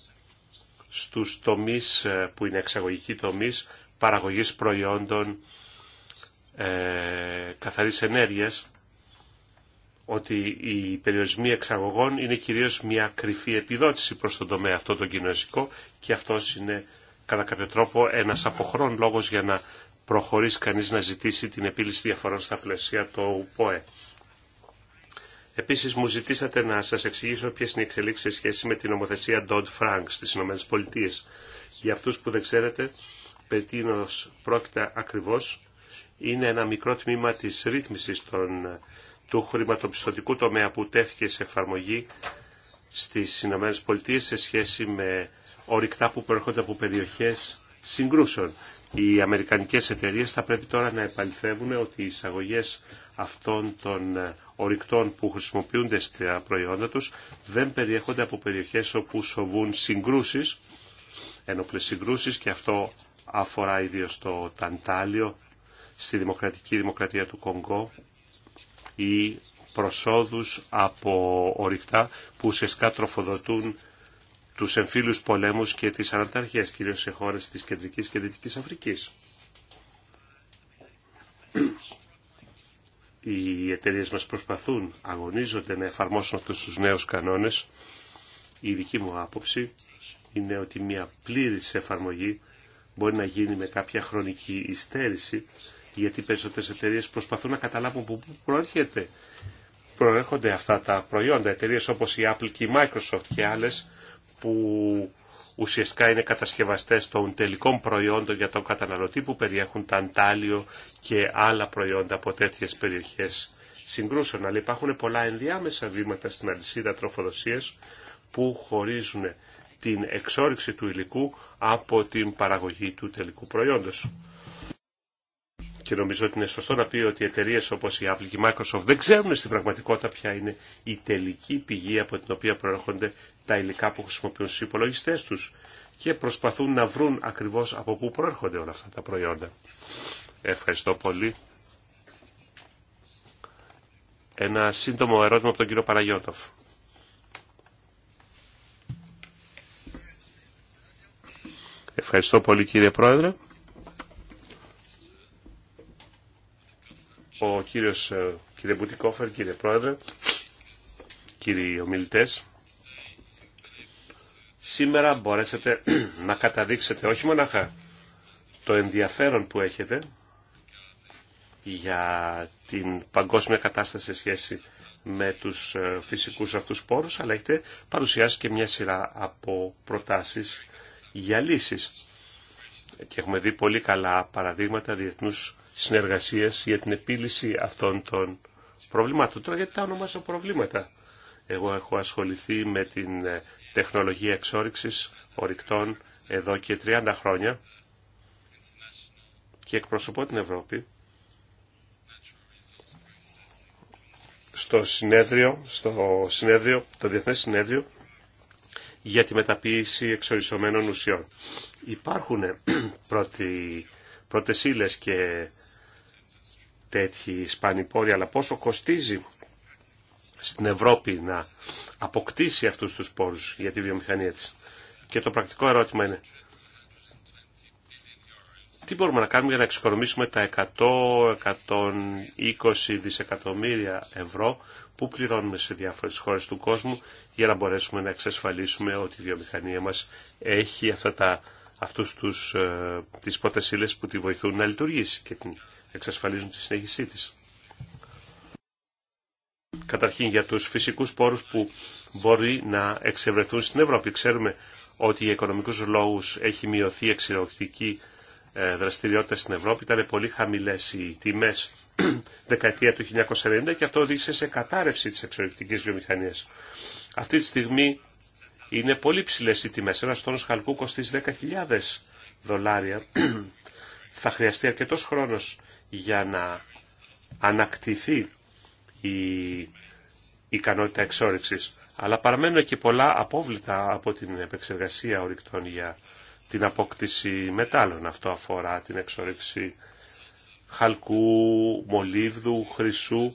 στους τομείς ε, που είναι εξαγωγικοί τομείς παραγωγής προϊόντων ε, καθαρής ενέργειας ότι οι περιορισμοί εξαγωγών είναι κυρίως μια κρυφή επιδότηση προς τον τομέα αυτό τον κοινωνιστικό και αυτός είναι κατά κάποιο τρόπο ένας αποχρόν λόγος για να προχωρήσει κανείς να ζητήσει την επίλυση διαφορών στα πλαίσια του ΠΟΕ. Επίσης μου ζητήσατε να σας εξηγήσω ποιες είναι οι εξελίξεις σε σχέση με την νομοθεσία Dodd-Frank στις ΗΠΑ. Για αυτούς που δεν ξέρετε, πετύνος πρόκειται ακριβώς, είναι ένα μικρό τμήμα της ρύθμισης των του χρηματοπιστωτικού τομέα που τέθηκε σε εφαρμογή στις ΗΠΑ σε σχέση με ορυκτά που προέρχονται από περιοχές συγκρούσεων. Οι αμερικανικές εταιρείες θα πρέπει τώρα να επαληθεύουν ότι οι εισαγωγές αυτών των ορυκτών που χρησιμοποιούνται στα προϊόντα τους δεν περιέχονται από περιοχές όπου σοβούν συγκρούσεις, ενόπλες συγκρούσεις και αυτό αφορά ιδίως το Ταντάλιο, στη Δημοκρατική Δημοκρατία του Κονγκό ή προσόδους από ορυκτά που ουσιαστικά τροφοδοτούν τους εμφύλους πολέμους και τις αναταρχίες, κυρίως σε χώρες της Κεντρικής και Δυτικής Αφρικής. Οι εταιρείε μας προσπαθούν, αγωνίζονται να εφαρμόσουν αυτούς τους νέους κανόνες. Η δική μου άποψη είναι ότι μια πλήρης εφαρμογή μπορεί να γίνει με κάποια χρονική υστέρηση γιατί οι περισσότερε εταιρείε προσπαθούν να καταλάβουν που προέρχεται. Προέρχονται αυτά τα προϊόντα. Εταιρείε όπω η Apple και η Microsoft και άλλε, που ουσιαστικά είναι κατασκευαστέ των τελικών προϊόντων για τον καταναλωτή που περιέχουν τα ταντάλιο και άλλα προϊόντα από τέτοιε περιοχέ συγκρούσεων. Αλλά υπάρχουν πολλά ενδιάμεσα βήματα στην αλυσίδα τροφοδοσία που χωρίζουν την εξόριξη του υλικού από την παραγωγή του τελικού προϊόντος και νομίζω ότι είναι σωστό να πει ότι εταιρείε όπως η Apple και η Microsoft δεν ξέρουν στην πραγματικότητα ποια είναι η τελική πηγή από την οποία προέρχονται τα υλικά που χρησιμοποιούν στου υπολογιστέ τους και προσπαθούν να βρουν ακριβώς από πού προέρχονται όλα αυτά τα προϊόντα. Ευχαριστώ πολύ. Ένα σύντομο ερώτημα από τον κύριο Παραγιώτοφ. Ευχαριστώ πολύ κύριε Πρόεδρε. ο κύριος ε, κύριε Μπουτικόφερ, κύριε Πρόεδρε, κύριοι ομιλητές. Σήμερα μπορέσετε να καταδείξετε όχι μονάχα το ενδιαφέρον που έχετε για την παγκόσμια κατάσταση σε σχέση με τους ε, φυσικούς αυτούς πόρους, αλλά έχετε παρουσιάσει και μια σειρά από προτάσεις για λύσεις. Και έχουμε δει πολύ καλά παραδείγματα διεθνούς συνεργασίες για την επίλυση αυτών των προβλημάτων. Τώρα γιατί τα ονομάζω προβλήματα. Εγώ έχω ασχοληθεί με την ε, τεχνολογία εξόριξης ορυκτών εδώ και 30 χρόνια και εκπροσωπώ την Ευρώπη στο συνέδριο, στο συνέδριο, το Διεθνές Συνέδριο για τη μεταποίηση εξορισωμένων ουσιών. Υπάρχουν πρώτοι πρωτεσίλες και τέτοιοι πόροι αλλά πόσο κοστίζει στην Ευρώπη να αποκτήσει αυτούς τους πόρους για τη βιομηχανία της. Και το πρακτικό ερώτημα είναι, τι μπορούμε να κάνουμε για να εξοικονομήσουμε τα 100-120 δισεκατομμύρια ευρώ που πληρώνουμε σε διάφορες χώρες του κόσμου για να μπορέσουμε να εξασφαλίσουμε ότι η βιομηχανία μας έχει αυτά τα αυτούς τους, ε, τις πρώτες που τη βοηθούν να λειτουργήσει και την εξασφαλίζουν τη συνέχισή της. Καταρχήν για τους φυσικούς πόρους που μπορεί να εξευρεθούν στην Ευρώπη. Ξέρουμε ότι για οικονομικούς λόγους έχει μειωθεί η ε, δραστηριότητα στην Ευρώπη. Ήταν πολύ χαμηλές οι τιμές δεκαετία του 1990 και αυτό οδήγησε σε κατάρρευση της εξορυκτικής βιομηχανίας. Αυτή τη στιγμή είναι πολύ ψηλέ οι τιμέ. Ένα τόνο χαλκού κοστίζει 10.000 δολάρια. Θα χρειαστεί αρκετό χρόνο για να ανακτηθεί η ικανότητα εξόρυξης. Αλλά παραμένουν και πολλά απόβλητα από την επεξεργασία ορυκτών για την απόκτηση μετάλλων. Αυτό αφορά την εξόρυξη χαλκού, μολύβδου, χρυσού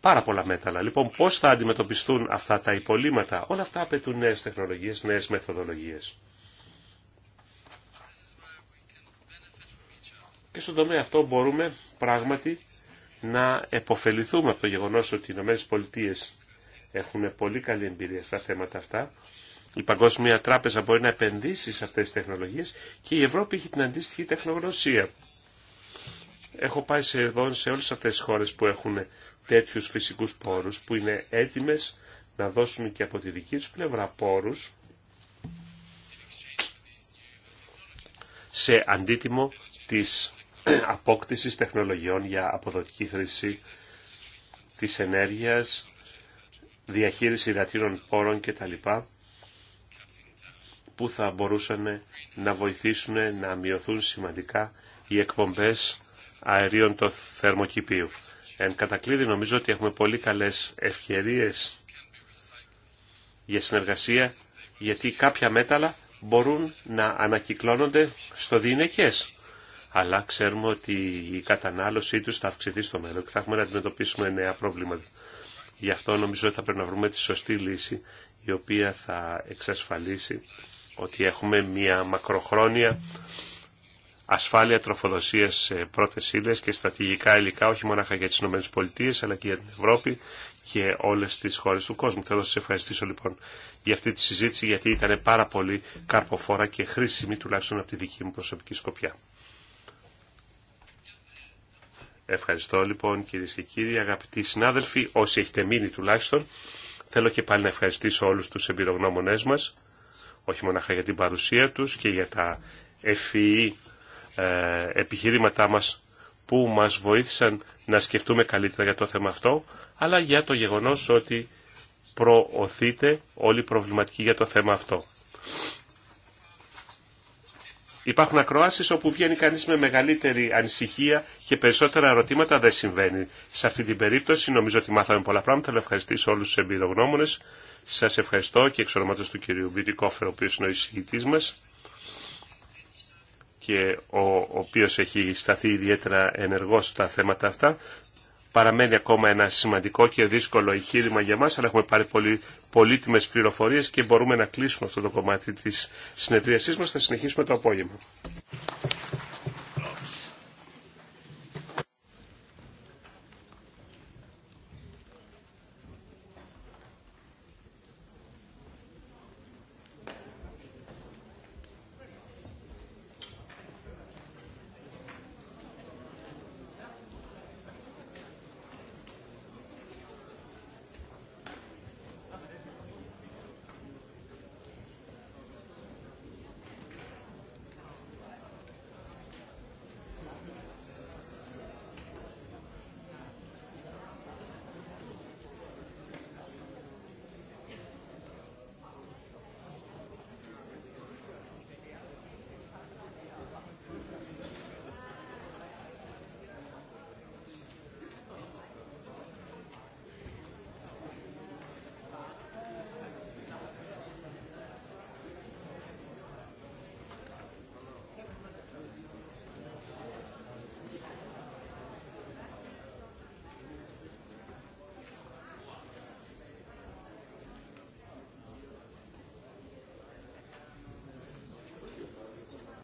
πάρα πολλά μέταλλα. Λοιπόν, πώ θα αντιμετωπιστούν αυτά τα υπολείμματα. Όλα αυτά απαιτούν νέε τεχνολογίε, νέε μεθοδολογίε. Και στον τομέα αυτό μπορούμε πράγματι να επωφεληθούμε από το γεγονός ότι οι Ηνωμένες Πολιτείες έχουν πολύ καλή εμπειρία στα θέματα αυτά. Η Παγκόσμια Τράπεζα μπορεί να επενδύσει σε αυτές τις τεχνολογίες και η Ευρώπη έχει την αντίστοιχη τεχνογνωσία. Έχω πάει σε εδώ σε όλες αυτές τις χώρες που έχουν τέτοιους φυσικούς πόρους που είναι έτοιμες να δώσουν και από τη δική τους πλευρά πόρους σε αντίτιμο της απόκτησης τεχνολογιών για αποδοτική χρήση της ενέργειας, διαχείριση υδατήρων πόρων κτλ. που θα μπορούσαν να βοηθήσουν να μειωθούν σημαντικά οι εκπομπές αερίων του θερμοκηπίου. Εν κατακλείδη νομίζω ότι έχουμε πολύ καλές ευκαιρίες για συνεργασία γιατί κάποια μέταλλα μπορούν να ανακυκλώνονται στο διηνεκές. Αλλά ξέρουμε ότι η κατανάλωσή τους θα αυξηθεί στο μέλλον και θα έχουμε να αντιμετωπίσουμε νέα προβλήματα. Γι' αυτό νομίζω ότι θα πρέπει να βρούμε τη σωστή λύση η οποία θα εξασφαλίσει ότι έχουμε μια μακροχρόνια ασφάλεια τροφοδοσία σε πρώτε ύλε και στρατηγικά υλικά όχι μόνο για τι ΗΠΑ αλλά και για την Ευρώπη και όλε τι χώρε του κόσμου. Θέλω να σα ευχαριστήσω λοιπόν για αυτή τη συζήτηση γιατί ήταν πάρα πολύ καρποφόρα και χρήσιμη τουλάχιστον από τη δική μου προσωπική σκοπιά. Ευχαριστώ λοιπόν κυρίε και κύριοι, αγαπητοί συνάδελφοι, όσοι έχετε μείνει τουλάχιστον. Θέλω και πάλι να ευχαριστήσω όλου του εμπειρογνώμονε μα, όχι μόνο για την παρουσία του και για τα ευφυή ε, επιχειρήματά μας που μας βοήθησαν να σκεφτούμε καλύτερα για το θέμα αυτό, αλλά για το γεγονός ότι προωθείτε όλοι προβληματικοί προβληματική για το θέμα αυτό. Υπάρχουν ακροάσεις όπου βγαίνει κανείς με μεγαλύτερη ανησυχία και περισσότερα ερωτήματα δεν συμβαίνει. Σε αυτή την περίπτωση νομίζω ότι μάθαμε πολλά πράγματα. Θέλω ευχαριστήσω όλους τους εμπειρογνώμονες. Σας ευχαριστώ και εξ του κυρίου Κόφερ ο οποίος είναι ο μας και ο οποίος έχει σταθεί ιδιαίτερα ενεργός στα θέματα αυτά. Παραμένει ακόμα ένα σημαντικό και δύσκολο εγχείρημα για μας, αλλά έχουμε πάρει πολύ, πολύτιμες πληροφορίες και μπορούμε να κλείσουμε αυτό το κομμάτι της συνεδρίασής μας. Θα συνεχίσουμε το απόγευμα.